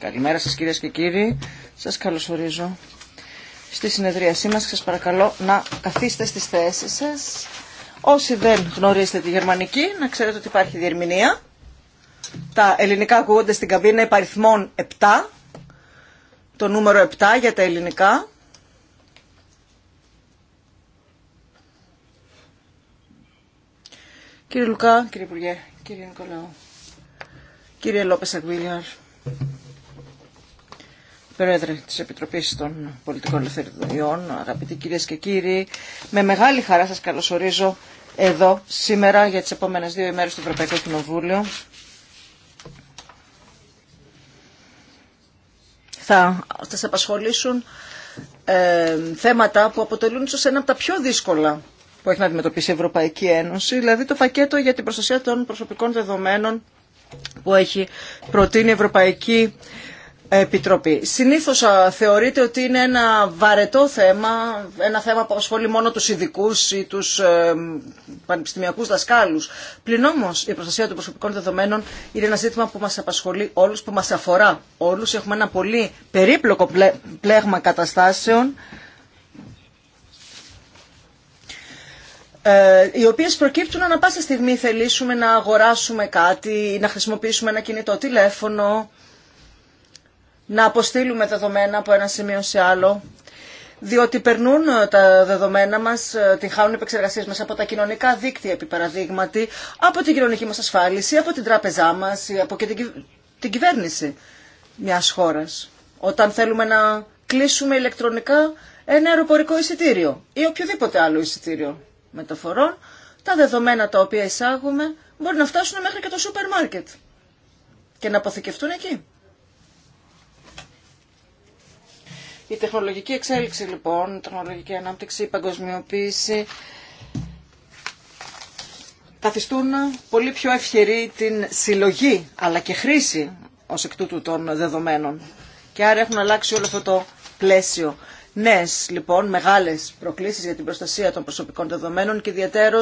Καλημέρα σας κυρίες και κύριοι. Σας καλωσορίζω στη συνεδρίασή μας. Σας παρακαλώ να καθίστε στις θέσεις σας. Όσοι δεν γνωρίζετε τη γερμανική, να ξέρετε ότι υπάρχει διερμηνία. Τα ελληνικά ακούγονται στην καμπίνα υπαριθμών 7, το νούμερο 7 για τα ελληνικά. Κύριε Λουκά, κύριε Υπουργέ, κύριε Νικολάου. Κύριε Λόπες Αγγουίλιαρ, Πρόεδρε της Επιτροπής των Πολιτικών Ελευθεριών, αγαπητοί κυρίες και κύριοι, με μεγάλη χαρά σας καλωσορίζω εδώ σήμερα για τις επόμενες δύο ημέρες του Ευρωπαϊκό Κοινοβούλιο. Θα σας απασχολήσουν ε, θέματα που αποτελούν ίσως ένα από τα πιο δύσκολα που έχει να αντιμετωπίσει η Ευρωπαϊκή Ένωση, δηλαδή το πακέτο για την προστασία των προσωπικών δεδομένων που έχει προτείνει η Ευρωπαϊκή Επιτροπή. Συνήθως θεωρείται ότι είναι ένα βαρετό θέμα, ένα θέμα που απασχολεί μόνο τους ειδικού ή τους ε, πανεπιστημιακούς δασκάλους. Πλην όμως η προστασία των προσωπικών δεδομένων είναι ένα ζήτημα που μας απασχολεί όλους, που μας αφορά όλους. Έχουμε ένα πολύ περίπλοκο πλέγμα καταστάσεων Ε, οι οποίε προκύπτουν ανα πάσα στιγμή θελήσουμε να αγοράσουμε κάτι, να χρησιμοποιήσουμε ένα κινητό τηλέφωνο, να αποστείλουμε δεδομένα από ένα σημείο σε άλλο διότι περνούν ε, τα δεδομένα μα, ε, την χάνουν επεξεργασία μα, από τα κοινωνικά δίκτυα, επί παραδείγματι, από την κοινωνική μα ασφάλιση, από την τράπεζά μα ή από και την, κυβέρνηση μια χώρα. Όταν θέλουμε να κλείσουμε ηλεκτρονικά ένα αεροπορικό εισιτήριο ή οποιοδήποτε άλλο εισιτήριο μεταφορών, τα δεδομένα τα οποία εισάγουμε μπορεί να φτάσουν μέχρι και το σούπερ μάρκετ και να αποθηκευτούν εκεί. Η τεχνολογική εξέλιξη λοιπόν, η τεχνολογική ανάπτυξη, η παγκοσμιοποίηση καθιστούν πολύ πιο ευχερή την συλλογή αλλά και χρήση ως εκ τούτου των δεδομένων. Και άρα έχουν αλλάξει όλο αυτό το πλαίσιο. Νέε λοιπόν μεγάλες προκλήσεις για την προστασία των προσωπικών δεδομένων και ιδιαίτερω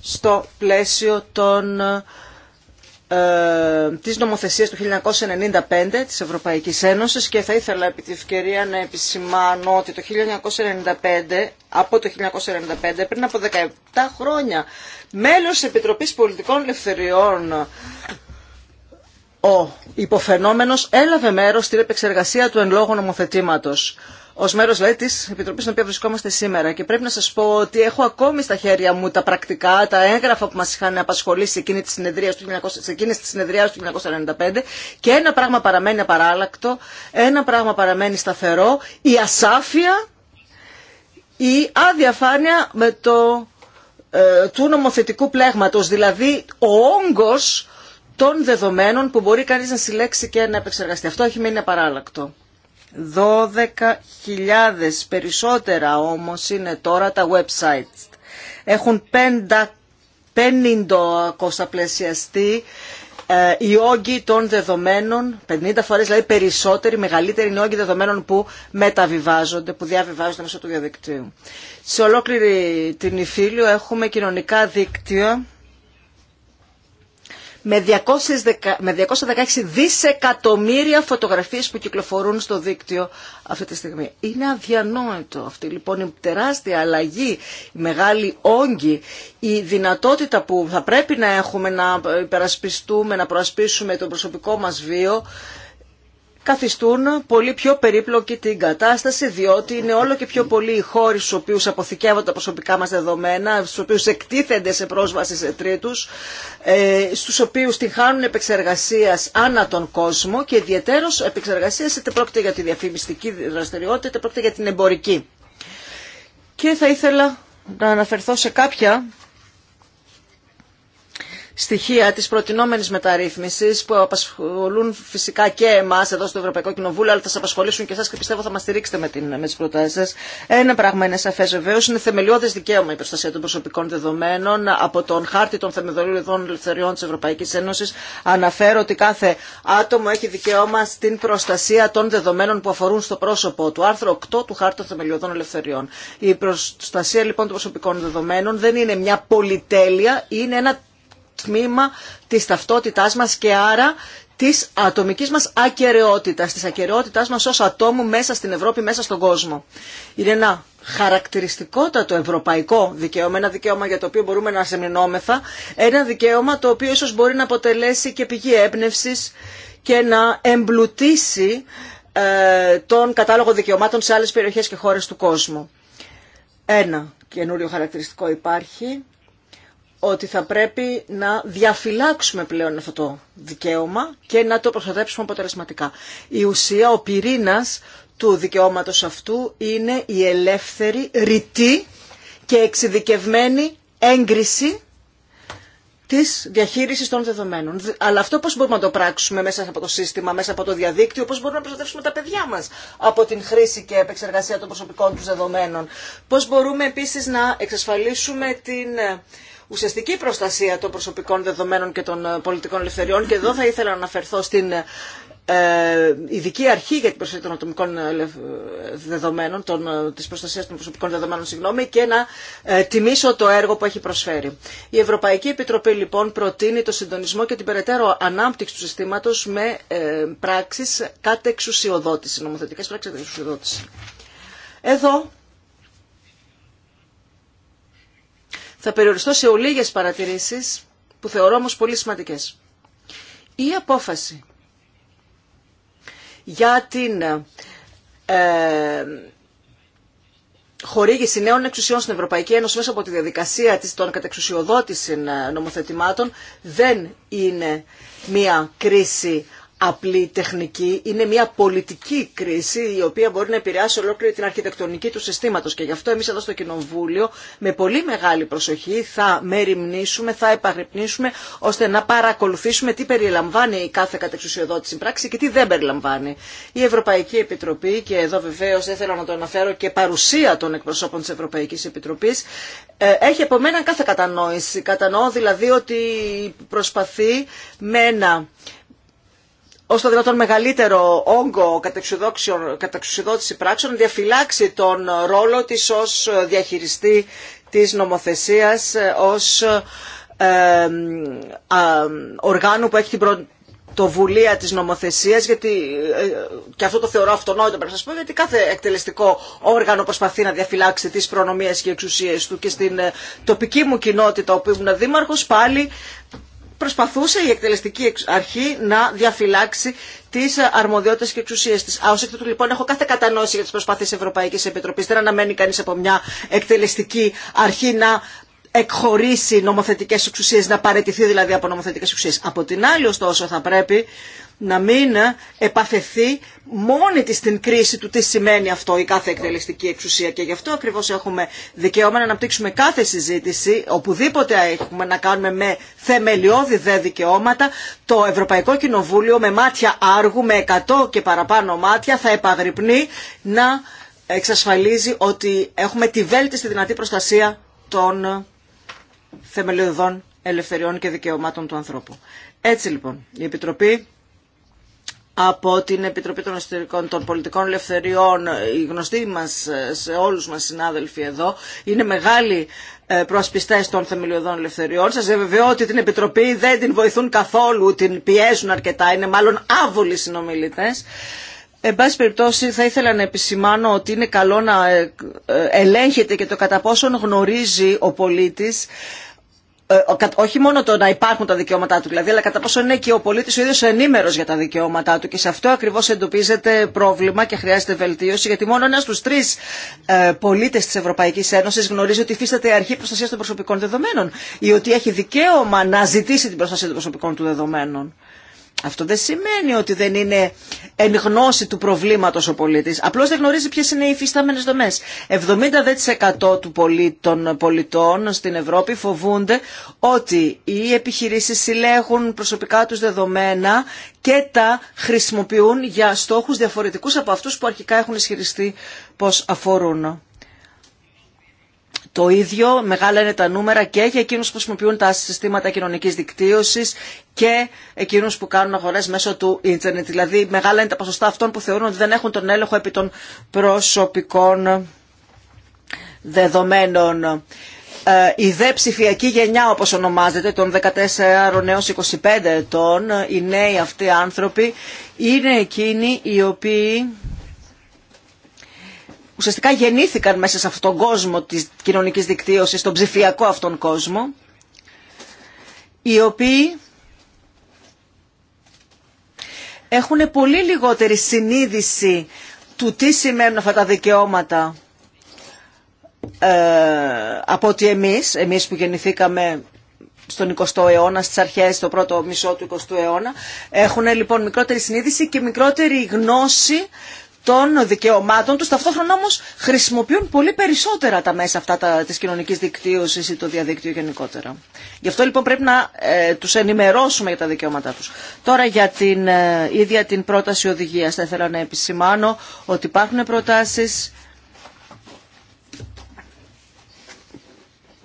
στο πλαίσιο των, ε, της νομοθεσίας του 1995 της Ευρωπαϊκής Ένωσης και θα ήθελα επί τη ευκαιρία να επισημάνω ότι το 1995, από το 1995 πριν από 17 χρόνια μέλος Επιτροπής Πολιτικών Ελευθεριών ο υποφαινόμενος έλαβε μέρος στην επεξεργασία του εν λόγω νομοθετήματος. Ω μέρο λέει δηλαδή, τη Επιτροπή στην οποία βρισκόμαστε σήμερα. Και πρέπει να σα πω ότι έχω ακόμη στα χέρια μου τα πρακτικά, τα έγγραφα που μα είχαν απασχολήσει σε εκείνη τη συνεδρία του, του 1995. Και ένα πράγμα παραμένει απαράλλακτο, ένα πράγμα παραμένει σταθερό, η ασάφεια, η αδιαφάνεια με το, ε, του νομοθετικού πλέγματος, δηλαδή ο όγκος των δεδομένων που μπορεί κανείς να συλλέξει και να επεξεργαστεί. Αυτό έχει μείνει απαράλλακτο. 12.000 περισσότερα όμως είναι τώρα τα websites. Έχουν 50 κοσταπλασιαστεί ε, οι όγκοι των δεδομένων, 50 φορές δηλαδή περισσότεροι, μεγαλύτεροι είναι οι όγκοι δεδομένων που μεταβιβάζονται, που διαβιβάζονται μέσω του διαδικτύου. Σε ολόκληρη την Ιφίλιο έχουμε κοινωνικά δίκτυα με, 210, με 216 δισεκατομμύρια φωτογραφίες που κυκλοφορούν στο δίκτυο αυτή τη στιγμή. Είναι αδιανόητο αυτή λοιπόν η τεράστια αλλαγή, η μεγάλη όγκη, η δυνατότητα που θα πρέπει να έχουμε να υπερασπιστούμε, να προασπίσουμε τον προσωπικό μας βίο, καθιστούν πολύ πιο περίπλοκη την κατάσταση, διότι είναι όλο και πιο πολλοί οι χώροι στους οποίους αποθηκεύονται τα προσωπικά μας δεδομένα, στους οποίους εκτίθενται σε πρόσβαση σε τρίτους, ε, στους οποίους την χάνουν επεξεργασίας ανά τον κόσμο και ιδιαίτερως επεξεργασίας είτε πρόκειται για τη διαφημιστική δραστηριότητα, είτε πρόκειται για την εμπορική. Και θα ήθελα να αναφερθώ σε κάποια στοιχεία της προτινόμενης μεταρρύθμισης που απασχολούν φυσικά και εμάς εδώ στο Ευρωπαϊκό Κοινοβούλιο αλλά θα σας απασχολήσουν και εσάς και πιστεύω θα μας στηρίξετε με, την, με τις προτάσεις σας. Ένα πράγμα είναι σαφές βεβαίως, είναι θεμελιώδες δικαίωμα η προστασία των προσωπικών δεδομένων από τον χάρτη των θεμελιωδών ελευθεριών της Ευρωπαϊκής Ένωσης αναφέρω ότι κάθε άτομο έχει δικαίωμα στην προστασία των δεδομένων που αφορούν στο πρόσωπο του. Άρθρο 8 του Χάρτη των Θεμελιωδών Ελευθεριών. Η προστασία λοιπόν των προσωπικών δεδομένων δεν είναι μια πολυτέλεια, είναι ένα τμήμα της ταυτότητάς μας και άρα της ατομικής μας ακαιρεότητας, της ακαιρεότητάς μας ως ατόμου μέσα στην Ευρώπη, μέσα στον κόσμο. Είναι ένα χαρακτηριστικότατο ευρωπαϊκό δικαίωμα, ένα δικαίωμα για το οποίο μπορούμε να σεμινόμεθα, ένα δικαίωμα το οποίο ίσως μπορεί να αποτελέσει και πηγή έμπνευση και να εμπλουτίσει ε, τον κατάλογο δικαιωμάτων σε άλλες περιοχές και χώρες του κόσμου. Ένα καινούριο χαρακτηριστικό υπάρχει ότι θα πρέπει να διαφυλάξουμε πλέον αυτό το δικαίωμα και να το προστατέψουμε αποτελεσματικά. Η ουσία, ο πυρήνας του δικαιώματος αυτού είναι η ελεύθερη, ρητή και εξειδικευμένη έγκριση της διαχείρισης των δεδομένων. Αλλά αυτό πώς μπορούμε να το πράξουμε μέσα από το σύστημα, μέσα από το διαδίκτυο, πώς μπορούμε να προστατεύσουμε τα παιδιά μας από την χρήση και επεξεργασία των προσωπικών τους δεδομένων. Πώς μπορούμε επίσης να εξασφαλίσουμε την ε, ουσιαστική προστασία των προσωπικών δεδομένων και των ε, πολιτικών ελευθεριών και εδώ θα ήθελα να αναφερθώ στην ε, ε, ειδική αρχή για την προστασία των ατομικών δεδομένων, των, της προστασίας των προσωπικών δεδομένων, συγγνώμη, και να τιμήσω το έργο που έχει προσφέρει. Η Ευρωπαϊκή Επιτροπή λοιπόν προτείνει το συντονισμό και την περαιτέρω ανάπτυξη του συστήματος με ε, πράξεις κατεξουσιοδότηση, νομοθετικές πράξεις κατεξουσιοδότηση. Εδώ Θα περιοριστώ σε ολίγες παρατηρήσεις που θεωρώ όμως πολύ σημαντικές. Η απόφαση για την ε, χορήγηση νέων εξουσιών στην Ευρωπαϊκή Ένωση μέσα από τη διαδικασία της των κατεξουσιοδότηση ε, νομοθετημάτων δεν είναι μία κρίση απλή τεχνική, είναι μια πολιτική κρίση η οποία μπορεί να επηρεάσει ολόκληρη την αρχιτεκτονική του συστήματος και γι' αυτό εμείς εδώ στο Κοινοβούλιο με πολύ μεγάλη προσοχή θα μεριμνήσουμε, θα επαγρυπνήσουμε ώστε να παρακολουθήσουμε τι περιλαμβάνει η κάθε κατεξουσιοδότηση πράξη και τι δεν περιλαμβάνει. Η Ευρωπαϊκή Επιτροπή και εδώ βεβαίως δεν θέλω να το αναφέρω και παρουσία των εκπροσώπων της Ευρωπαϊκής Επιτροπής ε, έχει από μένα κάθε κατανόηση. Κατανοώ δηλαδή ότι προσπαθεί με ένα ως το δυνατόν μεγαλύτερο όγκο εξουσιοδότηση πράξεων διαφυλάξει τον ρόλο της ως διαχειριστή της νομοθεσίας, ως ε, οργάνου που έχει την πρωτοβουλία της νομοθεσίας, γιατί ε, και αυτό το θεωρώ αυτονόητο πρέπει να σας πω, γιατί κάθε εκτελεστικό όργανο προσπαθεί να διαφυλάξει τις προνομίες και εξουσίες του και στην ε, τοπική μου κοινότητα, όπου ήμουν δήμαρχος, πάλι προσπαθούσε η εκτελεστική αρχή να διαφυλάξει τι ε, αρμοδιότητε και εξουσίε τη. Α, εκ τούτου λοιπόν έχω κάθε κατανόηση για τι προσπάθειε Ευρωπαϊκή Επιτροπή. Δεν αναμένει κανεί από μια εκτελεστική αρχή να εκχωρήσει νομοθετικέ εξουσίε, να παραιτηθεί δηλαδή από νομοθετικέ εξουσίε. Από την άλλη ωστόσο θα πρέπει να μην επαφεθεί μόνη της την κρίση του τι σημαίνει αυτό η κάθε εκτελεστική εξουσία και γι' αυτό ακριβώς έχουμε δικαίωμα να αναπτύξουμε κάθε συζήτηση οπουδήποτε έχουμε να κάνουμε με θεμελιώδη δε δικαιώματα το Ευρωπαϊκό Κοινοβούλιο με μάτια άργου, με 100 και παραπάνω μάτια θα επαγρυπνεί να εξασφαλίζει ότι έχουμε τη βέλτιστη δυνατή προστασία των θεμελιωδών ελευθεριών και δικαιωμάτων του ανθρώπου. Έτσι λοιπόν, η Επιτροπή από την Επιτροπή των Εσωτερικών των Πολιτικών Ελευθεριών, οι γνωστοί μας, σε όλους μας συνάδελφοι εδώ, είναι μεγάλη ε, προασπιστές των θεμελιωδών ελευθεριών. Σας βεβαιώ ότι την Επιτροπή δεν την βοηθούν καθόλου, την πιέζουν αρκετά, είναι μάλλον άβολοι συνομιλητές. Εν πάση περιπτώσει θα ήθελα να επισημάνω ότι είναι καλό να ε, ε, ελέγχεται και το κατά πόσον γνωρίζει ο πολίτης ε, όχι μόνο το να υπάρχουν τα δικαιώματά του, δηλαδή, αλλά κατά πόσο είναι και ο πολίτη ο ίδιο ενήμερο για τα δικαιώματά του. Και σε αυτό ακριβώ εντοπίζεται πρόβλημα και χρειάζεται βελτίωση, γιατί μόνο ένα στου τρει ε, πολίτε τη Ευρωπαϊκή Ένωση γνωρίζει ότι υφίσταται η αρχή προστασία των προσωπικών δεδομένων ή ότι έχει δικαίωμα να ζητήσει την προστασία των προσωπικών του δεδομένων. Αυτό δεν σημαίνει ότι δεν είναι εν γνώση του προβλήματος ο πολίτης. Απλώς δεν γνωρίζει ποιες είναι οι υφιστάμενες δομές. 70% του των πολιτών στην Ευρώπη φοβούνται ότι οι επιχειρήσεις συλλέγουν προσωπικά τους δεδομένα και τα χρησιμοποιούν για στόχους διαφορετικούς από αυτούς που αρχικά έχουν ισχυριστεί πως αφορούν. Το ίδιο μεγάλα είναι τα νούμερα και για εκείνου που χρησιμοποιούν τα συστήματα κοινωνική δικτύωσης και εκείνους που κάνουν αγορές μέσω του ίντερνετ. Δηλαδή μεγάλα είναι τα ποσοστά αυτών που θεωρούν ότι δεν έχουν τον έλεγχο επί των προσωπικών δεδομένων. Ε, η δε ψηφιακή γενιά όπως ονομάζεται των 14 έω 25 ετών, οι νέοι αυτοί άνθρωποι, είναι εκείνοι οι οποίοι ουσιαστικά γεννήθηκαν μέσα σε αυτόν τον κόσμο της κοινωνικής δικτύωσης, τον ψηφιακό αυτόν κόσμο, οι οποίοι έχουν πολύ λιγότερη συνείδηση του τι σημαίνουν αυτά τα δικαιώματα ε, από ότι εμείς, εμείς που γεννηθήκαμε στον 20ο αιώνα, στις αρχές, στο πρώτο μισό του 20ου αιώνα, έχουν λοιπόν μικρότερη συνείδηση και μικρότερη γνώση των δικαιωμάτων τους. Ταυτόχρονα όμως χρησιμοποιούν πολύ περισσότερα τα μέσα αυτά τα, της κοινωνικής δικτύωσης ή το διαδίκτυο γενικότερα. Γι' αυτό λοιπόν πρέπει να ε, τους ενημερώσουμε για τα δικαιώματά τους. Τώρα για την ε, ίδια την πρόταση οδηγίας θα ήθελα να επισημάνω ότι υπάρχουν προτάσεις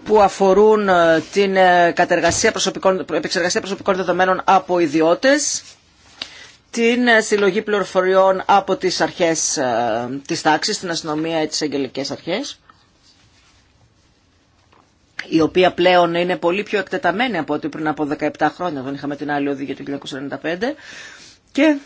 που αφορούν ε, την ε, κατεργασία προσωπικών, επεξεργασία προσωπικών δεδομένων από ιδιώτες την ε, συλλογή πληροφοριών από τις αρχές ε, της τάξης, την αστυνομία ή τις εγγελικές αρχές, η οποία πλέον είναι πολύ πιο εκτεταμένη από ό,τι πριν από 17 χρόνια, όταν είχαμε την άλλη οδηγία του 1995. Και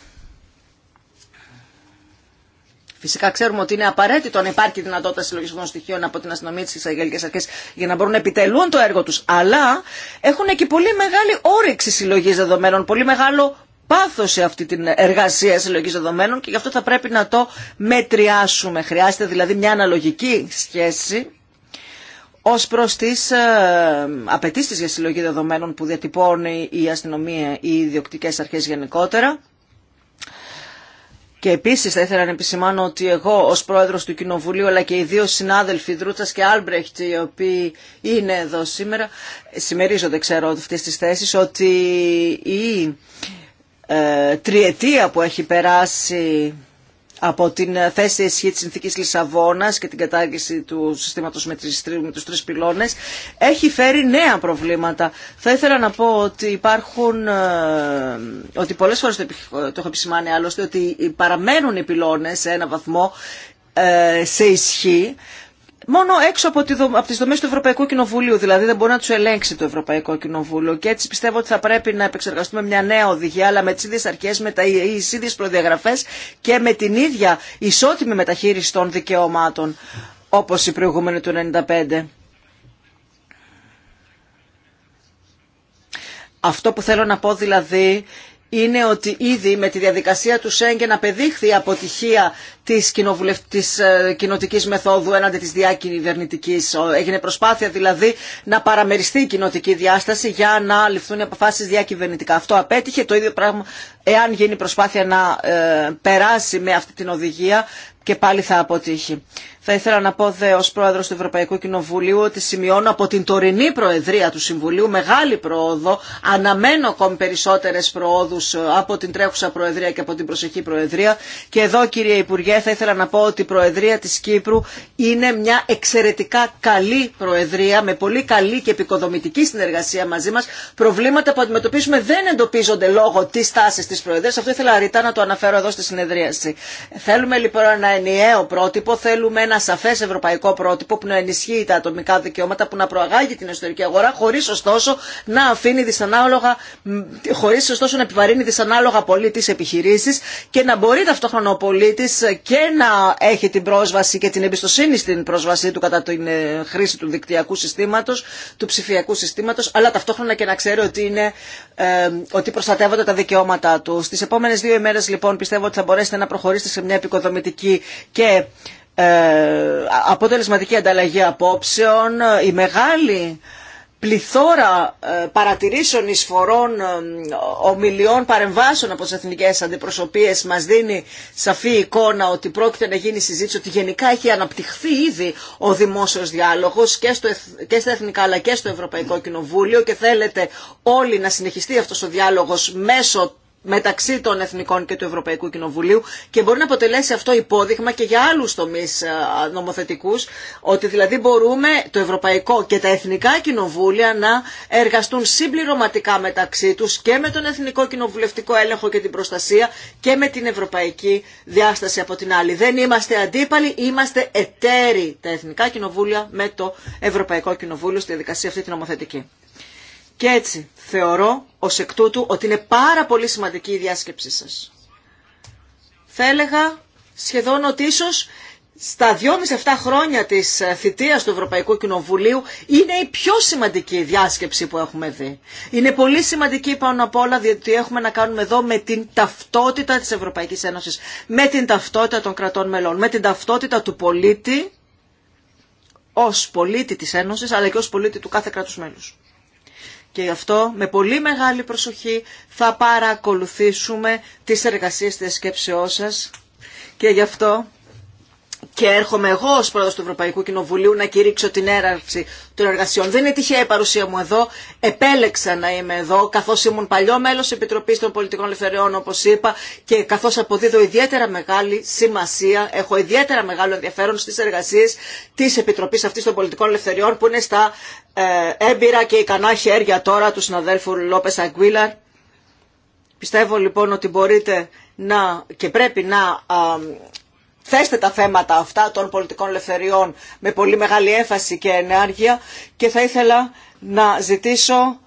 Φυσικά ξέρουμε ότι είναι απαραίτητο να υπάρχει δυνατότητα συλλογισμών στοιχείων από την αστυνομία τη Αγγελική Αρχή για να μπορούν να επιτελούν το έργο του. Αλλά έχουν και πολύ μεγάλη όρεξη συλλογή δεδομένων, πολύ μεγάλο Πάθο σε αυτή την εργασία συλλογή δεδομένων και γι' αυτό θα πρέπει να το μετριάσουμε. Χρειάζεται δηλαδή μια αναλογική σχέση ως προς τις ε, απαιτήσει για συλλογή δεδομένων που διατυπώνει η αστυνομία ή οι ιδιοκτικές αρχέ γενικότερα. Και επίση θα ήθελα να επισημάνω ότι εγώ ω πρόεδρο του Κοινοβουλίου αλλά και οι δύο συνάδελφοι Δρούτσα και Άλμπρεχτ οι οποίοι είναι εδώ σήμερα συμμερίζονται ξέρω αυτέ τι θέσει ότι ε, τριετία που έχει περάσει από την θέση ισχύ της συνθήκης Λισαβόνας και την κατάργηση του συστήματος με τους τρεις πυλώνες, έχει φέρει νέα προβλήματα. Θα ήθελα να πω ότι υπάρχουν, ε, ότι πολλές φορές το έχω επισημάνει άλλωστε, ότι παραμένουν οι πυλώνες σε ένα βαθμό ε, σε ισχύ, μόνο έξω από, τη, από τις δομές του Ευρωπαϊκού Κοινοβουλίου, δηλαδή δεν μπορεί να τους ελέγξει το Ευρωπαϊκό Κοινοβούλιο και έτσι πιστεύω ότι θα πρέπει να επεξεργαστούμε μια νέα οδηγία αλλά με τις ίδιες αρχές, με τα, τις ίδιες προδιαγραφές και με την ίδια ισότιμη μεταχείριση των δικαιωμάτων όπως η προηγούμενη του 1995. Αυτό που θέλω να πω δηλαδή είναι ότι ήδη με τη διαδικασία του Σέγγεν απεδείχθη η αποτυχία της, της ε, κοινοτικής μεθόδου έναντι της διακυβερνητικής. Έγινε προσπάθεια δηλαδή να παραμεριστεί η κοινοτική διάσταση για να ληφθούν οι αποφάσεις διακυβερνητικά. Αυτό απέτυχε το ίδιο πράγμα εάν γίνει προσπάθεια να ε, περάσει με αυτή την οδηγία και πάλι θα αποτύχει. Θα ήθελα να πω δε ως πρόεδρος του Ευρωπαϊκού Κοινοβουλίου ότι σημειώνω από την τωρινή προεδρία του Συμβουλίου μεγάλη πρόοδο, αναμένω ακόμη περισσότερες προόδους ε, από την τρέχουσα προεδρία και από την προσεχή προεδρία και εδώ κύριε Υπουργέ θα ήθελα να πω ότι η προεδρία της Κύπρου είναι μια εξαιρετικά καλή προεδρία με πολύ καλή και επικοδομητική συνεργασία μαζί μας. Προβλήματα που αντιμετωπίζουμε δεν εντοπίζονται λόγω της τάσης της προεδρίας. Αυτό ήθελα ρητά να το αναφέρω εδώ στη συνεδρίαση. Θέλουμε λοιπόν ένα ενιαίο πρότυπο, θέλουμε ένα Σαφέ ευρωπαϊκό πρότυπο που να ενισχύει τα ατομικά δικαιώματα, που να προαγάγει την εσωτερική αγορά, χωρί ωστόσο να αφήνει δυσανάλογα, χωρίς ωστόσο να επιβαρύνει δυσανάλογα πολύ τι επιχειρήσεις και να μπορεί ταυτόχρονα ο πολίτη και να έχει την πρόσβαση και την εμπιστοσύνη στην πρόσβασή του κατά την ε, χρήση του δικτυακού συστήματο, του ψηφιακού συστήματο, αλλά ταυτόχρονα και να ξέρει ότι, είναι, ε, ότι προστατεύονται τα δικαιώματά του. Στι επόμενε δύο ημέρε, λοιπόν πιστεύω ότι θα μπορέσετε να προχωρήσετε σε μια επικοδομητική και ε, αποτελεσματική ανταλλαγή απόψεων, ε, η μεγάλη πληθώρα ε, παρατηρήσεων, εισφορών, ομιλιών, παρεμβάσεων από τις εθνικές αντιπροσωπείες μας δίνει σαφή εικόνα ότι πρόκειται να γίνει συζήτηση, ότι γενικά έχει αναπτυχθεί ήδη ο δημόσιος διάλογος και, στο, και στα εθνικά αλλά και στο Ευρωπαϊκό Κοινοβούλιο και θέλετε όλοι να συνεχιστεί αυτός ο διάλογος μέσω μεταξύ των Εθνικών και του Ευρωπαϊκού Κοινοβουλίου και μπορεί να αποτελέσει αυτό υπόδειγμα και για άλλους τομείς ε, νομοθετικούς ότι δηλαδή μπορούμε το Ευρωπαϊκό και τα Εθνικά Κοινοβούλια να εργαστούν συμπληρωματικά μεταξύ τους και με τον Εθνικό Κοινοβουλευτικό Έλεγχο και την Προστασία και με την Ευρωπαϊκή Διάσταση από την άλλη. Δεν είμαστε αντίπαλοι, είμαστε εταίροι τα Εθνικά Κοινοβούλια με το Ευρωπαϊκό Κοινοβούλιο στη διαδικασία αυτή τη νομοθετική. Και έτσι θεωρώ ως εκ τούτου ότι είναι πάρα πολύ σημαντική η διάσκεψή σας. Θα έλεγα σχεδόν ότι ίσως στα 2,5-7 χρόνια της ε, θητείας του Ευρωπαϊκού Κοινοβουλίου είναι η πιο σημαντική διάσκεψη που έχουμε δει. Είναι πολύ σημαντική πάνω απ' όλα διότι έχουμε να κάνουμε εδώ με την ταυτότητα της Ευρωπαϊκής Ένωσης, με την ταυτότητα των κρατών μελών, με την ταυτότητα του πολίτη ως πολίτη της Ένωσης αλλά και ως πολίτη του κάθε κράτους μέλους. Και γι' αυτό με πολύ μεγάλη προσοχή θα παρακολουθήσουμε τις εργασίες της σκέψεώς σας και γι' αυτό και έρχομαι εγώ ως πρόεδρος του Ευρωπαϊκού Κοινοβουλίου να κηρύξω την έραρξη των εργασιών. Δεν είναι τυχαία η παρουσία μου εδώ. Επέλεξα να είμαι εδώ καθώς ήμουν παλιό μέλος Επιτροπής των Πολιτικών Ελευθεριών όπως είπα και καθώς αποδίδω ιδιαίτερα μεγάλη σημασία, έχω ιδιαίτερα μεγάλο ενδιαφέρον στις εργασίες της Επιτροπής αυτής των Πολιτικών Ελευθεριών που είναι στα ε, έμπειρα και ικανά χέρια τώρα του συναδέλφου Λόπε Αγκουίλαρ. Πιστεύω λοιπόν ότι μπορείτε να και πρέπει να θέστε τα θέματα αυτά των πολιτικών ελευθεριών με πολύ μεγάλη έφαση και ενέργεια και θα ήθελα να ζητήσω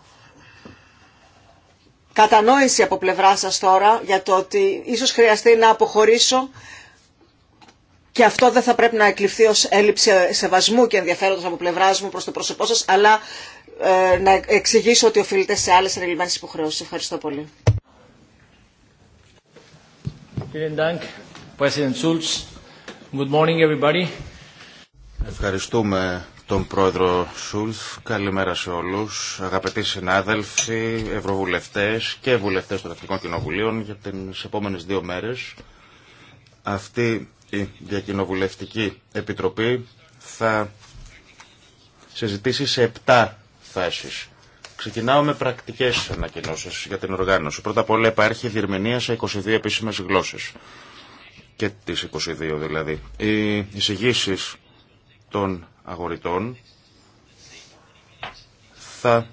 κατανόηση από πλευρά σας τώρα για το ότι ίσως χρειαστεί να αποχωρήσω και αυτό δεν θα πρέπει να εκλειφθεί ως έλλειψη σεβασμού και ενδιαφέροντος από πλευρά μου προς το πρόσωπό σας, αλλά ε, να εξηγήσω ότι οφείλεται σε άλλες ελληνικές υποχρεώσεις. Ευχαριστώ πολύ. Ευχαριστούμε τον πρόεδρο Σούλθ. Καλημέρα σε όλους, αγαπητοί συνάδελφοι, ευρωβουλευτές και βουλευτές των Εθνικών Κοινοβουλίων για τις επόμενες δύο μέρες. Αυτή η Διακοινοβουλευτική Επιτροπή θα συζητήσει σε επτά θέσεις. Ξεκινάω με πρακτικές ανακοινώσεις για την οργάνωση. Πρώτα απ' όλα υπάρχει διερμηνία σε 22 επίσημες γλώσσες και τις 22 δηλαδή. Οι εισηγήσει των αγοριτών θα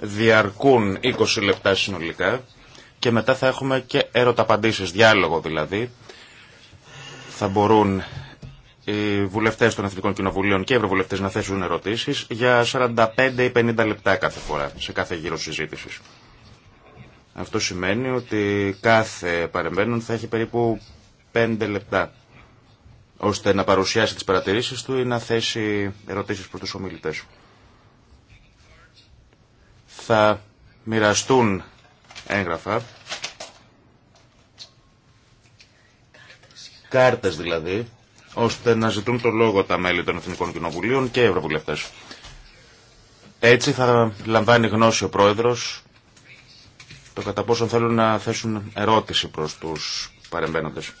διαρκούν 20 λεπτά συνολικά και μετά θα έχουμε και ερωταπαντήσεις, διάλογο δηλαδή. Θα μπορούν οι βουλευτές των Εθνικών Κοινοβουλίων και οι ευρωβουλευτέ να θέσουν ερωτήσεις για 45 ή 50 λεπτά κάθε φορά, σε κάθε γύρο συζήτηση. Αυτό σημαίνει ότι κάθε παρεμβαίνον θα έχει περίπου πέντε λεπτά ώστε να παρουσιάσει τις παρατηρήσεις του ή να θέσει ερωτήσεις προς τους ομιλητές. Θα μοιραστούν έγγραφα, κάρτες δηλαδή, ώστε να ζητούν το λόγο τα μέλη των Εθνικών Κοινοβουλίων και Ευρωβουλευτές. Έτσι θα λαμβάνει γνώση ο Πρόεδρος το κατά πόσο θέλουν να θέσουν ερώτηση προς τους παρεμβαίνοντες.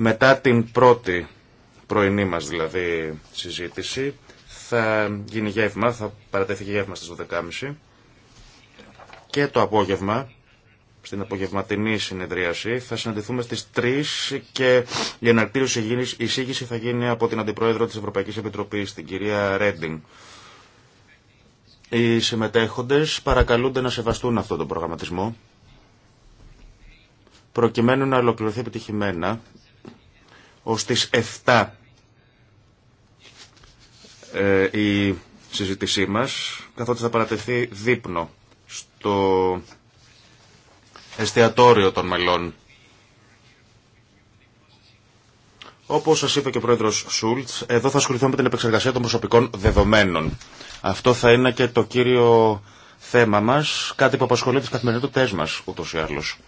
Μετά την πρώτη πρωινή μας δηλαδή συζήτηση θα γίνει γεύμα, θα παρατεθεί γεύμα στις 12.30 και το απόγευμα στην απογευματινή συνεδρίαση. Θα συναντηθούμε στις 3 και η εναρκτήρωση εισήγηση θα γίνει από την Αντιπρόεδρο της Ευρωπαϊκής Επιτροπής, την κυρία Ρέντινγκ. Οι συμμετέχοντες παρακαλούνται να σεβαστούν αυτόν τον προγραμματισμό προκειμένου να ολοκληρωθεί επιτυχημένα ως τις 7 ε, η συζήτησή μας, καθότι θα παρατεθεί δείπνο στο εστιατόριο των μελών. Όπως σας είπε και ο πρόεδρος Σούλτς, εδώ θα ασχοληθούμε με την επεξεργασία των προσωπικών δεδομένων. Αυτό θα είναι και το κύριο θέμα μας, κάτι που απασχολεί τις καθημερινότητέ μα ούτως ή άλλως.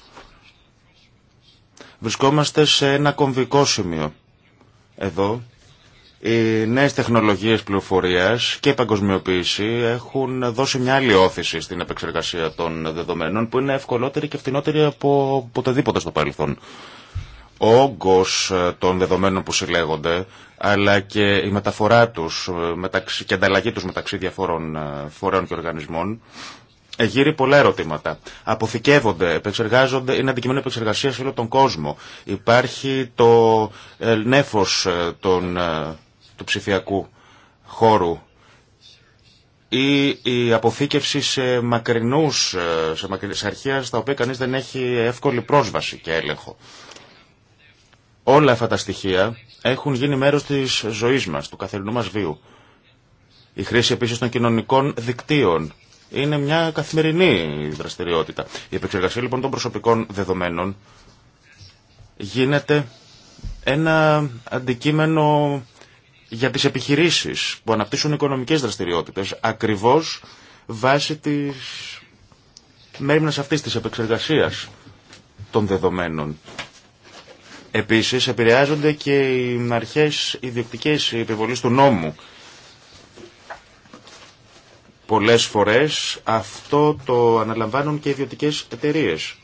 Βρισκόμαστε σε ένα κομβικό σημείο. Εδώ οι νέες τεχνολογίες πληροφορίας και παγκοσμιοποίηση έχουν δώσει μια άλλη όθηση στην επεξεργασία των δεδομένων που είναι ευκολότερη και φτηνότερη από ποτεδήποτε στο παρελθόν. Ο όγκος ε, των δεδομένων που συλλέγονται αλλά και η μεταφορά τους ε, και ανταλλαγή τους μεταξύ διαφόρων ε, φορέων και οργανισμών γύρει πολλά ερωτήματα. Αποθηκεύονται, επεξεργάζονται, είναι αντικείμενο επεξεργασία σε όλο τον κόσμο. Υπάρχει το ε, νέφο ε, ε, του ψηφιακού χώρου ή η αποθήκευση σε μακρινούς, σε, αρχεία στα οποία κανείς δεν έχει εύκολη πρόσβαση και έλεγχο. Όλα αυτά τα στοιχεία έχουν γίνει μέρος της ζωής μας, του καθημερινού μας βίου. Η χρήση επίσης των κοινωνικών δικτύων είναι μια καθημερινή δραστηριότητα. Η επεξεργασία λοιπόν των προσωπικών δεδομένων γίνεται ένα αντικείμενο για τις επιχειρήσεις που αναπτύσσουν οικονομικές δραστηριότητες ακριβώς βάσει της μέρημνας αυτής της επεξεργασίας των δεδομένων. Επίσης επηρεάζονται και οι αρχές ιδιοκτικές επιβολής του νόμου Πολλές φορές αυτό το αναλαμβάνουν και ιδιωτικές εταιρείες.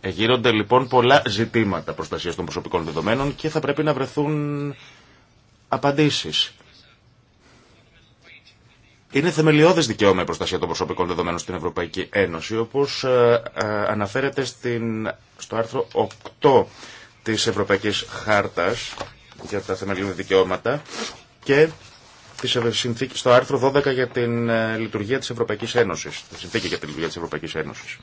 Ε, γύρονται λοιπόν πολλά ζητήματα προστασίας των προσωπικών δεδομένων και θα πρέπει να βρεθούν απαντήσεις. Είναι θεμελιώδες δικαίωμα η προστασία των προσωπικών δεδομένων στην Ευρωπαϊκή Ένωση, όπως ε, ε, αναφέρεται στην, στο άρθρο 8 της Ευρωπαϊκής Χάρτας για τα θεμελιώδη δικαιώματα και της ε, στο άρθρο 12 για την ε, λειτουργία της Ευρωπαϊκής Ένωσης, τη συνθήκη για τη λειτουργία της Ευρωπαϊκής Ένωσης.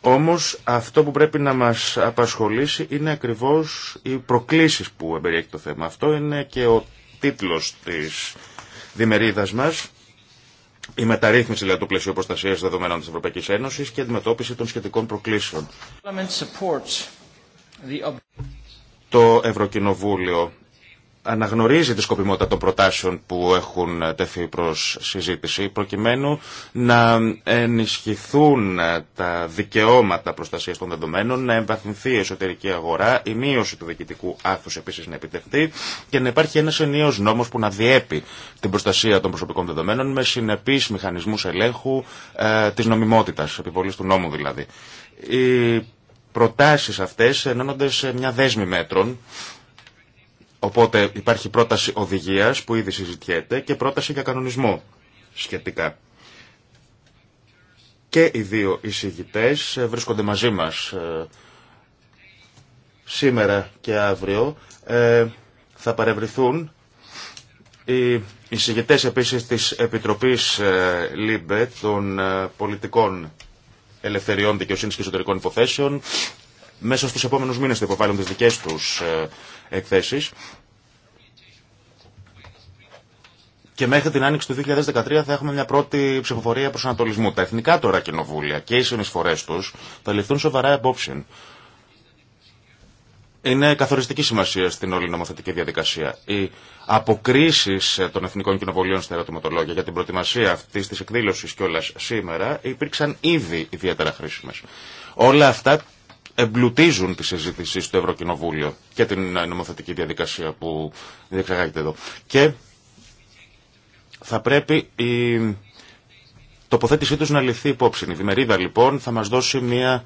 Όμως αυτό που πρέπει να μας απασχολήσει είναι ακριβώς οι προκλήσεις που εμπεριέχει το θέμα. Αυτό είναι και ο τίτλος της διμερίδας μας, η μεταρρύθμιση δηλαδή, του πλαισίου προστασία δεδομένων της Ευρωπαϊκής Ένωσης και αντιμετώπιση των σχετικών προκλήσεων. Το Ευρωκοινοβούλιο αναγνωρίζει τη σκοπιμότητα των προτάσεων που έχουν τεθεί προς συζήτηση προκειμένου να ενισχυθούν τα δικαιώματα προστασίας των δεδομένων, να εμβαθυνθεί η εσωτερική αγορά, η μείωση του διοικητικού άθους επίσης να επιτευχθεί και να υπάρχει ένας ενίος νόμος που να διέπει την προστασία των προσωπικών δεδομένων με συνεπείς μηχανισμούς ελέγχου ε, της νομιμότητας, επιβολής του νόμου δηλαδή. Οι προτάσεις αυτές ενώνονται σε μια δέσμη μέτρων Οπότε υπάρχει πρόταση οδηγίας που ήδη συζητιέται και πρόταση για κανονισμό σχετικά. Και οι δύο εισηγητές ε, βρίσκονται μαζί μας ε, σήμερα και αύριο. Ε, θα παρευρηθούν οι εισηγητές επίσης της Επιτροπής ΛΥΜΠΕ των πολιτικών ελευθεριών δικαιοσύνης και εσωτερικών υποθέσεων μέσα στους επόμενους μήνες θα υποβάλλουν τις δικές τους εκθέσεις. Και μέχρι την άνοιξη του 2013 θα έχουμε μια πρώτη ψηφοφορία ανατολισμού. Τα εθνικά τώρα κοινοβούλια και οι συνεισφορές του θα ληφθούν σοβαρά υπόψη. Είναι καθοριστική σημασία στην όλη νομοθετική διαδικασία. Οι αποκρίσει των εθνικών κοινοβολιών στα ερωτηματολόγια για την προετοιμασία αυτή τη εκδήλωση κιόλα σήμερα υπήρξαν ήδη ιδιαίτερα χρήσιμε. Όλα αυτά εμπλουτίζουν τη συζήτηση στο Ευρωκοινοβούλιο και την νομοθετική διαδικασία που διεξαγάγεται εδώ. Και θα πρέπει η τοποθέτησή τους να ληφθεί υπόψη. Η Δημερίδα λοιπόν θα μας δώσει μια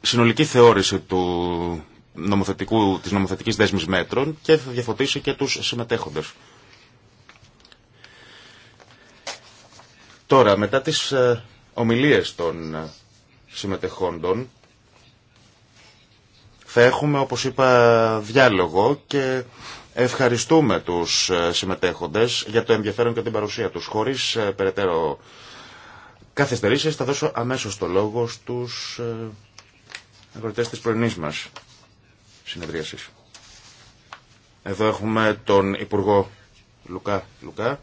συνολική θεώρηση του νομοθετικού, της νομοθετικής δέσμης μέτρων και θα διαφωτίσει και τους συμμετέχοντες. Τώρα, μετά τις ε, ομιλίες των ε, συμμετεχόντων, θα έχουμε, όπως είπα, διάλογο και ευχαριστούμε τους ε, συμμετέχοντες για το ενδιαφέρον και την παρουσία τους. Χωρίς ε, περαιτέρω καθυστερήσεις θα δώσω αμέσως το λόγο στους ε, αγροτές της πρωινής μας συνεδρίασης. Εδώ έχουμε τον Υπουργό Λουκά Λουκά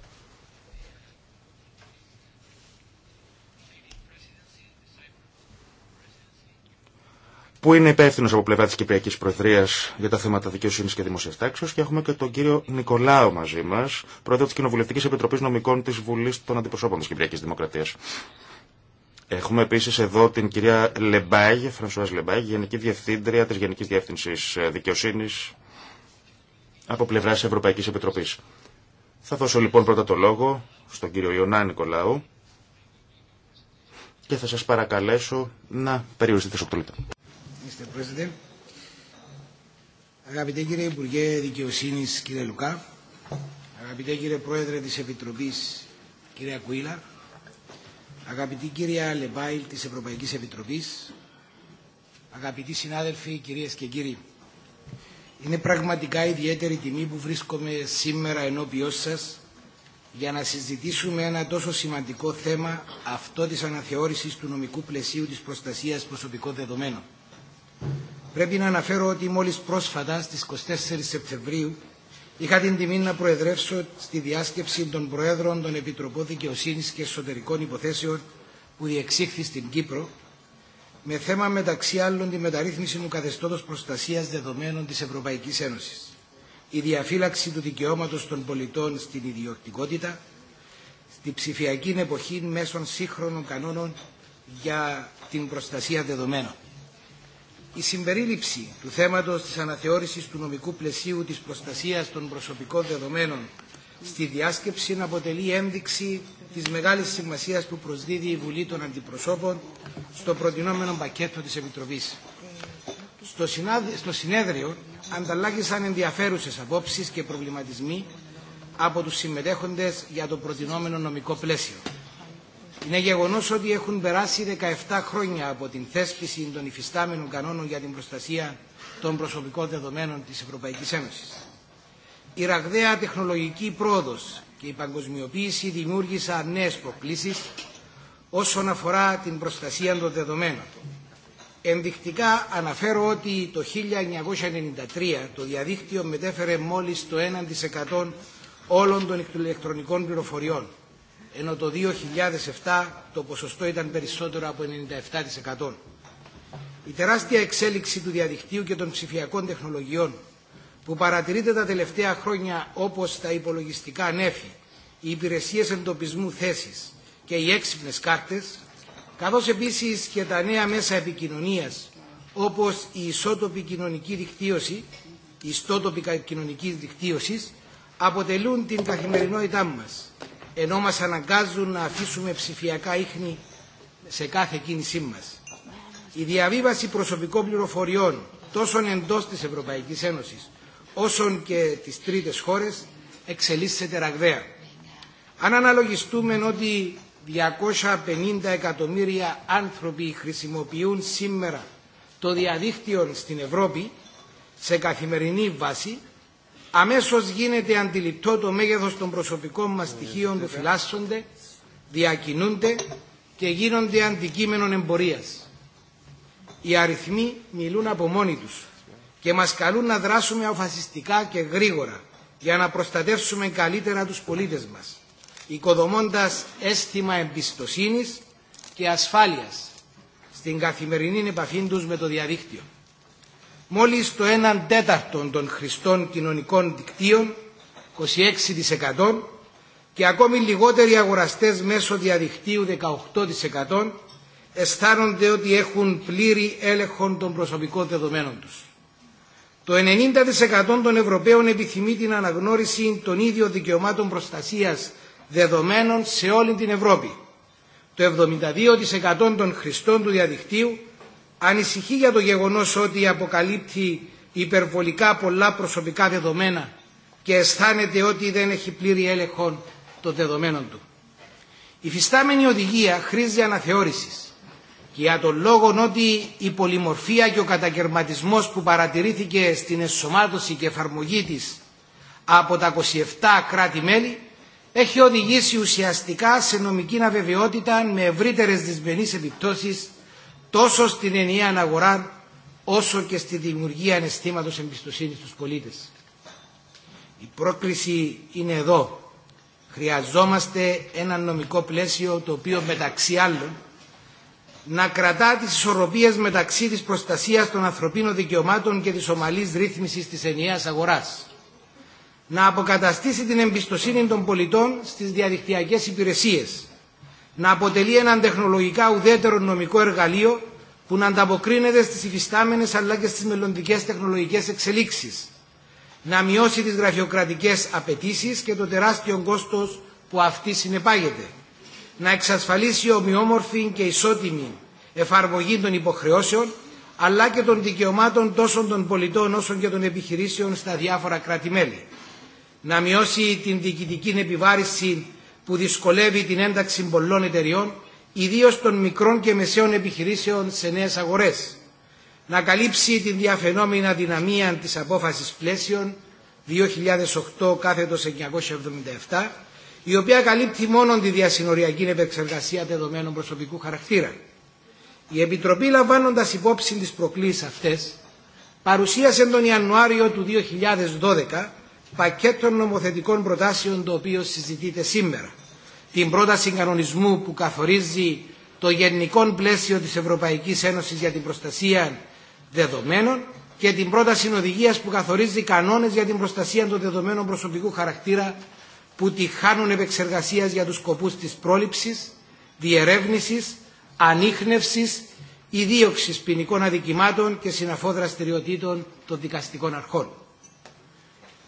που είναι υπεύθυνο από πλευρά τη Κυπριακή Προεδρία για τα θέματα δικαιοσύνη και δημοσία τάξη. Και έχουμε και τον κύριο Νικολάου μαζί μα, πρόεδρο τη Κοινοβουλευτική Επιτροπή Νομικών τη Βουλή των Αντιπροσώπων τη Κυπριακή Δημοκρατία. Έχουμε επίση εδώ την κυρία Λεμπάγ, Φρανσουά Λεμπάγ, Γενική Διευθύντρια τη Γενική Διεύθυνση ε, Δικαιοσύνη από πλευρά τη Ευρωπαϊκή Επιτροπή. Θα δώσω λοιπόν πρώτα το λόγο στον κύριο Ιωνά Νικολάου και θα σας παρακαλέσω να περιοριστείτε σε Mr. President. Αγαπητέ κύριε Υπουργέ Δικαιοσύνης, κύριε Λουκά, αγαπητέ κύριε Πρόεδρε της Επιτροπής, κύριε Ακουίλα, αγαπητή κυρία Λεμπάιλ της Ευρωπαϊκής Επιτροπής, αγαπητοί συνάδελφοι, κυρίες και κύριοι, είναι πραγματικά ιδιαίτερη τιμή που βρίσκομαι σήμερα ενώπιός σας για να συζητήσουμε ένα τόσο σημαντικό θέμα αυτό της αναθεώρησης του νομικού πλαισίου της προστασίας προσωπικών δεδομένων. Πρέπει να αναφέρω ότι μόλις πρόσφατα στις 24 Σεπτεμβρίου είχα την τιμή να προεδρεύσω στη διάσκεψη των Προέδρων των Επιτροπών Δικαιοσύνη και Εσωτερικών Υποθέσεων που διεξήχθη στην Κύπρο με θέμα μεταξύ άλλων τη μεταρρύθμιση του καθεστώτος προστασίας δεδομένων της Ευρωπαϊκής Ένωσης, η διαφύλαξη του δικαιώματος των πολιτών στην ιδιωτικότητα στη ψηφιακή εποχή μέσων σύγχρονων κανόνων για την προστασία δεδομένων η συμπερίληψη του θέματος της αναθεώρησης του νομικού πλαισίου της προστασίας των προσωπικών δεδομένων στη διάσκεψη αποτελεί ένδειξη της μεγάλης σημασίας που προσδίδει η Βουλή των Αντιπροσώπων στο προτινόμενο πακέτο της Επιτροπής. Στο, στο συνέδριο ανταλλάγησαν ενδιαφέρουσες απόψεις και προβληματισμοί από τους συμμετέχοντες για το προτινόμενο νομικό πλαίσιο. Είναι γεγονός ότι έχουν περάσει 17 χρόνια από την θέσπιση των υφιστάμενων κανόνων για την προστασία των προσωπικών δεδομένων της Ευρωπαϊκής Ένωσης. Η ραγδαία τεχνολογική πρόοδος και η παγκοσμιοποίηση δημιούργησαν νέες προκλήσεις όσον αφορά την προστασία των δεδομένων. Ενδεικτικά αναφέρω ότι το 1993 το διαδίκτυο μετέφερε μόλις το 1% όλων των ηλεκτρονικών πληροφοριών ενώ το 2007 το ποσοστό ήταν περισσότερο από 97%. Η τεράστια εξέλιξη του διαδικτύου και των ψηφιακών τεχνολογιών που παρατηρείται τα τελευταία χρόνια όπως τα υπολογιστικά νέφη, οι υπηρεσίες εντοπισμού θέσης και οι έξυπνες κάρτες, καθώς επίσης και τα νέα μέσα επικοινωνίας όπως η ισότοπη κοινωνική δικτύωση, η ιστότοπη κοινωνική δικτύωση αποτελούν την καθημερινότητά μας ενώ μας αναγκάζουν να αφήσουμε ψηφιακά ίχνη σε κάθε κίνησή μας. Η διαβίβαση προσωπικών πληροφοριών τόσο εντός της Ευρωπαϊκής Ένωσης όσων και τις τρίτες χώρες εξελίσσεται ραγδαία. Αν αναλογιστούμε ότι 250 εκατομμύρια άνθρωποι χρησιμοποιούν σήμερα το διαδίκτυο στην Ευρώπη σε καθημερινή βάση, αμέσως γίνεται αντιληπτό το μέγεθος των προσωπικών μας στοιχείων που φυλάσσονται, διακινούνται και γίνονται αντικείμενων εμπορίας. Οι αριθμοί μιλούν από μόνοι τους και μας καλούν να δράσουμε αποφασιστικά και γρήγορα για να προστατεύσουμε καλύτερα τους πολίτες μας, οικοδομώντας αίσθημα εμπιστοσύνης και ασφάλειας στην καθημερινή επαφή τους με το διαδίκτυο μόλις το 1 τέταρτο των χρηστών κοινωνικών δικτύων, 26% και ακόμη λιγότεροι αγοραστές μέσω διαδικτύου 18% αισθάνονται ότι έχουν πλήρη έλεγχο των προσωπικών δεδομένων τους. Το 90% των Ευρωπαίων επιθυμεί την αναγνώριση των ίδιων δικαιωμάτων προστασίας δεδομένων σε όλη την Ευρώπη. Το 72% των χρηστών του διαδικτύου ανησυχεί για το γεγονός ότι αποκαλύπτει υπερβολικά πολλά προσωπικά δεδομένα και αισθάνεται ότι δεν έχει πλήρη έλεγχο των δεδομένων του. Η φυστάμενη οδηγία χρήζει αναθεώρησης και για τον λόγο ότι η πολυμορφία και ο κατακαιρματισμός που παρατηρήθηκε στην εσωμάτωση και εφαρμογή της από τα 27 κράτη-μέλη έχει οδηγήσει ουσιαστικά σε νομική αβεβαιότητα με ευρύτερε δυσμενείς επιπτώσεις τόσο στην ενιαία αγορά όσο και στη δημιουργία αναισθήματος εμπιστοσύνης στους πολίτες. Η πρόκληση είναι εδώ. Χρειαζόμαστε ένα νομικό πλαίσιο το οποίο μεταξύ άλλων να κρατά τις ισορροπίες μεταξύ της προστασίας των ανθρωπίνων δικαιωμάτων και της ομαλής ρύθμισης της ενιαίας αγοράς. Να αποκαταστήσει την εμπιστοσύνη των πολιτών στις διαδικτυακές υπηρεσίες να αποτελεί έναν τεχνολογικά ουδέτερο νομικό εργαλείο που να ανταποκρίνεται στις υφιστάμενες αλλά και στις μελλοντικές τεχνολογικές εξελίξεις, να μειώσει τις γραφειοκρατικές απαιτήσει και το τεράστιο κόστος που αυτή συνεπάγεται, να εξασφαλίσει ομοιόμορφη και ισότιμη εφαρμογή των υποχρεώσεων αλλά και των δικαιωμάτων τόσο των πολιτών όσο και των επιχειρήσεων στα διάφορα κράτη-μέλη. Να μειώσει την διοικητική επιβάρηση που δυσκολεύει την ένταξη πολλών εταιριών, ιδίως των μικρών και μεσαίων επιχειρήσεων σε νέες αγορές. Να καλύψει την διαφαινόμενη αδυναμία της απόφασης πλαίσιων 2008 κάθετος 977, η οποία καλύπτει μόνο τη διασυνοριακή επεξεργασία δεδομένων προσωπικού χαρακτήρα. Η Επιτροπή λαμβάνοντα υπόψη τις προκλήσεις αυτές, παρουσίασε τον Ιανουάριο του 2012 πακέτο νομοθετικών προτάσεων το οποίο συζητείται σήμερα την πρόταση κανονισμού που καθορίζει το γενικό πλαίσιο της Ευρωπαϊκής Ένωσης για την προστασία δεδομένων και την πρόταση οδηγίας που καθορίζει κανόνες για την προστασία των δεδομένων προσωπικού χαρακτήρα που τη χάνουν επεξεργασίας για τους σκοπούς της πρόληψης, διερεύνησης, ανείχνευσης ή ποινικών αδικημάτων και συναφό δραστηριοτήτων των δικαστικών αρχών.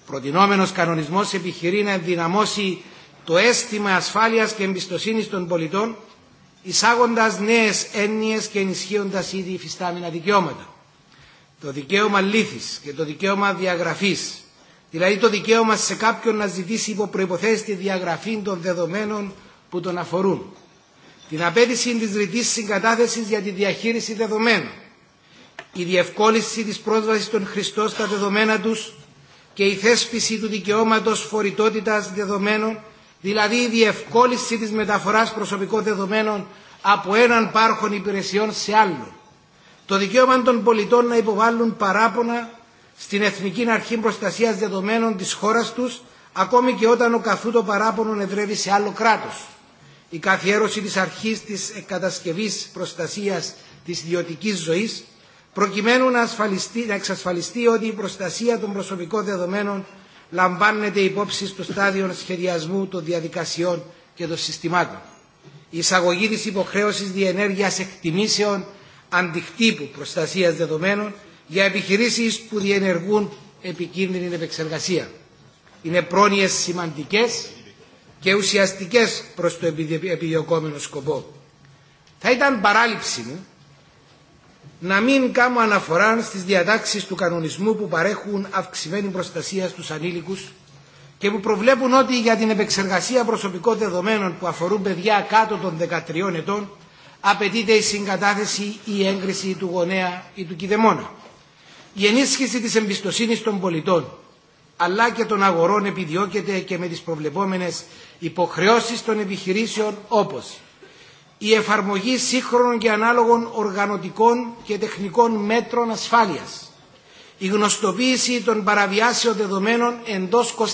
Προτινόμενος κανονισμός επιχειρεί να ενδυναμώσει το αίσθημα ασφάλειας και εμπιστοσύνης των πολιτών, εισάγοντας νέες έννοιες και ενισχύοντας ήδη υφιστάμενα δικαιώματα. Το δικαίωμα λύθης και το δικαίωμα διαγραφής, δηλαδή το δικαίωμα σε κάποιον να ζητήσει υπό προϋποθέσεις τη διαγραφή των δεδομένων που τον αφορούν, την απέτηση της ρητής συγκατάθεσης για τη διαχείριση δεδομένων, η διευκόλυνση της πρόσβασης των χρηστών στα δεδομένα τους και η θέσπιση του δικαιώματο φορητότητας δεδομένων δηλαδή η διευκόλυνση της μεταφοράς προσωπικών δεδομένων από έναν πάρχον υπηρεσιών σε άλλον, το δικαίωμα των πολιτών να υποβάλουν παράπονα στην Εθνική Αρχή Προστασίας Δεδομένων της χώρας τους, ακόμη και όταν ο καθούτο παράπονο εδρεύει σε άλλο κράτος, η καθιέρωση της αρχής της κατασκευής προστασίας της ιδιωτικής ζωής, προκειμένου να εξασφαλιστεί ότι η προστασία των προσωπικών δεδομένων λαμβάνεται υπόψη στο στάδιο σχεδιασμού των διαδικασιών και των συστημάτων. Η εισαγωγή της υποχρέωσης διενέργειας εκτιμήσεων αντικτύπου προστασίας δεδομένων για επιχειρήσεις που διενεργούν επικίνδυνη επεξεργασία. Είναι πρόνοιες σημαντικές και ουσιαστικές προς το επιδιωκόμενο σκοπό. Θα ήταν παράληψη μου να μην κάνω αναφορά στις διατάξεις του κανονισμού που παρέχουν αυξημένη προστασία στους ανήλικους και που προβλέπουν ότι για την επεξεργασία προσωπικών δεδομένων που αφορούν παιδιά κάτω των 13 ετών απαιτείται η συγκατάθεση ή η έγκριση του γονέα ή του κηδεμόνα. Η ενίσχυση της εμπιστοσύνης των πολιτών αλλά και των αγορών επιδιώκεται και με τις προβλεπόμενες υποχρεώσεις των επιχειρήσεων όπως η εφαρμογή σύγχρονων και ανάλογων οργανωτικών και τεχνικών μέτρων ασφάλειας, η γνωστοποίηση των παραβιάσεων δεδομένων εντός 24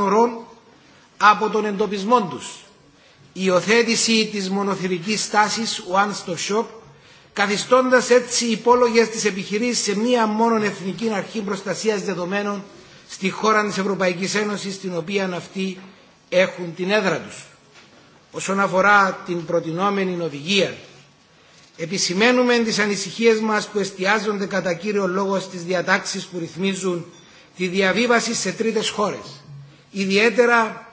ωρών από τον εντοπισμό τους, η υιοθέτηση της μονοθυρικής στάσης One Stop Shop, καθιστώντας έτσι υπόλογες της επιχειρήσης σε μία μόνο εθνική αρχή προστασίας δεδομένων στη χώρα της Ευρωπαϊκής Ένωσης, στην οποία αυτοί έχουν την έδρα τους όσον αφορά την προτινόμενη οδηγία. Επισημαίνουμε τις ανησυχίες μας που εστιάζονται κατά κύριο λόγο στις διατάξεις που ρυθμίζουν τη διαβίβαση σε τρίτες χώρες. Ιδιαίτερα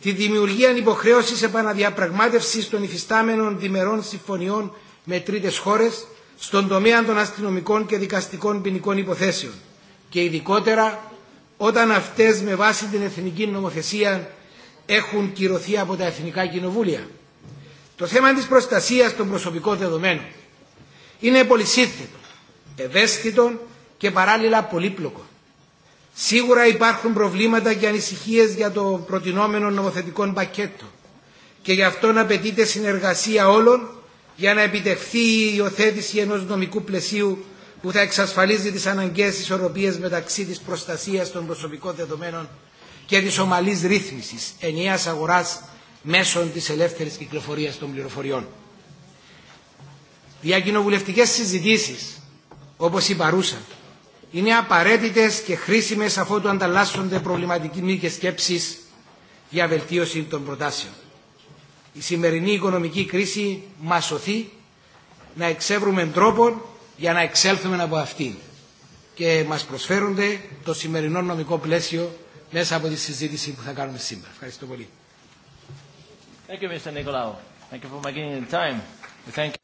τη δημιουργία υποχρέωσης επαναδιαπραγμάτευσης των υφιστάμενων διμερών συμφωνιών με τρίτες χώρες στον τομέα των αστυνομικών και δικαστικών ποινικών υποθέσεων και ειδικότερα όταν αυτές με βάση την εθνική νομοθεσία έχουν κυρωθεί από τα Εθνικά Κοινοβούλια. Το θέμα της προστασίας των προσωπικών δεδομένων είναι πολυσύνθετο, ευαίσθητο και παράλληλα πολύπλοκο. Σίγουρα υπάρχουν προβλήματα και ανησυχίες για το προτινόμενο νομοθετικό πακέτο και γι' αυτό να απαιτείται συνεργασία όλων για να επιτευχθεί η υιοθέτηση ενός νομικού πλαισίου που θα εξασφαλίζει τις αναγκαίες ισορροπίες μεταξύ της προστασίας των προσωπικών δεδομένων και της ομαλής ρύθμισης ενιαίας αγοράς μέσω της ελεύθερης κυκλοφορίας των πληροφοριών. Διακοινοβουλευτικές συζητήσεις, όπως η παρούσα, είναι απαραίτητες και χρήσιμες αφού του ανταλλάσσονται προβληματικοί και σκέψεις για βελτίωση των προτάσεων. Η σημερινή οικονομική κρίση μας σωθεί να εξεύρουμε τρόπον για να εξέλθουμε από αυτήν και μας προσφέρονται το σημερινό νομικό πλαίσιο μέσα από τη συζήτηση που θα κάνουμε σήμερα. Ευχαριστώ πολύ.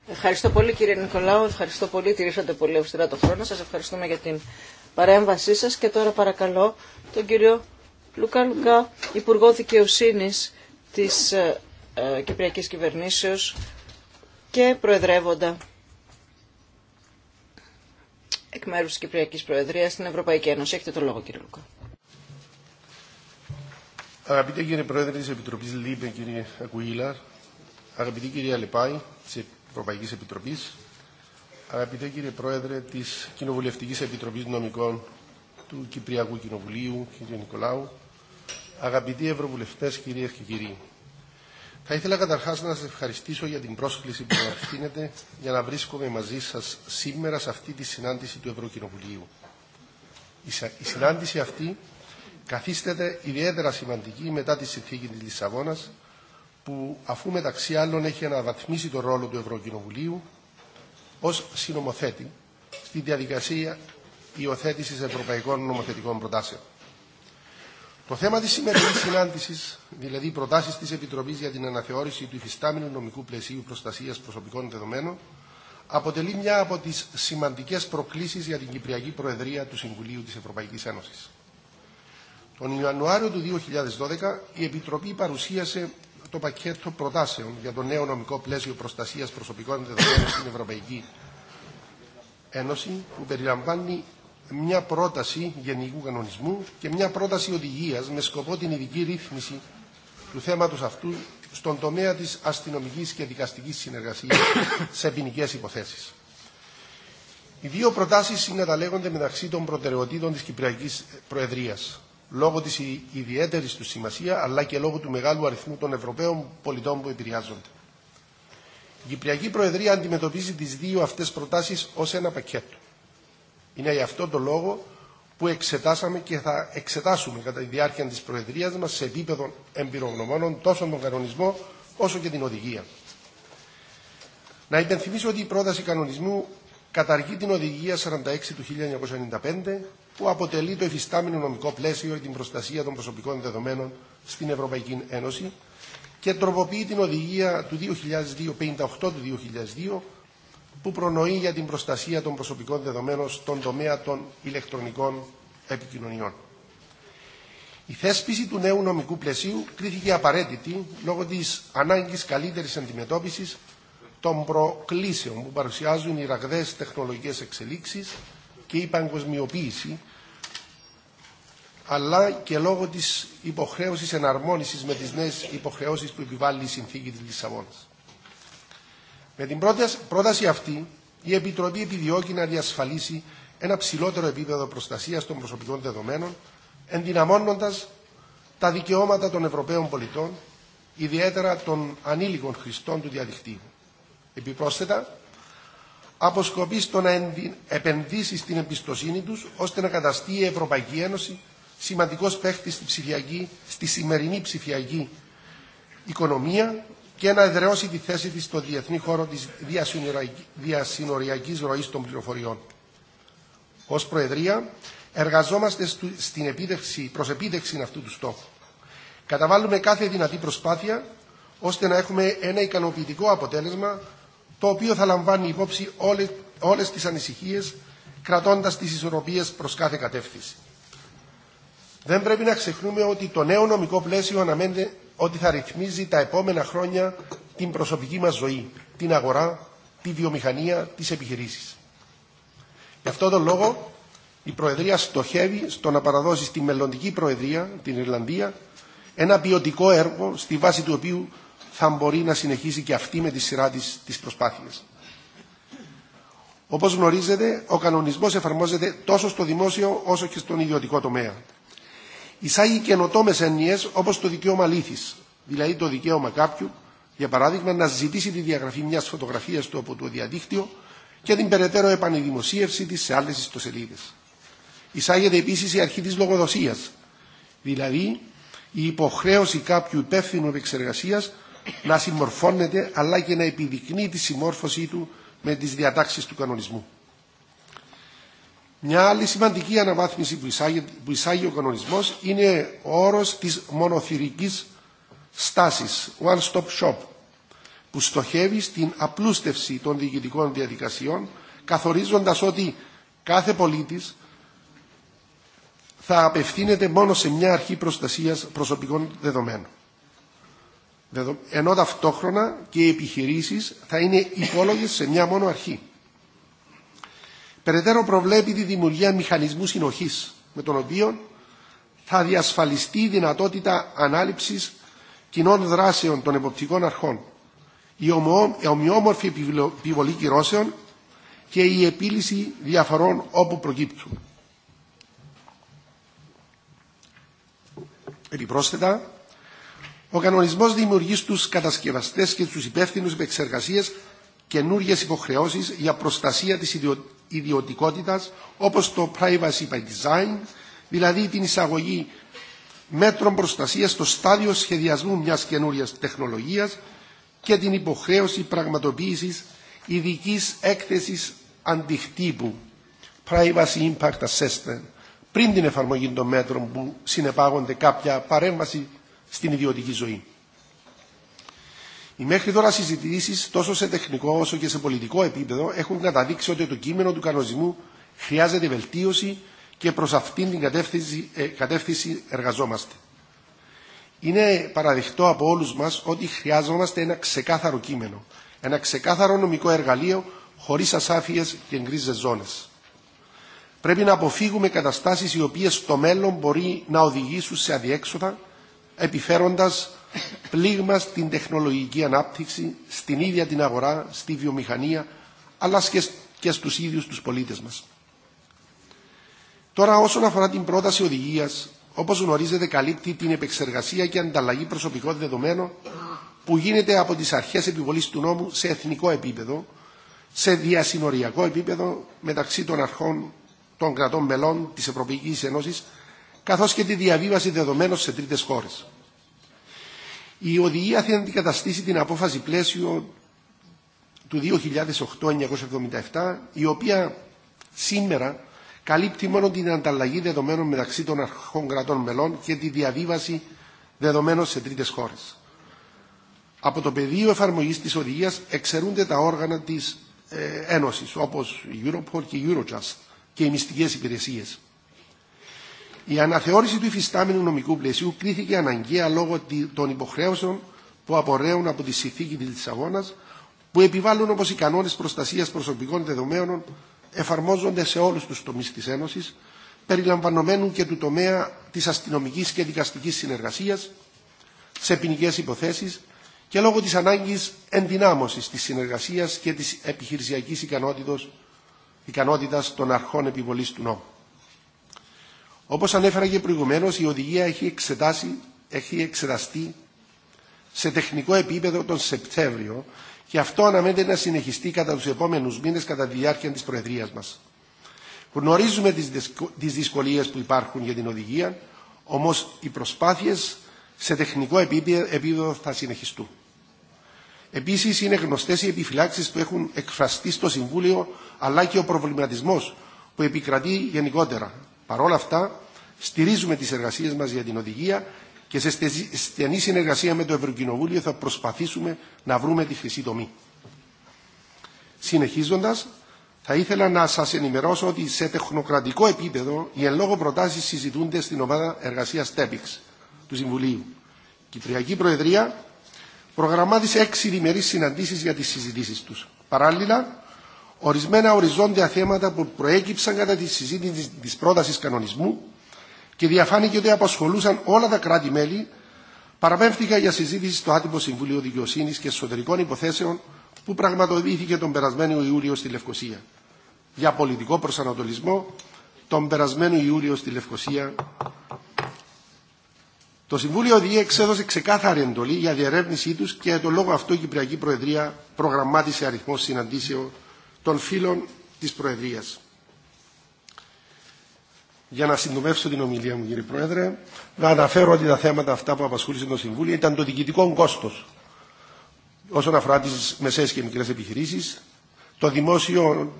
Ευχαριστώ πολύ κύριε Νικολάου, ευχαριστώ πολύ, τηρήσατε πολύ αυστηρά το χρόνο σας, ευχαριστούμε για την παρέμβασή σας και τώρα παρακαλώ τον κύριο Λουκά Λουκά, Υπουργό Δικαιοσύνη της ε, ε, Κυπριακής Κυβερνήσεως και Προεδρεύοντα εκ μέρους της Κυπριακής Προεδρίας στην Ευρωπαϊκή Ένωση. Έχετε το λόγο κύριε Λουκά. Αγαπητέ κύριε Πρόεδρε της Επιτροπής ΛΥΠΕ, κύριε Ακουίλα, αγαπητή κυρία Λεπάη τη Ευρωπαϊκή Επιτροπής, αγαπητέ κύριε Πρόεδρε της Κοινοβουλευτικής Επιτροπής Νομικών του Κυπριακού Κοινοβουλίου, κύριε Νικολάου, αγαπητοί Ευρωβουλευτές, κύριε και κύριοι. Θα ήθελα καταρχά να σας ευχαριστήσω για την πρόσκληση που μου για να βρίσκομαι μαζί σα σήμερα σε αυτή τη συνάντηση του Ευρωκοινοβουλίου. Η συνάντηση αυτή καθίστεται ιδιαίτερα σημαντική μετά τη συνθήκη της Λισαβόνας που αφού μεταξύ άλλων έχει αναβαθμίσει τον ρόλο του Ευρωκοινοβουλίου ως συνομοθέτη στη διαδικασία υιοθέτηση ευρωπαϊκών νομοθετικών προτάσεων. Το θέμα της σημερινής συνάντησης, δηλαδή προτάσεις της Επιτροπής για την αναθεώρηση του υφιστάμενου νομικού πλαισίου προστασίας προσωπικών δεδομένων, αποτελεί μια από τις σημαντικές προκλήσεις για την Κυπριακή Προεδρία του Συμβουλίου τη Ευρωπαϊκής Ένωσης. Τον Ιανουάριο του 2012 η Επιτροπή παρουσίασε το πακέτο προτάσεων για το νέο νομικό πλαίσιο προστασία προσωπικών δεδομένων στην Ευρωπαϊκή Ένωση, που περιλαμβάνει μια πρόταση γενικού κανονισμού και μια πρόταση οδηγία με σκοπό την ειδική ρύθμιση του θέματο αυτού στον τομέα τη αστυνομική και δικαστική συνεργασία σε ποινικέ υποθέσει. Οι δύο προτάσει συναταλέγονται μεταξύ των προτεραιοτήτων τη Κυπριακή Προεδρία λόγω της ιδιαίτερης του σημασία αλλά και λόγω του μεγάλου αριθμού των Ευρωπαίων πολιτών που επηρεάζονται. Η Κυπριακή Προεδρία αντιμετωπίζει τις δύο αυτές προτάσεις ως ένα πακέτο. Είναι γι' αυτό το λόγο που εξετάσαμε και θα εξετάσουμε κατά τη διάρκεια της Προεδρίας μας σε επίπεδο εμπειρογνωμόνων τόσο τον κανονισμό όσο και την οδηγία. Να υπενθυμίσω ότι η πρόταση κανονισμού καταργεί την οδηγία 46 του 1995 που αποτελεί το εφιστάμενο νομικό πλαίσιο για την προστασία των προσωπικών δεδομένων στην Ευρωπαϊκή Ένωση και τροποποιεί την οδηγία του 2002, 58 του 2002 που προνοεί για την προστασία των προσωπικών δεδομένων στον τομέα των ηλεκτρονικών επικοινωνιών. Η θέσπιση του νέου νομικού πλαισίου κρίθηκε απαραίτητη λόγω της ανάγκης καλύτερης αντιμετώπισης των προκλήσεων που παρουσιάζουν οι ραγδαίες τεχνολογικές εξελίξεις και η παγκοσμιοποίηση αλλά και λόγω της υποχρέωσης εναρμόνισης με τις νέες υποχρεώσεις που επιβάλλει η συνθήκη της Λισαβόνας. Με την πρόταση αυτή, η Επιτροπή επιδιώκει να διασφαλίσει ένα ψηλότερο επίπεδο προστασίας των προσωπικών δεδομένων, ενδυναμώνοντας τα δικαιώματα των Ευρωπαίων πολιτών, ιδιαίτερα των ανήλικων χρηστών του διαδικτύου. Επιπρόσθετα, αποσκοπεί στο να επενδύσει στην εμπιστοσύνη του ώστε να καταστεί η Ευρωπαϊκή Ένωση σημαντικός παίχτης στη, στη σημερινή ψηφιακή οικονομία και να εδραιώσει τη θέση τη στο διεθνή χώρο τη διασυνοριακής ροής των πληροφοριών. Ως Προεδρία, εργαζόμαστε στην επίδεξη, προς αυτού του στόχου. Καταβάλουμε κάθε δυνατή προσπάθεια ώστε να έχουμε ένα ικανοποιητικό αποτέλεσμα το οποίο θα λαμβάνει υπόψη όλες, όλες τις ανησυχίες, κρατώντας τις ισορροπίες προς κάθε κατεύθυνση. Δεν πρέπει να ξεχνούμε ότι το νέο νομικό πλαίσιο αναμένεται ότι θα ρυθμίζει τα επόμενα χρόνια την προσωπική μας ζωή, την αγορά, τη βιομηχανία, τις επιχειρήσεις. Γι' αυτόν τον λόγο η Προεδρία στοχεύει στο να παραδώσει στη μελλοντική Προεδρία, την Ιρλανδία, ένα ποιοτικό έργο στη βάση του οποίου θα μπορεί να συνεχίσει και αυτή με τη σειρά της της προσπάθειας. Όπως γνωρίζετε, ο κανονισμός εφαρμόζεται τόσο στο δημόσιο όσο και στον ιδιωτικό τομέα. Εισάγει καινοτόμε έννοιε όπω το δικαίωμα λήθης, δηλαδή το δικαίωμα κάποιου, για παράδειγμα, να ζητήσει τη διαγραφή μια φωτογραφία του από το διαδίκτυο και την περαιτέρω επανεδημοσίευση τη σε άλλε ιστοσελίδε. Εισάγεται επίση η αρχή τη λογοδοσία, δηλαδή η υποχρέωση κάποιου υπεύθυνου επεξεργασία να συμμορφώνεται αλλά και να επιδεικνύει τη συμμόρφωσή του με τις διατάξεις του κανονισμού. Μια άλλη σημαντική αναβάθμιση που εισάγει, ο κανονισμός είναι ο όρος της μονοθυρικής στάσης, one-stop shop, που στοχεύει στην απλούστευση των διοικητικών διαδικασιών, καθορίζοντας ότι κάθε πολίτης θα απευθύνεται μόνο σε μια αρχή προστασίας προσωπικών δεδομένων ενώ ταυτόχρονα και οι επιχειρήσεις θα είναι υπόλογες σε μια μόνο αρχή. Περαιτέρω προβλέπει τη δημιουργία μηχανισμού συνοχής, με τον οποίο θα διασφαλιστεί η δυνατότητα ανάληψης κοινών δράσεων των εποπτικών αρχών, η ομοιόμορφη επιβολή κυρώσεων και η επίλυση διαφορών όπου προκύπτουν. Επιπρόσθετα, ο κανονισμό δημιουργεί στου κατασκευαστέ και στου υπεύθυνου επεξεργασία καινούριε υποχρεώσει για προστασία τη ιδιωτικότητα όπω το privacy by design, δηλαδή την εισαγωγή μέτρων προστασία στο στάδιο σχεδιασμού μια καινούρια τεχνολογία και την υποχρέωση πραγματοποίηση ειδική έκθεση αντιχτύπου privacy impact assessment πριν την εφαρμογή των μέτρων που συνεπάγονται κάποια παρέμβαση στην ιδιωτική ζωή. Οι μέχρι τώρα συζητήσει τόσο σε τεχνικό όσο και σε πολιτικό επίπεδο έχουν καταδείξει ότι το κείμενο του κανονισμού χρειάζεται βελτίωση και προ αυτήν την κατεύθυνση, ε, εργαζόμαστε. Είναι παραδειχτό από όλου μα ότι χρειάζομαστε ένα ξεκάθαρο κείμενο, ένα ξεκάθαρο νομικό εργαλείο χωρί ασάφειε και γκρίζε ζώνε. Πρέπει να αποφύγουμε καταστάσει οι οποίε στο μέλλον μπορεί να οδηγήσουν σε αδιέξοδα επιφέροντας πλήγμα στην τεχνολογική ανάπτυξη, στην ίδια την αγορά, στη βιομηχανία, αλλά και στους ίδιους τους πολίτες μας. Τώρα όσον αφορά την πρόταση οδηγίας, όπως γνωρίζετε καλύπτει την επεξεργασία και ανταλλαγή προσωπικών δεδομένων που γίνεται από τις αρχές επιβολής του νόμου σε εθνικό επίπεδο, σε διασυνοριακό επίπεδο μεταξύ των αρχών των κρατών μελών της Ευρωπαϊκής Ένωσης καθώς και τη διαβίβαση δεδομένων σε τρίτες χώρες. Η οδηγία θα αντικαταστήσει την απόφαση πλαίσιο του 2008-977, η οποία σήμερα καλύπτει μόνο την ανταλλαγή δεδομένων μεταξύ των αρχών κρατών μελών και τη διαβίβαση δεδομένων σε τρίτες χώρες. Από το πεδίο εφαρμογής της οδηγίας εξαιρούνται τα όργανα της ε, Ένωσης, όπως η Europol και η Eurojust και οι μυστικές υπηρεσίες. Η αναθεώρηση του υφιστάμενου νομικού πλαισίου κρίθηκε αναγκαία λόγω των υποχρέωσεων που απορρέουν από τη συνθήκη τη Λισαβόνα, που επιβάλλουν όπω οι κανόνε προστασία προσωπικών δεδομένων εφαρμόζονται σε όλου του τομεί τη Ένωση, περιλαμβανομένου και του τομέα τη αστυνομική και δικαστική συνεργασία, σε ποινικέ υποθέσει και λόγω τη ανάγκη ενδυνάμωση τη συνεργασία και τη επιχειρησιακή ικανότητα των αρχών επιβολή του νόμου. Όπως ανέφερα και προηγουμένως, η οδηγία έχει, εξετάσει, έχει εξεταστεί σε τεχνικό επίπεδο τον Σεπτέμβριο και αυτό αναμένεται να συνεχιστεί κατά τους επόμενους μήνες κατά τη διάρκεια της Προεδρίας μας. Γνωρίζουμε τις δυσκολίες που υπάρχουν για την οδηγία, όμως οι προσπάθειες σε τεχνικό επίπεδο θα συνεχιστούν. Επίσης είναι γνωστές οι επιφυλάξεις που έχουν εκφραστεί στο Συμβούλιο αλλά και ο προβληματισμός που επικρατεί γενικότερα Παρ' όλα αυτά, στηρίζουμε τι εργασίε μα για την οδηγία και σε στενή συνεργασία με το Ευρωκοινοβούλιο θα προσπαθήσουμε να βρούμε τη χρυσή τομή. Συνεχίζοντα, θα ήθελα να σα ενημερώσω ότι σε τεχνοκρατικό επίπεδο οι εν λόγω προτάσει συζητούνται στην ομάδα εργασία TEPIX του Συμβουλίου. Η Κυπριακή Προεδρία προγραμμάτισε έξι διμερεί συναντήσει για τι συζητήσει του. Παράλληλα, ορισμένα οριζόντια θέματα που προέκυψαν κατά τη συζήτηση τη πρόταση κανονισμού και διαφάνηκε ότι απασχολούσαν όλα τα κράτη-μέλη, παραπέμφθηκα για συζήτηση στο άτυπο Συμβούλιο Δικαιοσύνη και Εσωτερικών Υποθέσεων που πραγματοποιήθηκε τον περασμένο Ιούλιο στη Λευκοσία. Για πολιτικό προσανατολισμό, τον περασμένο Ιούλιο στη Λευκοσία. Το Συμβούλιο ΔΙΕ εξέδωσε ξεκάθαρη εντολή για διερεύνησή του και το λόγο αυτό η Κυπριακή Προεδρία προγραμμάτισε αριθμό συναντήσεων των φίλων της Προεδρίας. Για να συντομεύσω την ομιλία μου, κύριε Πρόεδρε, να αναφέρω ότι τα θέματα αυτά που απασχόλησε το Συμβούλιο ήταν το διοικητικό κόστο όσον αφορά τι μεσαίε και μικρέ επιχειρήσει,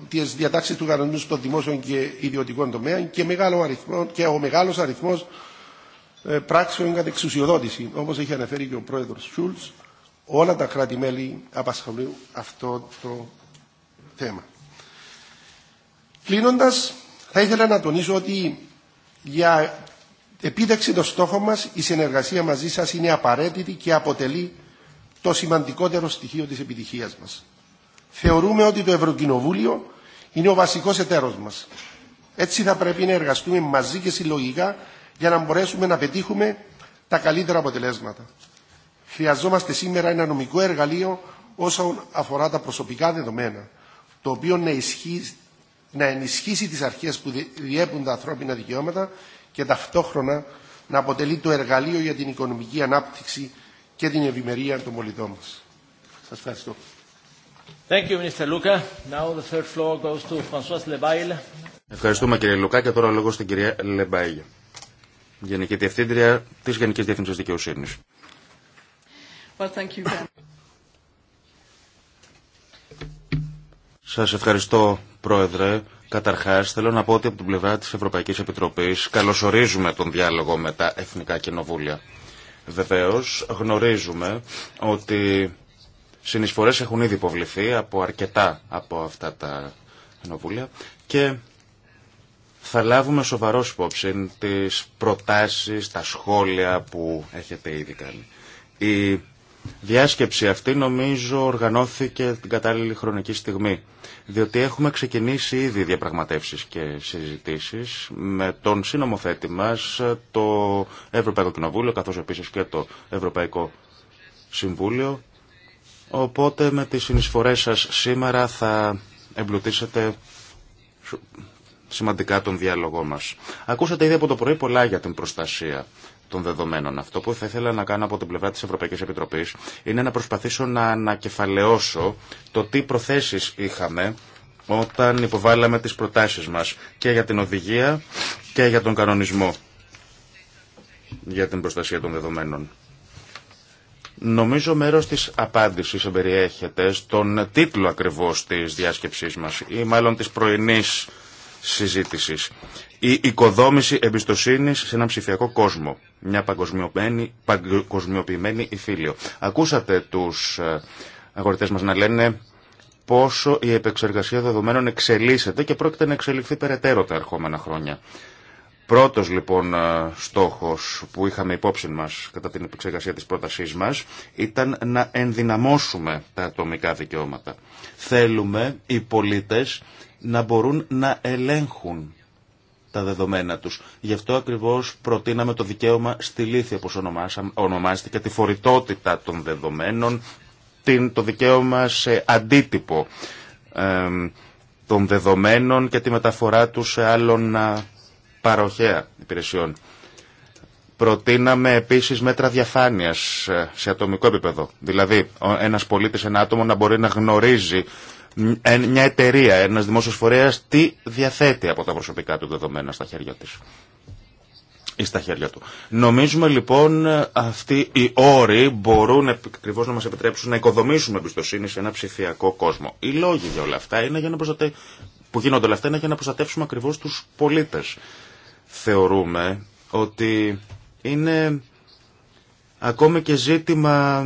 τι διατάξει του κανονισμού στον δημόσιο και ιδιωτικό τομέα και, μεγάλο αριθμό, και ο μεγάλο αριθμό ε, πράξεων κατά εξουσιοδότηση. Όπω έχει αναφέρει και ο πρόεδρο Σούλτ, όλα τα κράτη-μέλη απασχολούν αυτό το θέμα. Κλείνοντα, θα ήθελα να τονίσω ότι για επίδεξη των στόχων μας η συνεργασία μαζί σας είναι απαραίτητη και αποτελεί το σημαντικότερο στοιχείο της επιτυχίας μας. Θεωρούμε ότι το Ευρωκοινοβούλιο είναι ο βασικός εταίρος μας. Έτσι θα πρέπει να εργαστούμε μαζί και συλλογικά για να μπορέσουμε να πετύχουμε τα καλύτερα αποτελέσματα. Χρειαζόμαστε σήμερα ένα νομικό εργαλείο όσον αφορά τα προσωπικά δεδομένα το οποίο να, να ενισχύσει τις αρχές που διέπουν τα ανθρώπινα δικαιώματα και ταυτόχρονα να αποτελεί το εργαλείο για την οικονομική ανάπτυξη και την ευημερία των πολιτών μας. Σας ευχαριστώ. Thank you, Mr. Luca. Now the third floor goes to François Ευχαριστούμε κύριε Λουκά και τώρα λόγω στην κυρία Λεμπαΐλια, Γενική Διευθύντρια της Γενικής Διεύθυνσης Δικαιοσύνης. Well, thank you. Σας ευχαριστώ, Πρόεδρε. Καταρχάς, θέλω να πω ότι από την πλευρά της Ευρωπαϊκής Επιτροπής καλωσορίζουμε τον διάλογο με τα Εθνικά Κοινοβούλια. Βεβαίως, γνωρίζουμε ότι συνεισφορές έχουν ήδη υποβληθεί από αρκετά από αυτά τα κοινοβούλια και θα λάβουμε σοβαρός υπόψη τις προτάσεις, τα σχόλια που έχετε ήδη κάνει. Η διάσκεψη αυτή νομίζω οργανώθηκε την κατάλληλη χρονική στιγμή. Διότι έχουμε ξεκινήσει ήδη διαπραγματεύσεις και συζητήσεις με τον σύνομοθέτη μας, το Ευρωπαϊκό Κοινοβούλιο, καθώς επίσης και το Ευρωπαϊκό Συμβούλιο. Οπότε με τις συνεισφορές σας σήμερα θα εμπλουτίσετε σημαντικά τον διάλογό μας. Ακούσατε ήδη από το πρωί πολλά για την προστασία των δεδομένων. Αυτό που θα ήθελα να κάνω από την πλευρά της Ευρωπαϊκής Επιτροπής είναι να προσπαθήσω να ανακεφαλαιώσω το τι προθέσεις είχαμε όταν υποβάλαμε τις προτάσεις μας και για την οδηγία και για τον κανονισμό για την προστασία των δεδομένων. Νομίζω μέρος της απάντησης εμπεριέχεται στον τίτλο ακριβώς της διάσκεψής μας ή μάλλον της πρωινής Συζήτηση. Η οικοδόμηση εμπιστοσύνη σε έναν ψηφιακό κόσμο. Μια παγκοσμιοποιημένη υφήλιο. Ακούσατε τους ε, αγορητέ μα να λένε πόσο η επεξεργασία δεδομένων εξελίσσεται και πρόκειται να εξελιχθεί περαιτέρω τα ερχόμενα χρόνια. Πρώτος λοιπόν ε, στόχος που είχαμε υπόψη μας κατά την επεξεργασία της πρότασής μας ήταν να ενδυναμώσουμε τα ατομικά δικαιώματα. Θέλουμε οι πολίτες να μπορούν να ελέγχουν τα δεδομένα τους. Γι' αυτό ακριβώς προτείναμε το δικαίωμα στη λύθη, όπως ονομάστηκε, τη φορητότητα των δεδομένων, την, το δικαίωμα σε αντίτυπο των δεδομένων και τη μεταφορά τους σε άλλων παροχέα υπηρεσιών. Προτείναμε επίσης μέτρα διαφάνειας ε, σε ατομικό επίπεδο. Δηλαδή, ένας πολίτης, ένα άτομο να μπορεί να γνωρίζει μια εταιρεία, ένας δημόσιος φορέας, τι διαθέτει από τα προσωπικά του δεδομένα στα χέρια της ή στα χέρια του. Νομίζουμε λοιπόν αυτοί οι όροι μπορούν ακριβώ να μα επιτρέψουν να οικοδομήσουμε εμπιστοσύνη σε ένα ψηφιακό κόσμο. Οι λόγοι για όλα αυτά είναι για να προστατε... που γίνονται όλα αυτά είναι για να προστατεύσουμε ακριβώ του πολίτε. Θεωρούμε ότι είναι ακόμη και ζήτημα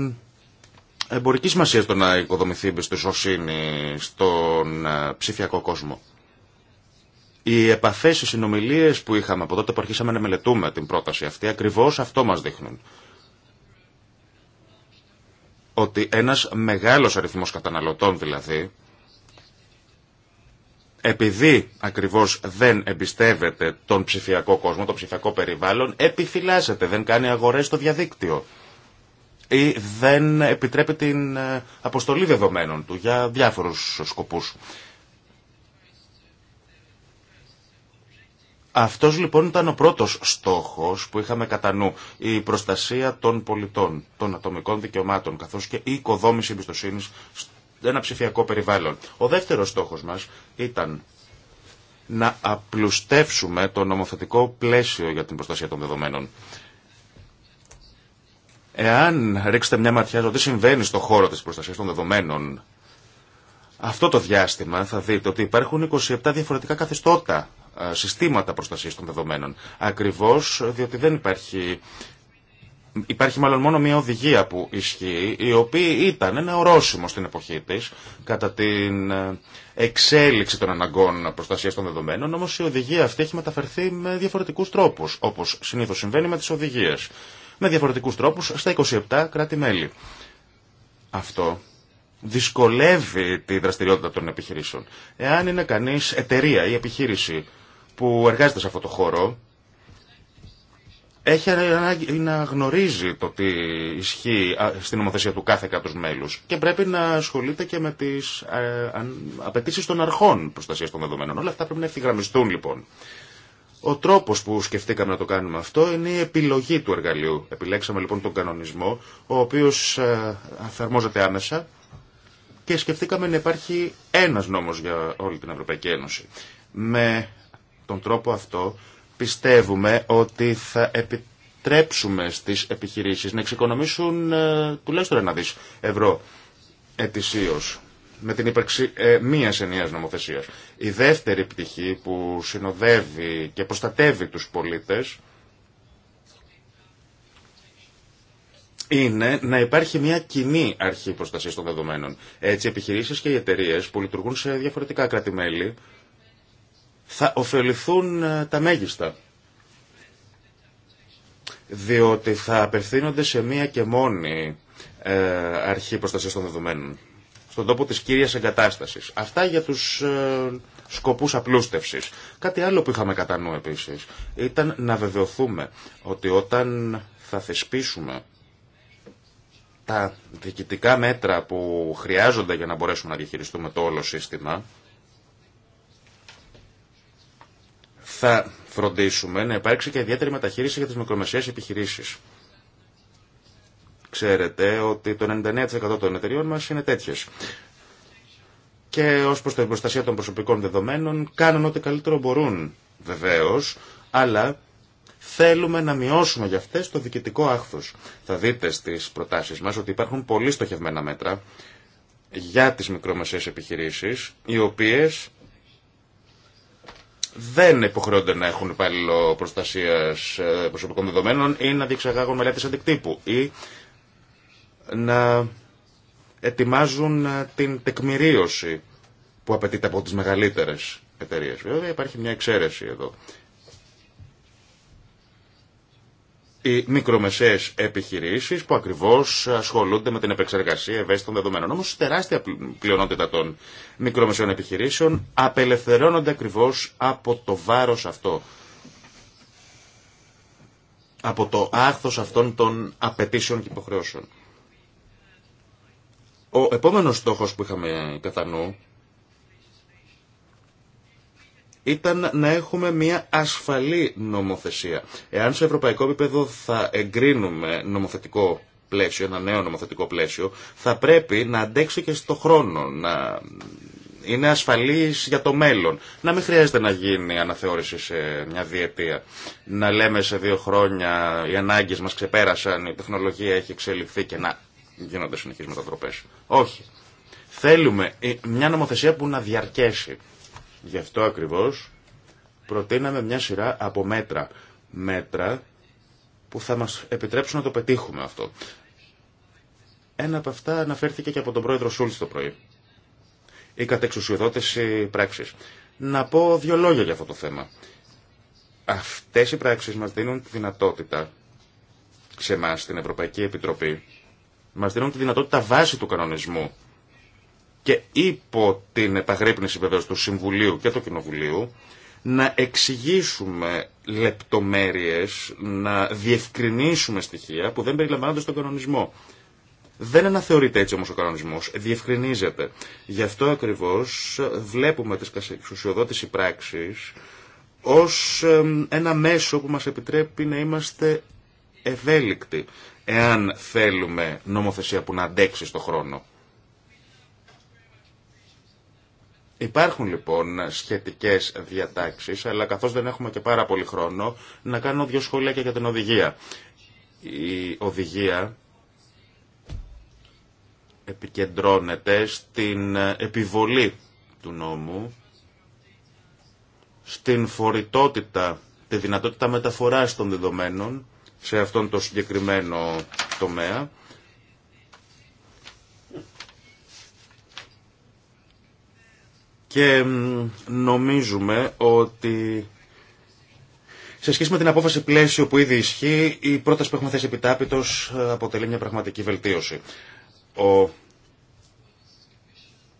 εμπορική σημασία το να οικοδομηθεί η εμπιστοσύνη στον ε, ψηφιακό κόσμο. Οι επαφέ, οι συνομιλίε που είχαμε από τότε που αρχίσαμε να μελετούμε την πρόταση αυτή, ακριβώ αυτό μα δείχνουν. Ότι ένα μεγάλο αριθμό καταναλωτών δηλαδή, επειδή ακριβώς δεν εμπιστεύεται τον ψηφιακό κόσμο, το ψηφιακό περιβάλλον, επιφυλάσσεται, δεν κάνει αγορές στο διαδίκτυο ή δεν επιτρέπει την ε, αποστολή δεδομένων του για διάφορους σκοπούς. Αυτός λοιπόν ήταν ο πρώτος στόχος που είχαμε κατά νου, η προστασία των πολιτών, των ατομικών δικαιωμάτων, καθώς και η οικοδόμηση εμπιστοσύνη ένα ψηφιακό περιβάλλον. Ο δεύτερος στόχος μας ήταν να απλουστεύσουμε το νομοθετικό πλαίσιο για την προστασία των δεδομένων. Εάν ρίξετε μια ματιά στο τι συμβαίνει στον χώρο τη προστασία των δεδομένων, αυτό το διάστημα θα δείτε ότι υπάρχουν 27 διαφορετικά καθεστώτα ε, συστήματα προστασία των δεδομένων. Ακριβώ διότι δεν υπάρχει υπάρχει μάλλον μόνο μια οδηγία που ισχύει, η οποία ήταν ένα ορόσημο στην εποχή τη κατά την ε, εξέλιξη των αναγκών προστασία των δεδομένων, όμω η οδηγία αυτή έχει μεταφερθεί με διαφορετικού τρόπου, όπω συνήθω συμβαίνει με τι οδηγίε με διαφορετικούς τρόπους στα 27 κράτη-μέλη. Αυτό δυσκολεύει τη δραστηριότητα των επιχειρήσεων. Εάν είναι κανείς εταιρεία ή επιχείρηση που εργάζεται σε αυτό το χώρο, έχει ανάγκη να γνωρίζει το τι ισχύει στην νομοθεσία του κάθε κάτω μέλου και πρέπει να ασχολείται και με τι ε, απαιτήσει των αρχών προστασία των δεδομένων. Όλα αυτά πρέπει να ευθυγραμμιστούν λοιπόν. Ο τρόπο που σκεφτήκαμε να το κάνουμε αυτό είναι η επιλογή του εργαλείου. Επιλέξαμε λοιπόν τον κανονισμό, ο οποίο ε, εφαρμόζεται άμεσα και σκεφτήκαμε να υπάρχει ένα νόμο για όλη την Ευρωπαϊκή Ένωση. Με τον τρόπο αυτό πιστεύουμε ότι θα επιτρέψουμε στις επιχειρήσεις να εξοικονομήσουν ε, τουλάχιστον ένα δις ευρώ ετησίως με την ύπαρξη ε, μία ενιαία νομοθεσία. Η δεύτερη πτυχή που συνοδεύει και προστατεύει του πολίτε είναι να υπάρχει μια κοινή αρχή προστασία των δεδομένων. Έτσι, οι επιχειρήσει και οι εταιρείε που λειτουργούν σε διαφορετικά κράτη-μέλη θα ωφεληθούν ε, τα μέγιστα. Διότι θα απευθύνονται σε μία και μόνη ε, αρχή προστασία των δεδομένων στον τόπο της κύριας εγκατάστασης. Αυτά για τους ε, σκοπούς απλούστευσης. Κάτι άλλο που είχαμε κατά νου επίσης ήταν να βεβαιωθούμε ότι όταν θα θεσπίσουμε τα διοικητικά μέτρα που χρειάζονται για να μπορέσουμε να διαχειριστούμε το όλο σύστημα, θα φροντίσουμε να υπάρξει και ιδιαίτερη μεταχείριση για τις μικρομεσαίες επιχειρήσεις. Ξέρετε ότι το 99% των εταιριών μας είναι τέτοιες. Και ως προς την προστασία των προσωπικών δεδομένων κάνουν ό,τι καλύτερο μπορούν βεβαίως, αλλά θέλουμε να μειώσουμε για αυτές το διοικητικό άχθος. Θα δείτε στις προτάσεις μας ότι υπάρχουν πολύ στοχευμένα μέτρα για τις μικρομεσαίες επιχειρήσεις, οι οποίες δεν υποχρεώνται να έχουν υπάλληλο προστασίας ε, προσωπικών δεδομένων ή να διεξαγάγουν μελέτε αντικτύπου ή να ετοιμάζουν ε, την τεκμηρίωση που απαιτείται από τις μεγαλύτερες εταιρείες. Βέβαια υπάρχει μια εξαίρεση εδώ. οι μικρομεσαίες επιχειρήσεις που ακριβώς ασχολούνται με την επεξεργασία ευαίσθητων δεδομένων. Όμως τεράστια πλειονότητα των μικρομεσαίων επιχειρήσεων απελευθερώνονται ακριβώς από το βάρος αυτό. Από το άχθος αυτών των απαιτήσεων και υποχρεώσεων. Ο επόμενος στόχος που είχαμε κατά νου ήταν να έχουμε μια ασφαλή νομοθεσία. Εάν σε ευρωπαϊκό επίπεδο θα εγκρίνουμε νομοθετικό πλαίσιο, ένα νέο νομοθετικό πλαίσιο, θα πρέπει να αντέξει και στο χρόνο, να είναι ασφαλής για το μέλλον. Να μην χρειάζεται να γίνει αναθεώρηση σε μια διετία. Να λέμε σε δύο χρόνια οι ανάγκες μας ξεπέρασαν, η τεχνολογία έχει εξελιχθεί και να γίνονται συνεχεί μετατροπέ. Όχι. Θέλουμε ε, μια νομοθεσία που να διαρκέσει. Γι' αυτό ακριβώς προτείναμε μια σειρά από μέτρα. Μέτρα που θα μας επιτρέψουν να το πετύχουμε αυτό. Ένα από αυτά αναφέρθηκε και από τον πρόεδρο Σούλτ το πρωί. Η κατεξουσιοδότηση πράξη. Να πω δύο λόγια για αυτό το θέμα. Αυτές οι πράξεις μας δίνουν τη δυνατότητα σε εμά στην Ευρωπαϊκή Επιτροπή μας δίνουν τη δυνατότητα βάση του κανονισμού και υπό την επαγρύπνηση βεβαίω του Συμβουλίου και του Κοινοβουλίου να εξηγήσουμε λεπτομέρειες, να διευκρινίσουμε στοιχεία που δεν περιλαμβάνονται στον κανονισμό. Δεν αναθεωρείται έτσι όμως ο κανονισμός, διευκρινίζεται. Γι' αυτό ακριβώς βλέπουμε τις εξουσιοδότηση πράξεις ως ένα μέσο που μας επιτρέπει να είμαστε ευέλικτοι, εάν θέλουμε νομοθεσία που να αντέξει στο χρόνο. Υπάρχουν λοιπόν σχετικές διατάξεις, αλλά καθώς δεν έχουμε και πάρα πολύ χρόνο, να κάνω δύο σχόλια και για την οδηγία. Η οδηγία επικεντρώνεται στην επιβολή του νόμου, στην φορητότητα, τη δυνατότητα μεταφοράς των δεδομένων σε αυτόν τον συγκεκριμένο τομέα. Και νομίζουμε ότι σε σχέση με την απόφαση πλαίσιο που ήδη ισχύει, η πρόταση που έχουμε θέσει επιτάπητος αποτελεί μια πραγματική βελτίωση. Ο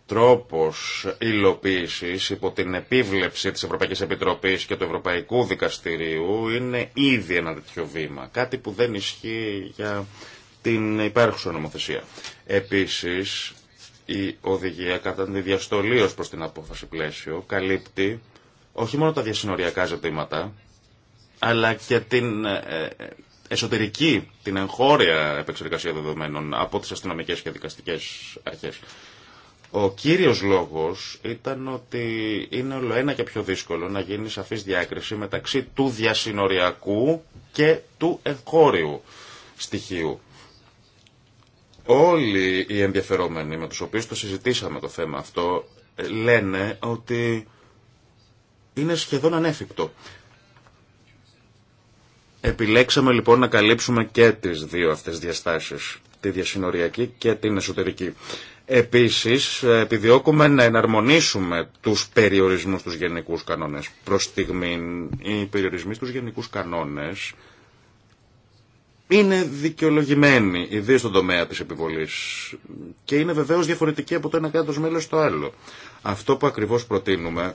τρόπος υλοποίησης υπό την επίβλεψη της Ευρωπαϊκής Επιτροπής και του Ευρωπαϊκού Δικαστηρίου είναι ήδη ένα τέτοιο βήμα, κάτι που δεν ισχύει για την υπάρχουσα νομοθεσία. Επίσης, η οδηγία κατά τη διαστολή ως προς την απόφαση πλαίσιο καλύπτει όχι μόνο τα διασυνοριακά ζητήματα, αλλά και την ε, ε, εσωτερική, την εγχώρια επεξεργασία δεδομένων από τις αστυνομικές και δικαστικές αρχές. Ο κύριος λόγος ήταν ότι είναι όλο ένα και πιο δύσκολο να γίνει σαφής διάκριση μεταξύ του διασυνοριακού και του εγχώριου στοιχείου. Όλοι οι ενδιαφερόμενοι με τους οποίους το συζητήσαμε το θέμα αυτό ε, λένε ότι είναι σχεδόν ανέφικτο. Επιλέξαμε λοιπόν να καλύψουμε και τις δύο αυτές διαστάσεις τη διασυνοριακή και την εσωτερική. Επίσης, επιδιώκουμε να εναρμονίσουμε τους περιορισμούς τους γενικούς κανόνες. Προς στιγμή, οι περιορισμοί στους γενικούς κανόνες είναι δικαιολογημένοι, ιδίως στον τομέα της επιβολής. Και είναι βεβαίως διαφορετική από το ένα κράτος μέλος στο άλλο. Αυτό που ακριβώς προτείνουμε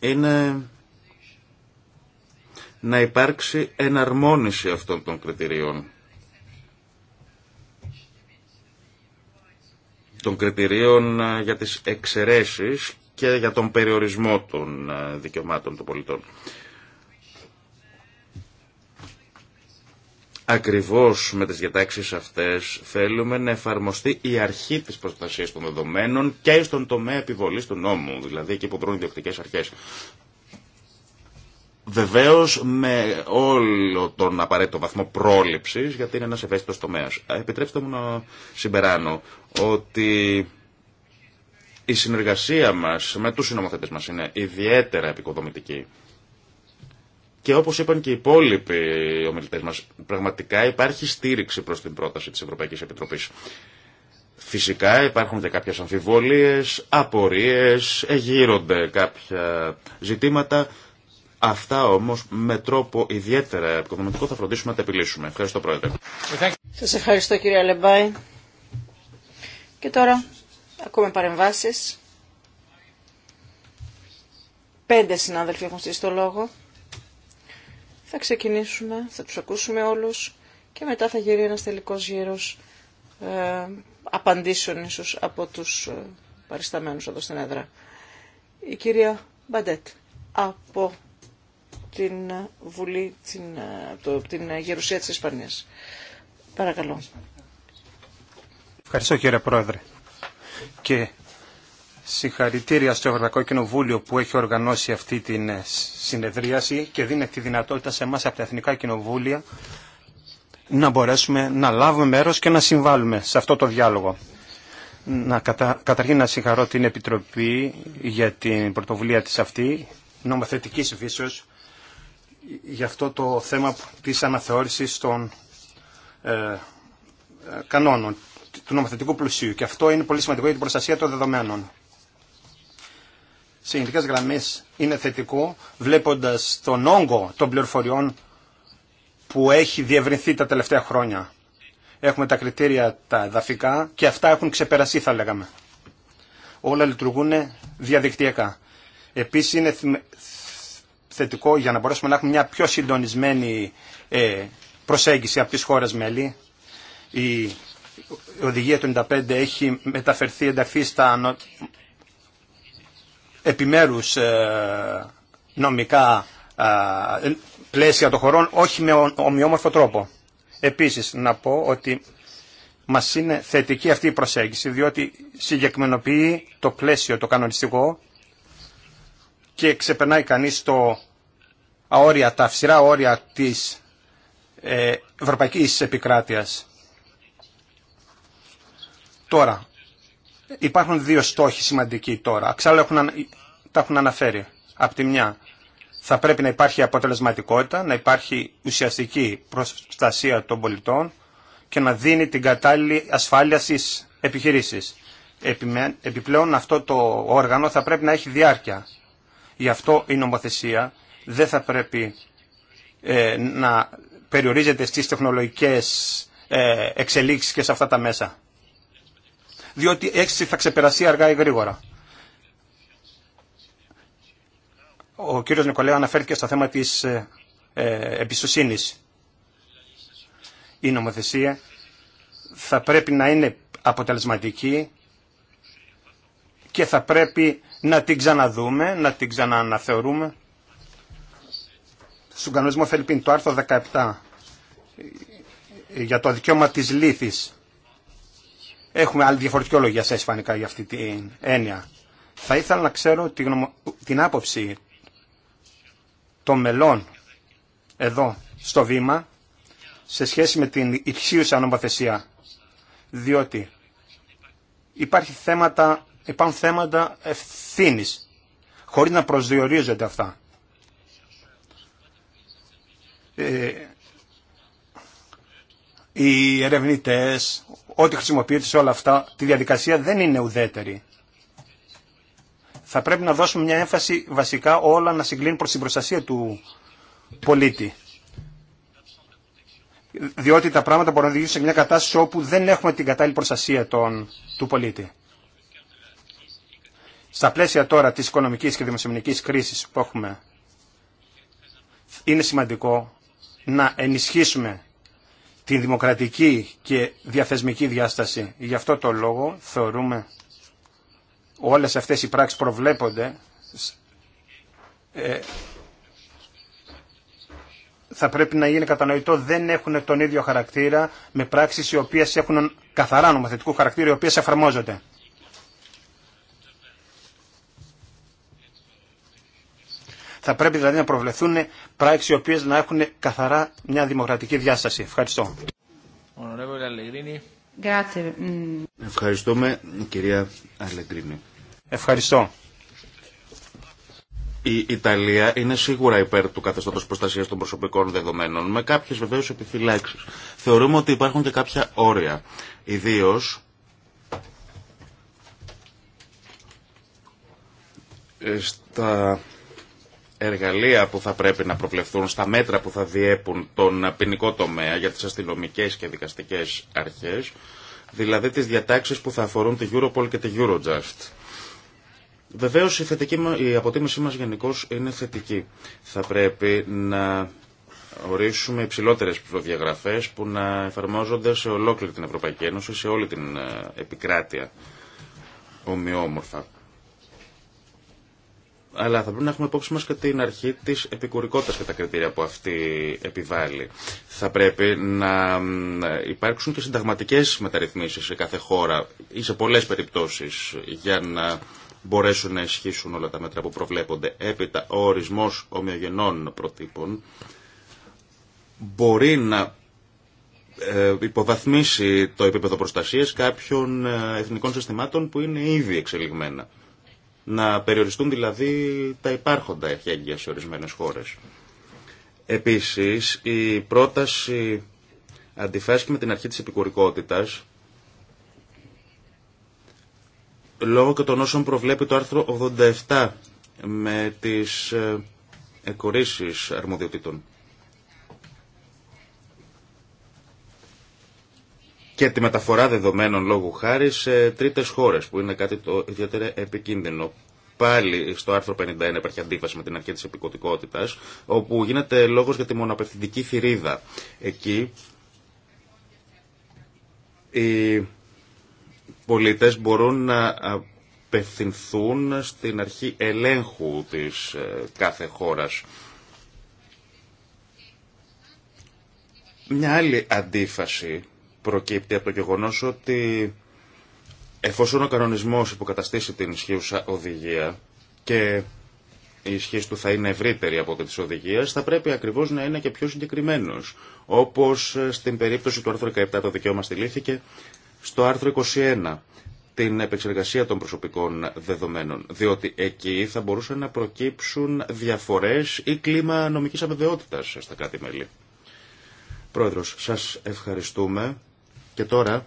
είναι να υπάρξει εναρμόνιση αυτών των κριτηρίων των κριτηρίων ε, για τις εξαιρεσει και για τον περιορισμό των ε, δικαιωμάτων των πολιτών. Ακριβώς με τις διατάξεις αυτές θέλουμε να εφαρμοστεί η αρχή της προστασίας των δεδομένων και στον τομέα επιβολής του νόμου, δηλαδή εκεί που βρουν οι αρχές. Βεβαίω με όλο τον απαραίτητο βαθμό πρόληψη, γιατί είναι ένα ευαίσθητο τομέα. Ε, επιτρέψτε μου να συμπεράνω ότι η συνεργασία μας με τους συνομοθέτες μας είναι ιδιαίτερα επικοδομητική. Και όπως είπαν και οι υπόλοιποι ομιλητές μας, πραγματικά υπάρχει στήριξη προς την πρόταση της Ευρωπαϊκής Επιτροπής. Φυσικά υπάρχουν και κάποιες αμφιβολίες, απορίες, εγείρονται κάποια ζητήματα. Αυτά όμως με τρόπο ιδιαίτερα επικοδομητικό θα φροντίσουμε να τα επιλύσουμε. Ευχαριστώ Πρόεδρε. Σας ευχαριστώ κύριε Αλεμπάη. Και τώρα ακούμε παρεμβάσεις. Πέντε συνάδελφοι έχουν στήσει το λόγο. Θα ξεκινήσουμε, θα τους ακούσουμε όλους και μετά θα γυρίσει ένας τελικός γύρος ε, απαντήσεων ίσως από τους ε, παρισταμένους εδώ στην έδρα. Η κυρία Μπαντέτ από την Βουλή, την, από ε, την Γερουσία της Ισπανίας. Παρακαλώ. Ευχαριστώ κύριε Πρόεδρε. Και συγχαρητήρια στο Ευρωπαϊκό Κοινοβούλιο που έχει οργανώσει αυτή τη ε, συνεδρίαση και δίνει τη δυνατότητα σε εμά από τα Εθνικά Κοινοβούλια να μπορέσουμε να λάβουμε μέρος και να συμβάλλουμε σε αυτό το διάλογο. Να κατα... Καταρχήν να συγχαρώ την Επιτροπή για την πρωτοβουλία της αυτή, νομοθετικής φύσεως, για αυτό το θέμα της αναθεώρησης των ε, ε κανόνων του νομοθετικού πλουσίου και αυτό είναι πολύ σημαντικό για την προστασία των δεδομένων. Σε γενικέ γραμμέ είναι θετικό βλέποντα τον όγκο των πληροφοριών που έχει διευρυνθεί τα τελευταία χρόνια. Έχουμε τα κριτήρια τα εδαφικά και αυτά έχουν ξεπεραστεί θα λέγαμε. Όλα λειτουργούν διαδικτυακά. Επίση είναι θετικό για να μπορέσουμε να έχουμε μια πιο συντονισμένη ε, προσέγγιση από τις χώρες μέλη. Η οδηγία του 95 έχει μεταφερθεί, ενταχθεί στα επιμέρους ε, νομικά πλαίσια των χωρών, όχι με ομοιόμορφο τρόπο. Επίσης, να πω ότι μας είναι θετική αυτή η προσέγγιση, διότι συγκεκριμενοποιεί το πλαίσιο, το κανονιστικό και ξεπερνάει κανείς το αόρια, τα αυστηρά όρια της ε, ευρωπαϊκής επικράτειας. Τώρα, υπάρχουν δύο στόχοι σημαντικοί τώρα. Ξάλλου έχουν, τα έχουν αναφέρει. Απ' τη μια, θα πρέπει να υπάρχει αποτελεσματικότητα, να υπάρχει ουσιαστική προστασία των πολιτών και να δίνει την κατάλληλη ασφάλεια στις επιχειρήσεις. Επιπλέον αυτό το όργανο θα πρέπει να έχει διάρκεια. Γι' αυτό η νομοθεσία δεν θα πρέπει ε, να περιορίζεται στις τεχνολογικές ε, εξελίξεις και σε αυτά τα μέσα διότι έξι θα ξεπεραστεί αργά ή γρήγορα. Ο κύριος Νικολέα αναφέρθηκε στο θεμα της ε, ε Η νομοθεσία θα πρέπει να είναι αποτελεσματική και θα πρέπει να την ξαναδούμε, να την ξανααναθεωρούμε. Στον κανονισμό Φελπίν, το άρθρο 17 ε, για το δικαίωμα της λύθης Έχουμε άλλη διαφορετική ολογία σε ισπανικά για αυτή την έννοια. Θα ήθελα να ξέρω την άποψη των μελών εδώ στο βήμα σε σχέση με την υψίουσα νομοθεσία. Διότι υπάρχει θέματα, υπάρχουν θέματα ευθύνη χωρίς να προσδιορίζονται αυτά. Ε, οι ερευνητές, ό,τι χρησιμοποιείται σε όλα αυτά, τη διαδικασία δεν είναι ουδέτερη. Θα πρέπει να δώσουμε μια έμφαση βασικά όλα να συγκλίνουν προς την προστασία του πολίτη. Διότι τα πράγματα μπορούν να οδηγήσουν σε μια κατάσταση όπου δεν έχουμε την κατάλληλη προστασία του πολίτη. Στα πλαίσια τώρα της οικονομικής και δημοσιονομικής κρίσης που έχουμε, είναι σημαντικό να ενισχύσουμε την δημοκρατική και διαθεσμική διάσταση. Γι' αυτό το λόγο θεωρούμε όλες αυτές οι πράξεις προβλέπονται ε, θα πρέπει να γίνει κατανοητό δεν έχουν τον ίδιο χαρακτήρα με πράξεις οι οποίες έχουν καθαρά νομοθετικού χαρακτήρα οι οποίες εφαρμόζονται. Θα πρέπει δηλαδή να προβλεφθούν πράξεις οι οποίες να έχουν καθαρά μια δημοκρατική διάσταση. Ευχαριστώ. Mm. Ευχαριστούμε κυρία Αλεγκρίνη. Ευχαριστώ. Η Ιταλία είναι σίγουρα υπέρ του καθεστώτος προστασία των προσωπικών δεδομένων, με κάποιε βεβαίω επιφυλάξει. Θεωρούμε ότι υπάρχουν και κάποια όρια. Ε, στα εργαλεία που θα πρέπει να προβλεφθούν, στα μέτρα που θα διέπουν τον ποινικό τομέα για τις αστυνομικές και δικαστικές αρχές, δηλαδή τις διατάξεις που θα αφορούν τη Europol και τη Eurojust. Βεβαίως η, θετική, η αποτίμησή μας γενικώ είναι θετική. Θα πρέπει να ορίσουμε υψηλότερε προδιαγραφές που να εφαρμόζονται σε ολόκληρη την Ευρωπαϊκή Ένωση, σε όλη την ε, επικράτεια ομοιόμορφα αλλά θα πρέπει να έχουμε υπόψη μα και την αρχή τη επικουρικότητας και τα κριτήρια που αυτή επιβάλλει. Θα πρέπει να υπάρξουν και συνταγματικές μεταρρυθμίσεις σε κάθε χώρα ή σε πολλές περιπτώσεις για να μπορέσουν να ισχύσουν όλα τα μέτρα που προβλέπονται. Έπειτα, ο ορισμός ομοιογενών προτύπων μπορεί να ε, υποβαθμίσει το επίπεδο προστασίας κάποιων ε, εθνικών συστημάτων που είναι ήδη εξελιγμένα. Να περιοριστούν δηλαδή τα υπάρχοντα εχέγγυα σε ορισμένες χώρες. Επίσης, η πρόταση αντιφάσκει με την αρχή της επικουρικότητας λόγω και των όσων προβλέπει το άρθρο 87 με τις ε, εκορίσεις αρμοδιοτήτων. και τη μεταφορά δεδομένων λόγου χάρη σε τρίτε χώρε που είναι κάτι το ιδιαίτερα επικίνδυνο. Πάλι στο άρθρο 51 υπάρχει αντίφαση με την αρχή της επικοτικότητα, όπου γίνεται λόγος για τη μοναπευθυντική θηρίδα. Εκεί οι πολιτε μπορούν να απευθυνθούν στην αρχή ελέγχου της ε, κάθε χώρας. Μια άλλη αντίφαση προκύπτει από το γεγονός ότι εφόσον ο κανονισμό υποκαταστήσει την ισχύουσα οδηγία και η ισχύ του θα είναι ευρύτερη από τη οδηγία, θα πρέπει ακριβώ να είναι και πιο συγκεκριμένο. Όπω στην περίπτωση του άρθρου 17 το δικαίωμα στηλήθηκε, στο άρθρο 21 την επεξεργασία των προσωπικών δεδομένων, διότι εκεί θα μπορούσαν να προκύψουν διαφορές ή κλίμα νομικής αβεβαιότητας στα κάτι μελη Πρόεδρος, σας ευχαριστούμε. Και τώρα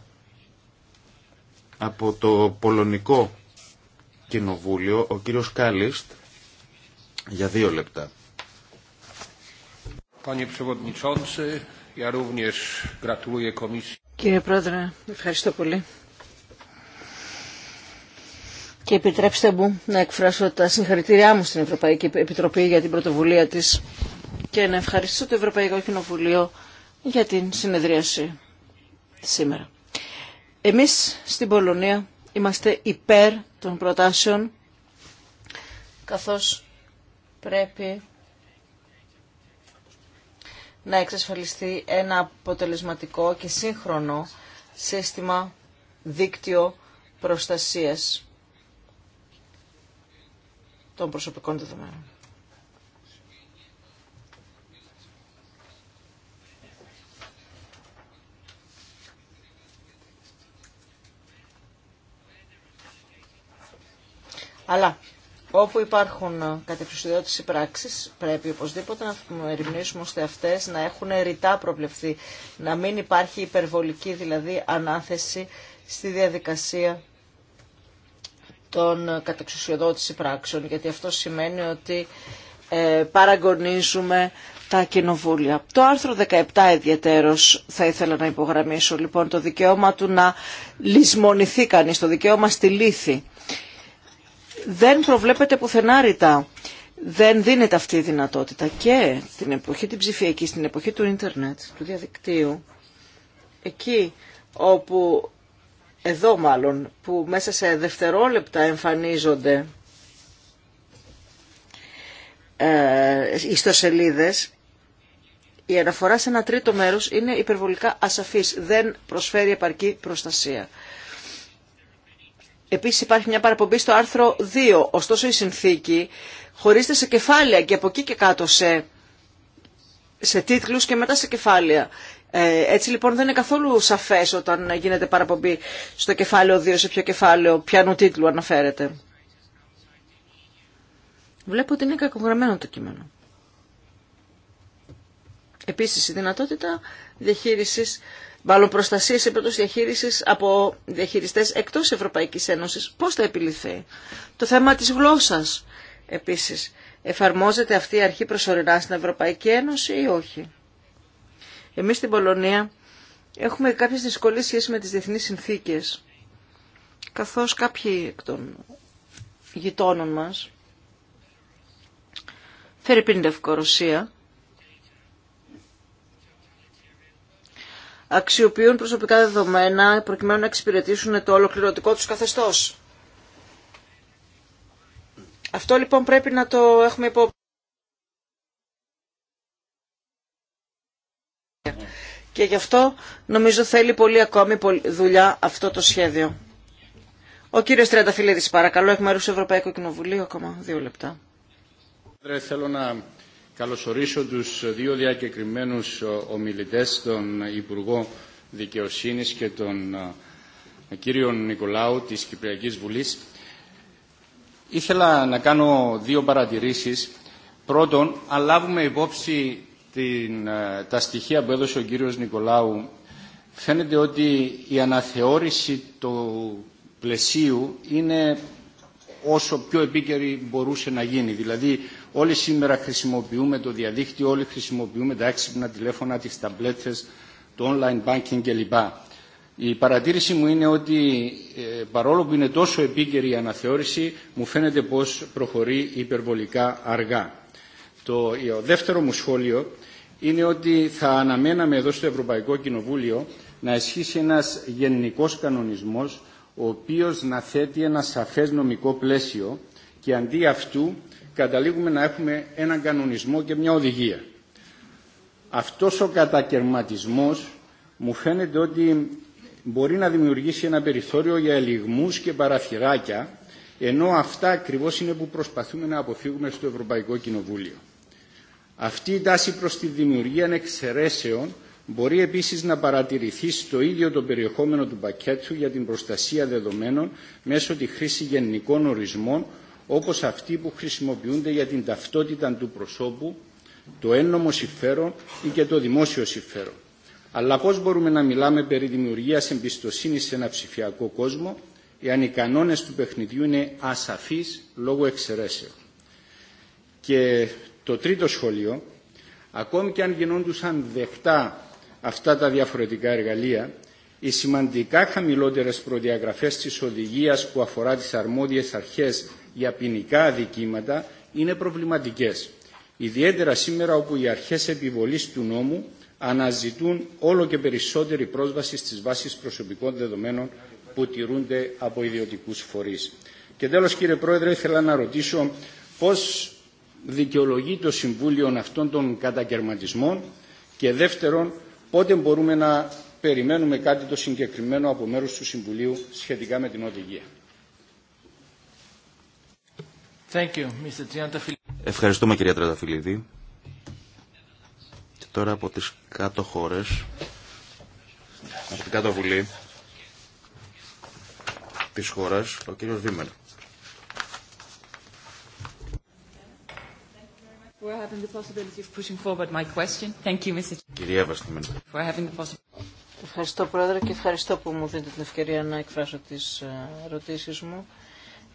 από το Πολωνικό Κοινοβούλιο ο κύριος Κάλιστ για δύο λεπτά. Κύριε Πρόεδρε, ευχαριστώ πολύ. Και επιτρέψτε μου να εκφράσω τα συγχαρητήριά μου στην Ευρωπαϊκή Επιτροπή για την πρωτοβουλία της και να ευχαριστήσω το Ευρωπαϊκό Κοινοβουλίο για την συνεδρίαση σήμερα. Εμείς στην Πολωνία είμαστε υπέρ των προτάσεων καθώς πρέπει να εξασφαλιστεί ένα αποτελεσματικό και σύγχρονο σύστημα δίκτυο προστασίας των προσωπικών δεδομένων. Αλλά όπου υπάρχουν ε, κατεξουσιοδότηση πράξεις πρέπει οπωσδήποτε να ερμηνεύσουμε ώστε αυτές να έχουν ρητά προβλεφθεί. Να μην υπάρχει υπερβολική δηλαδή ανάθεση στη διαδικασία των ε, κατεξουσιοδότηση πράξεων, γιατί αυτό σημαίνει ότι ε, παραγωνίζουμε τα κοινοβούλια. Το άρθρο 17 ιδιαίτερος θα ήθελα να υπογραμμίσω λοιπόν το δικαίωμα του να λησμονηθεί κανείς, το δικαίωμα στη λύθη δεν προβλέπεται που ρητά. Δεν δίνεται αυτή η δυνατότητα. Και στην εποχή την ψηφιακή, στην εποχή του ίντερνετ, του διαδικτύου, εκεί όπου, εδώ μάλλον, που μέσα σε δευτερόλεπτα εμφανίζονται ε, ιστοσελίδες, η αναφορά σε ένα τρίτο μέρος είναι υπερβολικά ασαφής, δεν προσφέρει επαρκή προστασία. Επίσης υπάρχει μια παραπομπή στο άρθρο 2, ωστόσο η συνθήκη χωρίζεται σε κεφάλαια και από εκεί και κάτω σε, σε τίτλους και μετά σε κεφάλαια. Ε, έτσι λοιπόν δεν είναι καθόλου σαφές όταν γίνεται παραπομπή στο κεφάλαιο 2, σε ποιο κεφάλαιο, ποιανού τίτλου αναφέρεται. Βλέπω ότι είναι κακογραμμένο το κείμενο. Επίσης η δυνατότητα διαχείρισης μάλλον προστασία σε πρώτος διαχείρισης από διαχειριστές εκτός Ευρωπαϊκής Ένωσης, πώς θα επιληθεί. Το θέμα της γλώσσας επίσης. Εφαρμόζεται αυτή η αρχή προσωρινά στην Ευρωπαϊκή Ένωση ή όχι. Εμείς στην Πολωνία έχουμε κάποιες δυσκολίες σχέσεις με τις διεθνείς συνθήκες, καθώς κάποιοι εκ των γειτόνων μας, Φερρυπίν Ρωσία, αξιοποιούν προσωπικά δεδομένα προκειμένου να εξυπηρετήσουν το ολοκληρωτικό τους καθεστώς. Αυτό λοιπόν πρέπει να το έχουμε υπόψη. Και γι' αυτό νομίζω θέλει πολύ ακόμη δουλειά αυτό το σχέδιο. Ο κύριος Τριανταφυλλίδη, παρακαλώ εκ μέρου του Ευρωπαϊκού Κοινοβουλίου ακόμα δύο λεπτά. Θέλω να καλωσορίσω τους δύο διακεκριμένους ε, ομιλητές, τον Υπουργό Δικαιοσύνης και τον ε, κύριο Νικολάου της Κυπριακής Βουλής. Ήθελα να κάνω δύο παρατηρήσεις. Πρώτον, αν λάβουμε υπόψη την, ε, τα στοιχεία που έδωσε ο κύριος Νικολάου, φαίνεται ότι η αναθεώρηση του πλαισίου είναι όσο πιο επίκαιρη μπορούσε να γίνει. Δηλαδή, Όλοι σήμερα χρησιμοποιούμε το διαδίκτυο, όλοι χρησιμοποιούμε τα έξυπνα τηλέφωνα, τις ταμπλέτες, το online banking κλπ. Η παρατήρηση μου είναι ότι ε, παρόλο που είναι τόσο επίκαιρη η αναθεώρηση, μου φαίνεται πως προχωρεί υπερβολικά αργά. Το δεύτερο μου σχόλιο είναι ότι θα αναμέναμε εδώ στο Ευρωπαϊκό Κοινοβούλιο να ισχύσει ένας γενικός κανονισμός ο οποίος να θέτει ένα σαφές νομικό πλαίσιο και αντί αυτού καταλήγουμε να έχουμε έναν κανονισμό και μια οδηγία. Αυτός ο κατακαιρματισμός μου φαίνεται ότι μπορεί να δημιουργήσει ένα περιθώριο για ελιγμούς και παραθυράκια, ενώ αυτά ακριβώς είναι που προσπαθούμε να αποφύγουμε στο Ευρωπαϊκό Κοινοβούλιο. Αυτή η τάση προς τη δημιουργία εξαιρέσεων μπορεί επίσης να παρατηρηθεί στο ίδιο το περιεχόμενο του πακέτου για την προστασία δεδομένων μέσω τη χρήση γενικών ορισμών όπως αυτοί που χρησιμοποιούνται για την ταυτότητα του προσώπου, το έννομο συμφέρον ή και το δημόσιο συμφέρον. Αλλά πώς μπορούμε να μιλάμε περί δημιουργίας εμπιστοσύνης σε ένα ψηφιακό κόσμο, εάν οι κανόνες του παιχνιδιού είναι ασαφείς λόγω εξαιρέσεων. Και το τρίτο σχολείο, ακόμη και αν γινόντουσαν δεκτά αυτά τα διαφορετικά εργαλεία, οι σημαντικά χαμηλότερες προδιαγραφές της οδηγίας που αφορά τις αρμόδιες αρχές για ποινικά αδικήματα είναι προβληματικές. Ιδιαίτερα σήμερα όπου οι αρχές επιβολής του νόμου αναζητούν όλο και περισσότερη πρόσβαση στις βάσεις προσωπικών δεδομένων που τηρούνται από ιδιωτικούς φορείς. Και τέλος κύριε Πρόεδρε ήθελα να ρωτήσω πώς δικαιολογεί το Συμβούλιο αυτών των κατακαιρματισμών και δεύτερον πότε μπορούμε να περιμένουμε κάτι το συγκεκριμένο από μέρους του Συμβουλίου σχετικά με την οδηγία. Ευχαριστούμε κυρία Τρανταφυλλίδη. Και τώρα από τις κάτω χώρες, από την κάτω βουλή της χώρας, ο κύριος Βίμερ. Ευχαριστώ Πρόεδρε και ευχαριστώ που μου δίνετε την ευκαιρία να εκφράσω τις ε, ερωτήσεις μου,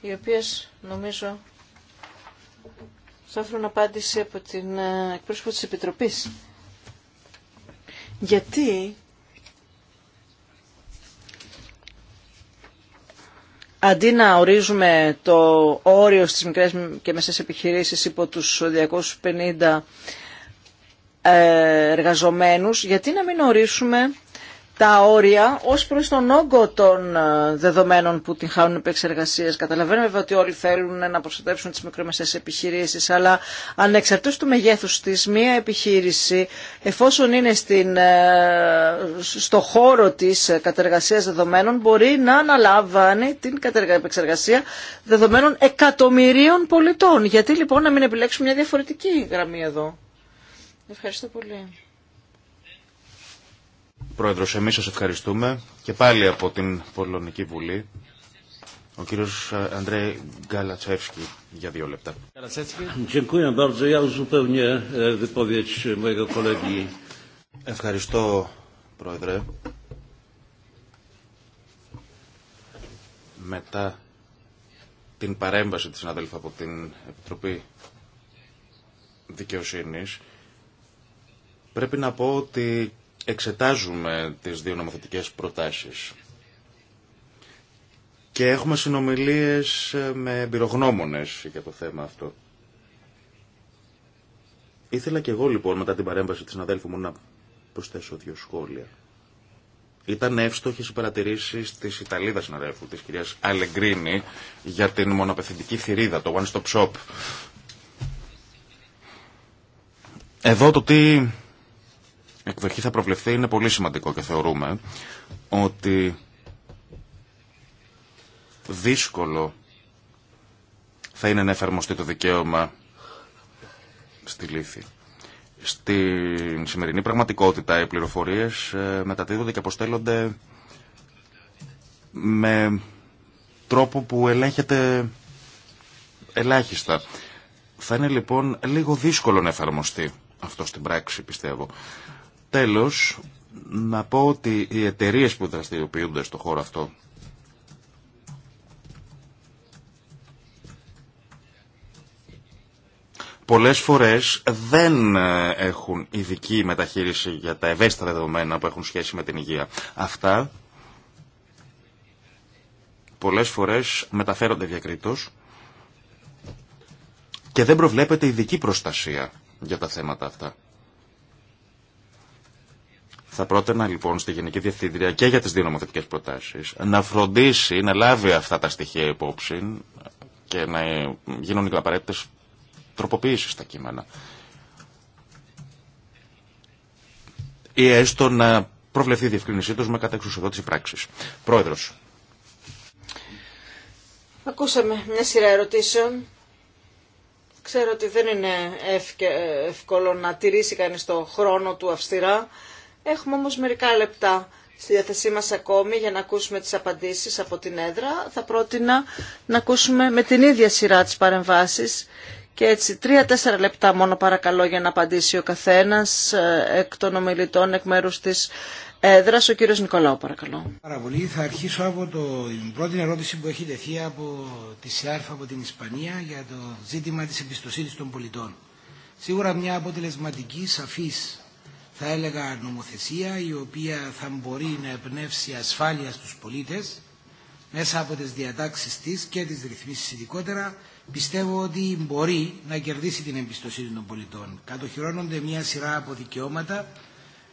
οι οποίες νομίζω θα ήθελα απάντηση από την ε, εκπρόσωπο της Επιτροπής. Γιατί αντί να ορίζουμε το όριο στις μικρές και μεσές επιχειρήσεις υπό τους 250 ε, εργαζομένους, γιατί να μην ορίσουμε τα όρια ως προς τον όγκο των ε, δεδομένων που την χάνουν επεξεργασίες. Καταλαβαίνουμε βέβαια ότι όλοι θέλουν να προστατεύσουν τις μικρομεσαίες επιχειρήσεις, αλλά ανεξαρτήτως του μεγέθους της, μία επιχείρηση, εφόσον είναι στην, ε, στο χώρο της ε, κατεργασίας δεδομένων, μπορεί να αναλάβανε την επεξεργασία δεδομένων εκατομμυρίων πολιτών. Γιατί λοιπόν να μην επιλέξουμε μια διαφορετική γραμμή εδώ. Ευχαριστώ πολύ. Πρόεδρος, εμείς σας ευχαριστούμε και πάλι από την Πολωνική Βουλή ο κύριος Αντρέ Γκαλατσεύσκη για δύο λεπτά. E, Ευχαριστώ, Πρόεδρε. Μετά την παρέμβαση της συναδέλφου από την Επιτροπή Δικαιοσύνης, πρέπει να πω ότι εξετάζουμε τις δύο νομοθετικές προτάσεις και έχουμε συνομιλίες ε, με εμπειρογνώμονες για το θέμα αυτό. Ήθελα και εγώ λοιπόν μετά την παρέμβαση της αδέλφου μου να προσθέσω δύο σχόλια. Ήταν εύστοχε οι παρατηρήσει τη Ιταλίδα συναδέλφου, τη κυρία Αλεγκρίνη, για την μονοπεθυντική θηρίδα, το one-stop shop. Εδώ το τι εκδοχή θα προβλεφθεί είναι πολύ σημαντικό και θεωρούμε ότι δύσκολο θα είναι να εφαρμοστεί το δικαίωμα στη λύθη. Στην σημερινή πραγματικότητα οι πληροφορίες ε, μεταδίδονται και αποστέλλονται με τρόπο που ελέγχεται ελάχιστα. Θα είναι λοιπόν λίγο δύσκολο να εφαρμοστεί αυτό στην πράξη πιστεύω. Τέλος, να πω ότι οι εταιρείε που δραστηριοποιούνται στο χώρο αυτό πολλές φορές δεν έχουν ειδική μεταχείριση για τα ευαίσθητα δεδομένα που έχουν σχέση με την υγεία. Αυτά πολλές φορές μεταφέρονται διακρίτως και δεν προβλέπεται ειδική προστασία για τα θέματα αυτά. Θα πρότεινα λοιπόν στη Γενική Διευθύντρια και για τι δύο νομοθετικέ προτάσεις να φροντίσει να λάβει αυτά τα στοιχεία υπόψη και να γίνουν οι απαραίτητε τροποποιήσεις στα κείμενα. Ή έστω να προβλεφθεί η διευκρίνησή του με κατεξουσιοδότηση πράξη. Πρόεδρος. Ακούσαμε μια σειρά ερωτήσεων. Ξέρω ότι δεν είναι εύκολο να τηρήσει κανείς το χρόνο του αυστηρά. Έχουμε όμως μερικά λεπτά στη διάθεσή μας ακόμη για να ακούσουμε τις απαντήσεις από την έδρα. Θα πρότεινα να ακούσουμε με την ίδια σειρά τις παρεμβάσεις και έτσι τρία-τέσσερα λεπτά μόνο παρακαλώ για να απαντήσει ο καθένας ε, εκ των ομιλητών εκ μέρους της έδρας. Ο κύριος Νικολάου παρακαλώ. Πάρα Θα αρχίσω από το, την πρώτη ερώτηση που έχει τεθεί από τη ΣΕΑΡΦ από την Ισπανία για το ζήτημα της εμπιστοσύνης των πολιτών. Σίγουρα μια αποτελεσματική, σαφής θα έλεγα νομοθεσία η οποία θα μπορεί να εμπνεύσει ασφάλεια στους πολίτες μέσα από τις διατάξεις της και τις ρυθμίσεις ειδικότερα πιστεύω ότι μπορεί να κερδίσει την εμπιστοσύνη των πολιτών. Κατοχυρώνονται μια σειρά από δικαιώματα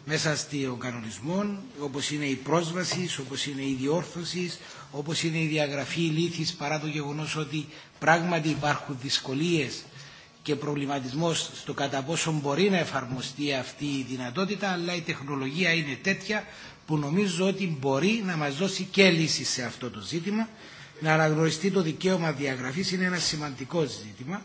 μέσα στον κανονισμό όπως είναι η πρόσβαση, όπως είναι η διόρθωση, όπως είναι η διαγραφή λήθης παρά το γεγονός ότι πράγματι υπάρχουν δυσκολίες και προβληματισμός στο κατά πόσο μπορεί να εφαρμοστεί αυτή η δυνατότητα αλλά η τεχνολογία είναι τέτοια που νομίζω ότι μπορεί να μας δώσει και λύση σε αυτό το ζήτημα να αναγνωριστεί το δικαίωμα διαγραφής είναι ένα σημαντικό ζήτημα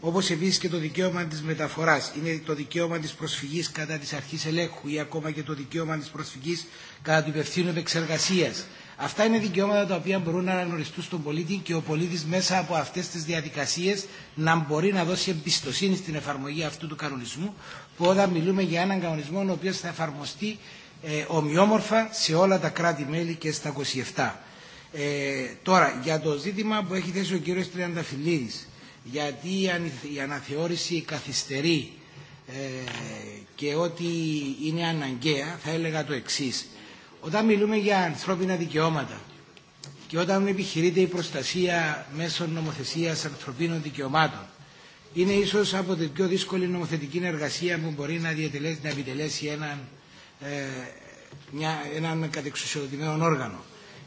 όπως επίσης και το δικαίωμα της μεταφοράς είναι το δικαίωμα της προσφυγής κατά της αρχής ελέγχου ή ακόμα και το δικαίωμα της προσφυγής κατά του υπευθύνου επεξεργασίας Αυτά είναι δικαιώματα τα οποία μπορούν να αναγνωριστούν στον πολίτη και ο πολίτη μέσα από αυτέ τι διαδικασίε να μπορεί να δώσει εμπιστοσύνη στην εφαρμογή αυτού του κανονισμού που όταν μιλούμε για έναν κανονισμό ο οποίο θα εφαρμοστεί ε, ομοιόμορφα σε όλα τα κράτη-μέλη και στα 27. Ε, τώρα, για το ζήτημα που έχει θέσει ο κύριος Τριανταφυλλίδης, γιατί η αναθεώρηση καθυστερεί ε, και ότι είναι αναγκαία, θα έλεγα το εξή. Όταν μιλούμε για ανθρώπινα δικαιώματα και όταν επιχειρείται η προστασία μέσω νομοθεσίας ανθρωπίνων δικαιωμάτων είναι ίσως από την πιο δύσκολη νομοθετική εργασία που μπορεί να, να επιτελέσει έναν, ε, μια, έναν κατεξουσιοδοτημένο όργανο.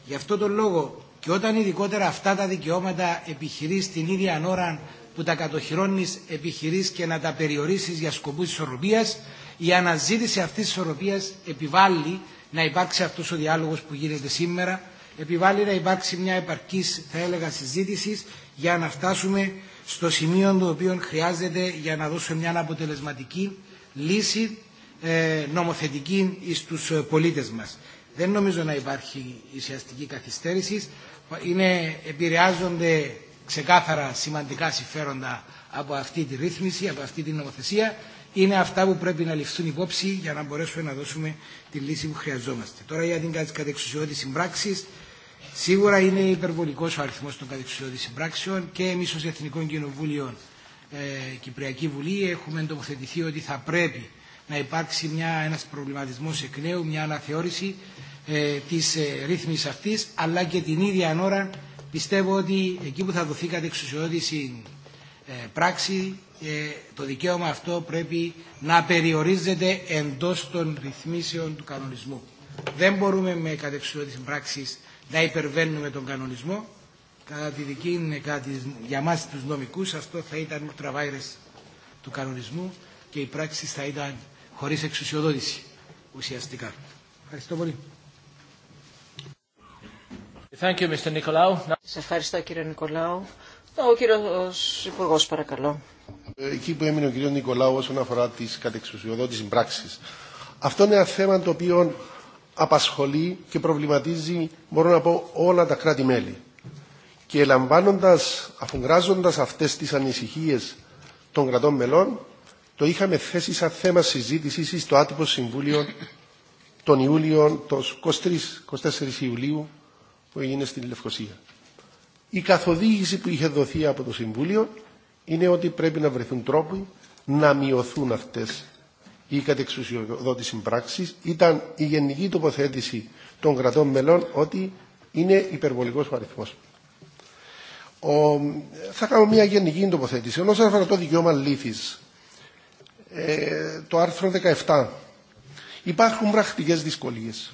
Γι' αυτό τον λόγο και όταν ειδικότερα αυτά τα δικαιώματα επιχειρείς την ίδια ώρα που τα κατοχυρώνεις επιχειρείς και να τα περιορίσεις για σκοπούς ισορροπίας η αναζήτηση αυτής της ισορροπίας επιβάλλει να υπάρξει αυτός ο διάλογος που γίνεται σήμερα, επιβάλλει να υπάρξει μια επαρκής, θα έλεγα, συζήτηση για να φτάσουμε στο σημείο το οποίο χρειάζεται για να δώσουμε μια αποτελεσματική λύση ε, νομοθετική στου ε, πολίτες μας. Δεν νομίζω να υπάρχει ουσιαστική καθυστέρηση. Είναι, επηρεάζονται ξεκάθαρα σημαντικά συμφέροντα από αυτή τη ρύθμιση, από αυτή την νομοθεσία είναι αυτά που πρέπει να ληφθούν υπόψη για να μπορέσουμε να δώσουμε τη λύση που χρειαζόμαστε. Τώρα για την κατεξουσιώδη συμπράξη, σίγουρα είναι υπερβολικό ο αριθμό των κατεξουσιώδη συμπράξεων και εμεί ω Εθνικό Κοινοβούλιο ε, Κυπριακή Βουλή έχουμε εντοποθετηθεί ότι θα πρέπει να υπάρξει ένα ένας προβληματισμός εκ νέου, μια αναθεώρηση ε, της ε, ρύθμισης αυτής, αλλά και την ίδια ώρα πιστεύω ότι εκεί που θα δοθεί κατεξουσιώδηση ε, πράξη ε, το δικαίωμα αυτό πρέπει να περιορίζεται εντός των ρυθμίσεων του κανονισμού. Δεν μπορούμε με κατεξουδότηση πράξης να υπερβαίνουμε τον κανονισμό. Κατά τη δική, ε, κάτι για μας τους νομικούς αυτό θα ήταν ultravirus του κανονισμού και οι πράξεις θα ήταν χωρίς εξουσιοδότηση ουσιαστικά. Ευχαριστώ πολύ. Thank you, Mr. ευχαριστώ κύριε Νικολάου. Ο κύριος Υπουργός, παρακαλώ. Εκεί που έμεινε ο κύριος Νικολάου όσον αφορά τις κατεξουσιοδότης πράξη. Αυτό είναι ένα θέμα το οποίο απασχολεί και προβληματίζει, μπορώ να πω, όλα τα κράτη-μέλη. Και λαμβάνοντας, αφουγκράζοντας αυτές τις ανησυχίες των κρατών μελών, το είχαμε θέσει σαν θέμα συζήτηση στο άτυπο συμβούλιο των Ιούλιο, το 23-24 Ιουλίου που έγινε στην Λευκοσία. Η καθοδήγηση που είχε δοθεί από το Συμβούλιο είναι ότι πρέπει να βρεθούν τρόποι να μειωθούν αυτές οι κατεξουσιοδότη πράξεις. Ήταν η γενική τοποθέτηση των κρατών μελών ότι είναι υπερβολικός ο αριθμός. Θα κάνω μια γενική τοποθέτηση. Όσον αφορά το δικαίωμα λήθης, ε, το άρθρο 17, υπάρχουν πρακτικές δυσκολίες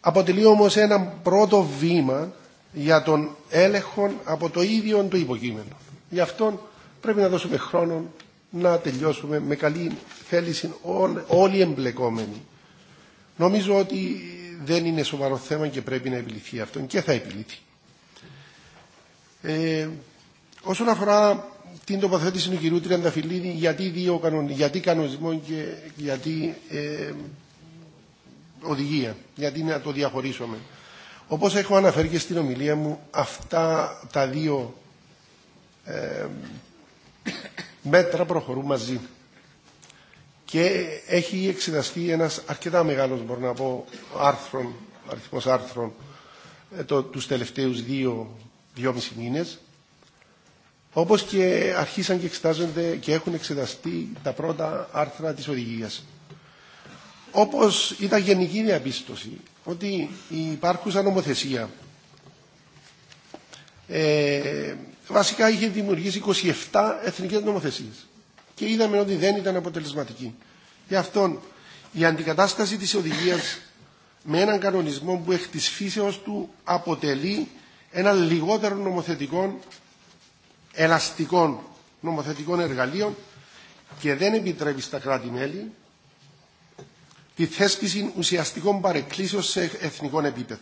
αποτελεί όμως ένα πρώτο βήμα για τον έλεγχο από το ίδιο το υποκείμενο. Γι' αυτό πρέπει να δώσουμε χρόνο να τελειώσουμε με καλή θέληση όλοι οι εμπλεκόμενοι. Νομίζω ότι δεν είναι σοβαρό θέμα και πρέπει να επιληθεί αυτό και θα επιληθεί. Ε, όσον αφορά την τοποθέτηση του κυρίου Τριανταφυλλίδη γιατί κανονισμό και γιατί ε, οδηγία, γιατί να το διαχωρίσουμε. Όπως έχω αναφέρει και στην ομιλία μου, αυτά τα δύο ε, μέτρα προχωρούν μαζί. Και έχει εξεταστεί ένας αρκετά μεγάλος, μπορώ να πω, άρθρων, αριθμός άρθρων ε, το, τους τελευταίους δύο, μισή μήνες. Όπως και αρχίσαν και εξετάζονται και έχουν εξεταστεί τα πρώτα άρθρα της οδηγίας. Όπως ήταν γενική διαπίστωση ότι η υπάρχουσα νομοθεσία ε, βασικά είχε δημιουργήσει 27 εθνικές νομοθεσίες και είδαμε ότι δεν ήταν αποτελεσματική. Γι' αυτό η αντικατάσταση της οδηγίας με έναν κανονισμό που εκ της του αποτελεί ένα λιγότερο νομοθετικό, ελαστικό νομοθετικών εργαλείο και δεν επιτρέπει στα κράτη-μέλη τη θέσπιση ουσιαστικών παρεκκλήσεων σε εθνικό επίπεδο.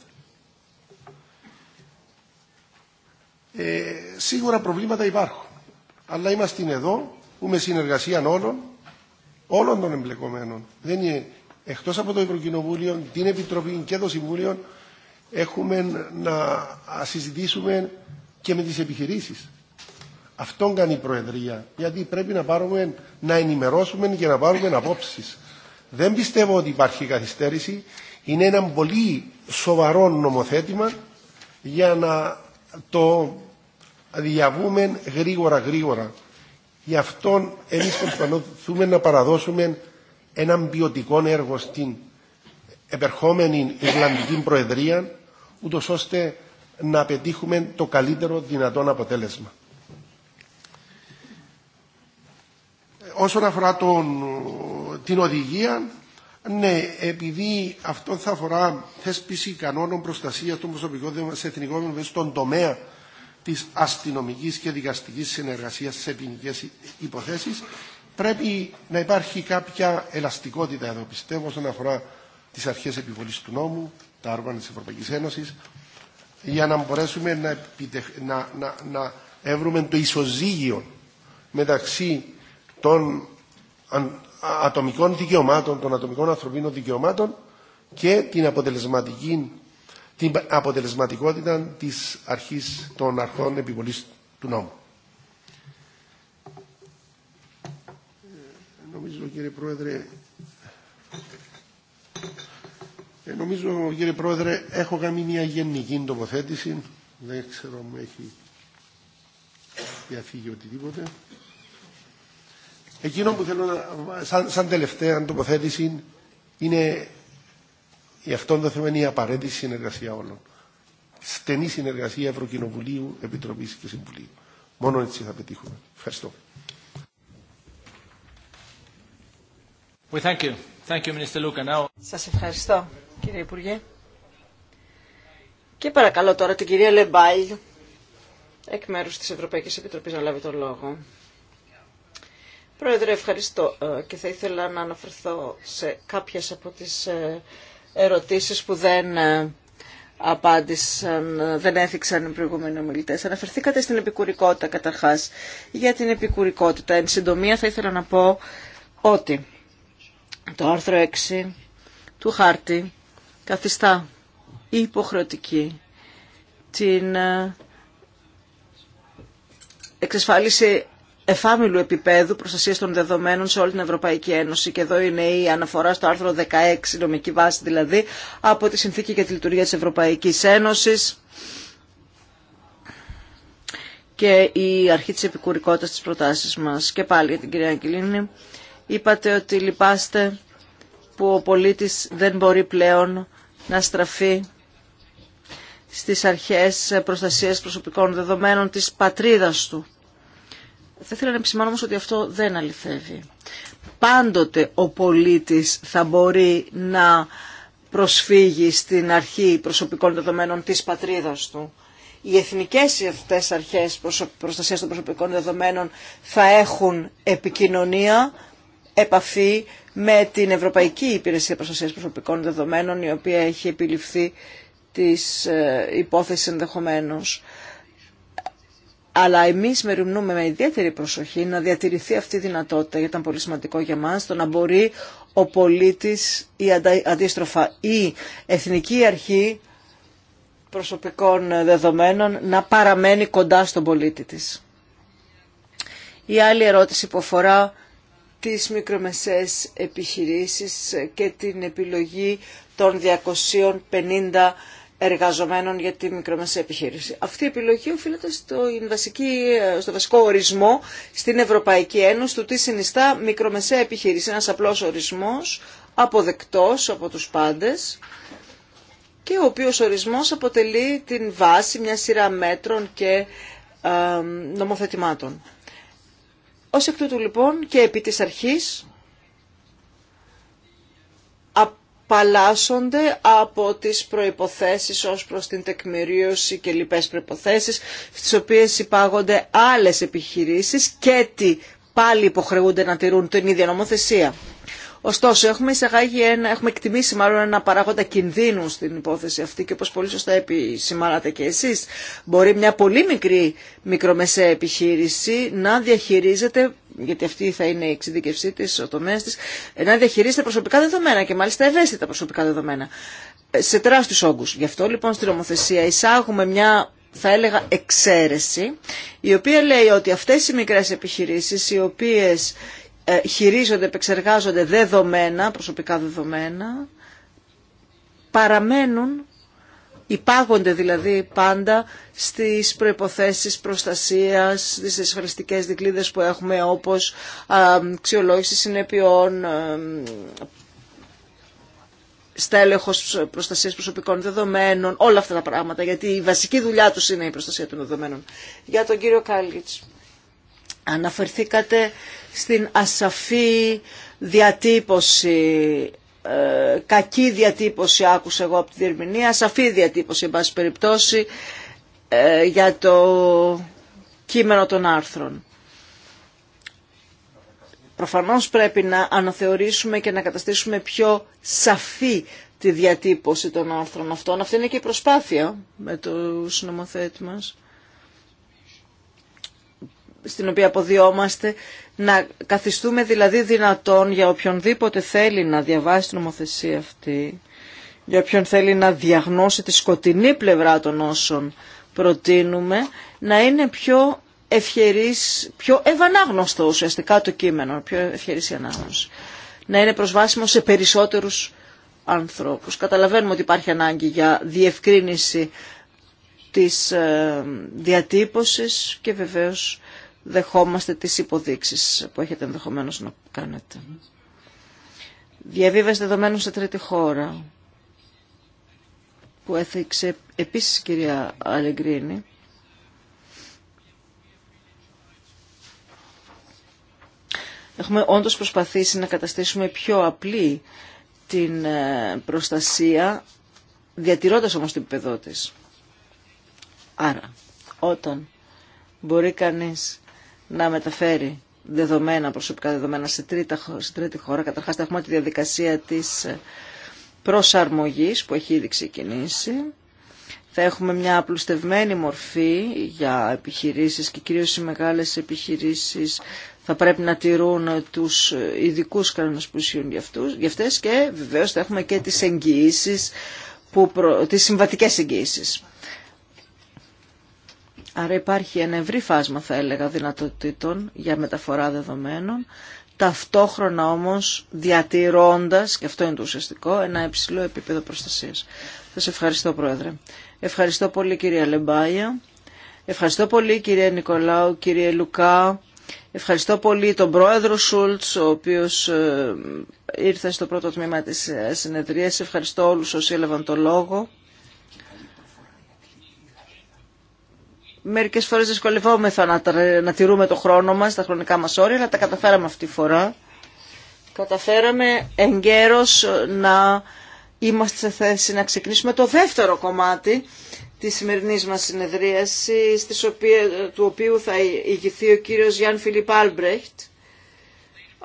Ε, σίγουρα προβλήματα υπάρχουν, αλλά είμαστε εδώ που με συνεργασία όλων, όλων των εμπλεκομένων, δεν είναι εκτός από το Ευρωκοινοβούλιο, την Επιτροπή και το Συμβούλιο, έχουμε να συζητήσουμε και με τις επιχειρήσεις. Αυτόν κάνει η Προεδρία, γιατί πρέπει να, πάρουμε, να ενημερώσουμε και να πάρουμε απόψεις. Δεν πιστεύω ότι υπάρχει καθυστέρηση. Είναι ένα πολύ σοβαρό νομοθέτημα για να το διαβούμε γρήγορα γρήγορα. Γι' αυτό εμείς προσπαθούμε να παραδώσουμε έναν ποιοτικό έργο στην επερχόμενη Ιρλανδική Προεδρία, ούτως ώστε να πετύχουμε το καλύτερο δυνατόν αποτέλεσμα. Όσον αφορά τον την οδηγία, ναι, επειδή αυτό θα αφορά θέσπιση κανόνων προστασία των προσωπικών σε εθνικό επίπεδο στον τομέα τη αστυνομική και δικαστική συνεργασία σε ποινικέ υποθέσει, πρέπει να υπάρχει κάποια ελαστικότητα εδώ, πιστεύω, όσον αφορά τι αρχέ επιβολή του νόμου, τα όργανα τη Ευρωπαϊκή Ένωση, για να μπορέσουμε να, επιτεχ... να, να, να εύρουμε το ισοζύγιο μεταξύ των ατομικών δικαιωμάτων, των ατομικών ανθρωπίνων δικαιωμάτων και την, αποτελεσματική, την αποτελεσματικότητα της αρχής των αρχών επιβολής του νόμου. Ε, νομίζω κύριε Πρόεδρε, ε, νομίζω, κύριε Πρόεδρε έχω κάνει μια γενική τοποθέτηση. Δεν ξέρω αν έχει διαφύγει οτιδήποτε. Εκείνο που θέλω να, σαν, σαν τελευταία τοποθέτηση είναι η αυτόν το θέμα είναι η απαραίτητη συνεργασία όλων. Στενή συνεργασία Ευρωκοινοβουλίου, Επιτροπής και Συμβουλίου. Μόνο έτσι θα πετύχουμε. Ευχαριστώ. Σα Σας ευχαριστώ, κύριε Υπουργέ. Και παρακαλώ τώρα την κυρία Λεμπάιλ, εκ μέρους της Ευρωπαϊκής Επιτροπής, να λάβει τον λόγο. Πρόεδρε, ευχαριστώ ε, και θα ήθελα να αναφερθώ σε κάποιες από τις ε, ερωτήσεις που δεν ε, απάντησαν, δεν έθιξαν οι προηγούμενοι ομιλητέ. Αναφερθήκατε στην επικουρικότητα καταρχάς. Για την επικουρικότητα, εν συντομία θα ήθελα να πω ότι το άρθρο 6 του χάρτη καθιστά υποχρεωτική την εξασφάλιση εφάμιλου επίπεδου προστασία των δεδομένων σε όλη την Ευρωπαϊκή Ένωση. Και εδώ είναι η αναφορά στο άρθρο 16, νομική βάση δηλαδή, από τη Συνθήκη για τη Λειτουργία της Ευρωπαϊκής Ένωσης και η αρχή της επικουρικότητας της προτάσεις μας. Και πάλι για την κυρία Αγγελίνη, είπατε ότι λυπάστε που ο πολίτης δεν μπορεί πλέον να στραφεί στις αρχές προστασίας προσωπικών δεδομένων της πατρίδας του. Θα ήθελα να επισημάνω όμως ότι αυτό δεν αληθεύει. Πάντοτε ο πολίτης θα μπορεί να προσφύγει στην αρχή προσωπικών δεδομένων της πατρίδας του. Οι εθνικές αυτές αρχές προστασίας των προσωπικών δεδομένων θα έχουν επικοινωνία, επαφή με την Ευρωπαϊκή Υπηρεσία Προστασίας Προσωπικών Δεδομένων, η οποία έχει επιληφθεί της ε, υπόθεσης ενδεχομένως αλλά εμείς μεριμνούμε με ιδιαίτερη προσοχή να διατηρηθεί αυτή η δυνατότητα, γιατί ήταν πολύ σημαντικό για μα το να μπορεί ο πολίτης ή αντίστροφα η εθνική αρχή προσωπικών δεδομένων να παραμένει κοντά στον πολίτη τη. Η άλλη ερώτηση που αφορά τις μικρομεσαίες επιχειρήσεις και την επιλογή των 250 εργαζομένων για τη μικρομεσαία επιχείρηση. Αυτή η επιλογή οφείλεται στο, βασική, στο βασικό ορισμό στην Ευρωπαϊκή Ένωση του τι συνιστά μικρομεσαία επιχείρηση. Ένας απλός ορισμός, αποδεκτός από τους πάντες και ο οποίος ορισμός αποτελεί την βάση μια σειρά μέτρων και ε, νομοθετημάτων. Ως εκ τούτου λοιπόν και επί της αρχής παλάσσονται από τις προϋποθέσεις ως προς την τεκμηρίωση και λοιπές προϋποθέσεις στις οποίες υπάγονται άλλες επιχειρήσεις και τι πάλι υποχρεούνται να τηρούν την ίδια νομοθεσία. Ωστόσο, έχουμε, έχουμε εκτιμήσει μάλλον ένα παράγοντα κινδύνου στην υπόθεση αυτή και όπως πολύ σωστά επισημάνατε και εσείς, μπορεί μια πολύ μικρή μικρομεσαία επιχείρηση να διαχειρίζεται γιατί αυτή θα είναι η εξειδικευσή της, ο τομέας της, να διαχειρίζεται προσωπικά δεδομένα και μάλιστα ευαίσθητα προσωπικά δεδομένα ε, σε τεράστιους όγκους. Γι' αυτό λοιπόν στην νομοθεσία εισάγουμε μια θα έλεγα εξαίρεση, η οποία λέει ότι αυτές οι μικρές επιχειρήσεις οι οποίες ε, χειρίζονται, επεξεργάζονται δεδομένα, προσωπικά δεδομένα, παραμένουν υπάγονται δηλαδή πάντα στις προϋποθέσεις προστασίας, στις ασφαλιστικές δικλίδες που έχουμε όπως αξιολόγηση συνέπειών, στέλεχος προστασίας προσωπικών δεδομένων, όλα αυτά τα πράγματα, γιατί η βασική δουλειά τους είναι η προστασία των δεδομένων. Για τον κύριο Κάλιτς, αναφερθήκατε στην ασαφή διατύπωση ε, κακή διατύπωση άκουσα εγώ από τη διερμηνία, σαφή διατύπωση εν πάση περιπτώσει ε, για το κείμενο των άρθρων. Προφανώς πρέπει να αναθεωρήσουμε και να καταστήσουμε πιο σαφή τη διατύπωση των άρθρων αυτών. Αυτή είναι και η προσπάθεια με το συνομοθέτη μας στην οποία αποδιόμαστε, να καθιστούμε δηλαδή δυνατόν για οποιονδήποτε θέλει να διαβάσει την νομοθεσία αυτή, για όποιον θέλει να διαγνώσει τη σκοτεινή πλευρά των όσων προτείνουμε, να είναι πιο ευχερής, πιο ευανάγνωστο ουσιαστικά το κείμενο, πιο ευχερής η ανάγνωση. Να είναι προσβάσιμο σε περισσότερους ανθρώπους. Καταλαβαίνουμε ότι υπάρχει ανάγκη για διευκρίνηση της ε, διατύπωσης και βεβαίως δεχόμαστε τις υποδείξεις που έχετε ενδεχομένως να κάνετε. Διαβίβαση δεδομένων σε τρίτη χώρα που έθιξε επίσης η κυρία Αλεγκρίνη. Έχουμε όντως προσπαθήσει να καταστήσουμε πιο απλή την ε, προστασία, διατηρώντας όμως την επίπεδό της. Άρα, όταν μπορεί κανείς να μεταφέρει δεδομένα, προσωπικά δεδομένα σε, τρίτα, σε τρίτη χώρα. Καταρχάς θα έχουμε τη διαδικασία της προσαρμογής που έχει ήδη ξεκινήσει. Θα έχουμε μια απλουστευμένη μορφή για επιχειρήσεις και κυρίως οι μεγάλες επιχειρήσεις θα πρέπει να τηρούν τους ειδικού κανόνες που για, αυτούς, για αυτές και βεβαίως θα έχουμε και τις εγγυήσεις, που τις συμβατικές εγγυήσεις Άρα υπάρχει ένα ευρύ φάσμα, θα έλεγα, δυνατοτήτων για μεταφορά δεδομένων, ταυτόχρονα όμως διατηρώντας, και αυτό είναι το ουσιαστικό, ένα υψηλό επίπεδο προστασίας. Σας ευχαριστώ, Πρόεδρε. Ευχαριστώ πολύ, κυρία Λεμπάια. Ευχαριστώ πολύ, κυρία Νικολάου, κύριε Λουκά. Ευχαριστώ πολύ τον πρόεδρο Σούλτς, ο οποίος ε, ήρθε στο πρώτο τμήμα της ε, συνεδρίας. Ευχαριστώ όλους όσοι έλαβαν το λόγο. Μερικές φορές δυσκολευόμεθα να, να τηρούμε το χρόνο μας, τα χρονικά μας όρια, αλλά τα καταφέραμε αυτή τη φορά. Καταφέραμε εγκαίρως να είμαστε σε θέση να ξεκινήσουμε το δεύτερο κομμάτι της σημερινής μας συνεδρίασης, του οποίου θα ηγηθεί ο κύριος Γιάνν Φιλιπ Άλμπρεχτ,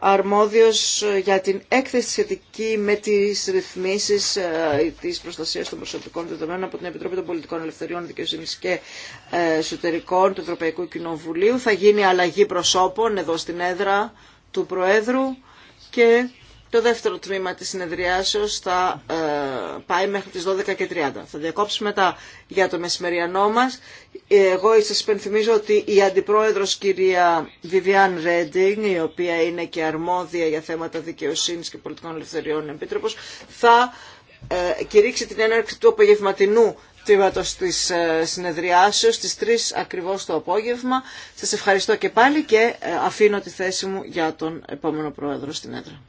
αρμόδιος ε, για την έκθεση σχετική με τις ρυθμίσεις ε, της προστασίας των προσωπικών δεδομένων από την Επιτροπή των Πολιτικών Ελευθεριών, Δικαιοσύνης και ε, Εσωτερικών του Ευρωπαϊκού Κοινοβουλίου. Θα γίνει αλλαγή προσώπων εδώ στην έδρα του Προέδρου και το δεύτερο τμήμα της συνεδριάσεως θα ε, πάει μέχρι τις 12.30. Θα διακόψουμε μετά για το μεσημεριανό μας. Εγώ σας υπενθυμίζω ότι η Αντιπρόεδρος κυρία Βιβιάν Ρέντινγκ, η οποία είναι και αρμόδια για θέματα δικαιοσύνης και πολιτικών ελευθεριών επίτροπος, θα ε, κηρύξει την έναρξη του απογευματινού τμήματος της ε, συνεδριάσεως στις 3 ακριβώς το απόγευμα. Σας ευχαριστώ και πάλι και αφήνω τη θέση μου για τον επόμενο πρόεδρο στην έδρα.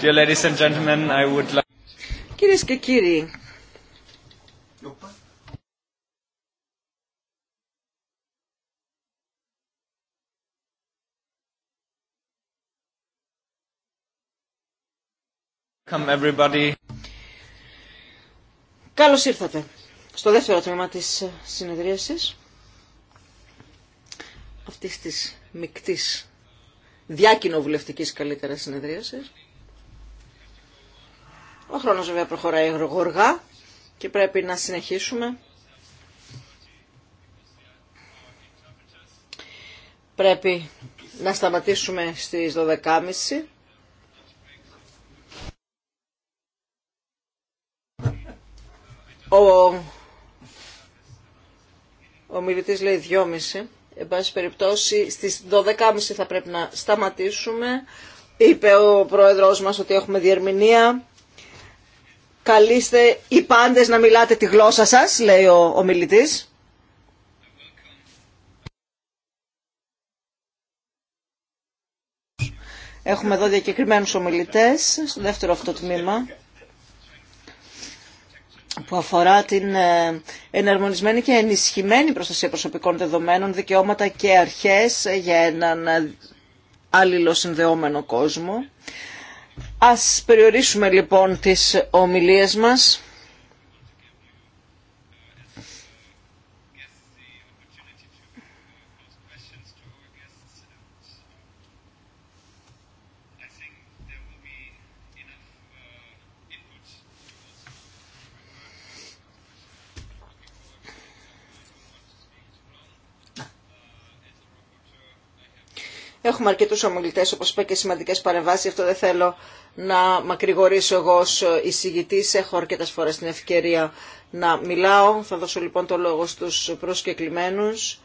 Dear ladies and gentlemen, I would like. Κυρίες και κύριοι. Come everybody. Καλώς ήρθατε στο δεύτερο τμήμα της συνεδρίασης αυτής της μικτής διάκοινοβουλευτική καλύτερα συνεδρίασης. Ο χρόνο βέβαια προχωράει γοργά και πρέπει να συνεχίσουμε. Πρέπει να σταματήσουμε στις 12.30. Ο, ο μιλητής λέει 2.30. Εν πάση περιπτώσει, στις 12.30 θα πρέπει να σταματήσουμε. Είπε ο πρόεδρος μας ότι έχουμε διερμηνία. Καλείστε οι πάντες να μιλάτε τη γλώσσα σας, λέει ο, ομιλητής. Έχουμε εδώ διακεκριμένους ομιλητές στο δεύτερο αυτό τμήμα που αφορά την ε, εναρμονισμένη και ενισχυμένη προστασία προσωπικών δεδομένων, δικαιώματα και αρχές για έναν αλληλοσυνδεόμενο κόσμο. Ας περιορίσουμε λοιπόν τις ομιλίες μας Έχουμε αρκετούς ομιλητές, όπως είπα, και σημαντικές παρεμβάσεις. Αυτό δεν θέλω να μακρηγορήσω εγώ ως εισηγητής. Έχω αρκετές φορές την ευκαιρία να μιλάω. Θα δώσω λοιπόν το λόγο στους προσκεκλημένους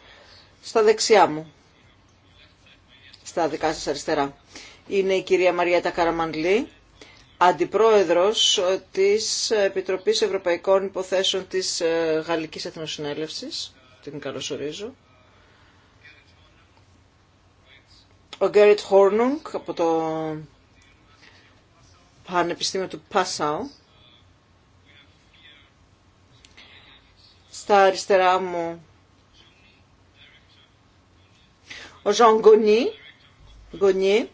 στα δεξιά μου, στα δικά σας αριστερά. Είναι η κυρία Μαριέτα Καραμαντλή, αντιπρόεδρος της Επιτροπής Ευρωπαϊκών Υποθέσεων της ε, Γαλλικής Εθνοσυνέλευσης. Την καλωσορίζω. Ο Γκέριτ Χόρνουγκ από το Πανεπιστήμιο του ΠΑΣΑΟ. Στα αριστερά μου ο Ζων Γκονί,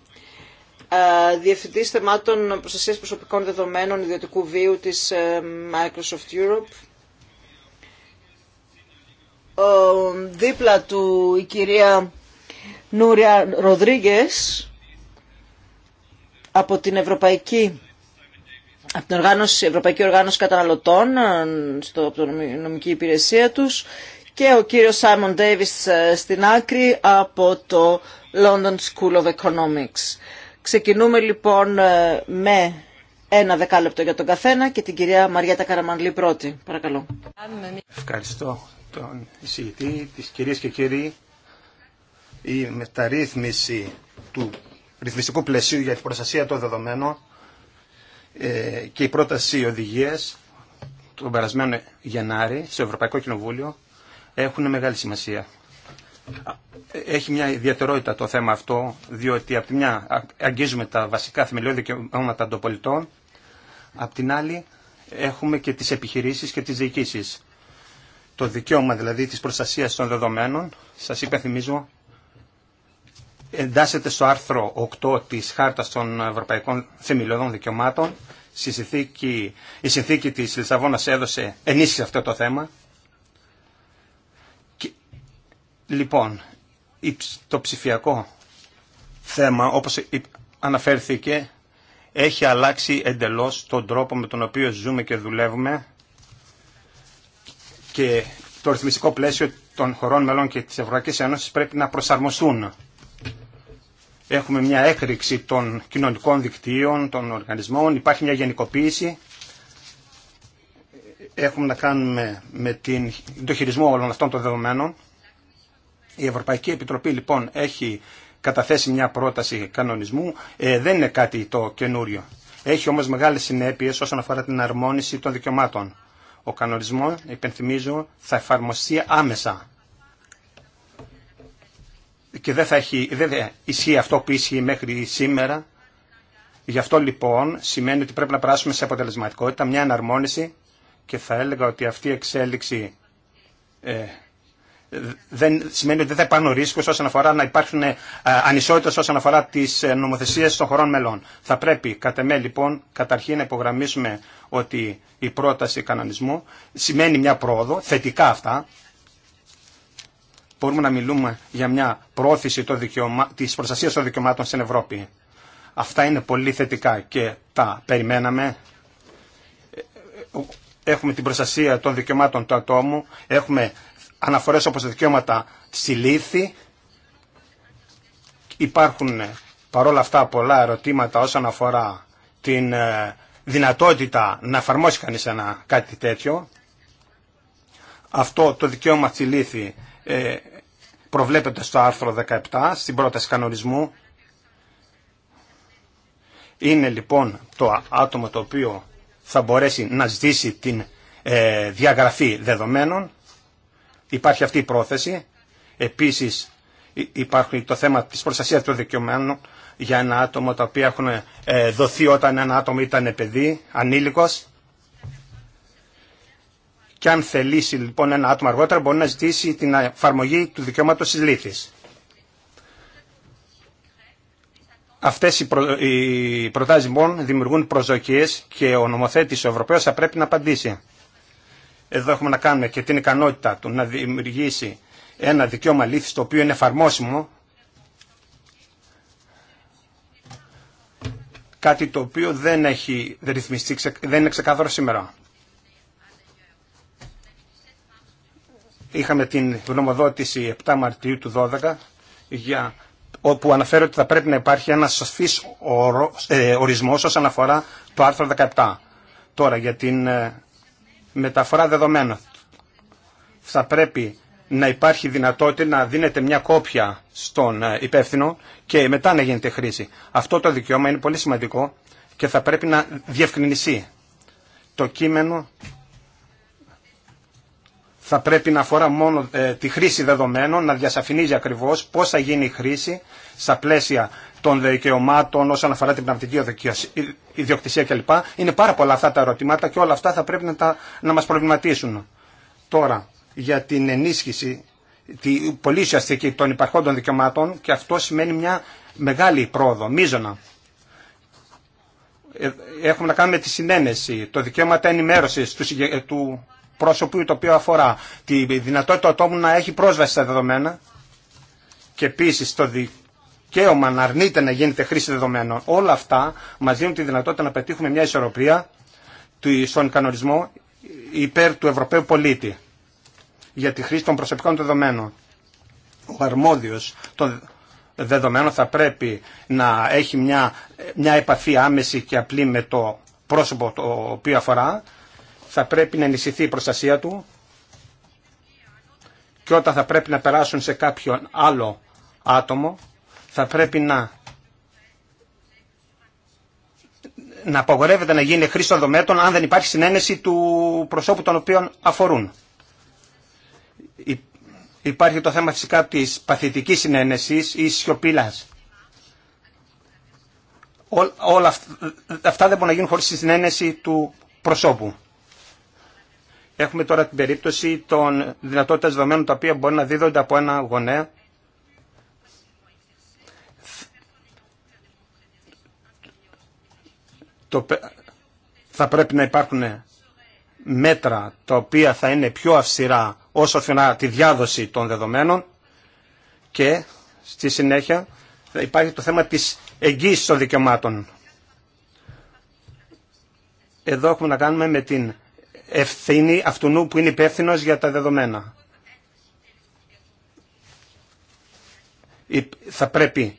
ε, διευθυντής θεμάτων προστασίας προσωπικών δεδομένων ιδιωτικού βίου της ε, Microsoft Europe. δίπλα του η κυρία Νούρια Ροδρίγκες από την Ευρωπαϊκή από την οργάνωση, Ευρωπαϊκή Καταναλωτών ε, στο, από την νομική υπηρεσία τους και ο κύριος Σάιμον Ντέιβις ε, στην άκρη από το London School of Economics. Ξεκινούμε λοιπόν ε, με ένα δεκάλεπτο για τον καθένα και την κυρία Μαριέτα Καραμανλή πρώτη. Παρακαλώ. Ευχαριστώ τον εισηγητή, τις κυρίες και κύριοι η μεταρρύθμιση του ρυθμιστικού πλαισίου για την προστασία των δεδομένων ε, και η πρόταση οδηγίες τον περασμένο Γενάρη στο Ευρωπαϊκό Κοινοβούλιο έχουν μεγάλη σημασία. Έχει μια ιδιαιτερότητα το θέμα αυτό, διότι από τη μια αγγίζουμε τα βασικά θεμελιώδη δικαιώματα των πολιτών, απ' την άλλη έχουμε και τις επιχειρήσεις και τις διοικήσεις. Το δικαίωμα δηλαδή της προστασίας των δεδομένων, σας υπενθυμίζω, εντάσσεται στο άρθρο 8 της Χάρτας των Ευρωπαϊκών Θεμελιωδών Δικαιωμάτων. Στη η συνθήκη της Λισαβόνας έδωσε σε αυτό το θέμα. Και, λοιπόν, το ψηφιακό θέμα, όπως αναφέρθηκε, έχει αλλάξει εντελώς τον τρόπο με τον οποίο ζούμε και δουλεύουμε και το ρυθμιστικό πλαίσιο των χωρών μελών και της Ευρωπαϊκής Ένωσης πρέπει να προσαρμοστούν Έχουμε μια έκρηξη των κοινωνικών δικτύων, των οργανισμών, υπάρχει μια γενικοποίηση. Έχουμε να κάνουμε με την, το χειρισμό όλων αυτών των δεδομένων. Η Ευρωπαϊκή Επιτροπή λοιπόν έχει καταθέσει μια πρόταση κανονισμού. Ε, δεν είναι κάτι το καινούριο. Έχει όμως μεγάλες συνέπειες όσον αφορά την αρμόνιση των δικαιωμάτων. Ο κανονισμός, υπενθυμίζω, θα εφαρμοστεί άμεσα και δεν θα, έχει, δεν θα ισχύει αυτό που ισχύει μέχρι σήμερα. Γι' αυτό λοιπόν σημαίνει ότι πρέπει να περάσουμε σε αποτελεσματικότητα, μια εναρμόνιση και θα έλεγα ότι αυτή η εξέλιξη ε, δεν, σημαίνει ότι δεν θα υπάρχουν ρίσκους όσον αφορά να υπάρχουν ε, ανισότητες όσον αφορά τις ε, νομοθεσίες των χωρών μελών. Θα πρέπει κατά με λοιπόν καταρχήν να υπογραμμίσουμε ότι η πρόταση κανονισμού σημαίνει μια πρόοδο, θετικά αυτά, μπορούμε να μιλούμε για μια πρόθεση δικαιωμα... της προστασίας των δικαιωμάτων στην Ευρώπη. Αυτά είναι πολύ θετικά και τα περιμέναμε. Έχουμε την προστασία των δικαιωμάτων του ατόμου, έχουμε αναφορές όπως τα δικαιώματα στη Υπάρχουν παρόλα αυτά πολλά ερωτήματα όσον αφορά την ε, δυνατότητα να εφαρμόσει κανείς ένα κάτι τέτοιο. Αυτό το δικαίωμα στη ε, προβλέπεται στο άρθρο 17, στην πρόταση κανονισμού. Είναι λοιπόν το άτομο το οποίο θα μπορέσει να ζητήσει την ε, διαγραφή δεδομένων. Υπάρχει αυτή η πρόθεση. Επίσης υπάρχει το θέμα της προστασίας των δικαιωμένων για ένα άτομο τα οποία έχουν ε, δοθεί όταν ένα άτομο ήταν παιδί, ανήλικος. Και αν θελήσει λοιπόν ένα άτομο αργότερα μπορεί να ζητήσει την εφαρμογή του δικαιώματος τη λύθη. Αυτές οι, προ... οι προτάσεις λοιπόν δημιουργούν προσδοκίες και ο νομοθέτης ο Ευρωπαίος θα πρέπει να απαντήσει. Εδώ έχουμε να κάνουμε και την ικανότητα του να δημιουργήσει ένα δικαίωμα λύθης το οποίο είναι εφαρμόσιμο κάτι το οποίο δεν έχει ρυθμιστεί, δεν είναι ξεκάθαρο σήμερα. είχαμε την γνωμοδότηση 7 Μαρτίου του 2012 για όπου αναφέρεται ότι θα πρέπει να υπάρχει ένας σαφής ε, ορισμός όσον αφορά το άρθρο 17. Τώρα για την ε, μεταφορά δεδομένων. Θα πρέπει να υπάρχει δυνατότητα να δίνεται μια κόπια στον ε, υπεύθυνο και μετά να γίνεται χρήση. Αυτό το δικαίωμα είναι πολύ σημαντικό και θα πρέπει να διευκρινιστεί. Το κείμενο θα πρέπει να αφορά μόνο ε, τη χρήση δεδομένων, να διασαφηνίζει ακριβώς πώς θα γίνει η χρήση στα πλαίσια των δικαιωμάτων όσον αφορά την πνευματική ιδιοκτησία κλπ. Είναι πάρα πολλά αυτά τα ερωτήματα και όλα αυτά θα πρέπει να, τα, να μας προβληματίσουν. Τώρα, για την ενίσχυση τη, πολύ ουσιαστική των υπαρχόντων δικαιωμάτων και αυτό σημαίνει μια μεγάλη πρόοδο, μίζωνα. Ε, έχουμε να κάνουμε τη συνένεση, το δικαίωμα ενημέρωση του, ε, του πρόσωπου το οποίο αφορά τη δυνατότητα του ατόμου να έχει πρόσβαση στα δεδομένα και επίση το δικαίωμα να αρνείται να γίνεται χρήση δεδομένων. Όλα αυτά μα δίνουν τη δυνατότητα να πετύχουμε μια ισορροπία στον κανονισμό υπέρ του Ευρωπαίου πολίτη για τη χρήση των προσωπικών δεδομένων. Ο αρμόδιο των δεδομένων θα πρέπει να έχει μια, μια επαφή άμεση και απλή με το πρόσωπο το οποίο αφορά θα πρέπει να ενισχυθεί η προστασία του και όταν θα πρέπει να περάσουν σε κάποιον άλλο άτομο θα πρέπει να να απαγορεύεται να γίνει χρήση των δομέτων αν δεν υπάρχει συνένεση του προσώπου των οποίων αφορούν. Υπάρχει το θέμα φυσικά της παθητικής συνένεσης ή σιωπήλας. Όλα αυτά δεν μπορούν να γίνουν χωρίς τη συνένεση του προσώπου. Έχουμε τώρα την περίπτωση των δυνατότητας δεδομένων τα οποία μπορεί να δίδονται από ένα γονέα το, θα πρέπει να υπάρχουν μέτρα τα οποία θα είναι πιο αυστηρά όσο αφορά τη διάδοση των δεδομένων και στη συνέχεια θα υπάρχει το θέμα της εγγύησης των δικαιωμάτων. Εδώ έχουμε να κάνουμε με την ευθύνη αυτού που είναι υπεύθυνο για τα δεδομένα. Θα πρέπει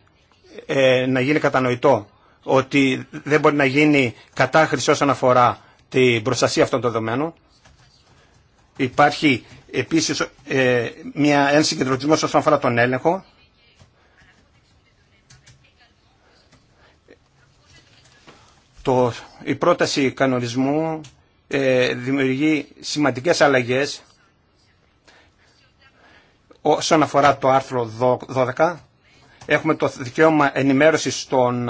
ε, να γίνει κατανοητό ότι δεν μπορεί να γίνει κατάχρηση όσον αφορά την προστασία αυτών των δεδομένων. Υπάρχει επίσης ε, μια, ένα συγκεντρωτισμό όσον αφορά τον έλεγχο. Το, η πρόταση κανονισμού ε, δημιουργεί σημαντικές αλλαγές όσον αφορά το άρθρο 12. Έχουμε το δικαίωμα ενημέρωσης των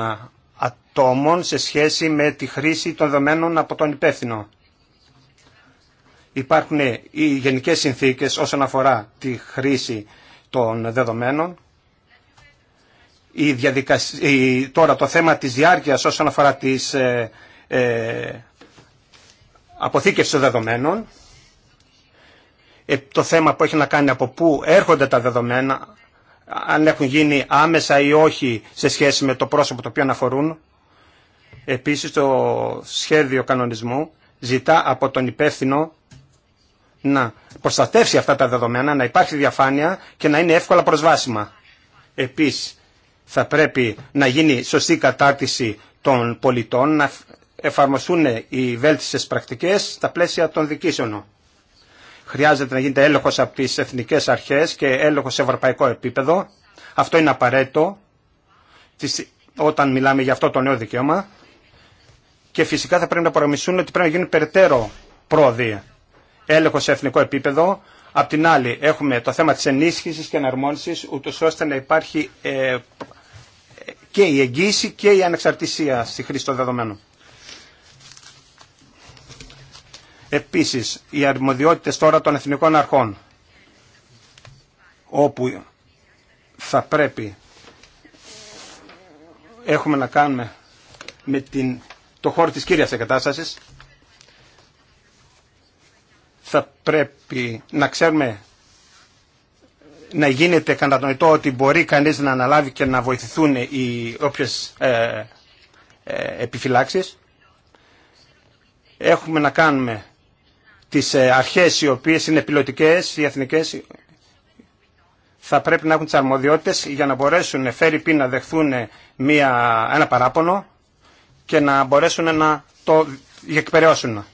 ατόμων σε σχέση με τη χρήση των δεδομένων από τον υπεύθυνο. Υπάρχουν οι γενικές συνθήκες όσον αφορά τη χρήση των δεδομένων. Η τώρα το θέμα της διάρκειας όσον αφορά τις ε, ε, αποθήκευση των δεδομένων, ε, το θέμα που έχει να κάνει από πού έρχονται τα δεδομένα, αν έχουν γίνει άμεσα ή όχι σε σχέση με το πρόσωπο το οποίο αναφορούν. Επίσης το σχέδιο κανονισμού ζητά από τον υπεύθυνο να προστατεύσει αυτά τα δεδομένα, να υπάρχει διαφάνεια και να είναι εύκολα προσβάσιμα. Επίσης θα πρέπει να γίνει σωστή κατάρτιση των πολιτών, εφαρμοστούν οι βέλτιστε πρακτικέ στα πλαίσια των δικήσεων. Χρειάζεται να γίνεται έλεγχο από τι εθνικέ αρχέ και έλεγχο σε ευρωπαϊκό επίπεδο. Αυτό είναι απαραίτητο όταν μιλάμε για αυτό το νέο δικαίωμα. Και φυσικά θα πρέπει να προγραμμιστούν ότι πρέπει να γίνουν περαιτέρω πρόοδοι. Έλεγχο σε εθνικό επίπεδο. Απ' την άλλη έχουμε το θέμα τη ενίσχυση και εναρμόνιση, ούτω ώστε να υπάρχει ε, και η εγγύηση και η ανεξαρτησία στη χρήση των δεδομένων. Επίσης, οι αρμοδιότητες τώρα των εθνικών αρχών, όπου θα πρέπει έχουμε να κάνουμε με την, το χώρο της κύριας εγκατάστασης, θα πρέπει να ξέρουμε να γίνεται κατανοητό ότι μπορεί κανείς να αναλάβει και να βοηθηθούν οι όποιες ε, ε, επιφυλάξεις. Έχουμε να κάνουμε τις ε, αρχές οι οποίες είναι πιλωτικές, οι εθνικές, θα πρέπει να έχουν τις αρμοδιότητες για να μπορέσουν φέρει πει να δεχθούν μια, ένα παράπονο και να μπορέσουν να το εκπαιρεώσουν.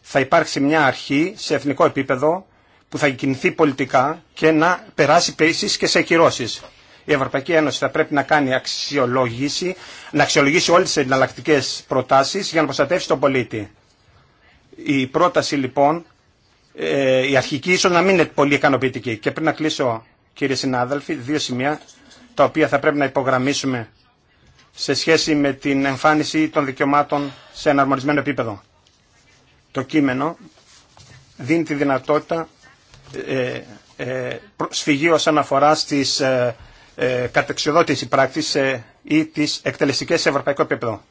Θα υπάρξει μια αρχή σε εθνικό επίπεδο που θα κινηθεί πολιτικά και να περάσει πέσει και σε κυρώσεις. Η Ευρωπαϊκή Ένωση θα πρέπει να κάνει αξιολόγηση, να αξιολογήσει όλες τις εναλλακτικέ προτάσεις για να προστατεύσει τον πολίτη. Η πρόταση λοιπόν, ε, η αρχική ίσως να μην είναι πολύ ικανοποιητική. Και πριν να κλείσω κύριε συνάδελφοι, δύο σημεία τα οποία θα πρέπει να υπογραμμίσουμε σε σχέση με την εμφάνιση των δικαιωμάτων σε αναρμονισμένο επίπεδο. Το κείμενο δίνει τη δυνατότητα ε, ε, σφυγή όσον αφορά στις ε, ε, ή τις εκτελεστικές σε ευρωπαϊκό επίπεδο.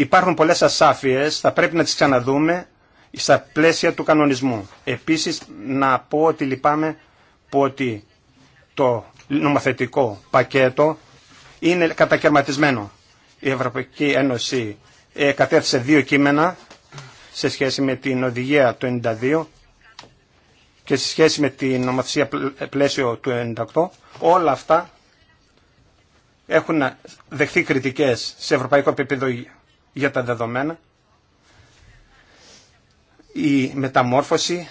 Υπάρχουν πολλές ασάφειες, θα πρέπει να τις ξαναδούμε στα πλαίσια του κανονισμού. Επίσης να πω ότι λυπάμαι που ότι το νομοθετικό πακέτο είναι κατακαιρματισμένο. Η Ευρωπαϊκή Ένωση ε, κατέθεσε δύο κείμενα σε σχέση με την οδηγία του 92 και σε σχέση με την νομοθεσία ε, πλαίσιο του 98. Όλα αυτά έχουν δεχθεί κριτικές σε ευρωπαϊκό επίπεδο για τα δεδομένα, η μεταμόρφωση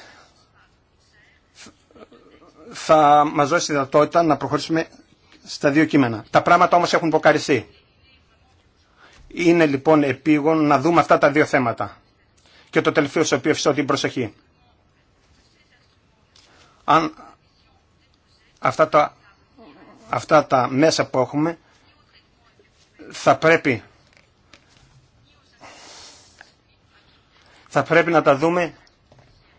θα μας δώσει δυνατότητα να προχωρήσουμε στα δύο κείμενα. Τα πράγματα όμως έχουν υποκαριστεί. Είναι λοιπόν επίγον να δούμε αυτά τα δύο θέματα. Και το τελευταίο σε οποίο φυσώ την προσοχή. Αν αυτά τα, αυτά τα μέσα που έχουμε θα πρέπει θα πρέπει να τα δούμε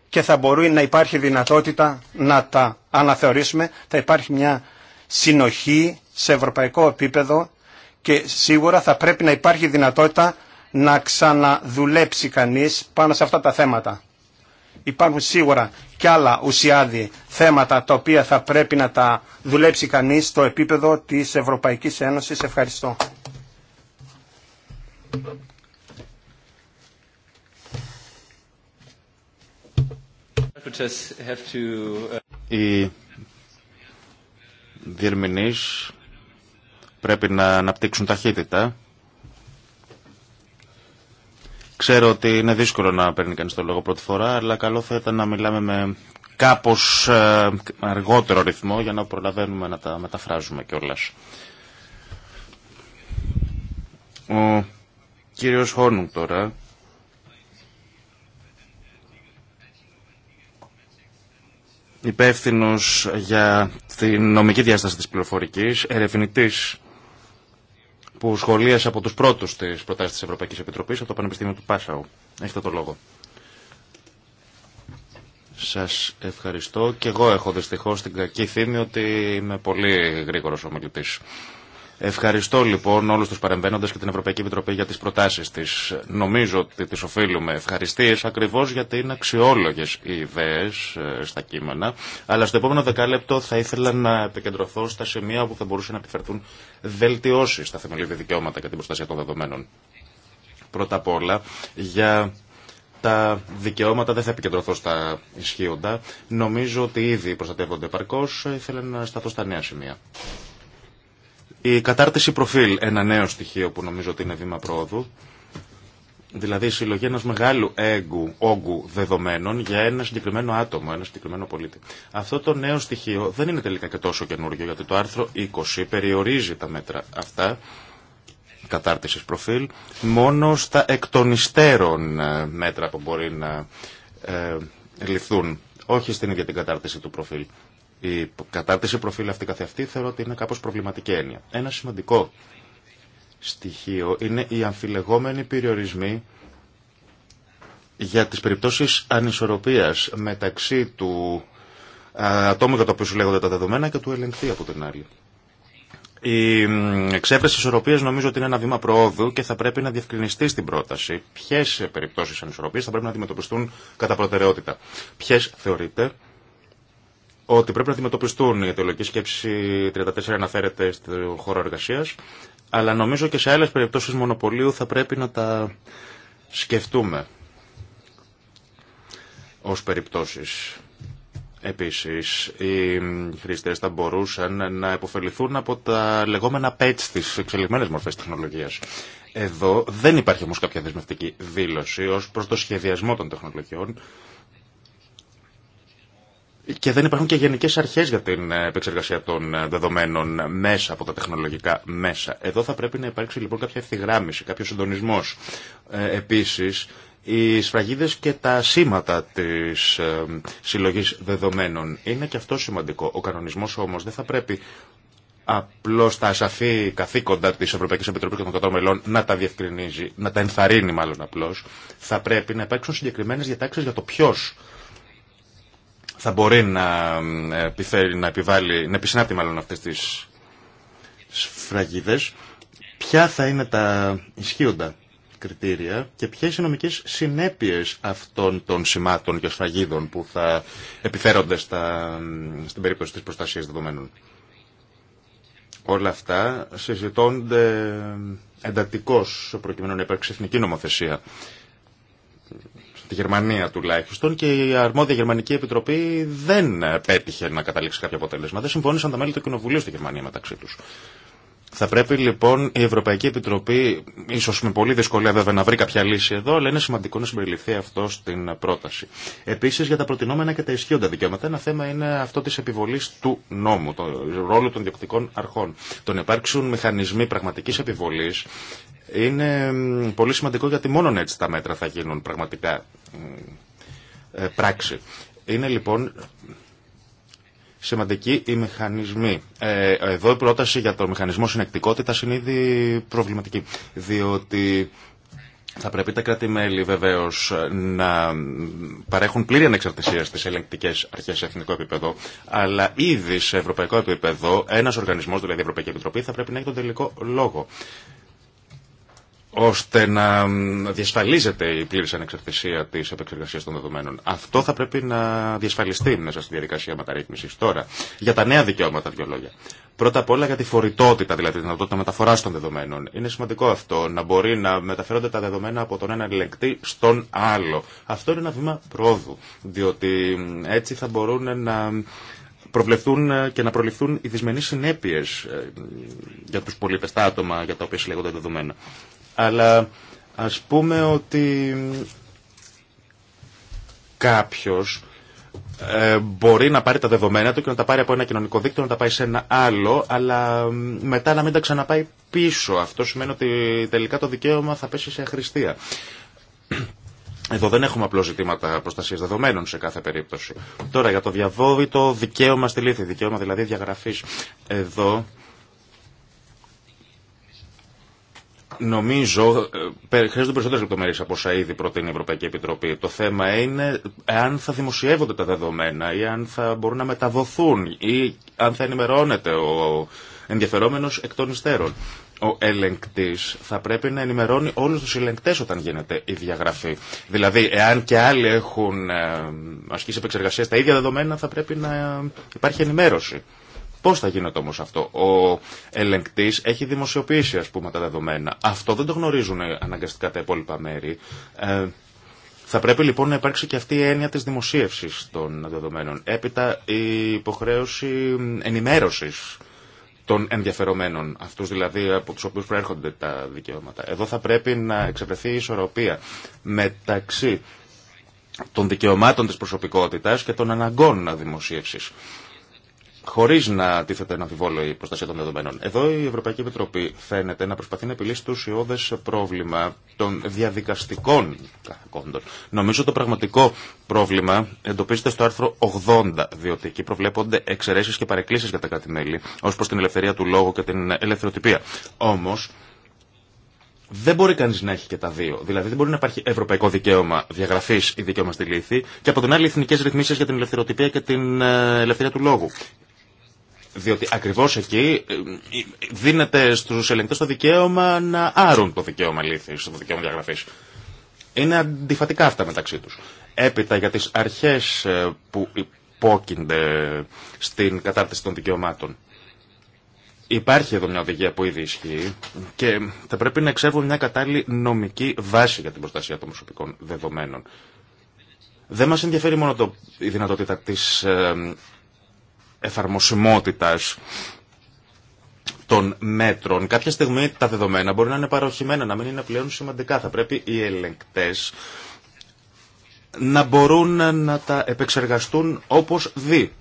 και θα μπορεί να υπάρχει δυνατότητα να τα αναθεωρήσουμε. Θα υπάρχει μια συνοχή σε ευρωπαϊκό επίπεδο και σίγουρα θα πρέπει να υπάρχει δυνατότητα να ξαναδουλέψει κανείς πάνω σε αυτά τα θέματα. Υπάρχουν σίγουρα και άλλα ουσιάδη θέματα τα οποία θα πρέπει να τα δουλέψει κανείς στο επίπεδο της Ευρωπαϊκής Ένωσης. Ευχαριστώ. Uh, Οι διερμηνείς πρέπει να αναπτύξουν ταχύτητα. Ξέρω ότι είναι δύσκολο να παίρνει κανείς το λόγο πρώτη φορά, αλλά καλό θα ήταν να μιλάμε με κάπως ε, αργότερο ρυθμό για να προλαβαίνουμε να τα μεταφράζουμε κιόλας. Ο κύριος Χόνουγκ τώρα υπεύθυνο για την νομική διάσταση της πληροφορικής, ερευνητή που σχολίασε από τους πρώτους της προτάσει τη Ευρωπαϊκής Επιτροπής από το Πανεπιστήμιο του Πάσαου. Έχετε το λόγο. Σα ευχαριστώ και εγώ έχω δυστυχώ την κακή θύμη ότι είμαι πολύ γρήγορος ομιλητή. Ευχαριστώ λοιπόν όλου του παρεμβαίνοντε και την Ευρωπαϊκή Επιτροπή για τι προτάσει τη. Νομίζω ότι τι οφείλουμε ευχαριστίε ακριβώ γιατί είναι αξιόλογε οι ιδέε ε, στα κείμενα. Αλλά στο επόμενο δεκάλεπτο θα ήθελα να επικεντρωθώ στα σημεία όπου θα μπορούσαν να επιφερθούν βελτιώσει στα θεμελιώδη δικαιώματα και την προστασία των δεδομένων. Πρώτα απ' όλα για τα δικαιώματα δεν θα επικεντρωθώ στα ισχύοντα. Νομίζω ότι ήδη προστατεύονται επαρκώ. Ήθελα να σταθώ στα νέα σημεία. Η κατάρτιση προφίλ, ένα νέο στοιχείο που νομίζω ότι είναι βήμα πρόοδου, δηλαδή η συλλογή ενό μεγάλου έγκου, όγκου δεδομένων για ένα συγκεκριμένο άτομο, ένα συγκεκριμένο πολίτη. Αυτό το νέο στοιχείο δεν είναι τελικά και τόσο καινούργιο, γιατί το άρθρο 20 περιορίζει τα μέτρα αυτά κατάρτιση προφίλ μόνο στα εκτονιστέρων ε, μέτρα που μπορεί να ε, λυθούν, όχι στην ίδια την κατάρτιση του προφίλ. Η κατάρτιση προφίλ αυτή αυτή θεωρώ ότι είναι κάπως προβληματική έννοια. Ένα σημαντικό στοιχείο είναι οι αμφιλεγόμενοι περιορισμοί για τις περιπτώσεις ανισορροπίας μεταξύ του ατόμου για το οποίο σου λέγονται τα δεδομένα και του ελεγχτή από την άλλη. Η τη ισορροπία νομίζω ότι είναι ένα βήμα προόδου και θα πρέπει να διευκρινιστεί στην πρόταση ποιε περιπτώσει ανισορροπία θα πρέπει να αντιμετωπιστούν κατά προτεραιότητα. Ποιε θεωρείται ότι πρέπει να αντιμετωπιστούν η αιτιολογική σκέψη 34 αναφέρεται στο χώρο εργασία, αλλά νομίζω και σε άλλε περιπτώσει μονοπωλίου θα πρέπει να τα σκεφτούμε ω περιπτώσει. Επίσης, οι χρήστε θα μπορούσαν να υποφεληθούν από τα λεγόμενα patch της εξελιγμένες μορφές τεχνολογίας. Εδώ δεν υπάρχει όμω κάποια δεσμευτική δήλωση ω προ το σχεδιασμό των τεχνολογιών και δεν υπάρχουν και γενικέ αρχέ για την επεξεργασία των δεδομένων μέσα από τα τεχνολογικά μέσα. Εδώ θα πρέπει να υπάρξει λοιπόν κάποια ευθυγράμμιση, κάποιο συντονισμό. Ε, επίσης, οι σφραγίδες και τα σήματα της ε, συλλογή δεδομένων είναι και αυτό σημαντικό. Ο κανονισμό όμω δεν θα πρέπει απλώ τα ασαφή καθήκοντα τη Ευρωπαϊκή Επιτροπή και των Κατώμελών μελών να τα διευκρινίζει, να τα ενθαρρύνει μάλλον απλώ, θα πρέπει να υπάρξουν συγκεκριμένε διατάξει για το ποιο θα μπορεί να ε, επιφέρει, να επιβάλλει, να επισυνάπτει μάλλον αυτές τις σφραγίδες, ποια θα είναι τα ισχύοντα κριτήρια και ποιες οι νομικές συνέπειες αυτών των σημάτων και σφραγίδων που θα επιφέρονται στα, στην περίπτωση της προστασίας δεδομένων. Όλα αυτά συζητώνται εντατικώς προκειμένου να υπάρξει εθνική νομοθεσία τη Γερμανία τουλάχιστον και η αρμόδια Γερμανική Επιτροπή δεν πέτυχε να καταλήξει κάποιο αποτέλεσμα. Δεν συμφώνησαν τα μέλη του Κοινοβουλίου στη Γερμανία μεταξύ του. Θα πρέπει λοιπόν η Ευρωπαϊκή Επιτροπή, ίσω με πολύ δυσκολία βέβαια να βρει κάποια λύση εδώ, αλλά είναι σημαντικό να συμπεριληφθεί αυτό στην πρόταση. Επίση για τα προτινόμενα και τα ισχύοντα δικαιώματα, ένα θέμα είναι αυτό τη επιβολή του νόμου, το ρόλο των διοκτικών αρχών. Το να υπάρξουν μηχανισμοί πραγματική επιβολή είναι πολύ σημαντικό γιατί μόνο έτσι τα μέτρα θα γίνουν πραγματικά ε, πράξη. Είναι λοιπόν σημαντικοί οι μηχανισμοί. Ε, εδώ η πρόταση για το μηχανισμό συνεκτικότητας είναι ήδη προβληματική, διότι θα πρέπει τα κράτη-μέλη βεβαίω να παρέχουν πλήρη ανεξαρτησία στι ελεγκτικέ αρχέ σε εθνικό επίπεδο, αλλά ήδη σε ευρωπαϊκό επίπεδο ένα οργανισμό, δηλαδή η Ευρωπαϊκή Επιτροπή, θα πρέπει να έχει τον τελικό λόγο ώστε να διασφαλίζεται η πλήρη ανεξαρτησία τη επεξεργασία των δεδομένων. Αυτό θα πρέπει να διασφαλιστεί μέσα στη διαδικασία μεταρρύθμιση. Τώρα, για τα νέα δικαιώματα, δύο λόγια. Πρώτα απ' όλα για τη φορητότητα, δηλαδή τη δυνατότητα μεταφορά των δεδομένων. Είναι σημαντικό αυτό, να μπορεί να μεταφέρονται τα δεδομένα από τον ένα ελεγκτή στον άλλο. Αυτό είναι ένα βήμα πρόοδου, διότι έτσι θα μπορούν να προβλεφθούν και να προληφθούν οι δυσμενείς ε, για τους πολίτε τα άτομα για τα οποία συλλέγονται δεδομένα. Αλλά ας πούμε ότι κάποιος ε, μπορεί να πάρει τα δεδομένα του και να τα πάρει από ένα κοινωνικό δίκτυο, να τα πάει σε ένα άλλο, αλλά μετά να μην τα ξαναπάει πίσω. Αυτό σημαίνει ότι τελικά το δικαίωμα θα πέσει σε αχρηστία. Εδώ δεν έχουμε απλώ ζητήματα προστασία δεδομένων σε κάθε περίπτωση. Τώρα για το διαβόητο δικαίωμα στη λύθη, δικαίωμα δηλαδή διαγραφή. Εδώ Νομίζω ε, χρειάζονται περισσότερε λεπτομέρειε από όσα ήδη προτείνει η Ευρωπαϊκή Επιτροπή. Το θέμα είναι αν θα δημοσιεύονται τα δεδομένα ή αν θα μπορούν να μεταδοθούν ή αν θα ενημερώνεται ο ενδιαφερόμενο εκ των υστέρων. Ο ελεγκτή θα πρέπει να ενημερώνει όλου του ελεγκτέ όταν γίνεται η διαγραφή. Δηλαδή, εάν και άλλοι έχουν ε, ασκήσει επεξεργασία στα ίδια δεδομένα, θα πρέπει να υπάρχει ενημέρωση. Πώ θα γίνεται όμω αυτό. Ο ελεγκτή έχει δημοσιοποιήσει, α πούμε, τα δεδομένα. Αυτό δεν το γνωρίζουν αναγκαστικά τα υπόλοιπα μέρη. Ε, θα πρέπει λοιπόν να υπάρξει και αυτή η έννοια της δημοσίευσης των δεδομένων. Έπειτα η υποχρέωση ενημέρωσης των ενδιαφερομένων, αυτούς δηλαδή από τους οποίους προέρχονται τα δικαιώματα. Εδώ θα πρέπει να εξευρεθεί η ισορροπία μεταξύ των δικαιωμάτων της προσωπικότητας και των αναγκών δημοσίευσης χωρί να τίθεται να αμφιβόλω η προστασία των δεδομένων. Εδώ η Ευρωπαϊκή Επιτροπή φαίνεται να προσπαθεί να επιλύσει το ουσιώδε πρόβλημα των διαδικαστικών καθηκόντων. Νομίζω το πραγματικό πρόβλημα εντοπίζεται στο άρθρο 80, διότι εκεί προβλέπονται εξαιρέσει και παρεκκλήσει για τα κράτη-μέλη ω προ την ελευθερία του λόγου και την ελευθεροτυπία. Όμω, δεν μπορεί κανεί να έχει και τα δύο. Δηλαδή δεν μπορεί να υπάρχει ευρωπαϊκό δικαίωμα διαγραφή ή δικαίωμα στη λύθη και από την άλλη εθνικέ ρυθμίσει για την ελευθεροτυπία και την ε, ελευθερία του λόγου. Διότι ακριβώς εκεί ε, δίνεται στους ελεγκτές το δικαίωμα να άρουν το δικαίωμα λήθη, το δικαίωμα διαγραφής. Είναι αντιφατικά αυτά μεταξύ τους. Έπειτα για τις αρχές ε, που υπόκεινται στην κατάρτιση των δικαιωμάτων. Υπάρχει εδώ μια οδηγία που ήδη ισχύει και θα πρέπει να εξεύγουν μια κατάλληλη νομική βάση για την προστασία των προσωπικών δεδομένων. Δεν μας ενδιαφέρει μόνο το, η δυνατότητα της ε, εφαρμοσιμότητας των μέτρων. Κάποια στιγμή τα δεδομένα μπορεί να είναι παροχημένα, να μην είναι πλέον σημαντικά. Θα πρέπει οι ελεγκτές να μπορούν να τα επεξεργαστούν όπως δει.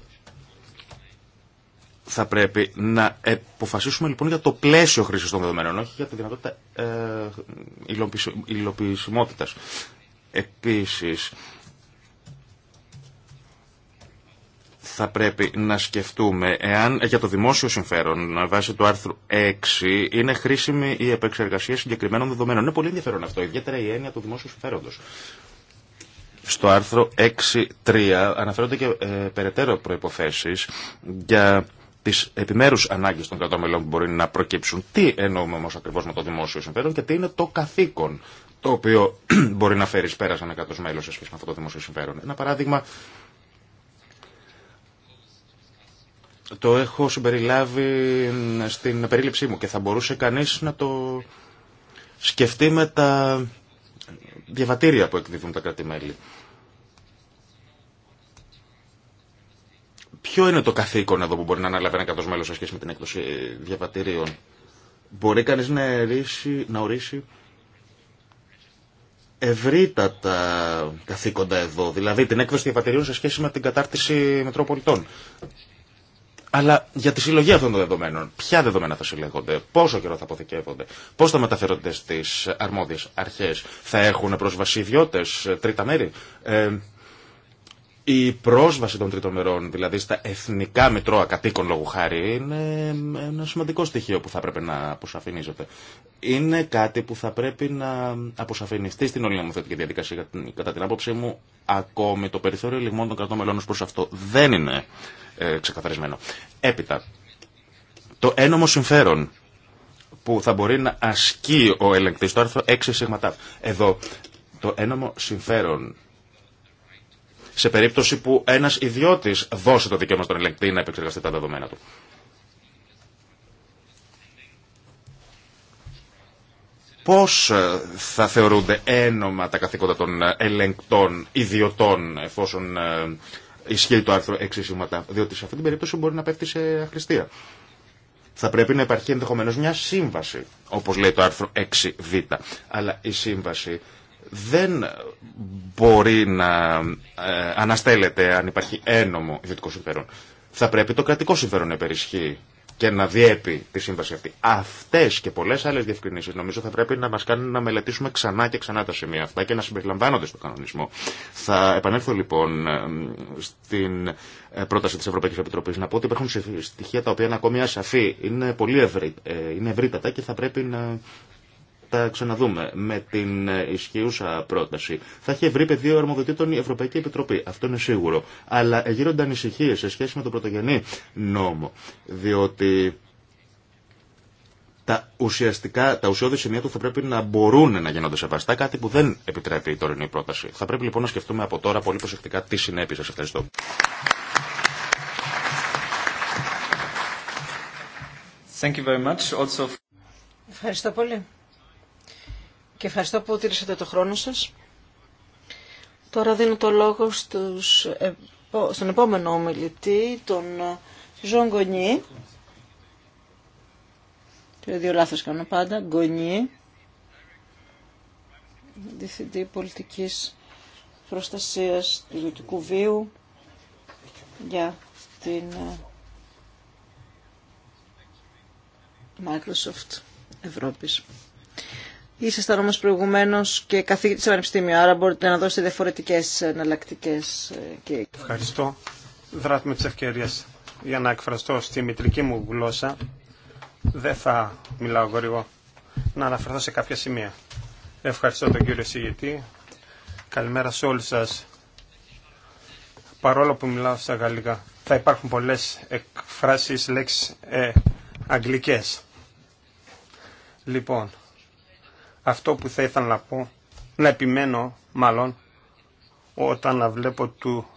Θα πρέπει να αποφασίσουμε λοιπόν για το πλαίσιο χρήση των δεδομένων, όχι για τη δυνατότητα ε, υλοποιησιμότητας. Επίσης, θα πρέπει να σκεφτούμε εάν για το δημόσιο συμφέρον βάσει του άρθρου 6 είναι χρήσιμη η επεξεργασία συγκεκριμένων δεδομένων. Είναι πολύ ενδιαφέρον αυτό, ιδιαίτερα η έννοια του δημόσιου συμφέροντος. Στο άρθρο 6.3 αναφέρονται και ε, περαιτέρω προϋποθέσεις για τις επιμέρους ανάγκες των κρατών που μπορεί να προκύψουν. Τι εννοούμε όμω ακριβώ με το δημόσιο συμφέρον και τι είναι το καθήκον το οποίο μπορεί να φέρει πέρα σαν ένα μέλο σε σχέση με αυτό το δημόσιο συμφέρον. Ένα παράδειγμα Το έχω συμπεριλάβει στην περίληψή μου και θα μπορούσε κανείς να το σκεφτεί με τα διαβατήρια που εκδίδουν τα κράτη-μέλη. Ποιο είναι το καθήκον εδώ που μπορεί να αναλάβει ένα μέλος σε σχέση με την έκδοση διαβατηρίων. Μπορεί κανείς να, να ορίσει ευρύτατα καθήκοντα εδώ, δηλαδή την έκδοση διαβατηρίων σε σχέση με την κατάρτιση μετροπολιτών. Αλλά για τη συλλογή αυτών των δεδομένων, ποια δεδομένα θα συλλέγονται, πόσο καιρό θα αποθηκεύονται, πώ θα μεταφέρονται στι αρμόδιε αρχέ, θα έχουν πρόσβαση τρίτα μέρη. Ε, η πρόσβαση των τρίτων μερών, δηλαδή στα εθνικά μητρώα κατοίκων λόγου χάρη, είναι ένα σημαντικό στοιχείο που θα πρέπει να αποσαφηνίζεται. Είναι κάτι που θα πρέπει να αποσαφινιστεί στην όλη νομοθετική διαδικασία. Κατά την άποψή μου, ακόμη το περιθώριο λιγμών των κρατών μελών προ αυτό δεν είναι ε, ξεκαθαρισμένο. Έπειτα, το ένομο συμφέρον που θα μπορεί να ασκεί ο ελεγκτής, το άρθρο 6 σιγματά. Εδώ, το ένομο συμφέρον σε περίπτωση που ένας ιδιώτης δώσει το δικαίωμα στον ελεγκτή να επεξεργαστεί τα δεδομένα του. Πώς ε, θα θεωρούνται ένομα τα καθήκοντα των ε, ελεγκτών, ιδιωτών, εφόσον ε, ισχύει το άρθρο 6 σήματα, διότι σε αυτή την περίπτωση μπορεί να πέφτει σε αχρηστία. Θα πρέπει να υπάρχει ενδεχομένω μια σύμβαση, όπως λέει το άρθρο 6β. Αλλά η σύμβαση δεν μπορεί να ε, αναστέλλεται αν υπάρχει ένομο ιδιωτικό συμφέρον. Θα πρέπει το κρατικό συμφέρον να υπερισχύει και να διέπει τη σύμβαση αυτή. Αυτέ και πολλέ άλλε διευκρινήσει νομίζω θα πρέπει να μα κάνουν να μελετήσουμε ξανά και ξανά τα σημεία αυτά και να συμπεριλαμβάνονται στο κανονισμό. Θα επανέλθω λοιπόν στην ε, πρόταση τη Ευρωπαϊκή Επιτροπή να πω ότι υπάρχουν στοιχεία τα οποία είναι ακόμη ασαφή. Είναι πολύ ε, είναι ευρύτατα και θα πρέπει να τα ξαναδούμε. Με την ισχύουσα πρόταση θα έχει βρει πεδίο αρμοδοτήτων η Ευρωπαϊκή Επιτροπή. Αυτό είναι σίγουρο. Αλλά γύρονται ανησυχίε σε σχέση με τον πρωτογενή νόμο. Διότι τα ουσιαστικά, τα ουσιώδη σημεία του θα πρέπει να μπορούν να γίνονται σεβαστά, κάτι που δεν επιτρέπει η τωρινή πρόταση. Θα πρέπει λοιπόν να σκεφτούμε από τώρα πολύ προσεκτικά τι συνέπειε. Σα ευχαριστώ. Thank you very much. Also... Ευχαριστώ πολύ και ευχαριστώ που τήρησατε το χρόνο σας. Τώρα δίνω το λόγο στους, στον επόμενο ομιλητή, τον ε, Ζων Γκονιέ. Το ίδιο λάθος κάνω πάντα. Γκονιέ, διευθυντή πολιτικής προστασίας του ιδιωτικού βίου για την ε, Microsoft Ευρώπης. Ήσασταν όμω προηγουμένω και καθηγητή στο Πανεπιστήμιο, άρα μπορείτε να δώσετε διαφορετικέ εναλλακτικέ. Ε, και... Ευχαριστώ. Δράττουμε τις ευκαιρίες για να εκφραστώ στη μητρική μου γλώσσα. Δεν θα μιλάω γρήγο Να αναφερθώ σε κάποια σημεία. Ευχαριστώ τον κύριο Σιγητή. Καλημέρα σε όλους σας. Παρόλο που μιλάω στα γαλλικά, θα υπάρχουν πολλές εκφράσεις, λέξεις ε, αγγλικές. Λοιπόν, αυτό που θα ήθελα να πω, να επιμένω μάλλον, όταν βλέπω του,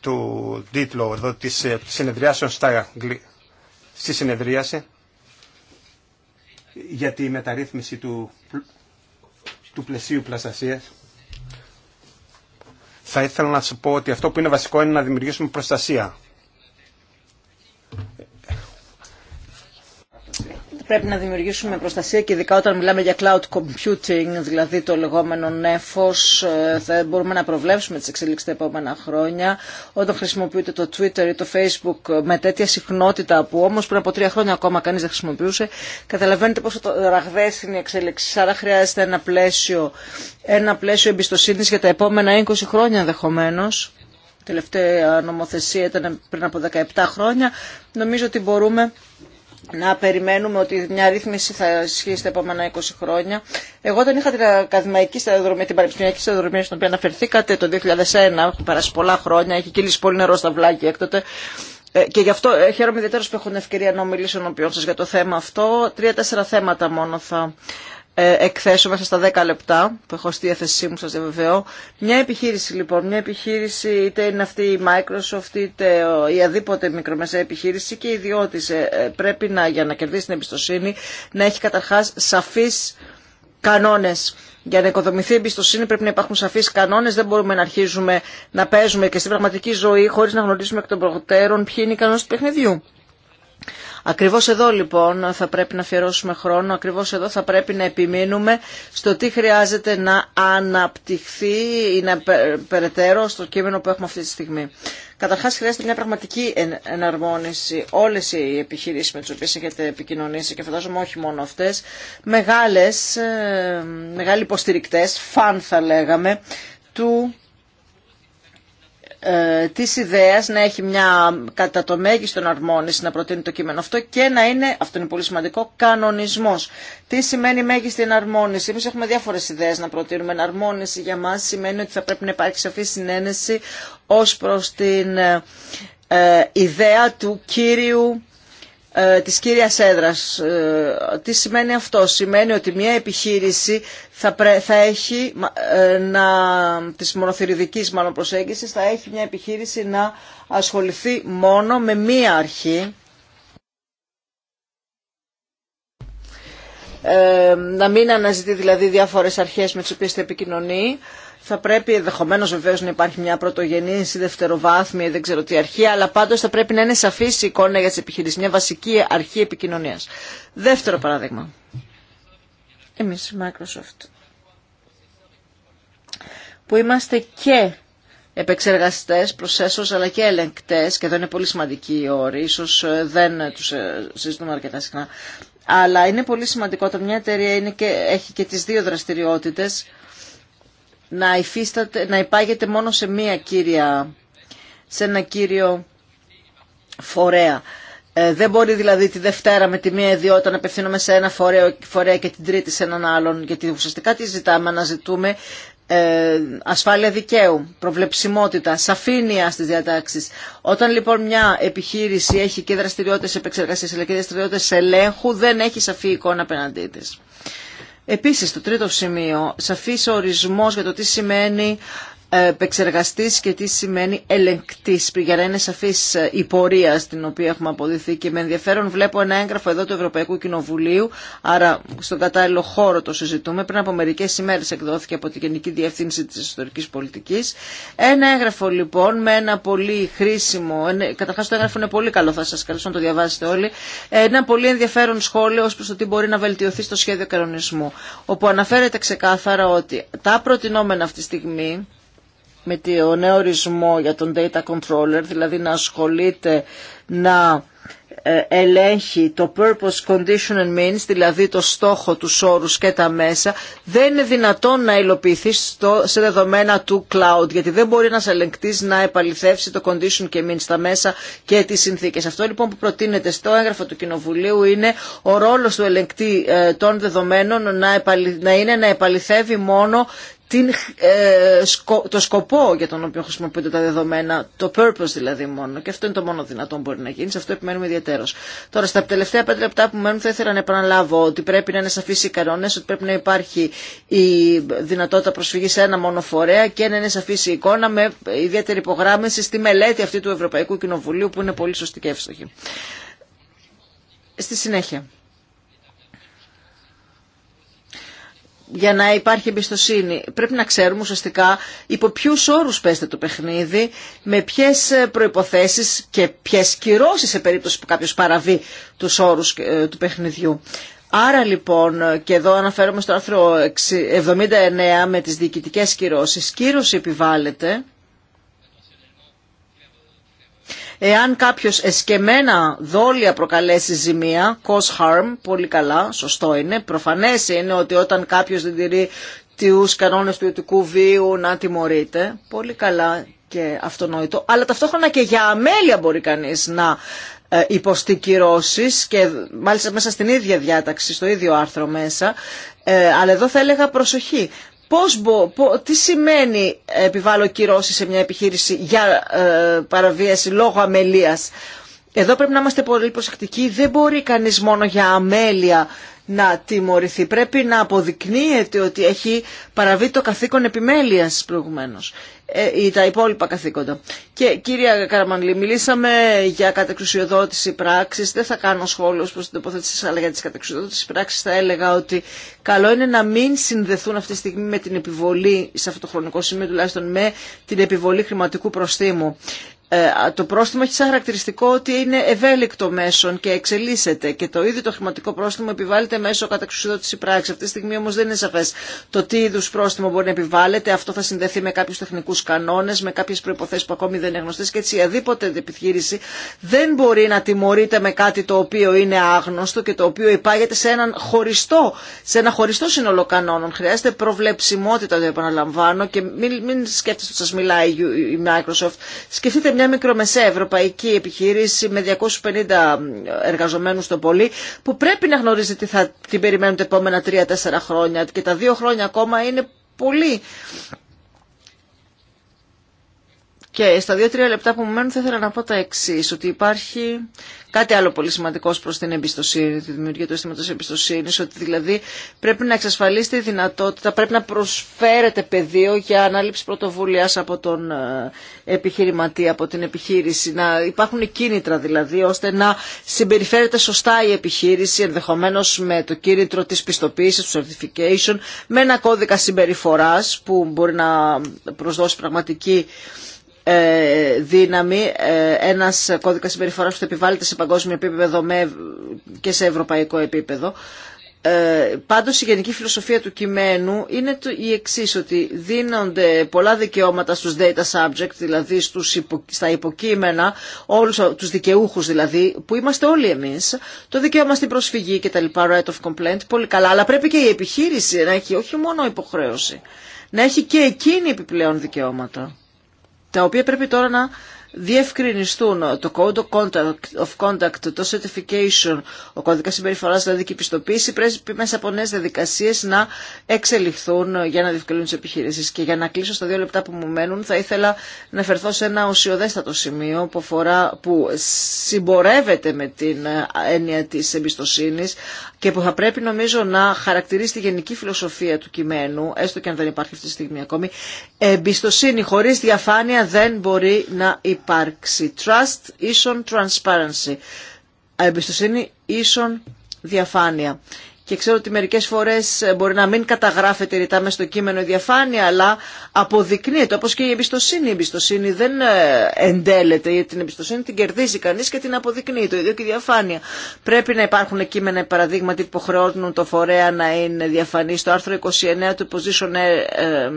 του τίτλο εδώ της ε, συνεδρίασεων στα, στη συνεδρίαση για τη μεταρρύθμιση του, του πλαισίου πλαστασίας. Θα ήθελα να σου πω ότι αυτό που είναι βασικό είναι να δημιουργήσουμε προστασία πρέπει να δημιουργήσουμε προστασία και ειδικά όταν μιλάμε για cloud computing, δηλαδή το λεγόμενο νέφος, ε, θα μπορούμε να προβλέψουμε τις εξελίξεις τα επόμενα χρόνια. Όταν χρησιμοποιείτε το Twitter ή το Facebook με τέτοια συχνότητα που όμως πριν από τρία χρόνια ακόμα κανείς δεν χρησιμοποιούσε, καταλαβαίνετε πόσο ραγδαίες είναι οι εξέλιξη Άρα χρειάζεται ένα πλαίσιο, ένα πλαίσιο εμπιστοσύνης για τα επόμενα 20 χρόνια ενδεχομένω τελευταία νομοθεσία ήταν πριν από 17 χρόνια, νομίζω ότι μπορούμε να περιμένουμε ότι μια ρύθμιση θα ισχύει στα επόμενα 20 χρόνια. Εγώ όταν είχα την ακαδημαϊκή σταδιοδρομία, την πανεπιστημιακή σταδιοδρομία στην οποία αναφερθήκατε το 2001, έχουν περάσει πολλά χρόνια, έχει κυλήσει πολύ νερό στα βλάκια έκτοτε, ε, και γι' αυτό ε, χαίρομαι ιδιαίτερα που έχω την ευκαιρία να μιλήσω ενώπιον σα για το θέμα αυτό. Τρία-τέσσερα θέματα μόνο θα ε, εκθέσω μέσα στα 10 λεπτά που έχω στη διάθεσή μου, σας διαβεβαιώ. Μια επιχείρηση λοιπόν, μια επιχείρηση είτε είναι αυτή η Microsoft είτε η αδίποτε μικρομεσαία επιχείρηση και ιδιώτης ε, ε, πρέπει να, για να κερδίσει την εμπιστοσύνη να έχει καταρχάς σαφείς κανόνες. Για να οικοδομηθεί η εμπιστοσύνη πρέπει να υπάρχουν σαφεί κανόνε. Δεν μπορούμε να αρχίζουμε να παίζουμε και στην πραγματική ζωή χωρί να γνωρίζουμε εκ των προτέρων ποιοι είναι οι κανόνε του παιχνιδιού. Ακριβώς εδώ λοιπόν θα πρέπει να αφιερώσουμε χρόνο, ακριβώς εδώ θα πρέπει να επιμείνουμε στο τι χρειάζεται να αναπτυχθεί ή να περαιτέρω στο κείμενο που έχουμε αυτή τη στιγμή. Καταρχά, χρειάζεται μια πραγματική εναρμόνιση. Όλε οι επιχειρήσει με τι οποίε έχετε επικοινωνήσει και φαντάζομαι όχι μόνο αυτέ, ε, μεγάλοι υποστηρικτέ, φαν θα λέγαμε, του ε, της να έχει μια κατά το μέγιστο αρμόνιση να προτείνει το κείμενο αυτό και να είναι, αυτό είναι πολύ σημαντικό, κανονισμός. Τι σημαίνει μέγιστη εναρμόνιση. Εμεί έχουμε διάφορε ιδέε να προτείνουμε. Εναρμόνιση για μα. σημαίνει ότι θα πρέπει να υπάρχει σαφή συνένεση ως προς την ε, ε, ιδέα του κύριου ε, της κύριας έδρας. Ε, τι σημαίνει αυτό. Σημαίνει ότι μια επιχείρηση θα, θα έχει ε, να, της μονοθυριδικής μάλλον προσέγγισης θα έχει μια επιχείρηση να ασχοληθεί μόνο με μία αρχή να μην αναζητεί δηλαδή διάφορες αρχές με τις οποίες θα επικοινωνεί θα πρέπει ενδεχομένω βεβαίω να υπάρχει μια πρωτογενή ή δευτεροβάθμια ή δεν ξέρω τι αρχή, αλλά πάντω θα πρέπει να είναι σαφή η εικόνα για τι επιχειρήσει, μια βασική αρχή επικοινωνία. Δεύτερο παράδειγμα. Εμεί, Microsoft. Που είμαστε και επεξεργαστέ, προσέσω, αλλά και ελεγκτέ, και εδώ είναι πολύ σημαντική η όρη, ίσω ε, δεν ε, του ε, συζητούμε αρκετά συχνά. Αλλά είναι πολύ σημαντικό όταν μια εταιρεία είναι και, έχει και τι δύο δραστηριότητε να, υφίσταται, να υπάγεται μόνο σε μία κύρια, σε ένα κύριο φορέα. Ε, δεν μπορεί δηλαδή τη Δευτέρα με τη μία ιδιότητα να απευθύνομαι σε ένα φορέα, φορέα και την Τρίτη σε έναν άλλον, γιατί ουσιαστικά τι ζητάμε, να ε, ασφάλεια δικαίου, προβλεψιμότητα, σαφήνεια στις διατάξεις. Όταν λοιπόν μια επιχείρηση έχει και δραστηριότητες επεξεργασίας αλλά και δραστηριότητες ελέγχου, δεν έχει σαφή εικόνα απέναντί της. Επίσης, το τρίτο σημείο, σαφής ορισμός για το τι σημαίνει επεξεργαστής και τι σημαίνει ελεγκτής για να είναι σαφής ε, η πορεία στην οποία έχουμε αποδειθεί και με ενδιαφέρον βλέπω ένα έγγραφο εδώ του Ευρωπαϊκού Κοινοβουλίου άρα στον κατάλληλο χώρο το συζητούμε πριν από μερικές ημέρες εκδόθηκε από την Γενική Διευθύνση της Ιστορικής Πολιτικής ένα έγγραφο λοιπόν με ένα πολύ χρήσιμο καταρχάς το έγγραφο είναι πολύ καλό θα σας καλέσω να το διαβάσετε όλοι ένα πολύ ενδιαφέρον σχόλιο ως προς το τι μπορεί να βελτιωθεί στο σχέδιο κανονισμού όπου αναφέρεται ξεκάθαρα ότι τα προτινόμενα αυτή τη στιγμή με το νέο ορισμό για τον data controller, δηλαδή να ασχολείται να ε, ελέγχει το purpose, condition and means, δηλαδή το στόχο, του όρους και τα μέσα, δεν είναι δυνατόν να υλοποιηθεί στο, σε δεδομένα του cloud, γιατί δεν μπορεί ένας ελεγκτής να επαληθεύσει το condition και means, τα μέσα και τις συνθήκες. Αυτό λοιπόν που προτείνεται στο έγγραφο του Κοινοβουλίου είναι ο ρόλος του ελεγκτή ε, των δεδομένων να, είναι να επαληθεύει μόνο ε, το σκοπό για τον οποίο χρησιμοποιούνται τα δεδομένα, το purpose δηλαδή μόνο. Και αυτό είναι το μόνο δυνατόν που μπορεί να γίνει. Σε αυτό επιμένουμε ιδιαίτερω. Τώρα, στα τελευταία πέντε λεπτά που μένουν, θα ήθελα να επαναλάβω ότι πρέπει να είναι σαφεί οι κανόνε, ότι πρέπει να υπάρχει η δυνατότητα προσφυγή σε ένα μόνο φορέα και να είναι σαφή η εικόνα με ιδιαίτερη υπογράμμιση στη μελέτη αυτή του Ευρωπαϊκού Κοινοβουλίου που είναι πολύ σωστή και εύστοχη. Στη συνέχεια. για να υπάρχει εμπιστοσύνη. Πρέπει να ξέρουμε ουσιαστικά υπό ποιου όρου παίζεται το παιχνίδι, με ποιε προποθέσει και ποιε κυρώσει σε περίπτωση που κάποιο παραβεί του όρου ε, του παιχνιδιού. Άρα λοιπόν, και εδώ αναφέρομαι στο άρθρο 79 με τις διοικητικές κυρώσεις, κύρωση επιβάλλεται Εάν κάποιος εσκεμμένα δόλια προκαλέσει ζημία, cause harm, πολύ καλά, σωστό είναι. Προφανές είναι ότι όταν κάποιο δεν τηρεί τους κανόνες του ιδιωτικού βίου να τιμωρείται, πολύ καλά και αυτονόητο. Αλλά ταυτόχρονα και για αμέλεια μπορεί κανείς να ε, υποστεί και μάλιστα μέσα στην ίδια διάταξη, στο ίδιο άρθρο μέσα. Ε, αλλά εδώ θα έλεγα προσοχή. Πώς, τι σημαίνει επιβάλλω κυρώσει σε μια επιχείρηση για ε, παραβίαση λόγω αμελίας. Εδώ πρέπει να είμαστε πολύ προσεκτικοί. Δεν μπορεί κανείς μόνο για αμέλεια να τιμωρηθεί. Πρέπει να αποδεικνύεται ότι έχει παραβεί το καθήκον επιμέλειας προηγουμένως. Ε, ή τα υπόλοιπα καθήκοντα. Και κυρία Καραμανλή, μιλήσαμε για κατεξουσιοδότηση πράξης. Δεν θα κάνω σχόλιο προς την τοποθέτηση αλλά για τις κατεξουσιοδότηση πράξης θα έλεγα ότι καλό είναι να μην συνδεθούν αυτή τη στιγμή με την επιβολή, σε αυτό το χρονικό σημείο τουλάχιστον, με την επιβολή χρηματικού προστήμου. Ε, το πρόστιμο έχει σαν χαρακτηριστικό ότι είναι ευέλικτο μέσον και εξελίσσεται και το ίδιο το χρηματικό πρόστιμο επιβάλλεται μέσω εξουσιοδότηση πράξη. Αυτή τη στιγμή όμω δεν είναι σαφέ το τι είδου πρόστιμο μπορεί να επιβάλλεται. Αυτό θα συνδεθεί με κάποιου τεχνικού κανόνε, με κάποιε προποθέσει που ακόμη δεν είναι γνωστέ και έτσι η επιχείρηση δεν μπορεί να τιμωρείται με κάτι το οποίο είναι άγνωστο και το οποίο υπάγεται σε έναν χωριστό, σε ένα χωριστό σύνολο κανόνων. Χρειάζεται προβλεψιμότητα, το επαναλαμβάνω, και μην, σκέφτεστε ότι σα μιλάει η Microsoft. Σκεφτείτε μια μικρομεσαία ευρωπαϊκή επιχείρηση με 250 εργαζομένους το πολύ που πρέπει να γνωρίζει τι θα την περιμένουν τα επόμενα 3-4 χρόνια και τα δύο χρόνια ακόμα είναι πολύ και στα δύο-τρία λεπτά που μου μένουν θα ήθελα να πω τα εξή, ότι υπάρχει κάτι άλλο πολύ σημαντικό προ την εμπιστοσύνη, τη δημιουργία του αισθήματος εμπιστοσύνη, ότι δηλαδή πρέπει να εξασφαλίσετε η δυνατότητα, πρέπει να προσφέρετε πεδίο για ανάληψη πρωτοβουλία από τον ε, επιχειρηματή, από την επιχείρηση, να υπάρχουν κίνητρα δηλαδή, ώστε να συμπεριφέρεται σωστά η επιχείρηση, ενδεχομένω με το κίνητρο της πιστοποίηση, του certification, με ένα κώδικα συμπεριφορά που μπορεί να προσδώσει πραγματική ε, δύναμη, ε, ένας κώδικας συμπεριφοράς που επιβάλλεται σε παγκόσμιο επίπεδο και σε ευρωπαϊκό επίπεδο. Ε, πάντως η γενική φιλοσοφία του κειμένου είναι η εξή ότι δίνονται πολλά δικαιώματα στους data subject, δηλαδή στους στα υποκείμενα, όλους τους δικαιούχους δηλαδή, που είμαστε όλοι εμείς, το δικαίωμα στην προσφυγή και τα λοιπά, right of complaint, πολύ καλά, αλλά πρέπει και η επιχείρηση να έχει όχι μόνο υποχρέωση, να έχει και εκείνη επιπλέον δικαιώματα τα οποία πρέπει τώρα να διευκρινιστούν το Code of Conduct, το Certification, ο κώδικα συμπεριφορά δηλαδή και η πιστοποίηση, πρέπει μέσα από νέε διαδικασίε να εξελιχθούν για να διευκολύνουν τι επιχειρήσει. Και για να κλείσω στα δύο λεπτά που μου μένουν, θα ήθελα να φερθώ σε ένα ουσιοδέστατο σημείο που, αφορά, που συμπορεύεται με την έννοια τη εμπιστοσύνη και που θα πρέπει νομίζω να χαρακτηρίσει τη γενική φιλοσοφία του κειμένου, έστω και αν δεν υπάρχει αυτή τη στιγμή ακόμη. Εμπιστοσύνη χωρί διαφάνεια δεν μπορεί να υπάρχει υπάρξει trust ίσον transparency, εμπιστοσύνη ίσον διαφάνεια και ξέρω ότι μερικές φορές ε, μπορεί να μην καταγράφεται ρητά με στο κείμενο η διαφάνεια, αλλά αποδεικνύεται, όπως και η εμπιστοσύνη. Η εμπιστοσύνη δεν ε, εντέλεται, γιατί την εμπιστοσύνη την κερδίζει κανείς και την αποδεικνύει. Το ίδιο και η διαφάνεια. Πρέπει να υπάρχουν κείμενα, παραδείγματι, που χρεώνουν το φορέα να είναι διαφανή. Στο άρθρο 29 του Position ε,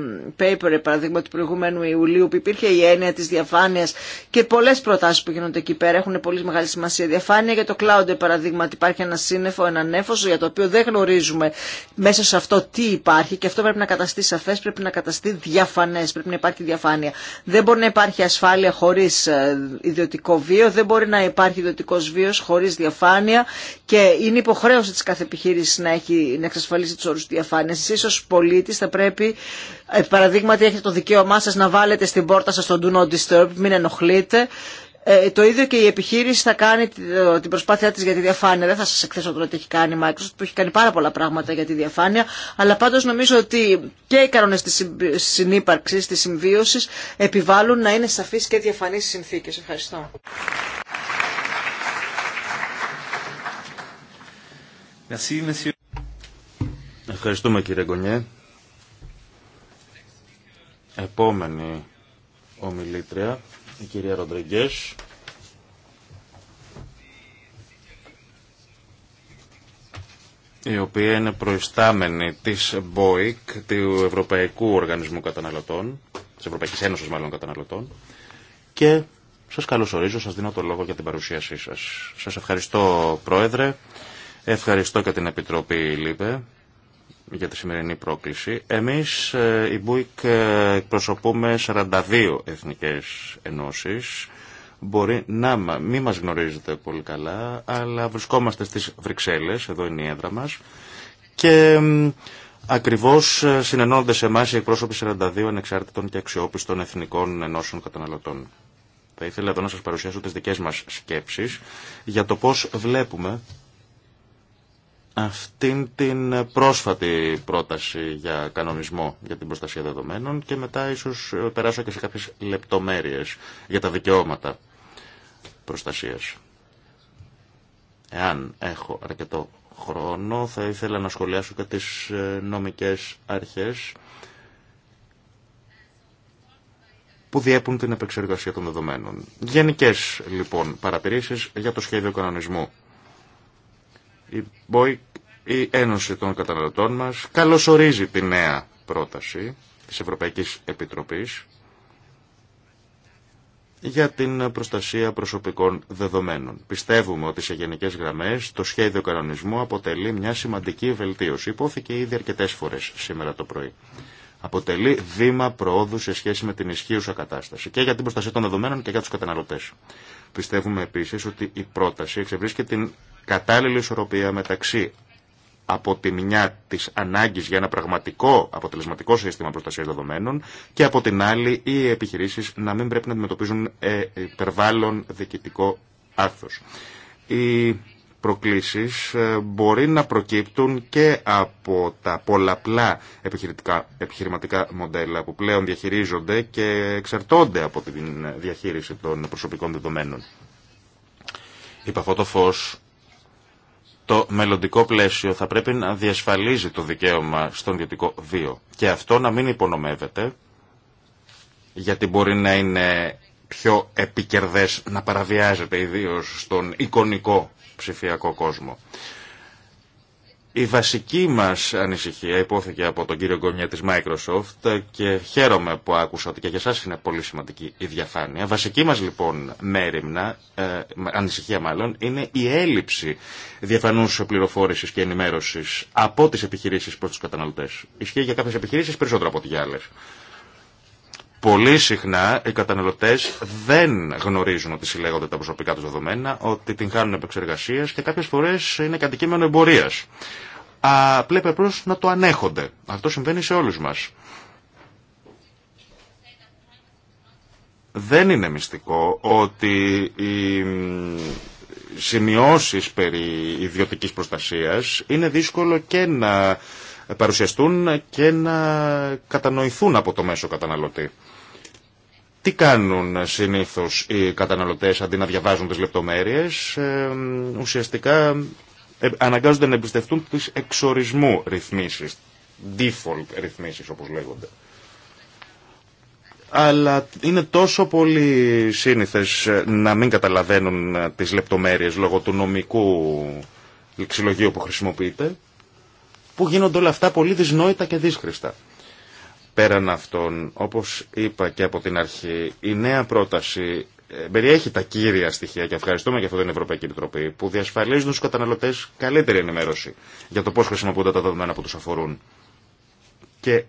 Paper, παραδείγμα του προηγούμενου Ιουλίου, που υπήρχε η έννοια της διαφάνειας και πολλές προτάσεις που γίνονται εκεί πέρα έχουν πολύ μεγάλη σημασία. Διαφάνεια για το cloud, παραδείγματι, υπάρχει ένα σύννεφο, ένα νέφος, για το οποίο γνωρίζουμε μέσα σε αυτό τι υπάρχει και αυτό πρέπει να καταστεί σαφέ, πρέπει να καταστεί διαφανέ, πρέπει να υπάρχει διαφάνεια. Δεν μπορεί να υπάρχει ασφάλεια χωρί ε, ιδιωτικό βίο, δεν μπορεί να υπάρχει ιδιωτικό βίο χωρί διαφάνεια και είναι υποχρέωση τη κάθε επιχείρηση να, έχει, να εξασφαλίσει του όρου διαφάνεια. Εσεί ω πολίτη θα πρέπει, ε, παραδείγματι, έχετε το δικαίωμά σα να βάλετε στην πόρτα σα τον Do Not Disturb, μην ενοχλείτε. Ε, το ίδιο και η επιχείρηση θα κάνει ε, την προσπάθειά της για τη διαφάνεια. Δεν θα σας εκθέσω τώρα τι έχει κάνει η Microsoft που έχει κάνει πάρα πολλά πράγματα για τη διαφάνεια. Αλλά πάντως νομίζω ότι και οι κανόνες της συνύπαρξης, της συμβίωσης επιβάλλουν να είναι σαφείς και διαφανείς οι συνθήκες. Ευχαριστώ. Ευχαριστούμε κύριε Γκονιέ. Επόμενη ομιλήτρια η κυρία Ροντριγκέ. η οποία είναι προϊστάμενη της BOIC, του Ευρωπαϊκού Οργανισμού Καταναλωτών, της Ευρωπαϊκής Ένωσης μάλλον Καταναλωτών, και σας καλωσορίζω, σας δίνω το λόγο για την παρουσίασή σας. Σας ευχαριστώ Πρόεδρε, ευχαριστώ και την Επιτροπή ΛΥΠΕ για τη σημερινή πρόκληση. Εμείς, ε, η Μπούικ, ε, εκπροσωπούμε 42 εθνικές ενώσεις. Μπορεί να μην μας γνωρίζετε πολύ καλά, αλλά βρισκόμαστε στις Βρυξέλλες, εδώ είναι η έδρα μας, και ακριβώς ε, συνενώνονται σε εμάς οι εκπρόσωποι 42 ανεξάρτητων και αξιόπιστων εθνικών ενώσεων καταναλωτών. Θα ήθελα εδώ να σας παρουσιάσω τις δικές μας σκέψεις για το πώς βλέπουμε αυτήν την πρόσφατη πρόταση για κανονισμό για την προστασία δεδομένων και μετά ίσως περάσω και σε κάποιες λεπτομέρειες για τα δικαιώματα προστασίας. Εάν έχω αρκετό χρόνο θα ήθελα να σχολιάσω και τις ε, νομικές αρχές που διέπουν την επεξεργασία των δεδομένων. Γενικές λοιπόν παρατηρήσεις για το σχέδιο κανονισμού. Η η Ένωση των Καταναλωτών μας καλωσορίζει τη νέα πρόταση της Ευρωπαϊκής Επιτροπής για την προστασία προσωπικών δεδομένων. Πιστεύουμε ότι σε γενικές γραμμές το σχέδιο κανονισμού αποτελεί μια σημαντική βελτίωση. Υπόθηκε ήδη αρκετέ φορέ σήμερα το πρωί. Αποτελεί βήμα προόδου σε σχέση με την ισχύουσα κατάσταση και για την προστασία των δεδομένων και για τους καταναλωτές. Πιστεύουμε επίσης ότι η πρόταση εξευρίσκει την κατάλληλη ισορροπία μεταξύ από τη μια της ανάγκης για ένα πραγματικό αποτελεσματικό σύστημα προστασίας δεδομένων και από την άλλη οι επιχειρήσεις να μην πρέπει να αντιμετωπίζουν ε, υπερβάλλον διοικητικό Οι προκλήσεις ε, μπορεί να προκύπτουν και από τα πολλαπλά επιχειρηματικά μοντέλα που πλέον διαχειρίζονται και εξαρτώνται από τη διαχείριση των προσωπικών δεδομένων. Υπ' αυτό το φως το μελλοντικό πλαίσιο θα πρέπει να διασφαλίζει το δικαίωμα στον ιδιωτικό βίο. Και αυτό να μην υπονομεύεται, γιατί μπορεί να είναι πιο επικερδές να παραβιάζεται ιδίως στον εικονικό ψηφιακό κόσμο. Η βασική μας ανησυχία υπόθηκε από τον κύριο Γκονιά της Microsoft και χαίρομαι που άκουσα ότι και για εσάς είναι πολύ σημαντική η διαφάνεια. Βασική μας λοιπόν μέρημνα, ε, ανησυχία μάλλον, είναι η έλλειψη διαφανούς πληροφόρησης και ενημέρωσης από τις επιχειρήσεις προς τους καταναλωτές. Ισχύει για κάποιες επιχειρήσεις περισσότερο από ό,τι για άλλες. Πολύ συχνά οι καταναλωτέ δεν γνωρίζουν ότι συλλέγονται τα προσωπικά του δεδομένα, ότι την χάνουν επεξεργασία και κάποιε φορέ είναι κατοικείμενο εμπορία πλέπει προς να το ανέχονται. Αυτό συμβαίνει σε όλους μας. Δεν είναι μυστικό ότι οι σημειώσεις περί ιδιωτικής προστασίας είναι δύσκολο και να παρουσιαστούν και να κατανοηθούν από το μέσο καταναλωτή. Τι κάνουν συνήθως οι καταναλωτές αντί να διαβάζουν τις λεπτομέρειες, ε, ουσιαστικά ε, αναγκάζονται να εμπιστευτούν τι εξορισμού ρυθμίσεις, default ρυθμίσεις όπως λέγονται. Αλλά είναι τόσο πολύ σύνηθε ε, να μην καταλαβαίνουν ε, τις λεπτομέρειες λόγω του νομικού λεξιλογίου που χρησιμοποιείται, που γίνονται όλα αυτά πολύ δυσνόητα και δύσχριστα. Πέραν αυτών, όπως είπα και από την αρχή, η νέα πρόταση ε, περιέχει τα κύρια στοιχεία και ευχαριστούμε για αυτό την Ευρωπαϊκή Επιτροπή που διασφαλίζουν στους καταναλωτές καλύτερη ενημέρωση για το πώ χρησιμοποιούνται τα δεδομένα που τους αφορούν. Και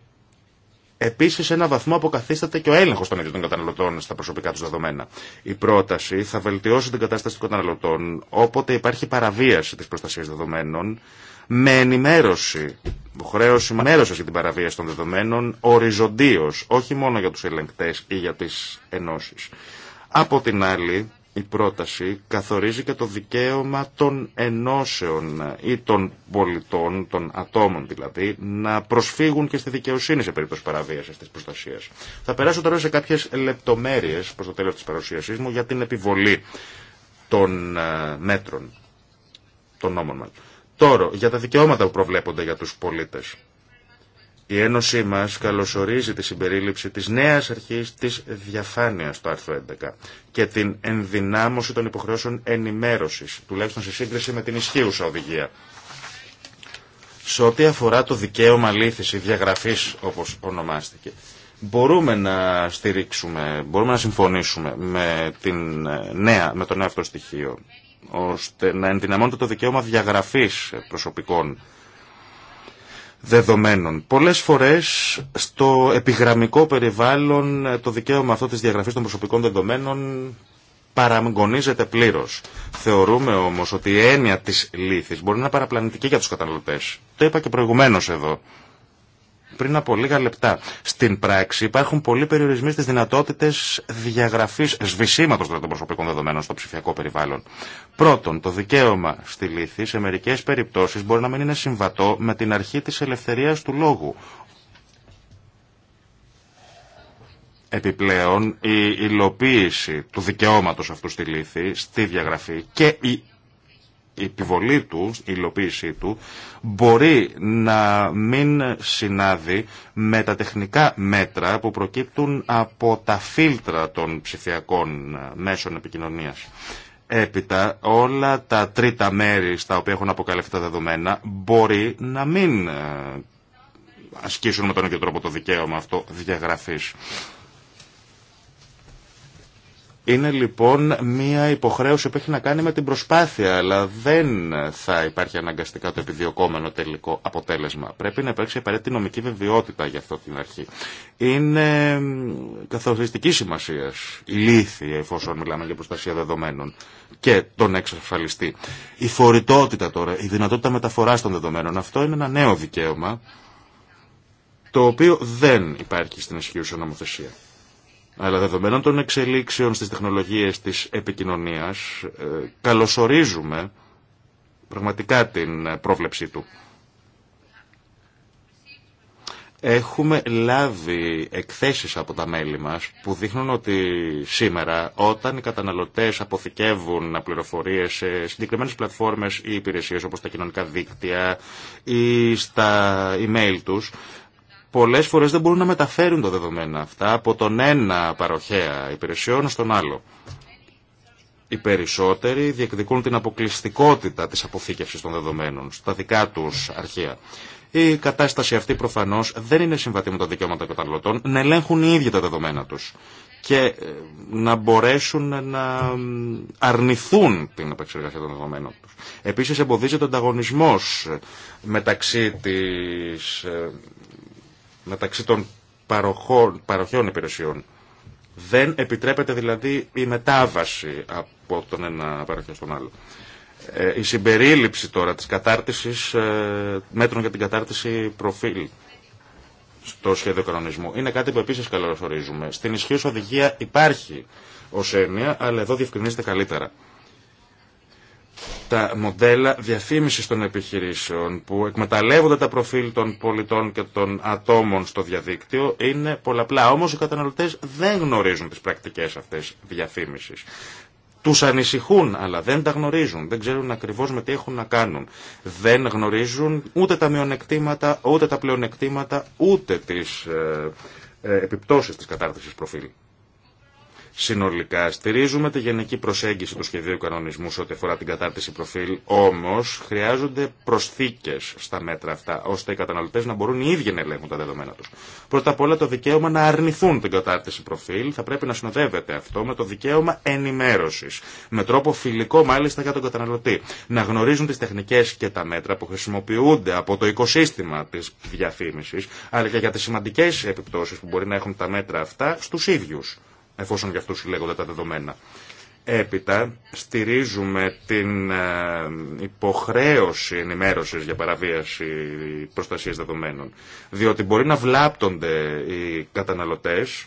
Επίση, σε ένα βαθμό αποκαθίσταται και ο έλεγχο των ίδιων των καταναλωτών στα προσωπικά του δεδομένα. Η πρόταση θα βελτιώσει την κατάσταση των καταναλωτών όποτε υπάρχει παραβίαση τη προστασία δεδομένων με ενημέρωση, χρέωση ενημέρωση για την παραβίαση των δεδομένων οριζοντίω, όχι μόνο για του ελεγκτέ ή για τι ενώσει. Από την άλλη, η πρόταση καθορίζει και το δικαίωμα των ενώσεων ή των πολιτών, των ατόμων δηλαδή, να προσφύγουν και στη δικαιοσύνη σε περίπτωση παραβίασης της προστασίας. Θα περάσω τώρα σε κάποιες λεπτομέρειες προς το τέλος της παρουσίασής μου για την επιβολή των ε, μέτρων, των νόμων μας. Τώρα, για τα δικαιώματα που προβλέπονται για τους πολίτες. Η Ένωσή μας καλωσορίζει τη συμπερίληψη της νέας αρχής της διαφάνειας του άρθρου 11 και την ενδυνάμωση των υποχρεώσεων ενημέρωσης, τουλάχιστον σε σύγκριση με την ισχύουσα οδηγία. Σε ό,τι αφορά το δικαίωμα λήθης ή διαγραφής όπως ονομάστηκε, μπορούμε να στηρίξουμε, μπορούμε να συμφωνήσουμε με, την νέα, με το νέο αυτό στοιχείο, ώστε να ενδυναμώνεται το δικαίωμα διαγραφής προσωπικών δεδομένων. Πολλές φορές στο επιγραμμικό περιβάλλον ε, το δικαίωμα αυτό της διαγραφής των προσωπικών δεδομένων παραμγωνίζεται πλήρως. Θεωρούμε όμως ότι η έννοια της λύθης μπορεί να είναι παραπλανητική για τους καταναλωτές. Το είπα και προηγουμένως εδώ πριν από λίγα λεπτά. Στην πράξη υπάρχουν πολλοί περιορισμοί στι δυνατότητε διαγραφή σβησίματο των προσωπικών δεδομένων στο ψηφιακό περιβάλλον. Πρώτον, το δικαίωμα στη λύθη σε μερικέ περιπτώσει μπορεί να μην είναι συμβατό με την αρχή τη ελευθερία του λόγου, Επιπλέον, η υλοποίηση του δικαιώματο αυτού στη λύθη, στη διαγραφή και η η επιβολή του, η υλοποίησή του, μπορεί να μην συνάδει με τα τεχνικά μέτρα που προκύπτουν από τα φίλτρα των ψηφιακών ε, μέσων επικοινωνίας. Έπειτα όλα τα τρίτα μέρη στα οποία έχουν αποκαλυφθεί τα δεδομένα μπορεί να μην ε, ασκήσουν με τον ίδιο τρόπο το δικαίωμα αυτό διαγραφής. Είναι λοιπόν μια υποχρέωση που έχει να κάνει με την προσπάθεια, αλλά δεν θα υπάρχει αναγκαστικά το επιδιωκόμενο τελικό αποτέλεσμα. Πρέπει να υπάρξει απαραίτητη νομική βεβαιότητα για αυτό την αρχή. Είναι καθοριστική σημασία η λύθη, εφόσον μιλάμε για προστασία δεδομένων και τον εξασφαλιστή. Η φορητότητα τώρα, η δυνατότητα μεταφορά των δεδομένων, αυτό είναι ένα νέο δικαίωμα το οποίο δεν υπάρχει στην ισχύουσα νομοθεσία. Αλλά δεδομένων των εξελίξεων στις τεχνολογίες της επικοινωνίας, ε, καλωσορίζουμε πραγματικά την ε, πρόβλεψή του. Έχουμε λάβει εκθέσεις από τα μέλη μας που δείχνουν ότι σήμερα όταν οι καταναλωτές αποθηκεύουν πληροφορίες σε συγκεκριμένες πλατφόρμες ή υπηρεσίες όπως τα κοινωνικά δίκτυα ή στα email τους, Πολλέ φορέ δεν μπορούν να μεταφέρουν τα δεδομένα αυτά από τον ένα παροχέα υπηρεσιών στον άλλο. Οι περισσότεροι διεκδικούν την αποκλειστικότητα της αποθήκευσης των δεδομένων στα δικά τους αρχεία. Η κατάσταση αυτή προφανώς δεν είναι συμβατή με τα δικαιώματα των καταναλωτών να ελέγχουν οι ίδιοι τα δεδομένα τους και ε, να μπορέσουν να αρνηθούν την επεξεργασία των δεδομένων τους. Επίσης εμποδίζεται ο ανταγωνισμός μεταξύ της ε, μεταξύ των παροχών, παροχιών υπηρεσιών. Δεν επιτρέπεται δηλαδή η μετάβαση από τον ένα παροχή στον άλλο. Ε, η συμπερίληψη τώρα της κατάρτισης, ε, μέτρων για την κατάρτιση προφίλ στο σχέδιο κανονισμού. Είναι κάτι που επίσης καλωσορίζουμε. Στην ισχύωση οδηγία υπάρχει ως έννοια, αλλά εδώ διευκρινίζεται καλύτερα τα μοντέλα διαφήμισης των επιχειρήσεων που εκμεταλλεύονται τα προφίλ των πολιτών και των ατόμων στο διαδίκτυο είναι πολλαπλά. Όμως οι καταναλωτές δεν γνωρίζουν τις πρακτικές αυτές διαφήμισης. Τους ανησυχούν, αλλά δεν τα γνωρίζουν. Δεν ξέρουν ακριβώς με τι έχουν να κάνουν. Δεν γνωρίζουν ούτε τα μειονεκτήματα, ούτε τα πλεονεκτήματα, ούτε τις ε, ε, επιπτώσεις της κατάρτισης προφίλ. Συνολικά, στηρίζουμε τη γενική προσέγγιση του σχεδίου κανονισμού σε ό,τι αφορά την κατάρτιση προφίλ, όμω χρειάζονται προσθήκε στα μέτρα αυτά, ώστε οι καταναλωτέ να μπορούν οι ίδιοι να ελέγχουν τα δεδομένα του. Πρώτα απ' όλα, το δικαίωμα να αρνηθούν την κατάρτιση προφίλ θα πρέπει να συνοδεύεται αυτό με το δικαίωμα ενημέρωση, με τρόπο φιλικό μάλιστα για τον καταναλωτή. Να γνωρίζουν τι τεχνικέ και τα μέτρα που χρησιμοποιούνται από το οικοσύστημα τη διαφήμιση, αλλά και για τι σημαντικέ επιπτώσει που μπορεί να έχουν τα μέτρα αυτά στου ίδιου εφόσον για αυτούς λέγονται τα δεδομένα. Έπειτα, στηρίζουμε την ε, υποχρέωση ενημέρωσης για παραβίαση προστασίας δεδομένων, διότι μπορεί να βλάπτονται οι καταναλωτές,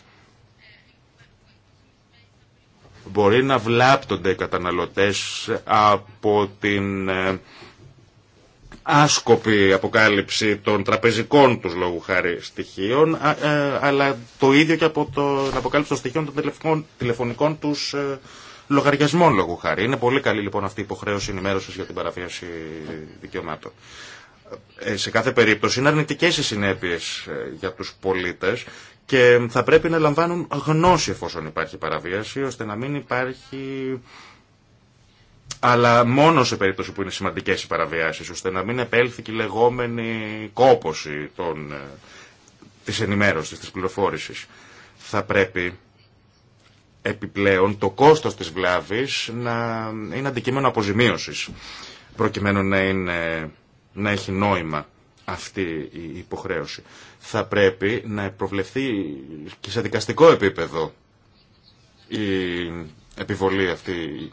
μπορεί να βλάπτονται οι καταναλωτές από την ε, άσκοπη αποκάλυψη των τραπεζικών τους λόγου χάρη στοιχείων, ε, αλλά το ίδιο και από το, την αποκάλυψη των στοιχείων των τηλεφωνικών τους ε, λογαριασμών λόγου χάρη. Είναι πολύ καλή λοιπόν αυτή η υποχρέωση ενημέρωσης για την παραβίαση δικαιωμάτων. Ε, σε κάθε περίπτωση είναι αρνητικές οι συνέπειες για τους πολίτες και θα πρέπει να λαμβάνουν γνώση εφόσον υπάρχει παραβίαση, ώστε να μην υπάρχει αλλά μόνο σε περίπτωση που είναι σημαντικές οι παραβιάσει ώστε να μην επέλθει και η λεγόμενη κόποση των, ε, της ενημέρωσης, της πληροφόρησης. Θα πρέπει επιπλέον το κόστος της βλάβης να είναι αντικείμενο αποζημίωσης, προκειμένου να, είναι, να έχει νόημα αυτή η υποχρέωση. Θα πρέπει να προβλεφθεί και σε δικαστικό επίπεδο η επιβολή αυτή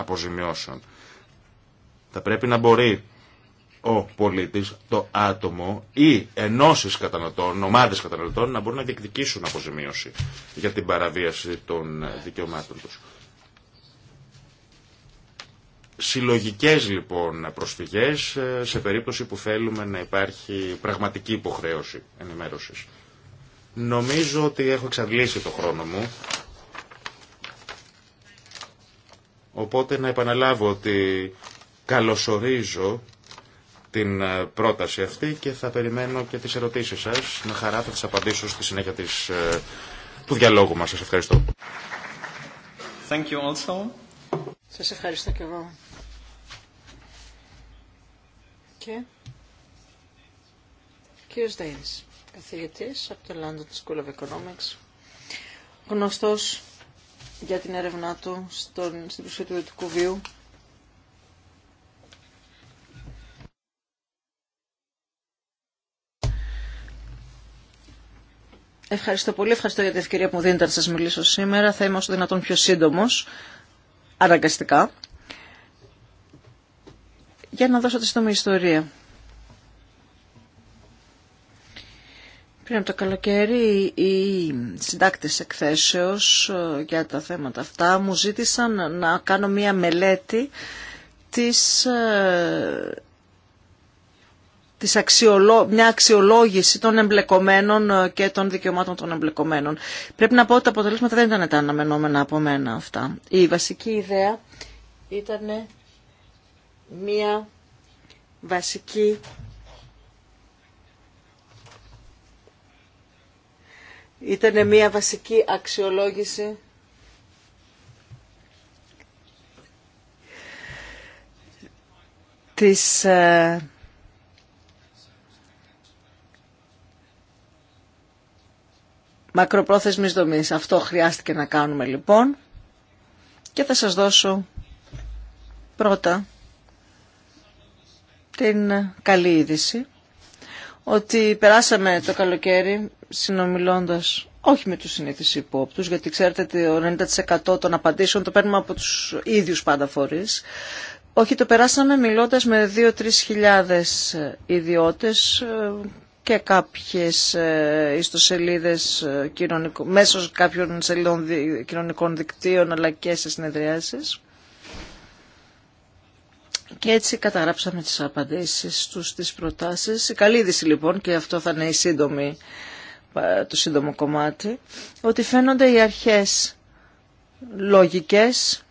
αποζημιώσεων. Θα πρέπει να μπορεί ο πολίτης, το άτομο ή ενώσεις καταναλωτών, ομάδες καταναλωτών να μπορούν να διεκδικήσουν αποζημίωση για την παραβίαση των δικαιωμάτων τους. Συλλογικές λοιπόν προσφυγές ε, σε περίπτωση που θέλουμε να υπάρχει πραγματική υποχρέωση ενημέρωσης. Νομίζω ότι έχω εξαντλήσει το χρόνο μου. Οπότε να επαναλάβω ότι καλωσορίζω την ε, πρόταση αυτή και θα περιμένω και τις ερωτήσεις σας. Με χαρά θα τις απαντήσω στη συνέχεια της, ε, του διαλόγου μας. Σας ευχαριστώ. Thank you also. Σας ευχαριστώ και εγώ. Και... Κύριος Ντέινς, καθηγητής από το London School of Economics, γνωστός για την έρευνά του στον, στην προσφυγή του ιδιωτικού βίου. Ευχαριστώ πολύ. Ευχαριστώ για την ευκαιρία που μου δίνετε να σας μιλήσω σήμερα. Θα είμαι όσο δυνατόν πιο σύντομος, αναγκαστικά, για να δώσω τη σύντομη ιστορία Πριν από το καλοκαίρι οι συντάκτες εκθέσεως ε, για τα θέματα αυτά μου ζήτησαν να κάνω μία μελέτη της, ε, της μια αξιολόγηση των εμπλεκομένων ε, και των δικαιωμάτων των εμπλεκομένων. Πρέπει να πω ότι τα αποτελέσματα δεν ήταν τα αναμενόμενα από μένα αυτά. Η βασική ιδέα ήταν μία βασική Ήταν μια βασική αξιολόγηση της ε, μακροπρόθεσμης δομής. Αυτό χρειάστηκε να κάνουμε λοιπόν και θα σας δώσω πρώτα την καλή είδηση ότι περάσαμε το καλοκαίρι Συνομιλώντα όχι με του συνήθει υπόπτου, γιατί ξέρετε ότι το 90% των απαντήσεων το παίρνουμε από του ίδιου πάντα φορεί. Όχι, το περάσαμε μιλώντα με 2-3 χιλιάδε ιδιώτες ε, και κάποιε ε, ιστοσελίδες ε, μέσω κάποιων σελίδων κοινωνικών δικτύων αλλά και σε συνεδριάσεις. Και έτσι καταγράψαμε τις απαντήσεις τους, τις προτάσεις. Η καλή είδηση λοιπόν και αυτό θα είναι η σύντομη ε, το σύντομο κομμάτι, ότι φαίνονται οι αρχές λογικές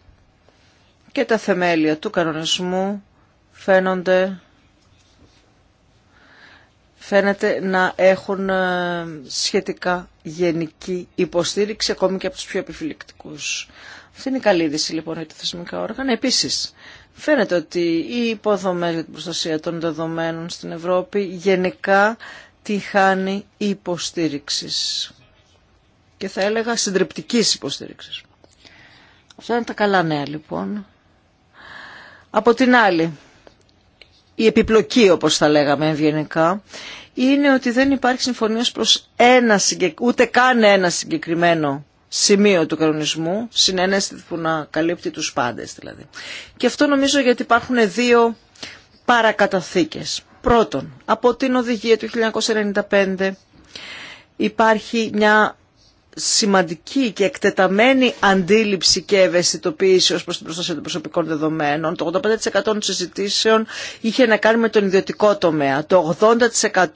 και τα θεμέλια του κανονισμού φαίνονται φαίνεται να έχουν ε, σχετικά γενική υποστήριξη ακόμη και από τους πιο επιφυλικτικούς. Αυτή είναι η καλή είδηση λοιπόν για τα θεσμικά όργανα. Επίσης, φαίνεται ότι οι υποδομές για την προστασία των δεδομένων στην Ευρώπη γενικά τη χάνει υποστήριξης και θα έλεγα συντριπτικής υποστήριξης. Αυτά είναι τα καλά νέα λοιπόν. Από την άλλη, η επιπλοκή όπως θα λέγαμε ευγενικά, είναι ότι δεν υπάρχει συμφωνία προς ούτε καν ένα συγκεκριμένο σημείο του κανονισμού, συνένεση που να καλύπτει τους πάντες δηλαδή. Και αυτό νομίζω γιατί υπάρχουν δύο παρακαταθήκες. Πρώτον, από την οδηγία του 1995 υπάρχει μια σημαντική και εκτεταμένη αντίληψη και ευαισθητοποίηση ως προς την προστασία των προσωπικών δεδομένων. Το 85% των συζητήσεων είχε να κάνει με τον ιδιωτικό τομέα. Το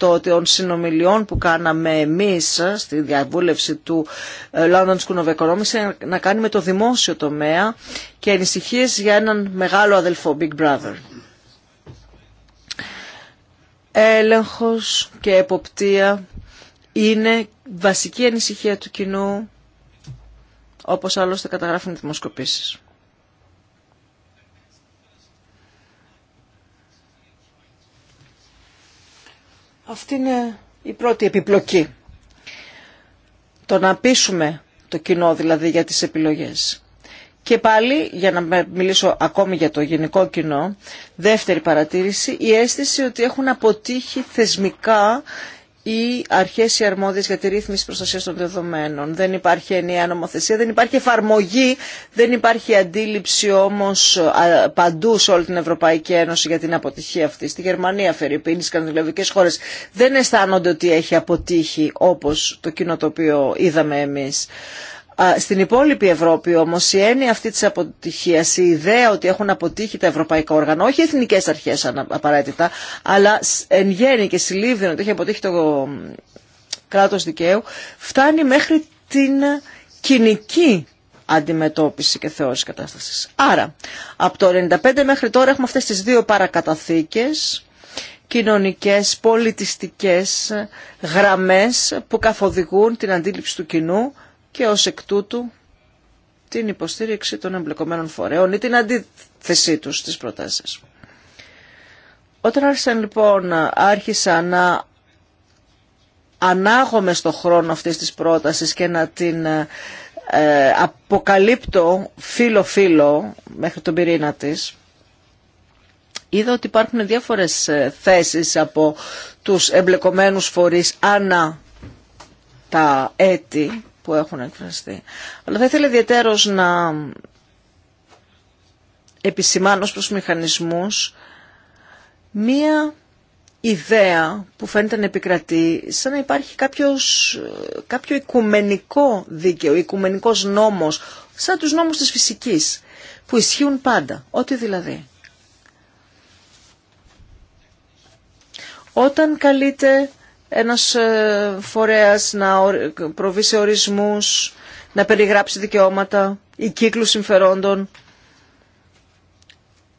80% των συνομιλιών που κάναμε εμείς στη διαβούλευση του ε, London School of Economics είχε να κάνει με το δημόσιο τομέα και ανησυχίε για έναν μεγάλο αδελφό Big Brother έλεγχος και εποπτεία είναι βασική ανησυχία του κοινού, όπως άλλωστε καταγράφουν οι δημοσκοπήσεις. Αυτή είναι η πρώτη επιπλοκή. Το να πείσουμε το κοινό δηλαδή για τις επιλογές. Και πάλι, για να μιλήσω ακόμη για το γενικό κοινό, δεύτερη παρατήρηση, η αίσθηση ότι έχουν αποτύχει θεσμικά οι αρχές οι αρμόδιες για τη ρύθμιση προστασίας των δεδομένων. Δεν υπάρχει ενιαία νομοθεσία, δεν υπάρχει εφαρμογή, δεν υπάρχει αντίληψη όμως παντού σε όλη την Ευρωπαϊκή Ένωση για την αποτυχία αυτή. Στη Γερμανία, Φερρυπίνη, στις χώρες δεν αισθάνονται ότι έχει αποτύχει όπως το κοινό το οποίο είδαμε εμείς. Στην υπόλοιπη Ευρώπη όμω η έννοια αυτή τη αποτυχία, η ιδέα ότι έχουν αποτύχει τα ευρωπαϊκά όργανα, όχι εθνικέ αρχέ απαραίτητα, αλλά εν γέννη και συλλήβη ότι έχει αποτύχει το κράτο δικαίου, φτάνει μέχρι την κοινική αντιμετώπιση και θεώρηση κατάστασης. Άρα, από το 1995 μέχρι τώρα έχουμε αυτές τις δύο παρακαταθήκες, κοινωνικές, πολιτιστικές γραμμές που καθοδηγούν την αντίληψη του κοινού και ως εκ τούτου την υποστήριξη των εμπλεκομένων φορέων ή την αντίθεσή τους στις προτάσεις. Όταν άρχισαν λοιπόν, άρχισα να ανάγομαι στο χρόνο αυτής της πρότασης και να την ε, αποκαλύπτω φίλο-φίλο μέχρι τον πυρήνα της, είδα ότι υπάρχουν διάφορες ε, θέσεις από τους εμπλεκομένους φορείς ανά τα έτη που έχουν εκφραστεί. Αλλά θα ήθελα ιδιαίτερως να επισημάνω προς μηχανισμούς μία ιδέα που φαίνεται να επικρατεί σαν να υπάρχει κάποιος, κάποιο οικουμενικό δίκαιο, οικουμενικός νόμος, σαν τους νόμους της φυσικής, που ισχύουν πάντα, ό,τι δηλαδή. Όταν καλείται ένας ε, φορέας να προβεί σε ορισμούς, να περιγράψει δικαιώματα ή κύκλους συμφερόντων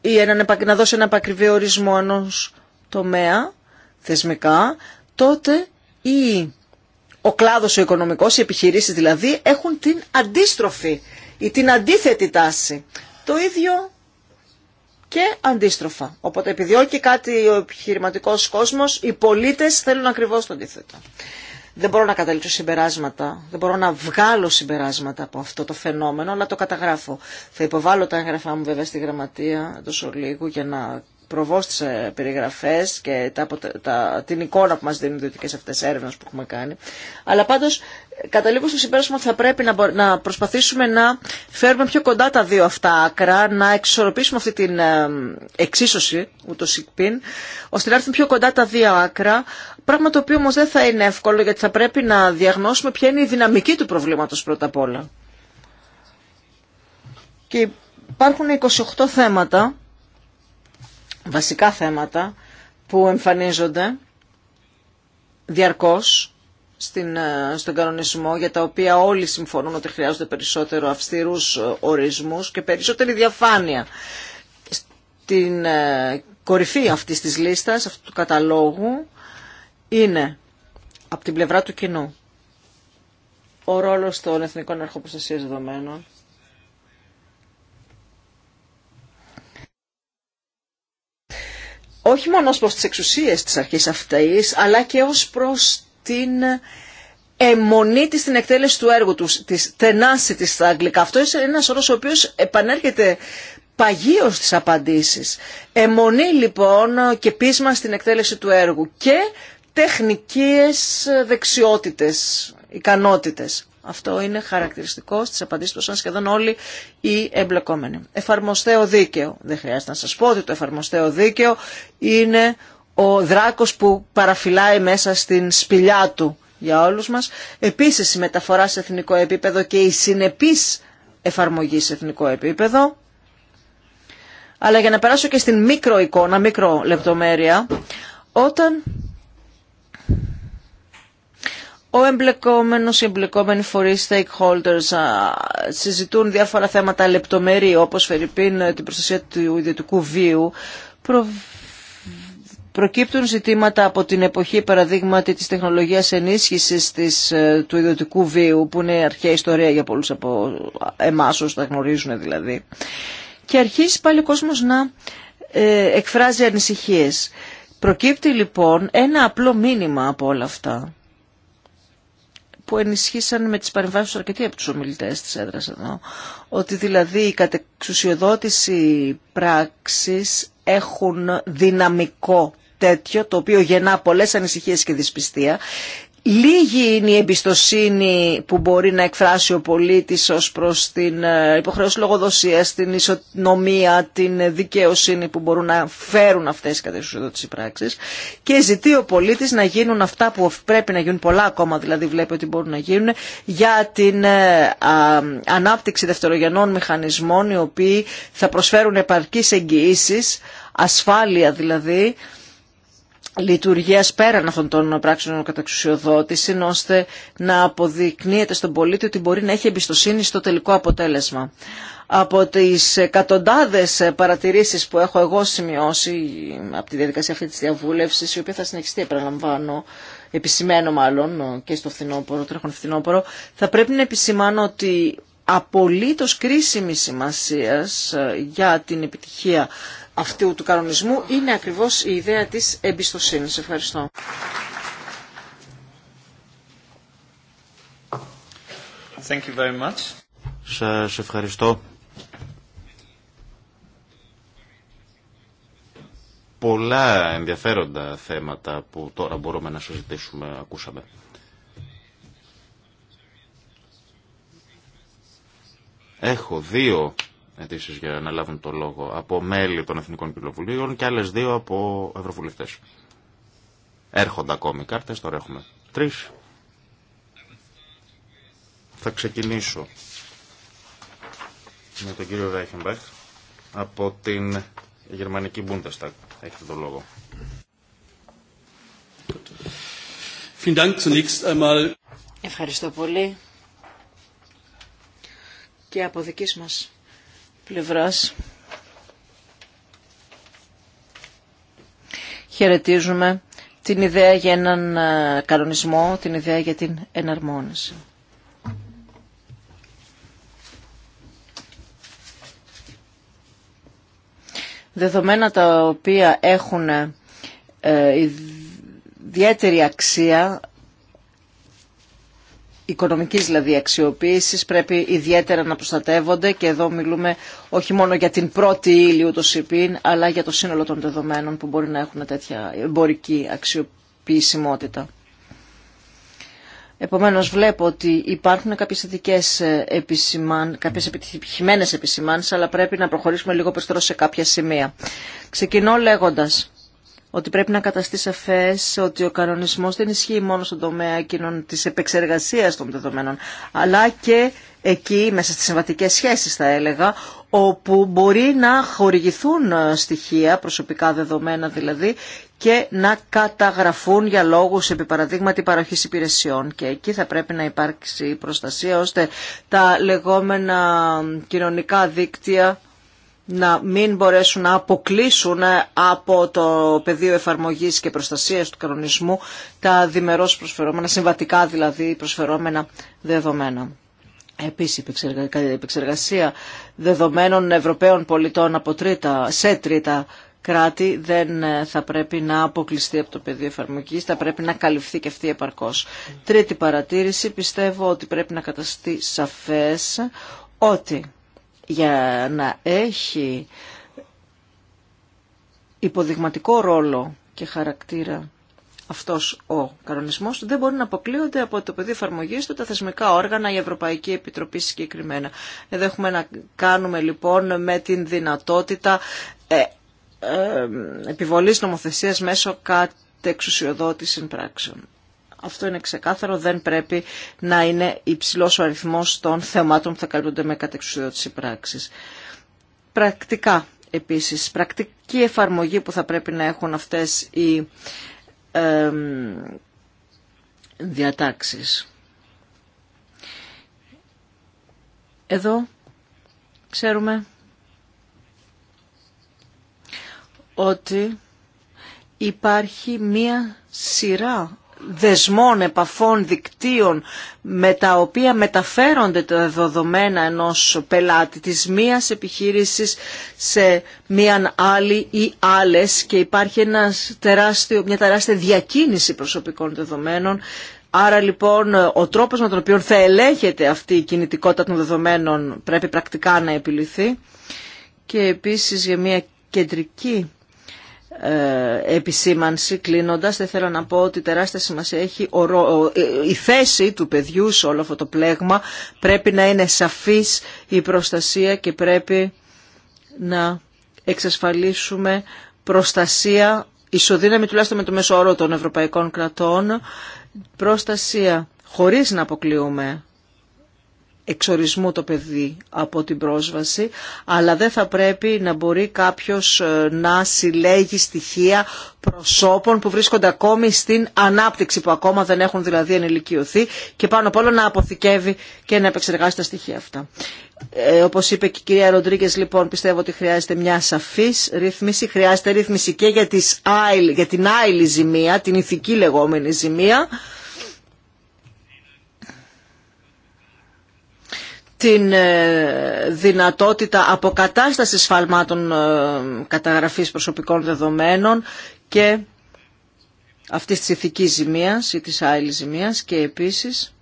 ή να δώσει ένα επακριβή ορισμό ενός τομέα θεσμικά, τότε η, ο κλάδος ο οικονομικός, οι επιχειρήσεις δηλαδή, έχουν την αντίστροφη ή την αντίθετη τάση. Το ίδιο και αντίστροφα. Οπότε επιδιώκει κάτι ο επιχειρηματικό κόσμος, οι πολίτες θέλουν ακριβώς το αντίθετο. Δεν μπορώ να καταλήξω συμπεράσματα, δεν μπορώ να βγάλω συμπεράσματα από αυτό το φαινόμενο, αλλά το καταγράφω. Θα υποβάλω τα έγγραφά μου βέβαια στη γραμματεία τόσο λίγο για να προβώ τι ε, περιγραφές και τα, τα, την εικόνα που μας δίνουν οι ιδιωτικές αυτές έρευνες που έχουμε κάνει. Αλλά πάντως καταλήγω στο συμπέρασμα ότι θα πρέπει να, να προσπαθήσουμε να φέρουμε πιο κοντά τα δύο αυτά άκρα, να εξορροπήσουμε αυτή την ε, εξίσωση, ούτω ΣΥΚΠΗΝ, ώστε να έρθουν πιο κοντά τα δύο άκρα, πράγμα το οποίο όμω δεν θα είναι εύκολο γιατί θα πρέπει να διαγνώσουμε ποια είναι η δυναμική του προβλήματος πρώτα απ' όλα. Και υπάρχουν 28 θέματα βασικά θέματα που εμφανίζονται διαρκώς στην, ε, στον κανονισμό για τα οποία όλοι συμφωνούν ότι χρειάζονται περισσότερο αυστηρούς ε, ορισμούς και περισσότερη διαφάνεια. Στην ε, κορυφή αυτής της λίστας, αυτού του καταλόγου, είναι από την πλευρά του κοινού ο ρόλος των Εθνικών Αρχών Δεδομένων όχι μόνο ως προς τις εξουσίες της αρχής αυτής, αλλά και ως προς την αιμονή της στην εκτέλεση του έργου του, της tenacity στα αγγλικά. Αυτό είναι ένας όρος ο οποίος επανέρχεται παγίως στις απαντήσεις. εμονή λοιπόν και πείσμα στην εκτέλεση του έργου και τεχνικές δεξιότητες, ικανότητες. Αυτό είναι χαρακτηριστικό στις απαντήσεις που σαν σχεδόν όλοι οι εμπλεκόμενοι. Εφαρμοστέο δίκαιο. Δεν χρειάζεται να σας πω ότι το εφαρμοστέο δίκαιο είναι ο δράκος που παραφυλάει μέσα στην σπηλιά του για όλους μας. Επίσης η μεταφορά σε εθνικό επίπεδο και η συνεπής εφαρμογή σε εθνικό επίπεδο. Αλλά για να περάσω και στην μικρό μικρο λεπτομέρεια, όταν ο εμπλεκόμενος, οι εμπλεκόμενοι φορείς, stakeholders συζητούν διάφορα θέματα λεπτομερή, όπως φερειπίν ε, την προστασία του ιδιωτικού βίου, προκύπτουν ζητήματα από την εποχή παραδείγματι της τεχνολογίας ενίσχυσης της, ε, του ιδιωτικού βίου, που είναι αρχαία ιστορία για πολλούς από εμάς όσους τα γνωρίζουν δηλαδή. Και αρχίζει πάλι ο κόσμος να ε, εκφράζει ανησυχίες. Προκύπτει λοιπόν ένα απλό μήνυμα από όλα αυτά που ενισχύσαν με τις παρεμβάσεις αρκετοί από τους ομιλητές της έδρας εδώ, ότι δηλαδή η κατεξουσιοδότηση πράξης έχουν δυναμικό τέτοιο, το οποίο γεννά πολλές ανησυχίες και δυσπιστία Λίγη είναι η εμπιστοσύνη που μπορεί να εκφράσει ο πολίτης ως προς την ε, υποχρέωση λογοδοσία, την ισονομία, την δικαιοσύνη που μπορούν να φέρουν αυτές οι κατευθυντικές πράξεις και ζητεί ο πολίτης να γίνουν αυτά που πρέπει να γίνουν πολλά ακόμα, δηλαδή βλέπει ότι μπορούν να γίνουν για την ε, ανάπτυξη δευτερογενών μηχανισμών οι οποίοι θα προσφέρουν επαρκείς εγγυήσεις, ασφάλεια δηλαδή, λειτουργίας πέραν αυτών των πράξεων καταξουσιοδότηση, ώστε να αποδεικνύεται στον πολίτη ότι μπορεί να έχει εμπιστοσύνη στο τελικό αποτέλεσμα. Από τις εκατοντάδες παρατηρήσεις που έχω εγώ σημειώσει από τη διαδικασία αυτή της διαβούλευσης, η οποία θα συνεχιστεί επαναλαμβάνω, επισημένο μάλλον και στο φθινόπωρο, τρέχον φθινόπωρο, θα πρέπει να επισημάνω ότι απολύτως κρίσιμη σημασία για την επιτυχία αυτού του κανονισμού είναι ακριβώς η ιδέα της εμπιστοσύνης. Ευχαριστώ. Thank you very much. Σας ευχαριστώ. Πολλά ενδιαφέροντα θέματα που τώρα μπορούμε να συζητήσουμε, ακούσαμε. Έχω δύο αιτήσει για να λάβουν το λόγο από μέλη των Εθνικών Κοινοβουλίων και άλλε δύο από Ευρωβουλευτέ. Έρχονται ακόμη οι κάρτε, τώρα έχουμε τρει. Θα ξεκινήσω με τον κύριο Ράχενμπαχ από την γερμανική Bundestag. Έχετε το λόγο. Ευχαριστώ πολύ. Και από δικής μας πλευράς χαιρετίζουμε την ιδέα για έναν ε, κανονισμό, την ιδέα για την εναρμόνιση. Δεδομένα τα οποία έχουν ε, ιδιαίτερη αξία οικονομικής δηλαδή αξιοποίησης πρέπει ιδιαίτερα να προστατεύονται και εδώ μιλούμε όχι μόνο για την πρώτη ύλη ούτως υπήν, αλλά για το σύνολο των δεδομένων που μπορεί να έχουν τέτοια εμπορική αξιοποιησιμότητα. Επομένως βλέπω ότι υπάρχουν κάποιες θετικές ε, επισημάν, κάποιες επιτυχημένες επισημάνσεις, αλλά πρέπει να προχωρήσουμε λίγο περισσότερο σε κάποια σημεία. Ξεκινώ λέγοντας ότι πρέπει να καταστεί σαφέ ότι ο κανονισμό δεν ισχύει μόνο στον τομέα εκείνων τη επεξεργασία των δεδομένων, αλλά και εκεί μέσα στις συμβατικέ σχέσεις θα έλεγα, όπου μπορεί να χορηγηθούν στοιχεία, προσωπικά δεδομένα δηλαδή, και να καταγραφούν για λόγους επί παραδείγματι παροχή υπηρεσιών. Και εκεί θα πρέπει να υπάρξει προστασία ώστε τα λεγόμενα κοινωνικά δίκτυα να μην μπορέσουν να αποκλείσουν ε, από το πεδίο εφαρμογής και προστασίας του κανονισμού τα διμερώς προσφερόμενα, συμβατικά δηλαδή προσφερόμενα δεδομένα. Επίσης, η επεξεργασία δεδομένων Ευρωπαίων πολιτών από τρίτα, σε τρίτα κράτη δεν ε, θα πρέπει να αποκλειστεί από το πεδίο εφαρμογής, θα πρέπει να καλυφθεί και αυτή επαρκώς. Τρίτη παρατήρηση, πιστεύω ότι πρέπει να καταστεί σαφές ότι για να έχει υποδειγματικό ρόλο και χαρακτήρα αυτός ο κανονισμός δεν μπορεί να αποκλείονται από το πεδίο εφαρμογή του τα θεσμικά όργανα, η Ευρωπαϊκή Επιτροπή συγκεκριμένα. Εδώ έχουμε να κάνουμε λοιπόν με την δυνατότητα ε, ε, επιβολής νομοθεσίας μέσω κατεξουσιοδότησης πράξεων. Αυτό είναι ξεκάθαρο, δεν πρέπει να είναι υψηλό ο αριθμό των θεμάτων που θα καλούνται με κατεξουσιοδότηση πράξη. Πρακτικά, επίση, πρακτική εφαρμογή που θα πρέπει να έχουν αυτέ οι ε, διατάξει. Εδώ ξέρουμε ότι υπάρχει μία σειρά δεσμών, επαφών, δικτύων με τα οποία μεταφέρονται τα δεδομένα ενός πελάτη της μίας επιχείρησης σε μίαν άλλη ή άλλες και υπάρχει ένας τεράστιο, μια τεράστια διακίνηση προσωπικών δεδομένων Άρα λοιπόν ο τρόπος με τον οποίο θα ελέγχεται αυτή η κινητικότητα των δεδομένων πρέπει πρακτικά να επιληθεί και επίσης για μια κεντρική ε, επισήμανση κλείνοντας δεν θέλω να πω ότι τεράστια σημασία έχει ε, η θέση του παιδιού σε όλο αυτό το πλέγμα πρέπει να είναι σαφής η προστασία και πρέπει να εξασφαλίσουμε προστασία ισοδύναμη τουλάχιστον με το μέσο όρο των ευρωπαϊκών κρατών προστασία χωρίς να αποκλείουμε εξορισμού το παιδί από την πρόσβαση, αλλά δεν θα πρέπει να μπορεί κάποιος ε, να συλλέγει στοιχεία προσώπων που βρίσκονται ακόμη στην ανάπτυξη, που ακόμα δεν έχουν δηλαδή ενηλικιωθεί και πάνω απ' όλα να αποθηκεύει και να επεξεργάσει τα στοιχεία αυτά. Ε, όπως είπε και η κυρία Ροντρίγκε, λοιπόν, πιστεύω ότι χρειάζεται μια σαφής ρύθμιση, χρειάζεται ρύθμιση και για, τις, για την άειλη ζημία, την ηθική λεγόμενη ζημία, την ε, δυνατότητα αποκατάστασης σφαλμάτων ε, καταγραφής προσωπικών δεδομένων και αυτής της ηθικής ζημίας ή της άλλης ζημίας και επίσης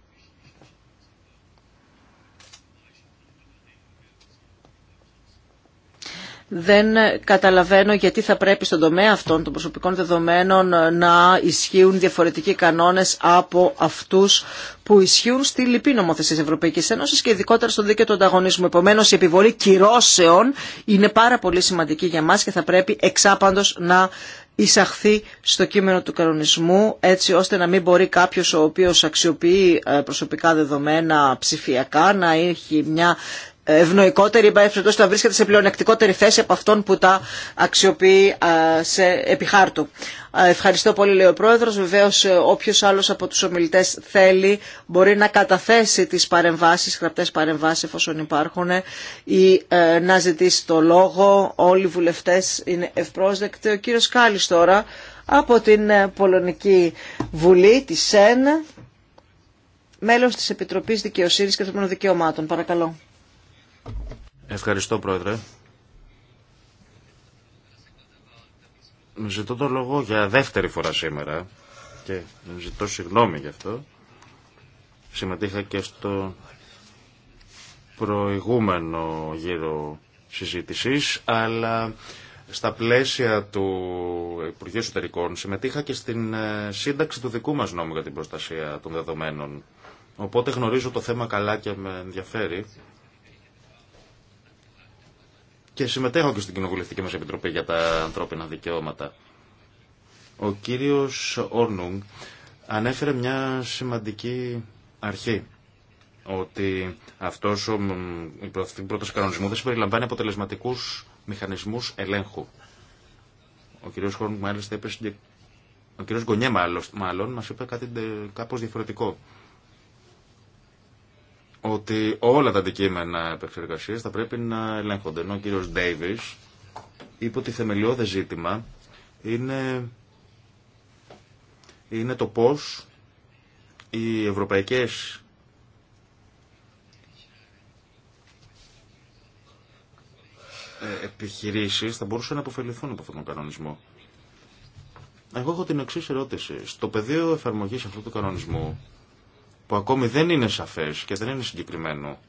δεν καταλαβαίνω γιατί θα πρέπει στον τομέα αυτών των προσωπικών δεδομένων να ισχύουν διαφορετικοί κανόνες από αυτούς που ισχύουν στη λυπή νομοθεσία της Ευρωπαϊκής Ένωσης και ειδικότερα στο δίκαιο του ανταγωνισμού. Επομένως η επιβολή κυρώσεων είναι πάρα πολύ σημαντική για μας και θα πρέπει εξάπαντος να εισαχθεί στο κείμενο του κανονισμού έτσι ώστε να μην μπορεί κάποιος ο οποίος αξιοποιεί ε, προσωπικά δεδομένα ψηφιακά να έχει μια ευνοϊκότερη, περιπτώσει θα βρίσκεται σε πλεονεκτικότερη θέση από αυτόν που τα αξιοποιεί σε επιχάρτου. Ευχαριστώ πολύ, λέει ο Πρόεδρο. Βεβαίω, ε, όποιο άλλο από του ομιλητέ θέλει μπορεί να καταθέσει τι παρεμβάσει, γραπτέ παρεμβάσει εφόσον υπάρχουν ε, ή ε, να ζητήσει το λόγο. Όλοι οι βουλευτέ είναι ευπρόσδεκτοι. Ο κύριο Κάλλη τώρα από την Πολωνική Βουλή, τη ΣΕΝ, μέλος της Επιτροπής Δικαιοσύνης και Ανθρωπίνων Δικαιωμάτων. Παρακαλώ. Ευχαριστώ, Πρόεδρε. Ζητώ το λόγο για δεύτερη φορά σήμερα και ζητώ συγγνώμη γι' αυτό. Συμμετείχα και στο προηγούμενο γύρο συζήτησης, αλλά στα πλαίσια του Υπουργείου Εσωτερικών συμμετείχα και στην ε, σύνταξη του δικού μας νόμου για την προστασία των δεδομένων. Οπότε γνωρίζω το θέμα καλά και με ενδιαφέρει και συμμετέχω και στην Κοινοβουλευτική μα Επιτροπή για τα ανθρώπινα δικαιώματα. Ο κύριος Όρνουγκ ανέφερε μια σημαντική αρχή ότι αυτός ο, η πρόταση κανονισμού δεν συμπεριλαμβάνει αποτελεσματικούς μηχανισμούς ελέγχου. Ο κύριος Χόρνουγκ μάλιστα είπε ο κύριος Γκονιέ μάλλον, μάλλον μας είπε κάτι κάπως διαφορετικό ότι όλα τα αντικείμενα επεξεργασία θα πρέπει να ελέγχονται. Ενώ ο κύριος Ντέιβις είπε ότι θεμελιώδε ζήτημα είναι, είναι το πώ οι ευρωπαϊκές ε, επιχειρήσεις θα μπορούσαν να αποφεληθούν από αυτόν τον κανονισμό. Εγώ έχω την εξή ερώτηση. Στο πεδίο εφαρμογή αυτού του κανονισμού που ακόμη δεν είναι σαφές και δεν είναι συγκεκριμένο,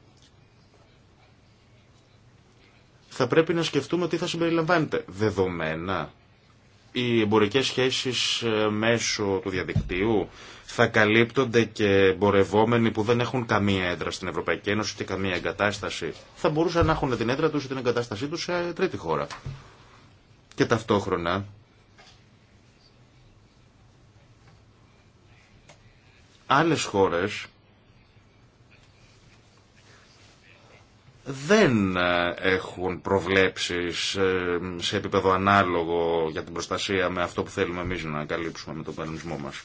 θα πρέπει να σκεφτούμε τι θα συμπεριλαμβάνεται. Δεδομένα, οι εμπορικέ σχέσεις ε, μέσω του διαδικτύου θα καλύπτονται και εμπορευόμενοι που δεν έχουν καμία έδρα στην Ευρωπαϊκή Ένωση και καμία εγκατάσταση. Θα μπορούσαν να έχουν την έδρα τους ή την εγκατάστασή τους σε τρίτη χώρα. Και ταυτόχρονα Άλλες χώρες δεν ε, έχουν προβλέψεις ε, σε επίπεδο ανάλογο για την προστασία με αυτό που θέλουμε εμείς να καλύψουμε με τον κανονισμό μας.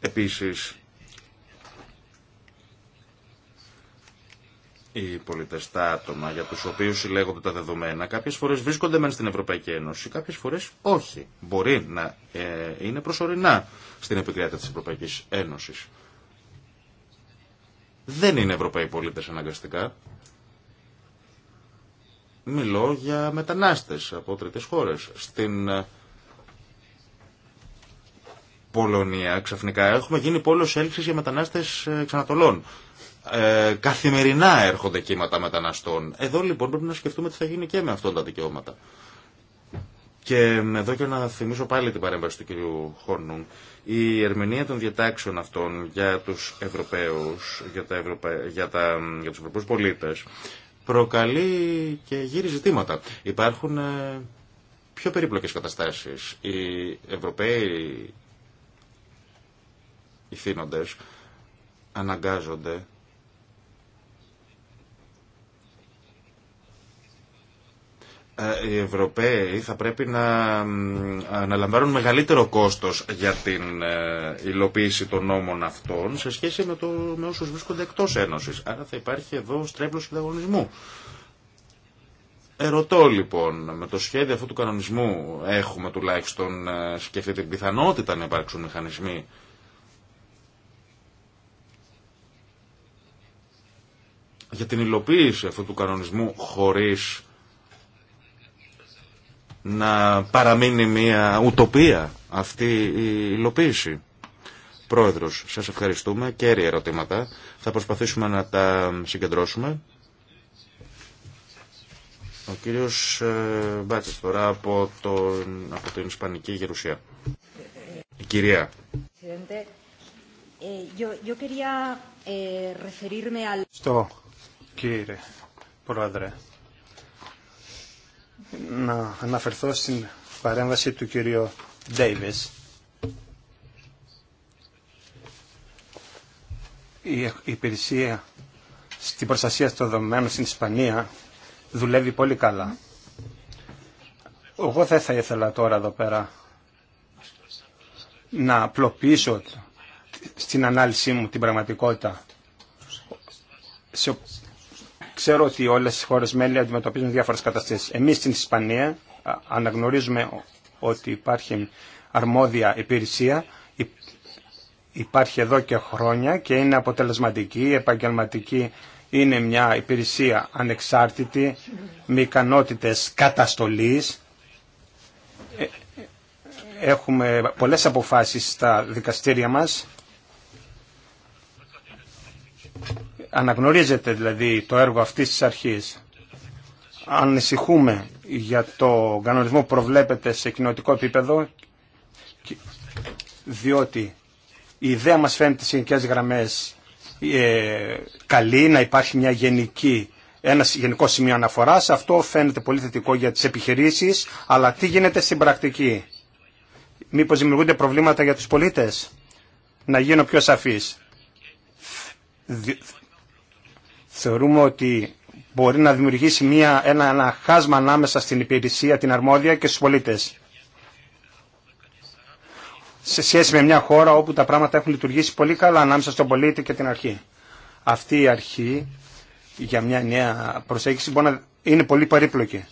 Επίσης, οι πολίτες, τα άτομα για τους οποίους συλλέγονται τα δεδομένα, κάποιες φορές βρίσκονται μεν στην Ευρωπαϊκή Ένωση, κάποιες φορές όχι. Μπορεί να ε, είναι προσωρινά στην επικράτεια της Ευρωπαϊκής Ένωσης. Δεν είναι Ευρωπαίοι πολίτες αναγκαστικά. Μιλώ για μετανάστες από τρίτες χώρες. Στην ε, Πολωνία ξαφνικά έχουμε γίνει πόλος έλξης για μετανάστες ε, ξανατολών. Ε, καθημερινά έρχονται κύματα μεταναστών. Εδώ λοιπόν πρέπει να σκεφτούμε τι θα γίνει και με αυτά τα δικαιώματα. Και εδώ και να θυμίσω πάλι την παρέμβαση του κυρίου Χόρνου. Η ερμηνεία των διατάξεων αυτών για τους Ευρωπαίους, για, τα για, τους Ευρωπαίους πολίτες, προκαλεί και γύρει ζητήματα. Υπάρχουν ε, πιο περίπλοκες καταστάσεις. Οι Ευρωπαίοι ηθήνοντες αναγκάζονται Ε, οι Ευρωπαίοι θα πρέπει να αναλαμβάνουν μεγαλύτερο κόστος για την ε, υλοποίηση των νόμων αυτών σε σχέση με, το, με όσους βρίσκονται εκτός Ένωσης. Άρα θα υπάρχει εδώ στρέμπλος συνταγωνισμού. Ερωτώ λοιπόν, με το σχέδιο αυτού του κανονισμού έχουμε τουλάχιστον ε, σκεφτεί την πιθανότητα να υπάρξουν μηχανισμοί για την υλοποίηση αυτού του κανονισμού χωρίς να παραμείνει μια ουτοπία αυτή η υλοποίηση. Πρόεδρος, σας ευχαριστούμε. Κέρια ερωτήματα. Θα προσπαθήσουμε να τα συγκεντρώσουμε. Ο κύριος ε, Μπάτσες τώρα από, τον, από την Ισπανική Γερουσία. Η κυρία. Ε, ε, Στο κύριε Πρόεδρε, να αναφερθώ στην παρέμβαση του κυρίου Ντέιβις. Η υπηρεσία στην προστασία των δεδομένων στην Ισπανία δουλεύει πολύ καλά. Εγώ δεν θα ήθελα τώρα εδώ πέρα να απλοποιήσω στην ανάλυση μου την πραγματικότητα. Σε Ξέρω ότι όλες οι χώρες μέλη αντιμετωπίζουν διάφορες καταστάσεις. Εμείς στην Ισπανία αναγνωρίζουμε ότι υπάρχει αρμόδια υπηρεσία, υπάρχει εδώ και χρόνια και είναι αποτελεσματική, επαγγελματική, είναι μια υπηρεσία ανεξάρτητη, με ικανότητε καταστολής. Ε, ε, έχουμε πολλές αποφάσεις στα δικαστήρια μας αναγνωρίζετε, δηλαδή το έργο αυτής της αρχής. Ανησυχούμε για το κανονισμό που προβλέπεται σε κοινωτικό επίπεδο, διότι η ιδέα μας φαίνεται σε γενικές γραμμές ε, καλή, να υπάρχει μια γενική ένα γενικό σημείο αναφοράς, αυτό φαίνεται πολύ θετικό για τις επιχειρήσεις, αλλά τι γίνεται στην πρακτική. Μήπως δημιουργούνται προβλήματα για τους πολίτες. Να γίνω πιο σαφής. Θεωρούμε ότι μπορεί να δημιουργήσει μια, ένα, ένα χάσμα ανάμεσα στην υπηρεσία, την αρμόδια και στους πολίτες. Σε σχέση με μια χώρα όπου τα πράγματα έχουν λειτουργήσει πολύ καλά ανάμεσα στον πολίτη και την αρχή. Αυτή η αρχή για μια νέα προσέγγιση μπορεί να, είναι πολύ περίπλοκη.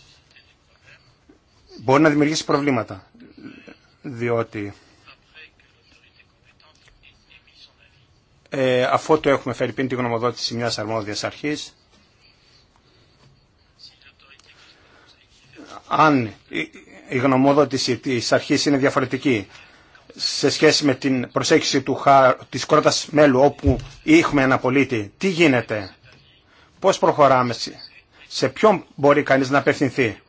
Μπορεί να δημιουργήσει προβλήματα. Διότι ε, αφού το έχουμε φέρει πριν τη γνωμοδότηση μιας αρμόδιας αρχής, αν η γνωμοδότηση της αρχής είναι διαφορετική σε σχέση με την προσέγγιση του, της κρότας μέλου όπου έχουμε ένα πολίτη, τι γίνεται, πώς προχωράμε, σε ποιον μπορεί κανείς να απευθυνθεί.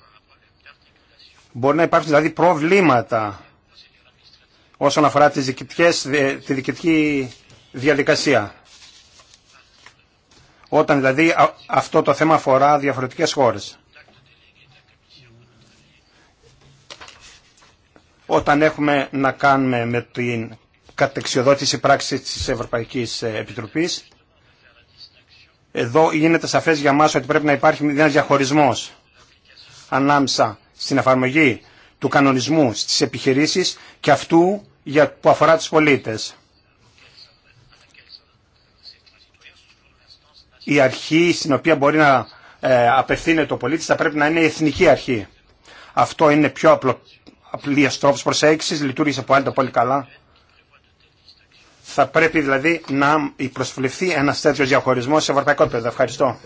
Μπορεί να υπάρχουν δηλαδή προβλήματα όσον αφορά τις ε, τη διοικητική διαδικασία. Όταν δηλαδή αυτό το θέμα αφορά διαφορετικές χώρες. Όταν έχουμε να κάνουμε με την κατεξιοδότηση πράξης της Ευρωπαϊκής Επιτροπής, εδώ γίνεται σαφές για μας ότι πρέπει να υπάρχει ένα διαχωρισμός ανάμεσα στην εφαρμογή του κανονισμού στις επιχειρήσεις και αυτού που αφορά τους πολίτες. η αρχή στην οποία μπορεί να ε, απευθύνεται ο πολίτη, θα πρέπει να είναι η εθνική αρχή. Αυτό είναι πιο απλό, απλή τρόπο προσέγγισης, λειτουργήσε τα πολύ καλά. Θα πρέπει δηλαδή να προσβληθεί ένα τέτοιο διαχωρισμό σε ευρωπαϊκό επίπεδο. Ευχαριστώ.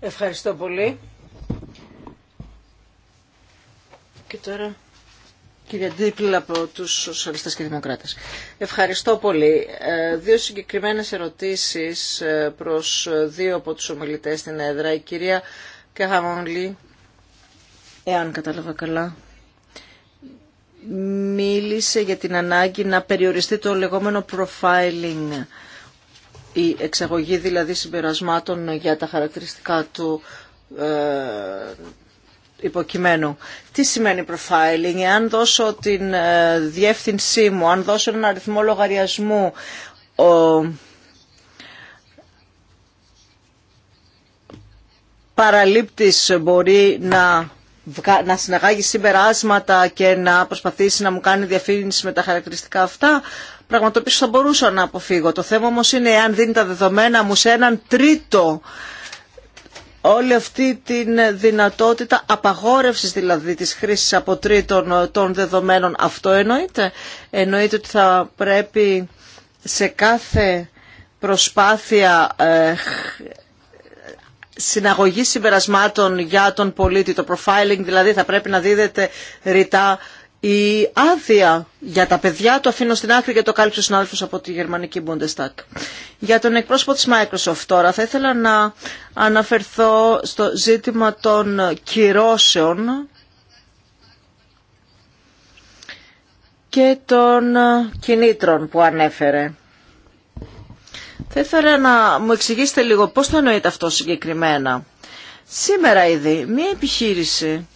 Ευχαριστώ πολύ. Και τώρα Κύριε Ντίπλ από τους Σοσιαλιστές και Δημοκράτες. Ευχαριστώ πολύ. Ε, δύο συγκεκριμένες ερωτήσεις ε, προς δύο από τους ομιλητές στην έδρα. Η κυρία Καχαμονλή, εάν κατάλαβα καλά, μίλησε για την ανάγκη να περιοριστεί το λεγόμενο profiling, η εξαγωγή δηλαδή συμπερασμάτων για τα χαρακτηριστικά του ε, υποκειμένου. Τι σημαίνει profiling, εάν δώσω την ε, διεύθυνσή μου, αν δώσω έναν αριθμό λογαριασμού, ο... παραλήπτης μπορεί να να συναγάγει συμπεράσματα και να προσπαθήσει να μου κάνει διαφήμιση με τα χαρακτηριστικά αυτά, πραγματοποιήσω θα μπορούσα να αποφύγω. Το θέμα όμως είναι εάν δίνει τα δεδομένα μου σε έναν τρίτο όλη αυτή τη δυνατότητα απαγόρευσης δηλαδή της χρήσης από τρίτων ε, των δεδομένων. Αυτό εννοείται. Εννοείται ότι θα πρέπει σε κάθε προσπάθεια ε, συναγωγή συμπερασμάτων για τον πολίτη. Το profiling δηλαδή θα πρέπει να δίδεται ρητά η άδεια για τα παιδιά, το αφήνω στην άκρη και το κάλυψε ο συνάδελφο από τη γερμανική Bundestag. Για τον εκπρόσωπο της Microsoft τώρα, θα ήθελα να αναφερθώ στο ζήτημα των κυρώσεων και των κινήτρων που ανέφερε. Θα ήθελα να μου εξηγήσετε λίγο πώς το εννοείται αυτό συγκεκριμένα. Σήμερα ήδη μία επιχείρηση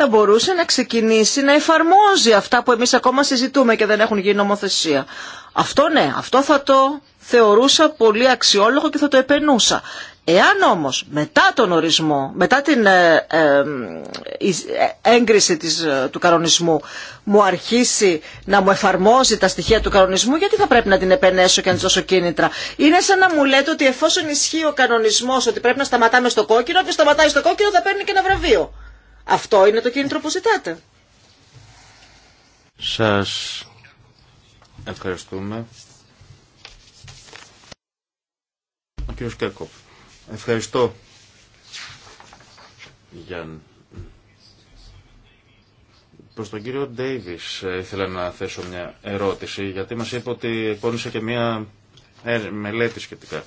θα μπορούσε να ξεκινήσει να εφαρμόζει αυτά που εμείς ακόμα συζητούμε και δεν έχουν γίνει νομοθεσία. Αυτό ναι, αυτό θα το θεωρούσα πολύ αξιόλογο και θα το επενούσα. Εάν όμως μετά τον ορισμό, μετά την ε, ε, ε, ε έγκριση της, ε, του κανονισμού μου αρχίσει να μου εφαρμόζει τα στοιχεία του κανονισμού, γιατί θα πρέπει να την επενέσω και να της δώσω κίνητρα. Είναι σαν να μου λέτε ότι εφόσον ισχύει ο κανονισμός ότι πρέπει να σταματάμε στο κόκκινο, όποιος σταματάει στο κόκκινο θα παίρνει και ένα βραβείο. Αυτό είναι το κίνητρο που ζητάτε. Σας ευχαριστούμε. Ο κύριος Κέρκοπ. Ευχαριστώ. Για... Προς τον κύριο Ντέιβις ε, ήθελα να θέσω μια ερώτηση, γιατί μας είπε ότι εκπώνησε και μια ε, μελέτη σχετικά.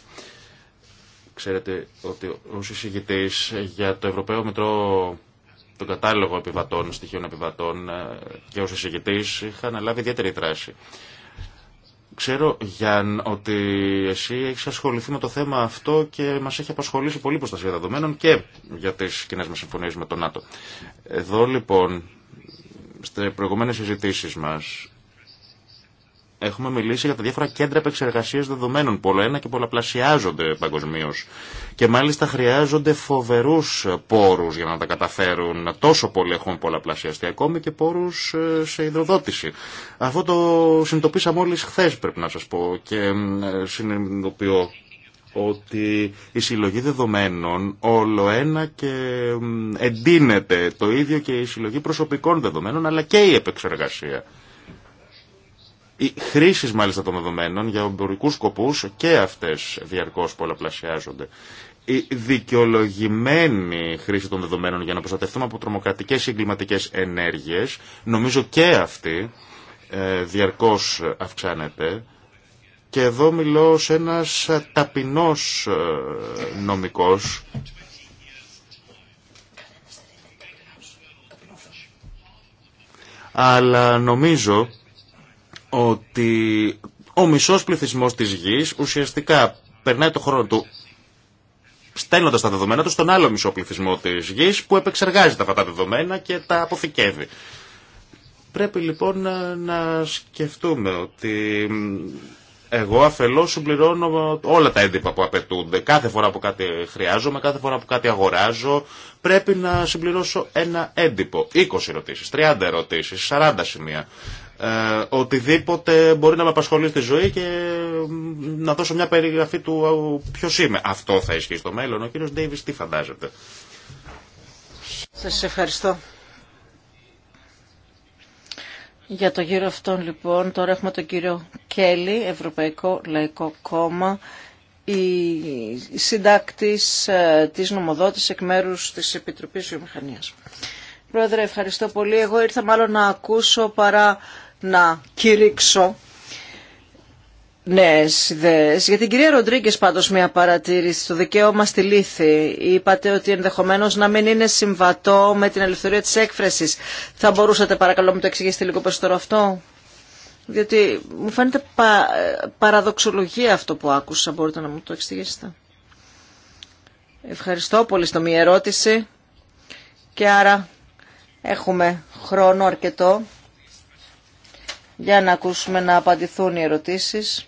Ξέρετε ότι ως εισηγητής για το Ευρωπαίο μετρό τον κατάλογο επιβατών, στοιχείων επιβατών ε, και ως εισηγητής είχα αναλάβει ιδιαίτερη δράση. Ξέρω, Γιάν, ότι εσύ έχει ασχοληθεί με το θέμα αυτό και μα έχει απασχολήσει πολύ προστασία δεδομένων και για τι κοινέ μα συμφωνίε με τον ΝΑΤΟ. Εδώ λοιπόν, στι προηγούμενε συζητήσει μα, Έχουμε μιλήσει για τα διάφορα κέντρα επεξεργασία δεδομένων. ένα και πολλαπλασιάζονται παγκοσμίω. Και μάλιστα χρειάζονται φοβερού πόρου για να τα καταφέρουν. Τόσο πολλοί έχουν πολλαπλασιαστεί. Ακόμη και πόρου ε, σε υδροδότηση. Αυτό το συνειδητοποίησα μόλι χθε, πρέπει να σα πω. Και ε, συνειδητοποιώ ότι η συλλογή δεδομένων όλο ένα και ε, εντείνεται το ίδιο και η συλλογή προσωπικών δεδομένων αλλά και η επεξεργασία. Οι χρήσει μάλιστα των δεδομένων για εμπορικού σκοπού και αυτέ διαρκώ πολλαπλασιάζονται. Η δικαιολογημένη χρήση των δεδομένων για να προστατευτούμε από τρομοκρατικέ ή εγκληματικέ ενέργειε, νομίζω και αυτή ε, διαρκώ αυξάνεται. Και εδώ μιλώ σε ένας ταπεινός ε, νομικός, αλλά νομίζω ότι ο μισός πληθυσμός της γης ουσιαστικά περνάει το χρόνο του στέλνοντα τα δεδομένα του στον άλλο μισό πληθυσμό τη γη που επεξεργάζεται αυτά τα δεδομένα και τα αποθηκεύει. Πρέπει λοιπόν να σκεφτούμε ότι εγώ αφελώς συμπληρώνω όλα τα έντυπα που απαιτούνται. Κάθε φορά που κάτι χρειάζομαι, κάθε φορά που κάτι αγοράζω, πρέπει να συμπληρώσω ένα έντυπο. 20 ερωτήσεις, 30 ερωτήσεις, 40 σημεία. Ε, οτιδήποτε μπορεί να με απασχολεί στη ζωή και να δώσω μια περιγραφή του ε, ποιο είμαι. Αυτό θα ισχύει στο μέλλον. Ο κύριο Ντέιβι, τι φαντάζεται. Σα ευχαριστώ. Για το γύρο αυτόν λοιπόν τώρα έχουμε τον κύριο Κέλλη, Ευρωπαϊκό Λαϊκό Κόμμα, η συντάκτης ε, της νομοδότης εκ μέρους της Επιτροπής Βιομηχανίας. Πρόεδρε, ευχαριστώ πολύ. Εγώ ήρθα μάλλον να ακούσω παρά να κηρύξω νέε ιδέε. Για την κυρία Ροντρίγκε, πάντω, μια παρατήρηση. στο δικαίωμα στη λύθη. Είπατε ότι ενδεχομένω να μην είναι συμβατό με την ελευθερία τη έκφραση. Θα μπορούσατε, παρακαλώ, να μου το εξηγήσετε λίγο περισσότερο αυτό. Διότι μου φαίνεται παραδοξολογία αυτό που άκουσα. Μπορείτε να μου το εξηγήσετε. Ευχαριστώ πολύ στο μία ερώτηση. Και άρα έχουμε χρόνο αρκετό για να ακούσουμε να απαντηθούν οι ερωτήσεις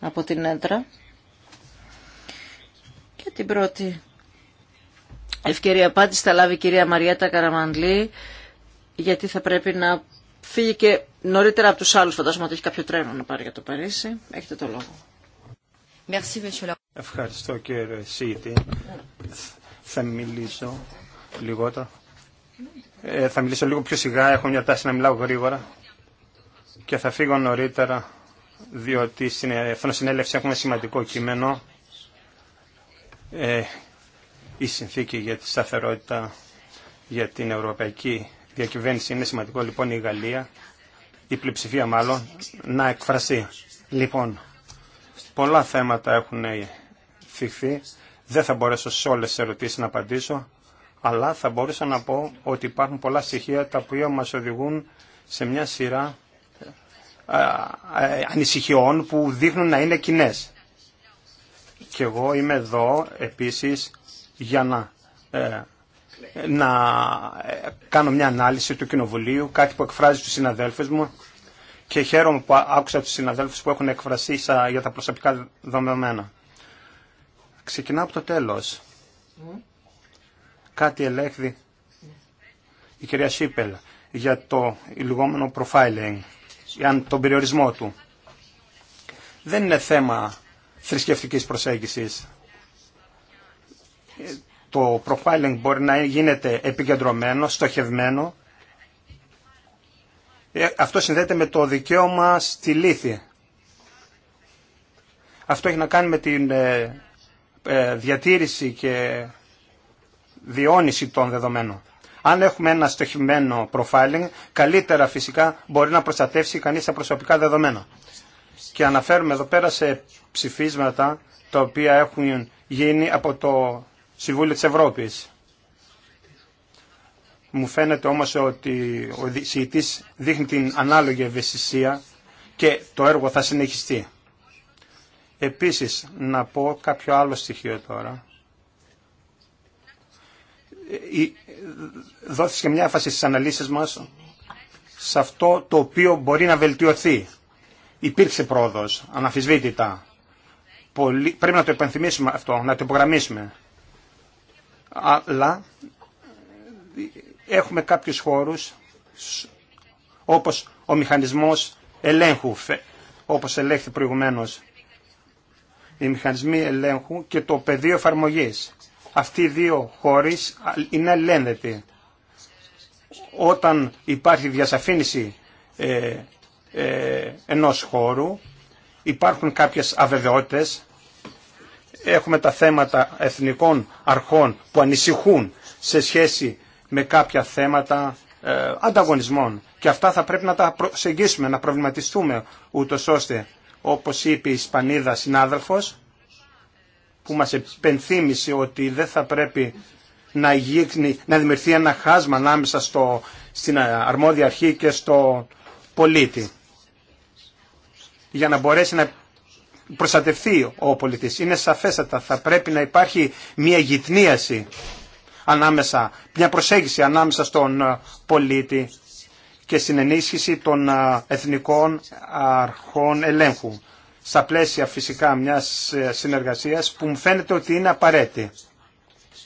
από την έντρα. Και την πρώτη ευκαιρία απάντηση θα λάβει η κυρία Μαριέτα Καραμαντλή, γιατί θα πρέπει να φύγει και νωρίτερα από τους άλλους, φαντάζομαι ότι έχει κάποιο τρένο να πάρει για το Παρίσι. Έχετε το λόγο. Ευχαριστώ κύριε Σίτη. Θα μιλήσω λιγότερο. Ε, θα μιλήσω λίγο πιο σιγά, έχω μια τάση να μιλάω γρήγορα και θα φύγω νωρίτερα διότι στην ε, Εθνοσυνέλευση έχουμε σημαντικό κείμενο ε, η συνθήκη για τη σταθερότητα για την ευρωπαϊκή διακυβέρνηση. Είναι σημαντικό λοιπόν η Γαλλία, η πλειοψηφία μάλλον, να εκφραστεί. Λοιπόν, πολλά θέματα έχουν θυχθεί. Δεν θα μπορέσω σε όλες τις ερωτήσεις να απαντήσω, αλλά θα μπορούσα να πω ότι υπάρχουν πολλά στοιχεία τα οποία μας οδηγούν σε μια σειρά ανησυχιών που δείχνουν να είναι κοινέ. Και εγώ είμαι εδώ επίσης για να, ε, να ε, κάνω μια ανάλυση του Κοινοβουλίου, κάτι που εκφράζει τους συναδέλφους μου και χαίρομαι που άκουσα τους συναδέλφους που έχουν εκφρασίσει για τα προσωπικά δεδομένα. Ξεκινάω από το τέλος. Κάτι ελέγχθη η κυρία Σίπελ για το λεγόμενο profiling για τον περιορισμό του. Δεν είναι θέμα θρησκευτικής προσέγγισης. Το profiling μπορεί να γίνεται επικεντρωμένο, στοχευμένο. Ε, αυτό συνδέεται με το δικαίωμα στη λύθη. Αυτό έχει να κάνει με την ε, ε, διατήρηση και διόνυση των δεδομένων. Αν έχουμε ένα στοχημένο profiling, καλύτερα φυσικά μπορεί να προστατεύσει κανείς τα προσωπικά δεδομένα. Και αναφέρουμε εδώ πέρα σε ψηφίσματα τα οποία έχουν γίνει από το Συμβούλιο της Ευρώπης. Μου φαίνεται όμως ότι ο διεισηγητής δείχνει την ανάλογη ευαισθησία και το έργο θα συνεχιστεί. Επίσης, να πω κάποιο άλλο στοιχείο τώρα. Ε, δόθηκε μια έμφαση στις αναλύσεις μας σε αυτό το οποίο μπορεί να βελτιωθεί. Υπήρξε πρόοδος, αναφυσβήτητα. Πολύ, πρέπει να το επενθυμίσουμε αυτό, να το υπογραμμίσουμε. Αλλά έχουμε κάποιους χώρους όπως ο μηχανισμός ελέγχου, όπως ελέγχθη προηγουμένως. Οι μηχανισμοί ελέγχου και το πεδίο εφαρμογής αυτοί οι δύο χώροι είναι αλληλένδετοι. Όταν υπάρχει διασαφήνιση ε, ε, ενός χώρου υπάρχουν κάποιες αβεβαιότητες έχουμε τα θέματα εθνικών αρχών που ανησυχούν σε σχέση με κάποια θέματα ε, ανταγωνισμών και αυτά θα πρέπει να τα προσεγγίσουμε, να προβληματιστούμε ούτως ώστε όπως είπε η Ισπανίδα συνάδελφος που μας επενθύμησε ότι δεν θα πρέπει να, γίνει, να δημιουργηθεί ένα χάσμα ανάμεσα στο, στην αρμόδια αρχή και στο πολίτη για να μπορέσει να προστατευτεί ο πολιτής. Είναι σαφέστατα, θα πρέπει να υπάρχει μια γυτνίαση ανάμεσα, μια προσέγγιση ανάμεσα στον ε, πολίτη και στην ενίσχυση των ε, εθνικών αρχών ελέγχου στα πλαίσια φυσικά μιας ε, συνεργασίας που μου φαίνεται ότι είναι απαραίτητη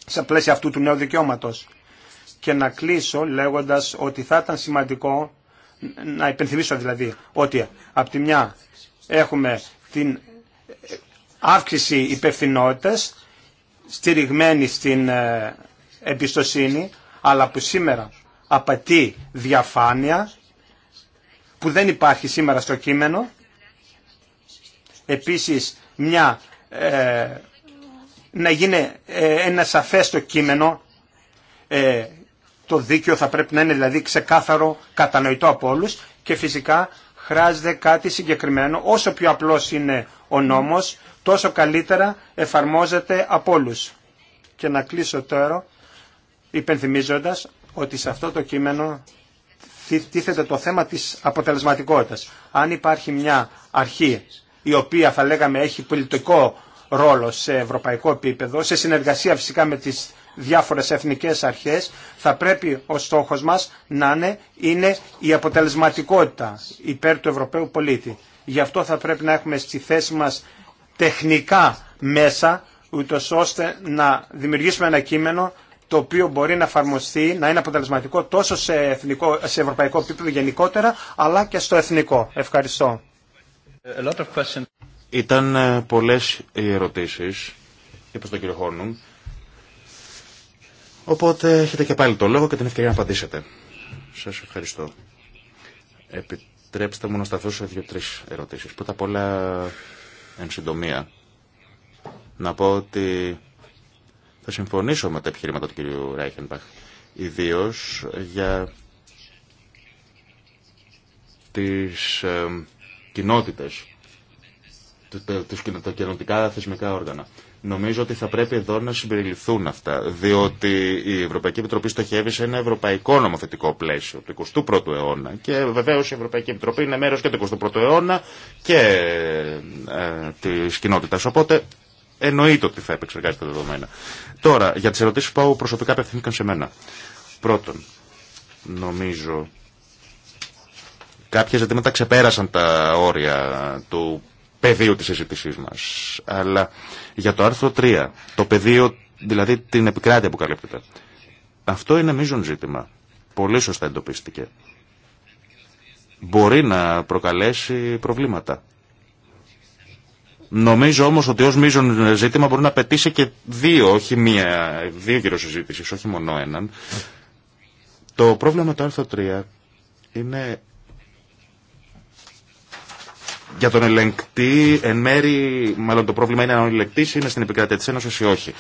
στα πλαίσια αυτού του νέου δικαιώματος. Και να κλείσω λέγοντας ότι θα ήταν σημαντικό να υπενθυμίσω δηλαδή ότι από τη μια έχουμε την ε, αύξηση υπευθυνότητα στηριγμένη στην ε, εμπιστοσύνη αλλά που σήμερα απαιτεί διαφάνεια που δεν υπάρχει σήμερα στο κείμενο επίσης μια, ε, να γίνει ε, ένα σαφές το κείμενο, ε, το δίκαιο θα πρέπει να είναι δηλαδή ξεκάθαρο, κατανοητό από όλους και φυσικά χρειάζεται κάτι συγκεκριμένο. Όσο πιο απλός είναι ο νόμος, τόσο καλύτερα εφαρμόζεται από όλους. Και να κλείσω τώρα υπενθυμίζοντας ότι σε αυτό το κείμενο τίθεται το θέμα της αποτελεσματικότητας. Αν υπάρχει μια αρχή η οποία θα λέγαμε έχει πολιτικό ρόλο σε ευρωπαϊκό επίπεδο, σε συνεργασία φυσικά με τις διάφορες εθνικές αρχές, θα πρέπει ο στόχος μας να είναι, η αποτελεσματικότητα υπέρ του Ευρωπαίου πολίτη. Γι' αυτό θα πρέπει να έχουμε στη θέση μας τεχνικά μέσα, ούτω ώστε να δημιουργήσουμε ένα κείμενο το οποίο μπορεί να εφαρμοστεί, να είναι αποτελεσματικό τόσο σε, εθνικό, σε ευρωπαϊκό επίπεδο γενικότερα, αλλά και στο εθνικό. Ευχαριστώ. Ήταν ε, πολλές οι ερωτήσεις, είπε στον κύριο Χόρνουμ. Οπότε έχετε και πάλι το λόγο και την ευκαιρία να απαντήσετε. Σας ευχαριστώ. Επιτρέψτε μου να σταθώ σε δύο-τρεις ερωτήσεις. Πρώτα απ' όλα, εν συντομία, να πω ότι θα συμφωνήσω με τα επιχειρήματα του κυρίου Ράιχενμπαχ, ιδίω για τις ε, κοινότητες, τα κοινοτικά θεσμικά όργανα. Νομίζω ότι θα πρέπει εδώ να συμπεριληφθούν αυτά, διότι η Ευρωπαϊκή Επιτροπή στοχεύει σε ένα ευρωπαϊκό νομοθετικό πλαίσιο του 21ου αιώνα και βεβαίω η Ευρωπαϊκή Επιτροπή είναι μέρο και του 21ου αιώνα και ε, τη κοινότητα. Οπότε εννοείται ότι θα επεξεργάζεται τα δεδομένα. Τώρα, για τι ερωτήσει που προσωπικά απευθύνθηκαν σε μένα. Πρώτον, νομίζω Κάποια ζητήματα ξεπέρασαν τα όρια του πεδίου της συζήτησή μας. Αλλά για το άρθρο 3, το πεδίο, δηλαδή την επικράτεια που καλύπτεται. Αυτό είναι μείζον ζήτημα. Πολύ σωστά εντοπίστηκε. Μπορεί να προκαλέσει προβλήματα. Νομίζω όμω ότι ω μείζον ζήτημα μπορεί να πετύσει και δύο, όχι μία, δύο γύρω συζήτηση, όχι μόνο έναν. Το πρόβλημα με το άρθρο 3 είναι για τον ελεγκτή, εν μέρη, μάλλον το πρόβλημα είναι αν ο ελεγκτή είναι στην επικράτεια τη Ένωση ή όχι.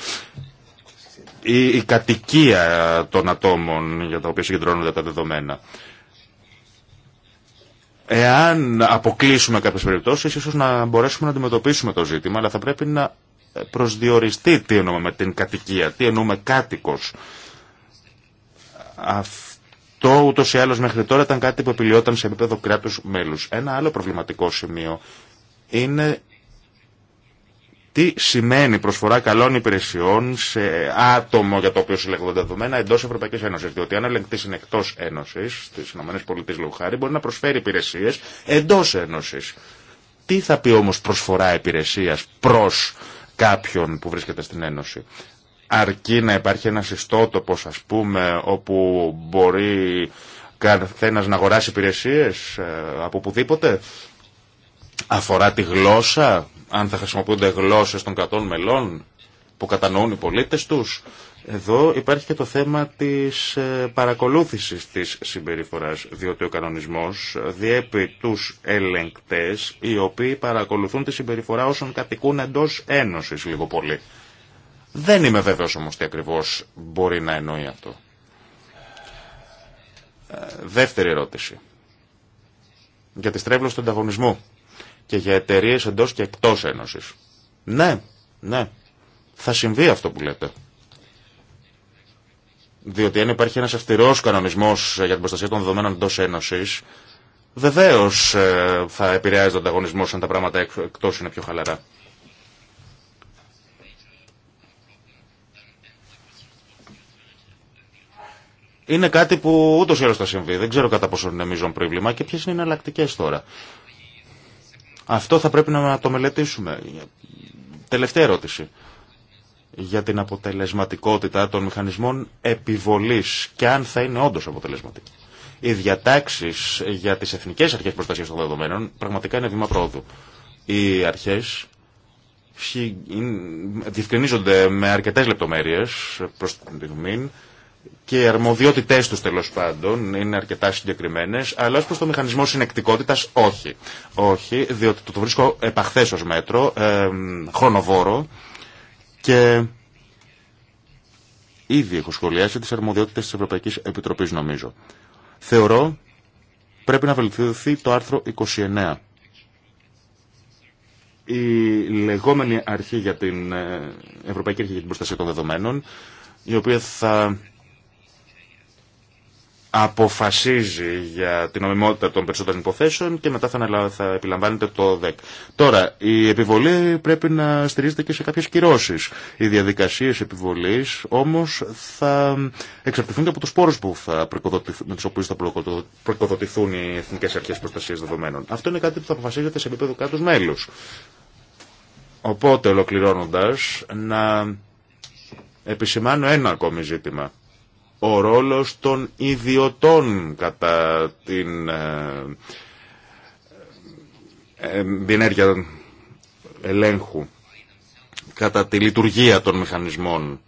Η, η κατοικία των ατόμων για τα οποία συγκεντρώνονται τα δεδομένα. Εάν αποκλείσουμε κάποιε περιπτώσει, ίσω να μπορέσουμε να αντιμετωπίσουμε το ζήτημα, αλλά θα πρέπει να προσδιοριστεί τι εννοούμε με την κατοικία, τι εννοούμε κάτοικο. Αυτό αυτό ούτω ή άλλω μέχρι τώρα ήταν κάτι που επιλειόταν σε επίπεδο κράτου μέλου. Ένα άλλο προβληματικό σημείο είναι τι σημαίνει προσφορά καλών υπηρεσιών σε άτομο για το οποίο συλλέγονται δεδομένα εντό Ευρωπαϊκή Ένωση. Διότι αν ελεγκτή είναι εκτό Ένωση, στι ΗΠΑ λόγω χάρη, μπορεί να προσφέρει υπηρεσίε εντό Ένωση. Τι θα πει όμω προσφορά υπηρεσία προ κάποιον που βρίσκεται στην Ένωση αρκεί να υπάρχει ένας ιστότοπος ας πούμε όπου μπορεί καθένας να αγοράσει υπηρεσίες ε, από πουδήποτε αφορά τη γλώσσα αν θα χρησιμοποιούνται γλώσσες των κρατών μελών που κατανοούν οι πολίτες τους εδώ υπάρχει και το θέμα της ε, παρακολούθησης της συμπεριφοράς, διότι ο κανονισμός διέπει τους ελεγκτές οι οποίοι παρακολουθούν τη συμπεριφορά όσων κατοικούν εντός ένωσης λίγο πολύ. Δεν είμαι βέβαιος όμως τι ακριβώς μπορεί να εννοεί αυτό. Ε, δεύτερη ερώτηση. Για τη στρέβλωση του ανταγωνισμού και για εταιρείες εντός και εκτός Ένωσης. Ναι, ναι. Θα συμβεί αυτό που λέτε. Διότι αν υπάρχει ένας αυστηρός κανονισμός για την προστασία των δεδομένων εντός Ένωσης, βεβαίως ε, θα επηρεάζει τον ανταγωνισμό αν τα πράγματα εκτός είναι πιο χαλαρά. είναι κάτι που ούτω ή άλλω θα συμβεί. Δεν ξέρω κατά πόσο είναι μείζον πρόβλημα και ποιε είναι οι εναλλακτικέ τώρα. Αυτό θα πρέπει να το μελετήσουμε. Τελευταία ερώτηση για την αποτελεσματικότητα των μηχανισμών επιβολή, και αν θα είναι όντω αποτελεσματική. Οι διατάξει για τι εθνικέ αρχέ προστασία των δεδομένων πραγματικά είναι βήμα πρόοδου. Οι αρχέ διευκρινίζονται με αρκετέ λεπτομέρειε προ την στιγμή και οι αρμοδιότητέ του τέλο πάντων είναι αρκετά συγκεκριμένε, αλλά ω προ το μηχανισμό συνεκτικότητα όχι. Όχι, διότι το βρίσκω επαχθέ ω μέτρο, χρονοβόρο και ήδη έχω σχολιάσει τι αρμοδιότητε τη Ευρωπαϊκή Επιτροπή νομίζω. Θεωρώ πρέπει να βελτιωθεί το άρθρο 29. Η λεγόμενη αρχή για την ε, Ευρωπαϊκή Αρχή για την Προστασία των Δεδομένων, η οποία θα αποφασίζει για την ομιμότητα των περισσότερων υποθέσεων και μετά θα, θα επιλαμβάνεται το ΔΕΚ. Τώρα, η επιβολή πρέπει να στηρίζεται και σε κάποιες κυρώσεις. Οι διαδικασίες επιβολής όμως θα εξαρτηθούν και από τους πόρους που θα με τους οποίους θα προκοδοτηθούν οι Εθνικές Αρχές Προστασίας Δεδομένων. Αυτό είναι κάτι που θα αποφασίζεται σε επίπεδο κάτω μέλους. Οπότε, ολοκληρώνοντας, να επισημάνω ένα ακόμη ζήτημα ο ρόλος των ιδιωτών κατά την διενέργεια ε, ε, ελέγχου, κατά τη λειτουργία των μηχανισμών.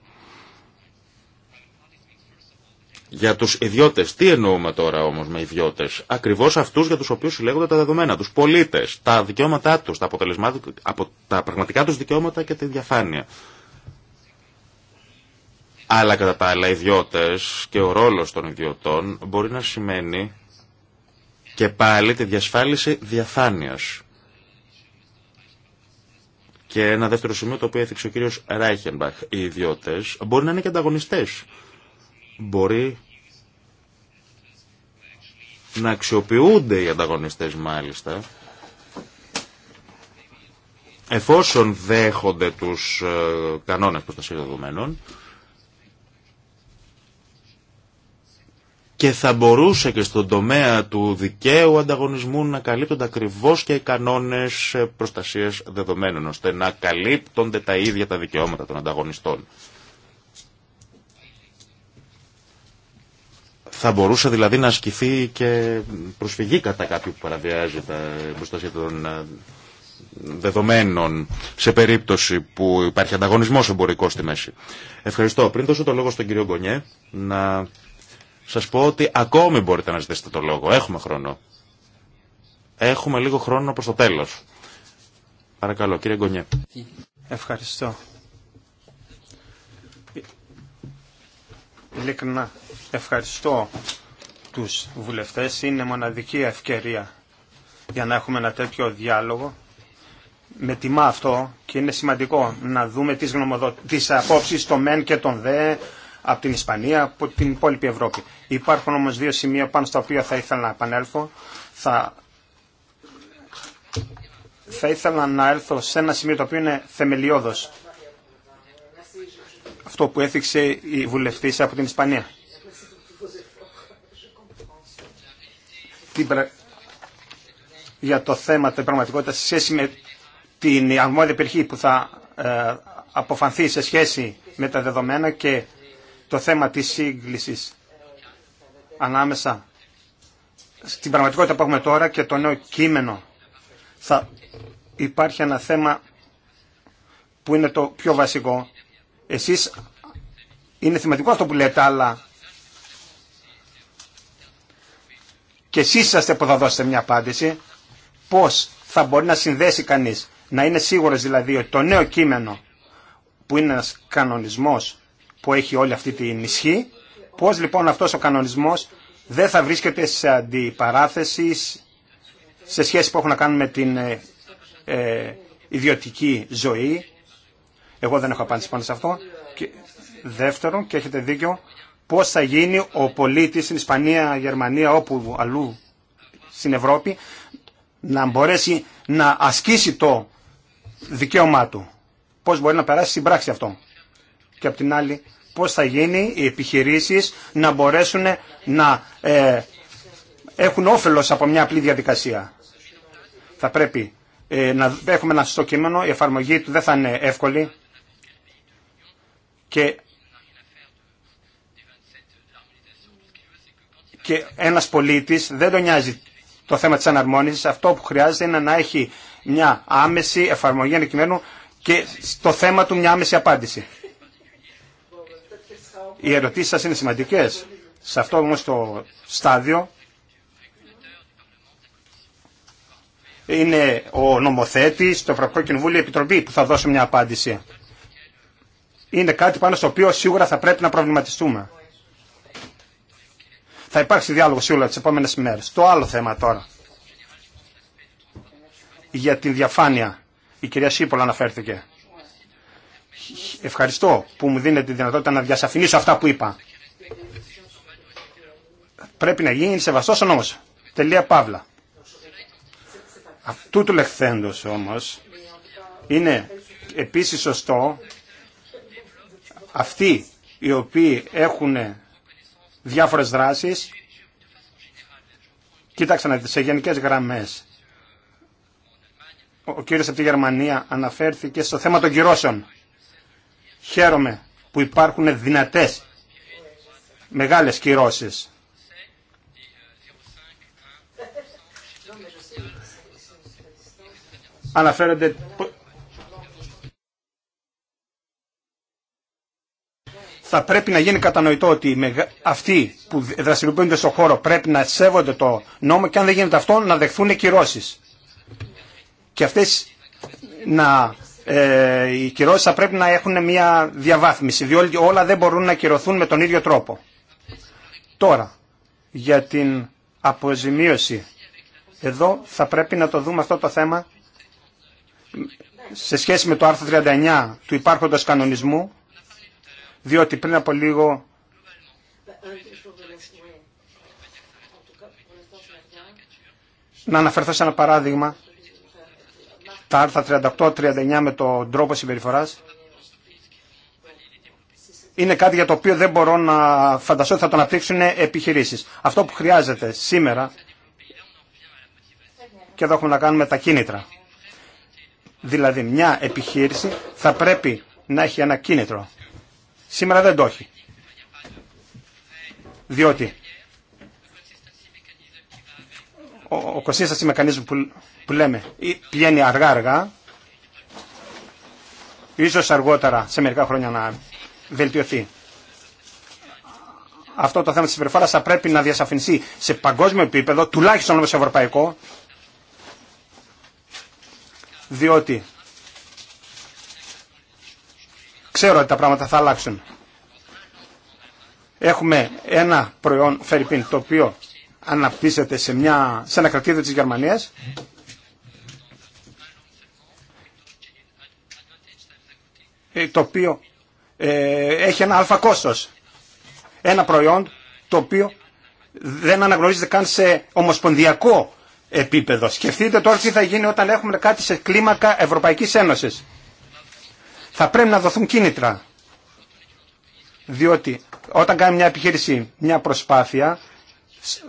Για τους ιδιώτες, τι εννοούμε τώρα όμως με ιδιώτες, ακριβώς αυτούς για τους οποίους συλλέγονται τα δεδομένα, τους πολίτες, τα δικαιώματά τους, τα, από τα πραγματικά τους δικαιώματα και τη διαφάνεια. Αλλά κατά τα άλλα, ιδιώτες και ο ρόλος των ιδιωτών μπορεί να σημαίνει και πάλι τη διασφάλιση διαφάνειας. Και ένα δεύτερο σημείο το οποίο έθιξε ο κύριος Ράιχενμπαχ. Οι ιδιώτες μπορεί να είναι και ανταγωνιστές. Μπορεί να αξιοποιούνται οι ανταγωνιστές μάλιστα εφόσον δέχονται τους ε, κανόνες προστασίας δεδομένων και θα μπορούσε και στον τομέα του δικαίου ανταγωνισμού να καλύπτονται ακριβώ και οι κανόνε προστασία δεδομένων, ώστε να καλύπτονται τα ίδια τα δικαιώματα των ανταγωνιστών. Θα μπορούσε δηλαδή να ασκηθεί και προσφυγή κατά κάποιου που παραβιάζει τα προστασία των ε, δεδομένων σε περίπτωση που υπάρχει ανταγωνισμός εμπορικός στη μέση. Ευχαριστώ. Πριν δώσω το λόγο στον κύριο Γκονιέ να σας πω ότι ακόμη μπορείτε να ζητήσετε το λόγο. Έχουμε χρόνο. Έχουμε λίγο χρόνο προς το τέλος. Παρακαλώ, κύριε Γκονιέ. Ευχαριστώ. Ειλικρινά, ευχαριστώ τους βουλευτές. Είναι μοναδική ευκαιρία για να έχουμε ένα τέτοιο διάλογο. Με τιμά αυτό και είναι σημαντικό να δούμε τις, γνωμοδο... τις απόψεις των μεν και των δε, από την Ισπανία, από την υπόλοιπη Ευρώπη. Υπάρχουν όμως δύο σημεία πάνω στα οποία θα ήθελα να επανέλθω. Θα, ήθελα να έλθω σε ένα σημείο το οποίο είναι θεμελιώδος. Αυτό που έθιξε η βουλευτή από την Ισπανία. για το θέμα τη πραγματικότητα σε σχέση με την αρμόδια περιοχή που θα ε, αποφανθεί σε σχέση με τα δεδομένα και το θέμα της σύγκλησης ανάμεσα στην πραγματικότητα που έχουμε τώρα και το νέο κείμενο. Θα υπάρχει ένα θέμα που είναι το πιο βασικό. Εσείς είναι θυματικό αυτό που λέτε, αλλά και εσείς είσαστε που θα δώσετε μια απάντηση πώς θα μπορεί να συνδέσει κανείς να είναι σίγουρος δηλαδή ότι το νέο κείμενο που είναι ένας κανονισμός που έχει όλη αυτή την ισχύ. Πώς λοιπόν αυτός ο κανονισμός δεν θα βρίσκεται σε αντιπαράθεση σε σχέση που έχουν να κάνουν με την ε, ε, ιδιωτική ζωή. Εγώ δεν έχω απάντηση πάνω σε αυτό. Και, δεύτερον, και έχετε δίκιο, πώς θα γίνει ο πολίτης στην Ισπανία, Γερμανία, όπου αλλού στην Ευρώπη, να μπορέσει να ασκήσει το δικαίωμά του. Πώς μπορεί να περάσει στην πράξη αυτό και από την άλλη πώς θα γίνει οι επιχειρήσεις να μπορέσουν να ε, έχουν όφελος από μια απλή διαδικασία. Θα πρέπει ε, να έχουμε ένα σωστό κείμενο, η εφαρμογή του δεν θα είναι εύκολη και, και ένας πολίτης δεν τον νοιάζει το θέμα της αναρμόνισης. Αυτό που χρειάζεται είναι να έχει μια άμεση εφαρμογή ανεκειμένου και στο θέμα του μια άμεση απάντηση. Οι ερωτήσεις σας είναι σημαντικές. Σε αυτό όμως το στάδιο είναι ο νομοθέτης, το Ευρωπαϊκό Κοινοβούλιο, η Επιτροπή που θα δώσει μια απάντηση. Είναι κάτι πάνω στο οποίο σίγουρα θα πρέπει να προβληματιστούμε. Θα υπάρξει διάλογο σίγουρα τις επόμενες μέρες. Το άλλο θέμα τώρα. Για την διαφάνεια. Η κυρία Σίπολα αναφέρθηκε ευχαριστώ που μου δίνετε τη δυνατότητα να διασαφηνίσω αυτά που είπα. Πρέπει να γίνει σεβαστός ο νόμος. Τελεία Παύλα. Αυτού του λεχθέντος όμως είναι επίσης σωστό αυτοί οι οποίοι έχουν διάφορες δράσεις κοίταξα να σε γενικές γραμμές ο κύριος από τη Γερμανία αναφέρθηκε στο θέμα των κυρώσεων Χαίρομαι που υπάρχουν δυνατές μεγάλες κυρώσεις. Αναφέρονται θα πρέπει να γίνει κατανοητό ότι αυτοί που δραστηριοποιούνται στον χώρο πρέπει να σέβονται το νόμο και αν δεν γίνεται αυτό να δεχθούν κυρώσεις. Και αυτές να ε, οι κυρώσει θα πρέπει να έχουν μια διαβάθμιση, διότι όλα δεν μπορούν να κυρωθούν με τον ίδιο τρόπο. Τώρα, για την αποζημίωση. Εδώ θα πρέπει να το δούμε αυτό το θέμα σε σχέση με το άρθρο 39 του υπάρχοντος κανονισμού, διότι πριν από λίγο να αναφερθώ σε ένα παράδειγμα τα άρθρα 38-39 με τον τρόπο συμπεριφορά είναι κάτι για το οποίο δεν μπορώ να φανταστώ ότι θα το αναπτύξουν επιχειρήσει. Αυτό που χρειάζεται σήμερα, και εδώ έχουμε να κάνουμε τα κίνητρα, δηλαδή μια επιχείρηση θα πρέπει να έχει ένα κίνητρο. Σήμερα δεν το έχει. Διότι ο, ο μηχανισμός που που λέμε πηγαίνει αργά-αργά, ίσως αργότερα σε μερικά χρόνια να βελτιωθεί. Αυτό το θέμα της συμπεριφοράς θα πρέπει να διασαφηνθεί σε παγκόσμιο επίπεδο, τουλάχιστον όμως σε ευρωπαϊκό, διότι ξέρω ότι τα πράγματα θα αλλάξουν. Έχουμε ένα προϊόν Φερρυπίν το οποίο αναπτύσσεται σε, μια, σε ένα κρατήδιο της Γερμανίας Ε, το οποίο ε, έχει ένα αλφα κόστος. Ένα προϊόν το οποίο δεν αναγνωρίζεται καν σε ομοσπονδιακό επίπεδο. Σκεφτείτε τώρα τι θα γίνει όταν έχουμε κάτι σε κλίμακα Ευρωπαϊκής Ένωσης. Θα πρέπει να δοθούν κίνητρα. Διότι όταν κάνει μια επιχείρηση μια προσπάθεια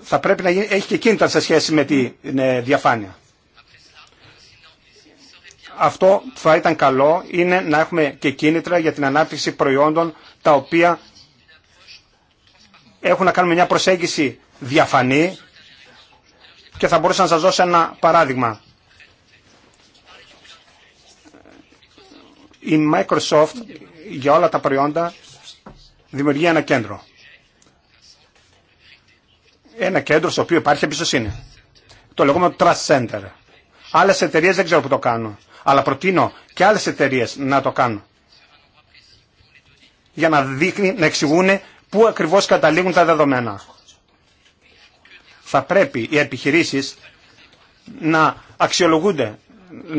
θα πρέπει να έχει και κίνητρα σε σχέση με τη ε, διαφάνεια αυτό που θα ήταν καλό είναι να έχουμε και κίνητρα για την ανάπτυξη προϊόντων τα οποία έχουν να κάνουν μια προσέγγιση διαφανή και θα μπορούσα να σας δώσω ένα παράδειγμα. Η Microsoft για όλα τα προϊόντα δημιουργεί ένα κέντρο. Ένα κέντρο στο οποίο υπάρχει εμπιστοσύνη. Το λεγόμενο Trust Center. Άλλες εταιρείες δεν ξέρω που το κάνουν αλλά προτείνω και άλλες εταιρείε να το κάνουν. Για να, δείχνει, να εξηγούν πού ακριβώς καταλήγουν τα δεδομένα. Θα πρέπει οι επιχειρήσεις να αξιολογούνται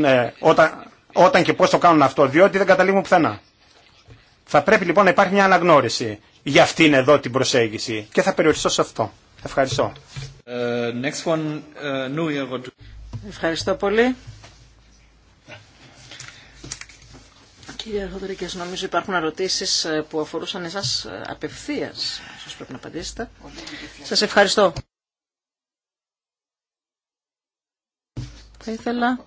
ε, όταν, όταν και πώς το κάνουν αυτό, διότι δεν καταλήγουν πουθενά. Θα πρέπει λοιπόν να υπάρχει μια αναγνώριση για αυτήν εδώ την προσέγγιση και θα περιοριστώ σε αυτό. Ευχαριστώ. Ε, ε, Ευχαριστώ πολύ. Κύριε Ροδρίκε, νομίζω υπάρχουν ερωτήσει ε, που αφορούσαν εσά ε, απευθεία. Σας πρέπει να απαντήσετε. Σας ευχαριστώ. Θα ήθελα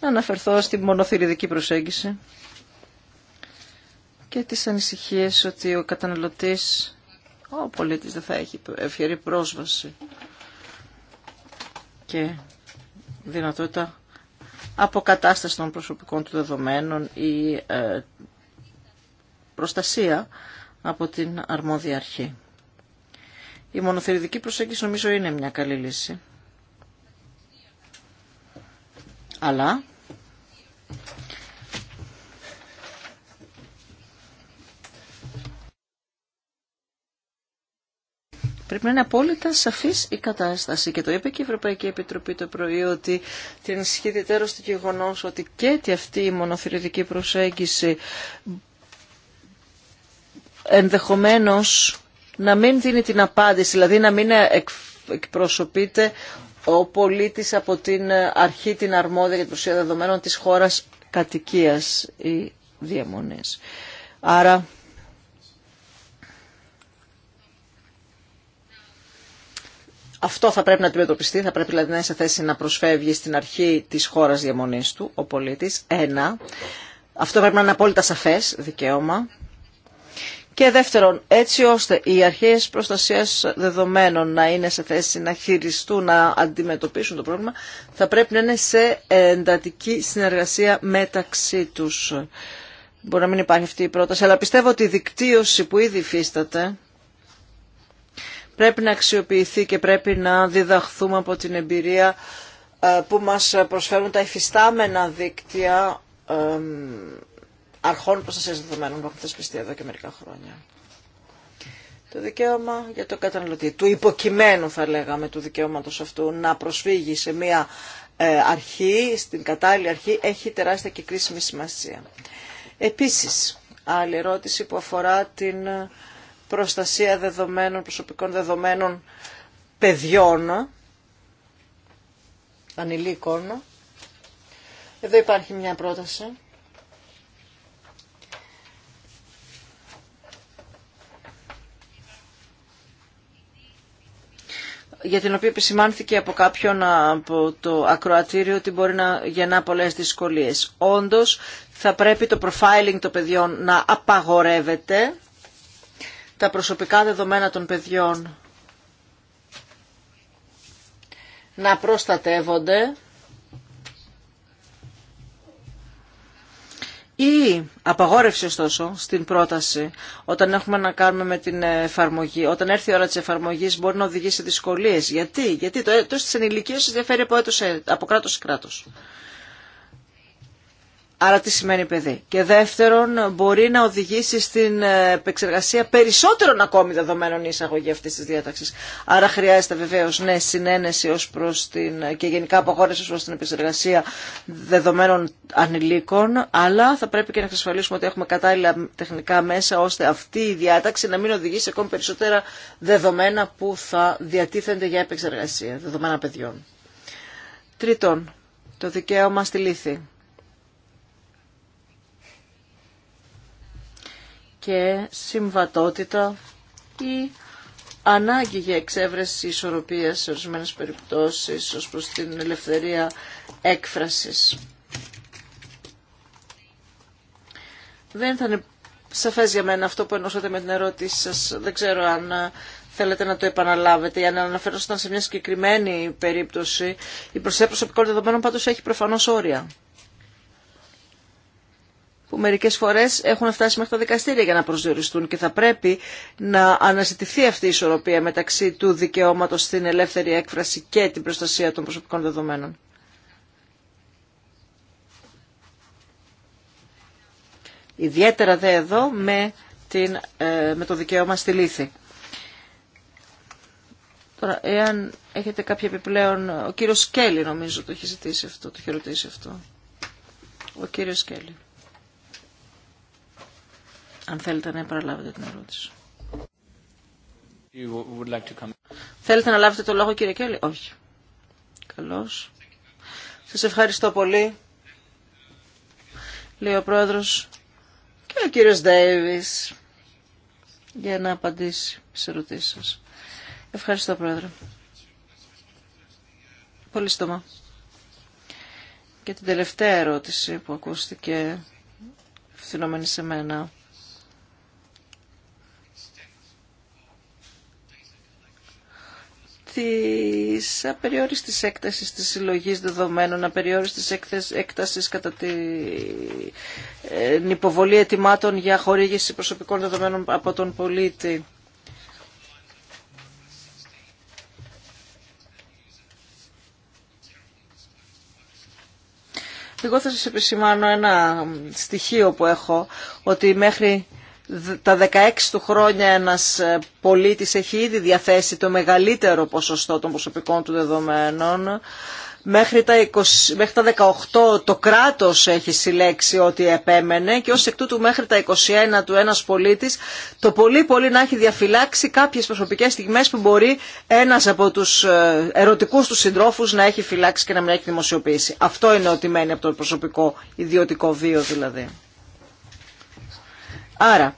να αναφερθώ στη μονοθυριδική προσέγγιση και τις ανησυχίες ότι ο καταναλωτής, ο πολίτης δεν θα έχει ευχερή πρόσβαση και δυνατότητα αποκατάσταση των προσωπικών του δεδομένων ή ε, προστασία από την αρμόδια αρχή. Η μονοθεριδική προσέγγιση νομίζω είναι μια καλή λύση. Αλλά Πρέπει να είναι απόλυτα σαφή η κατάσταση. Και το είπε και η Ευρωπαϊκή Επιτροπή το πρωί ότι την ισχύει ιδιαίτερο στο γεγονό ότι και αυτή η μονοθυρητική προσέγγιση ενδεχομένω να μην δίνει την απάντηση, δηλαδή να μην εκπροσωπείται ο πολίτης από την αρχή την αρμόδια για την δεδομένων της χώρας κατοικία ή διαμονή. Άρα Αυτό θα πρέπει να αντιμετωπιστεί, θα πρέπει δηλαδή να είναι σε θέση να προσφεύγει στην αρχή τη χώρα διαμονή του ο πολίτη. Ένα, αυτό πρέπει να είναι απόλυτα σαφέ δικαίωμα. Και δεύτερον, έτσι ώστε οι αρχές προστασίας δεδομένων να είναι σε θέση να χειριστούν, να αντιμετωπίσουν το πρόβλημα, θα πρέπει να είναι σε εντατική συνεργασία μεταξύ τους. Μπορεί να μην υπάρχει αυτή η πρόταση, αλλά πιστεύω ότι η δικτύωση που ήδη υφίσταται, πρέπει να αξιοποιηθεί και πρέπει να διδαχθούμε από την εμπειρία ε, που μας προσφέρουν τα εφιστάμενα δίκτυα αρχών προστασίας δεδομένων που έχουν θεσπιστεί εδώ και μερικά χρόνια. Το δικαίωμα για το καταναλωτή, του υποκειμένου θα λέγαμε του δικαιώματος αυτού, να προσφύγει σε μια ε, αρχή, στην κατάλληλη αρχή, έχει τεράστια και κρίσιμη σημασία. Επίσης, άλλη ερώτηση που αφορά την προστασία δεδομένων, προσωπικών δεδομένων παιδιών, ανηλίκων. Εδώ υπάρχει μια πρόταση. για την οποία επισημάνθηκε από κάποιον από το ακροατήριο ότι μπορεί να γεννά πολλές δυσκολίες. Όντως, θα πρέπει το profiling των παιδιών να απαγορεύεται τα προσωπικά δεδομένα των παιδιών να προστατεύονται Η απαγόρευση ωστόσο στην πρόταση όταν έχουμε να κάνουμε με την εφαρμογή, όταν έρθει η ώρα της εφαρμογής μπορεί να οδηγήσει δυσκολίες. Γιατί, Γιατί το έτος της ενηλικίας διαφέρει από, έτος, από κράτος σε κράτος. Άρα τι σημαίνει παιδί. Και δεύτερον, μπορεί να οδηγήσει στην ε, επεξεργασία περισσότερων ακόμη δεδομένων εισαγωγή αυτή τη διάταξη. Άρα χρειάζεται βεβαίω ναι, συνένεση ως προς την, και γενικά αποχώρηση ω προ την επεξεργασία δεδομένων ανηλίκων, αλλά θα πρέπει και να εξασφαλίσουμε ότι έχουμε κατάλληλα τεχνικά μέσα ώστε αυτή η διάταξη να μην οδηγήσει ακόμη περισσότερα δεδομένα που θα διατίθενται για επεξεργασία, δεδομένα παιδιών. Τρίτον, το δικαίωμα στη λύθη και συμβατότητα ή ανάγκη για εξέβρεση ισορροπίας σε ορισμένες περιπτώσεις ως προς την ελευθερία έκφρασης. Δεν θα είναι σαφές για μένα αυτό που ενώσατε με την ερώτηση σας. Δεν ξέρω αν ε, θέλετε να το επαναλάβετε ή αν αναφερόσασταν σε μια συγκεκριμένη περίπτωση. Η προσέγγιση προσωπικών δεδομένων πάντως έχει προφανώς όρια που μερικές φορές έχουν φτάσει μέχρι τα δικαστήρια για να προσδιοριστούν και θα πρέπει να αναζητηθεί αυτή η ισορροπία μεταξύ του δικαιώματος στην ελεύθερη έκφραση και την προστασία των προσωπικών δεδομένων. Ιδιαίτερα δε εδώ με, την, ε, με το δικαίωμα στη λύθη. Τώρα, εάν έχετε κάποια επιπλέον... Ο κύριος Σκέλη νομίζω το έχει ζητήσει αυτό, το έχει ρωτήσει αυτό. Ο κύριος Σκέλη αν θέλετε να επαναλάβετε την ερώτηση. Θέλετε να λάβετε το λόγο κύριε Κέλλη. Όχι. Καλώς. Σας ευχαριστώ πολύ. Λέει ο πρόεδρος και ο κύριος Ντέιβις για να απαντήσει σε ερωτήσεις σας. Ευχαριστώ πρόεδρε. Πολύ στόμα. Και την τελευταία ερώτηση που ακούστηκε φθηνόμενη σε μένα της απεριόριστης έκτασης της συλλογή δεδομένων, απεριόριστης έκτασης κατά ε, την υποβολή ετοιμάτων για χορήγηση προσωπικών δεδομένων από τον πολίτη. Εγώ θα σας επισημάνω ένα στοιχείο που έχω, ότι μέχρι τα 16 του χρόνια ένας ε, πολίτης έχει ήδη διαθέσει το μεγαλύτερο ποσοστό των προσωπικών του δεδομένων. Μέχρι τα, 20, μέχρι τα 18 το κράτος έχει συλλέξει ό,τι επέμενε και ως εκ τούτου μέχρι τα 21 του ένας πολίτης το πολύ πολύ να έχει διαφυλάξει κάποιες προσωπικές στιγμές που μπορεί ένας από τους ε, ερωτικούς του συντρόφους να έχει φυλάξει και να μην έχει δημοσιοποιήσει. Αυτό είναι ότι μένει από το προσωπικό ιδιωτικό βίο δηλαδή. Άρα,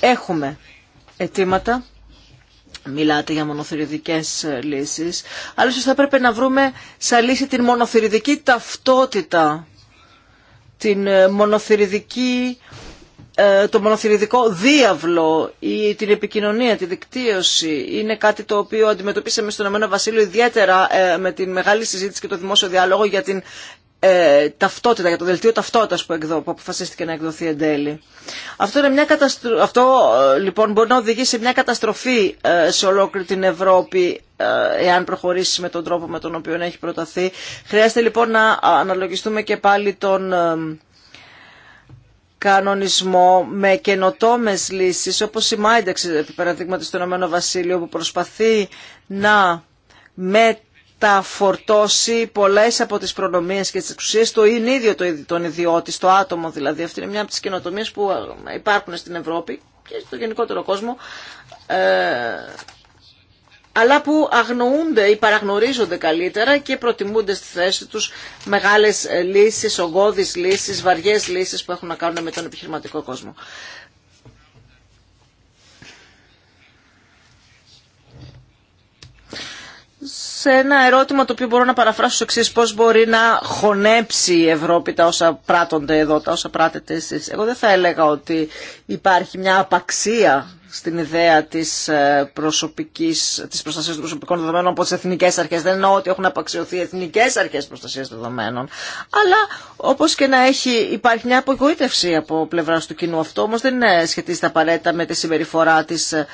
έχουμε αιτήματα μιλάτε για μονοθυριδικές ε, λύσεις. Άλλωστε θα πρέπει να βρούμε σαν λύση την μονοθυριδική ταυτότητα, την ε, μονοθυριδική, ε, το μονοθυριδικό διάβλο ή την επικοινωνία, τη δικτύωση. Είναι κάτι το οποίο αντιμετωπίσαμε στον εμένα Βασίλειο ιδιαίτερα με την μεγάλη συζήτηση και το δημόσιο διάλογο για την ε, ταυτότητα, για το δελτίο ταυτότητας που, που αποφασίστηκε να εκδοθεί εν τέλει. Αυτό, είναι μια καταστρο... Αυτό ε, λοιπόν μπορεί να οδηγήσει σε μια καταστροφή ε, σε ολόκληρη την Ευρώπη εάν προχωρήσει με τον τρόπο με τον οποίο έχει προταθεί. Χρειάζεται λοιπόν να αναλογιστούμε και πάλι τον κανονισμό με καινοτόμες λύσεις όπως η Μάιντεξ επί παραδείγματος του Ηνωμένο Βασίλειο που προσπαθεί να με τα φορτώσει πολλές από τις προνομίες και τις εξουσίες το είναι ίδιο το, τον ιδιώτη, το άτομο δηλαδή. Αυτή είναι μια από τις καινοτομίες που ε, υπάρχουν στην Ευρώπη και στο γενικότερο κόσμο ε, αλλά που αγνοούνται ή παραγνωρίζονται καλύτερα και προτιμούνται στη θέση τους μεγάλες ε, λύσεις, ογκώδεις λύσεις, βαριές λύσεις που έχουν να κάνουν με τον επιχειρηματικό κόσμο. σε ένα ερώτημα το οποίο μπορώ να παραφράσω εξή πώ μπορεί να χωνέψει η Ευρώπη τα όσα πράττονται εδώ, τα όσα πράτετε εσείς. Εγώ δεν θα έλεγα ότι υπάρχει μια απαξία στην ιδέα της, ε, προσωπικής, της προστασίας των προσωπικών δεδομένων από τις εθνικές αρχές. Δεν εννοώ ότι έχουν απαξιωθεί εθνικές αρχές προστασίας δεδομένων. Αλλά όπως και να έχει υπάρχει μια απογοήτευση από πλευράς του κοινού. Αυτό όμως δεν ε, σχετίζεται απαραίτητα με τη συμπεριφορά της ε,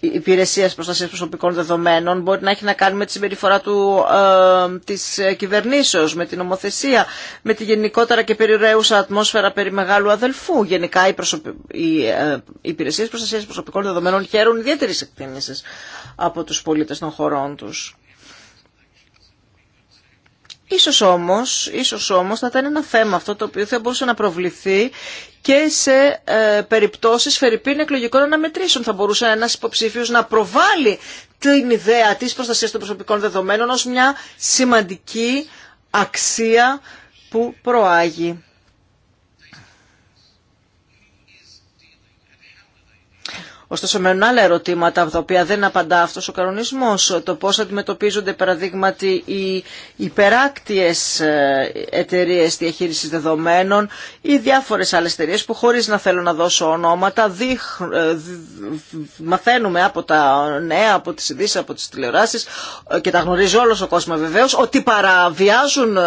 υπηρεσία προστασίας προσωπικών δεδομένων μπορεί να έχει να κάνει με τη συμπεριφορά του, ε, της κυβερνήσεως, με την νομοθεσία, με τη γενικότερα και περιραίουσα ατμόσφαιρα περί μεγάλου αδελφού. Γενικά οι, προσωπι... οι ε, υπηρεσίες προστασίας προσωπικών δεδομένων χαίρουν ιδιαίτερη εκτίμηση από τους πολίτες των χωρών τους. Ίσως όμως, ίσως όμως θα ήταν ένα θέμα αυτό το οποίο θα μπορούσε να προβληθεί και σε ε, περιπτώσεις φερρυπίν εκλογικών αναμετρήσεων. Θα μπορούσε ένας υποψήφιος να προβάλλει την ιδέα της προστασίας των προσωπικών δεδομένων ως μια σημαντική αξία που προάγει. Ωστόσο, μένουν άλλα ερωτήματα από τα οποία δεν απαντά αυτό ο κανονισμό. Το πώ αντιμετωπίζονται, παραδείγματι, οι υπεράκτιε εταιρείε διαχείριση δεδομένων ή διάφορε άλλε εταιρείε που χωρί να θέλω να δώσω ονόματα, ε, μαθαίνουμε από τα νέα, από τι ειδήσει, από τι τηλεοράσει ε, και τα γνωρίζει όλο ο κόσμο βεβαίω, ότι παραβιάζουν ε,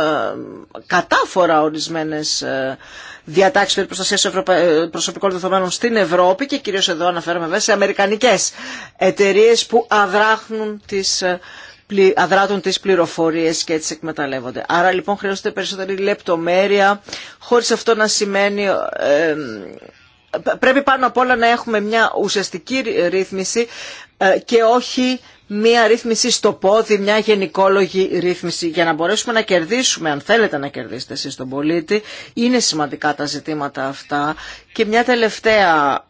κατάφορα ορισμένε διατάξει περί προστασία ε, προσωπικών δεδομένων στην Ευρώπη και κυρίω εδώ αναφέρομαι βέβαια σε αμερικανικέ εταιρείε που αδράχνουν τι ε, αδράτουν τις πληροφορίες και έτσι εκμεταλλεύονται. Άρα λοιπόν χρειάζεται περισσότερη λεπτομέρεια, χωρίς αυτό να σημαίνει ε, πρέπει πάνω απ' όλα να έχουμε μια ουσιαστική ρύθμιση ε, και όχι μια ρύθμιση στο πόδι, μια γενικόλογη ρύθμιση. Για να μπορέσουμε να κερδίσουμε, αν θέλετε να κερδίσετε εσείς τον πολίτη, είναι σημαντικά τα ζητήματα αυτά. Και μια τελευταία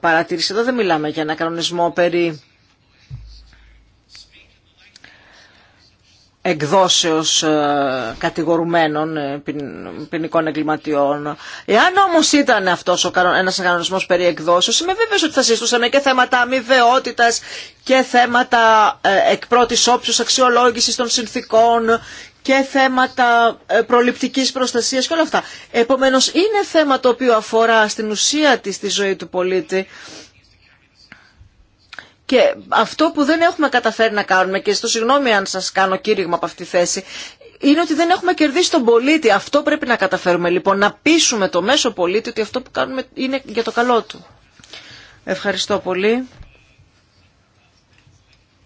παρατήρηση, εδώ δεν μιλάμε για ένα κανονισμό περί εκδόσεως ε, κατηγορουμένων ε, ποινικών εγκληματιών. Εάν όμως ήταν αυτός ο, ένας κανονισμός περί εκδόσεως, είμαι βέβαιος ότι θα συζητούσαμε και θέματα αμοιβαιότητας και θέματα ε, εκ πρώτης όψης αξιολόγησης των συνθήκων και θέματα προληπτικής προστασίας και όλα αυτά. Επομένως είναι θέμα το οποίο αφορά στην ουσία της τη ζωή του πολίτη και αυτό που δεν έχουμε καταφέρει να κάνουμε, και στο συγγνώμη αν σας κάνω κήρυγμα από αυτή τη θέση, είναι ότι δεν έχουμε κερδίσει τον πολίτη. Αυτό πρέπει να καταφέρουμε λοιπόν, να πείσουμε το μέσο πολίτη ότι αυτό που κάνουμε είναι για το καλό του. Ευχαριστώ πολύ.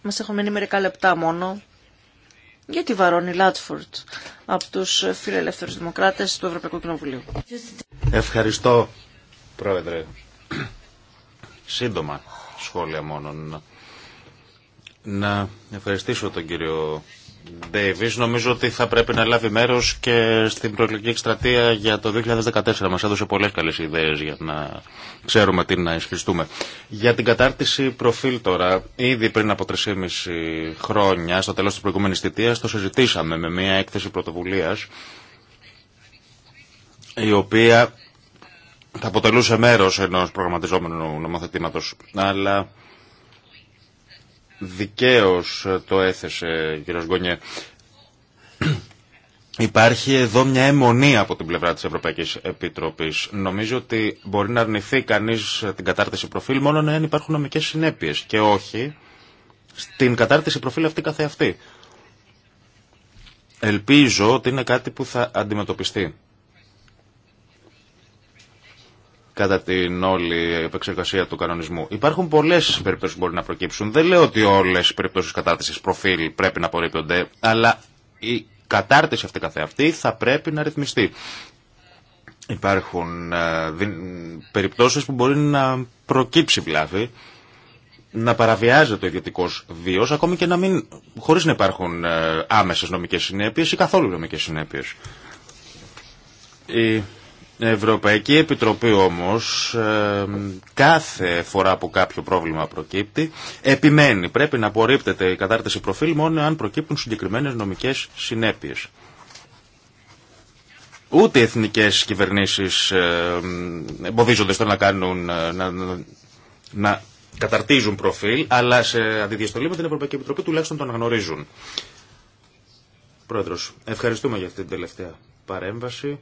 Μας έχουν μείνει μερικά λεπτά μόνο για τη Βαρόνι Λάτφορτ από τους φιλελεύθερους δημοκράτες του Ευρωπαϊκού Κοινοβουλίου. Ευχαριστώ, Πρόεδρε. Σύντομα σχόλια μόνο Να ευχαριστήσω τον κύριο Ντέιβις. Νομίζω ότι θα πρέπει να λάβει μέρος και στην προεκλογική εκστρατεία για το 2014. Μας έδωσε πολλές καλές ιδέες για να ξέρουμε τι να ισχυστούμε. Για την κατάρτιση προφίλ τώρα, ήδη πριν από 3,5 χρόνια, στο τέλος της προηγούμενης θητείας, το συζητήσαμε με μια έκθεση πρωτοβουλίας η οποία θα αποτελούσε μέρος ενός προγραμματιζόμενου νομοθετήματος, αλλά δικαίως το έθεσε κ. Γκόνιε. Υπάρχει εδώ μια αιμονή από την πλευρά της Ευρωπαϊκής Επιτροπής. Νομίζω ότι μπορεί να αρνηθεί κανείς την κατάρτιση προφίλ μόνο αν υπάρχουν νομικές συνέπειες και όχι στην κατάρτιση προφίλ αυτή καθεαυτή. Ελπίζω ότι είναι κάτι που θα αντιμετωπιστεί. κατά την όλη επεξεργασία του κανονισμού. Υπάρχουν πολλέ περιπτώσει που μπορεί να προκύψουν. Δεν λέω ότι όλε οι περιπτώσει κατάρτιση προφίλ πρέπει να απορρίπτονται, αλλά η κατάρτιση αυτή καθεαυτή θα πρέπει να ρυθμιστεί. Υπάρχουν ε, περιπτώσεις που μπορεί να προκύψει βλάβη, δηλαδή, να παραβιάζεται ο ιδιωτικό βίο, ακόμη και να μην, χωρίς να υπάρχουν ε, άμεσες άμεσε νομικέ συνέπειε η καθολου νομικέ συνέπειε. Ευρωπαϊκή Επιτροπή όμως ε, κάθε φορά που κάποιο πρόβλημα προκύπτει επιμένει. Πρέπει να απορρίπτεται η κατάρτιση προφίλ μόνο αν προκύπτουν συγκεκριμένες νομικές συνέπειες. Ούτε οι εθνικές κυβερνήσεις ε, εμποδίζονται στο να κάνουν, ε, να, να καταρτίζουν προφίλ, αλλά σε αντιδιαστολή με την Ευρωπαϊκή Επιτροπή τουλάχιστον το αναγνωρίζουν. Πρόεδρος, ευχαριστούμε για αυτή την τελευταία παρέμβαση.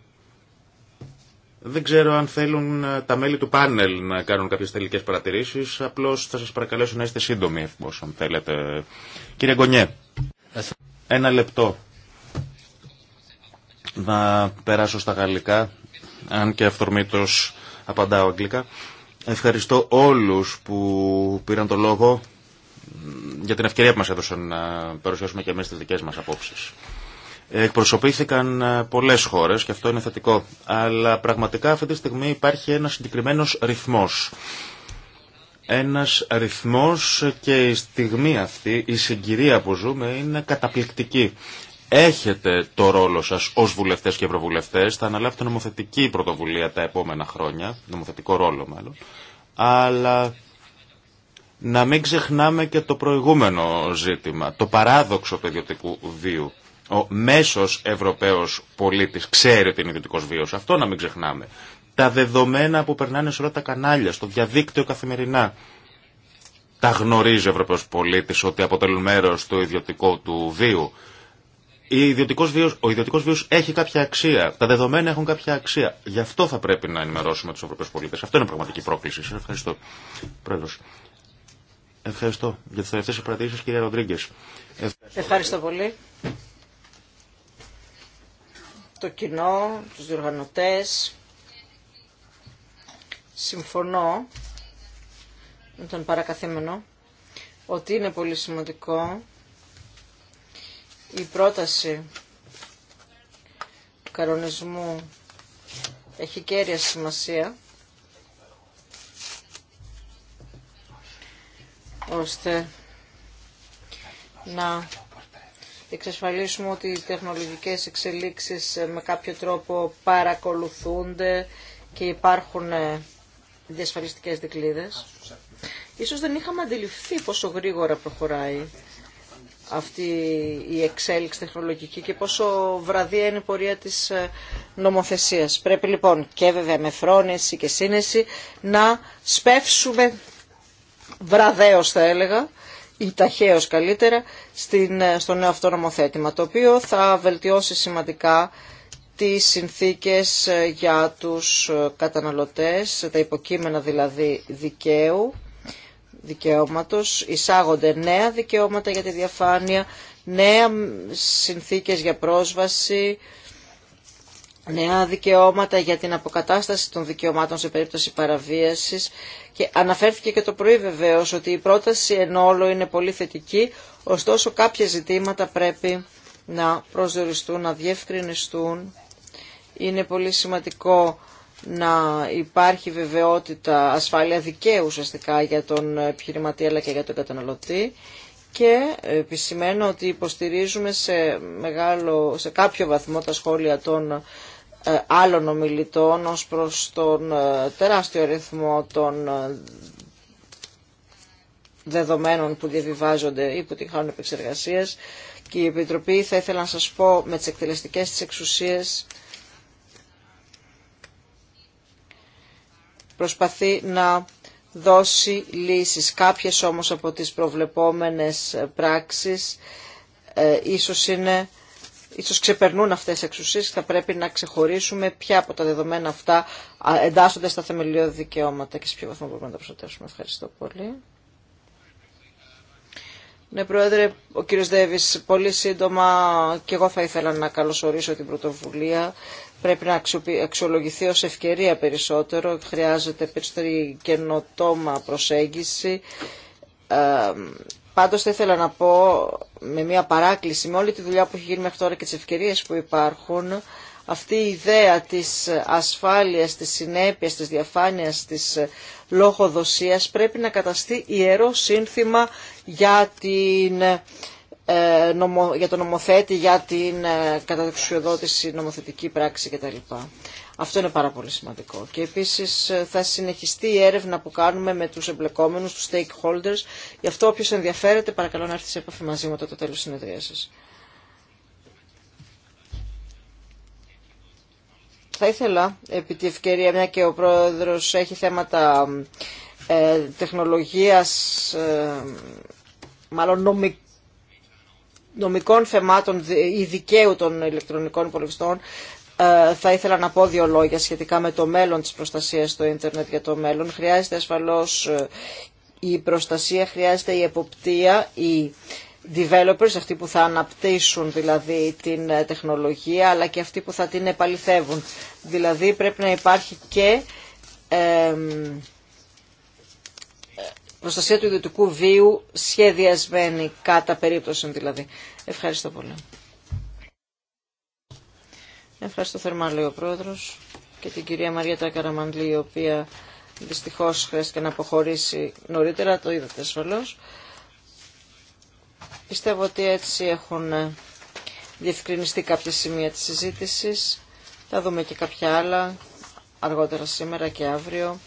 Δεν ξέρω αν θέλουν ε, τα μέλη του πάνελ να κάνουν κάποιες τελικές παρατηρήσεις. Απλώς θα σας παρακαλέσω να είστε σύντομοι όσο θέλετε. Κύριε Γκονιέ, ένα λεπτό. Να περάσω στα γαλλικά, αν και αυθορμήτως απαντάω αγγλικά. Ευχαριστώ όλους που πήραν το λόγο για την ευκαιρία που μας έδωσαν να παρουσιάσουμε και εμείς τις δικές μας απόψεις. Εκπροσωπήθηκαν ε, πολλές χώρες και αυτό είναι θετικό. Αλλά πραγματικά αυτή τη στιγμή υπάρχει ένας συγκεκριμένος ρυθμός. Ένας ρυθμός και η στιγμή αυτή, η συγκυρία που ζούμε είναι καταπληκτική. Έχετε το ρόλο σας ως βουλευτές και ευρωβουλευτές, θα αναλάβετε νομοθετική πρωτοβουλία τα επόμενα χρόνια, νομοθετικό ρόλο μάλλον, αλλά να μην ξεχνάμε και το προηγούμενο ζήτημα, το παράδοξο παιδιωτικού βίου. Ο μέσος Ευρωπαίος πολίτης ξέρει ότι είναι ιδιωτικός βίος. Αυτό να μην ξεχνάμε. Τα δεδομένα που περνάνε σε όλα τα κανάλια, στο διαδίκτυο καθημερινά. Τα γνωρίζει ο Ευρωπαίος πολίτης ότι αποτελούν μέρος του ιδιωτικού του βίου. Ο ιδιωτικός βίος, ο ιδιωτικό βίο έχει κάποια αξία. Τα δεδομένα έχουν κάποια αξία. Γι' αυτό θα πρέπει να ενημερώσουμε του Ευρωπαίου πολίτε. Αυτό είναι πραγματική πρόκληση. Σα ευχαριστώ. Πρόεδρο. Ευχαριστώ για τι τελευταίε κυρία ευχαριστώ πολύ το κοινό, τους διοργανωτές. Συμφωνώ με τον παρακαθήμενο ότι είναι πολύ σημαντικό η πρόταση του κανονισμού έχει κέρια σημασία ώστε να εξασφαλίσουμε ότι οι τεχνολογικές εξελίξεις ε, με κάποιο τρόπο παρακολουθούνται και υπάρχουν ε, διασφαλιστικές δικλείδες. Ίσως δεν είχαμε αντιληφθεί πόσο γρήγορα προχωράει αυτή η εξέλιξη τεχνολογική και πόσο βραδία είναι η πορεία της ε, νομοθεσίας. Πρέπει λοιπόν και βέβαια με φρόνηση και σύνεση να σπεύσουμε βραδέως θα έλεγα ή ταχαίως καλύτερα στην, στο νέο αυτό νομοθέτημα, το οποίο θα βελτιώσει σημαντικά τις συνθήκες για τους καταναλωτές, τα υποκείμενα δηλαδή δικαίου, δικαιώματος, εισάγονται νέα δικαιώματα για τη διαφάνεια, νέα συνθήκες για πρόσβαση, νέα δικαιώματα για την αποκατάσταση των δικαιωμάτων σε περίπτωση παραβίασης και αναφέρθηκε και το πρωί βεβαίω ότι η πρόταση εν όλο είναι πολύ θετική, ωστόσο κάποια ζητήματα πρέπει να προσδιοριστούν, να διευκρινιστούν. Είναι πολύ σημαντικό να υπάρχει βεβαιότητα ασφάλεια δικαίου ουσιαστικά για τον επιχειρηματή αλλά και για τον καταναλωτή και ε, επισημαίνω ότι υποστηρίζουμε μεγάλο, σε κάποιο βαθμό τα σχόλια των ε, άλλων ομιλητών ως προς τον ε, τεράστιο ρυθμό των ε, δεδομένων που διαβιβάζονται ή που τυχάνουν επεξεργασίες και η Επιτροπή θα ήθελα να σας πω με τις εκτελεστικές της εξουσίες προσπαθεί να δώσει λύσεις. Κάποιες όμως από τις προβλεπόμενες πράξεις ε, ίσως είναι ίσως ξεπερνούν αυτές τις εξουσίες θα πρέπει να ξεχωρίσουμε ποια από τα δεδομένα αυτά εντάσσονται στα θεμελιώδη δικαιώματα και σε ποιο βαθμό μπορούμε να τα προστατεύσουμε. Ευχαριστώ πολύ. Ναι, Πρόεδρε, ο κύριος Δέβης, πολύ σύντομα και εγώ θα ήθελα να καλωσορίσω την πρωτοβουλία πρέπει να αξιολογηθεί ως ευκαιρία περισσότερο, χρειάζεται περισσότερη καινοτόμα προσέγγιση Πάντω θα ήθελα να πω με μια παράκληση, με όλη τη δουλειά που έχει γίνει μέχρι τώρα και τι ευκαιρίε που υπάρχουν, αυτή η ιδέα της ασφάλειας, της συνέπειας, της διαφάνειας, της λογοδοσίας πρέπει να καταστεί ιερό σύνθημα για, την, ε, για τον νομοθέτη, για την ε, καταδεξιοδότηση νομοθετική πράξη κτλ. Αυτό είναι πάρα πολύ σημαντικό. Και επίσης ε, θα συνεχιστεί η έρευνα που κάνουμε με τους εμπλεκόμενους, τους stakeholders. Γι' αυτό όποιος ενδιαφέρεται παρακαλώ να έρθει σε επαφή μαζί μου το τέλος της σα. Θα ήθελα, επί τη ευκαιρία, μια και ο πρόεδρος έχει θέματα ε, τεχνολογίας, ε, μάλλον νομικών, νομικών θεμάτων ή δικαίου των ηλεκτρονικών υπολογιστών. Ε, θα ήθελα να πω δύο λόγια σχετικά με το μέλλον της προστασίας στο ίντερνετ για το μέλλον. Χρειάζεται ασφαλώς ε, η προστασία, χρειάζεται η εποπτεία, οι developers, αυτοί που θα αναπτύσσουν δηλαδή την ε, τεχνολογία, αλλά και αυτοί που θα την επαληθεύουν. Δηλαδή πρέπει να υπάρχει και προστασία του ιδιωτικού βίου σχεδιασμένη κατά περίπτωση δηλαδή. Ευχαριστώ πολύ. Ευχαριστώ θερμά, λέει ο Πρόεδρος, και την κυρία Μαριέτα Καραμαντλή, η οποία δυστυχώς χρειάστηκε να αποχωρήσει νωρίτερα, το είδατε ασφαλώ. Πιστεύω ότι έτσι έχουν ε, διευκρινιστεί κάποια σημεία της συζήτησης. Θα δούμε και κάποια άλλα αργότερα σήμερα και αύριο.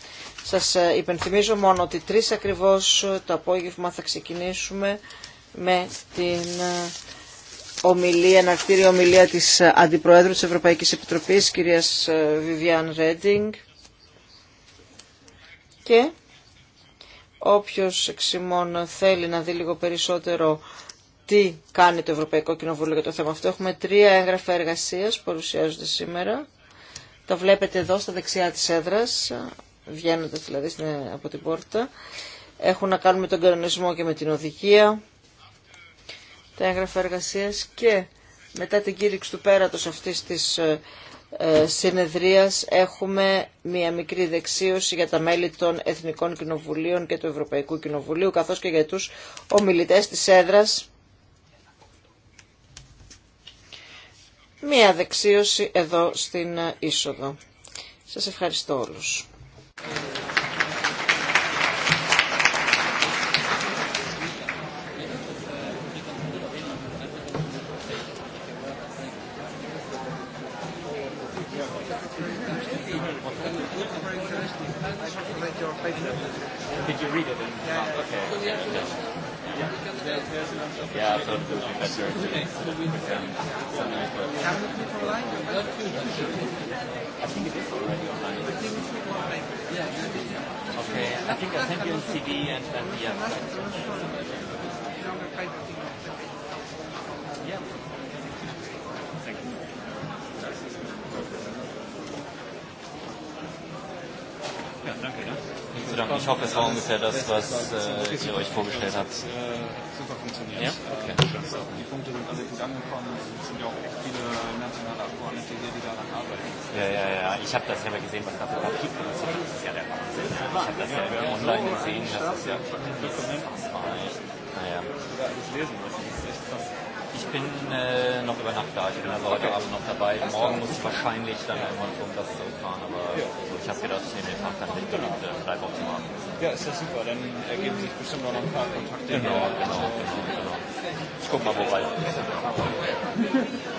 Σας ε, υπενθυμίζω μόνο ότι τρεις ακριβώς ε, το απόγευμα θα ξεκινήσουμε με την ομιλία, εναρκτήρια ομιλία της Αντιπροέδρου της Ευρωπαϊκής Επιτροπής, κυρίας Βιβιάν ε, Ρέντινγκ. Και όποιος εξημών θέλει να δει λίγο περισσότερο τι κάνει το Ευρωπαϊκό Κοινοβούλιο για το θέμα αυτό, έχουμε τρία έγγραφα εργασίας που παρουσιάζονται σήμερα. Τα βλέπετε εδώ στα δεξιά της έδρας, βγαίνοντα δηλαδή από την πόρτα. Έχουν να κάνουν με τον κανονισμό και με την οδηγία τα έγγραφα εργασίας και μετά την κήρυξη του πέρατος αυτής της ε, ε, συνεδρίας έχουμε μία μικρή δεξίωση για τα μέλη των Εθνικών Κοινοβουλίων και του Ευρωπαϊκού Κοινοβουλίου καθώς και για τους ομιλητές της έδρας. Μία δεξίωση εδώ στην ε, είσοδο. Σας ευχαριστώ όλους. Okay, I think I sent you CD and then, yeah. ich hoffe, es war ungefähr das, was äh, ihr euch vorgestellt habt. Super funktioniert. Ja? Okay. Die Punkte sind alle gut angekommen. Es sind ja auch viele nationale Abgeordnete hier, die daran arbeiten. Ja, ja, ja. Ich habe das ja mal gesehen, was da für Papier Das ist ja der Wahnsinn. Ich habe das ja online gesehen. Das ist ja. Das war echt. Naja. Ich lesen Ich bin äh, noch über Nacht da. Ich bin also heute Abend noch dabei. Morgen muss ich wahrscheinlich dann irgendwann um das zu fahren. Aber ja. ich habe gedacht, ich nehme den Tag dann mit und äh, bleibe auch zum Abend. Ja, ist ja super. Dann ergeben sich bestimmt noch ein paar Kontakte. Genau, genau, genau, genau. Ich gucke mal, wobei.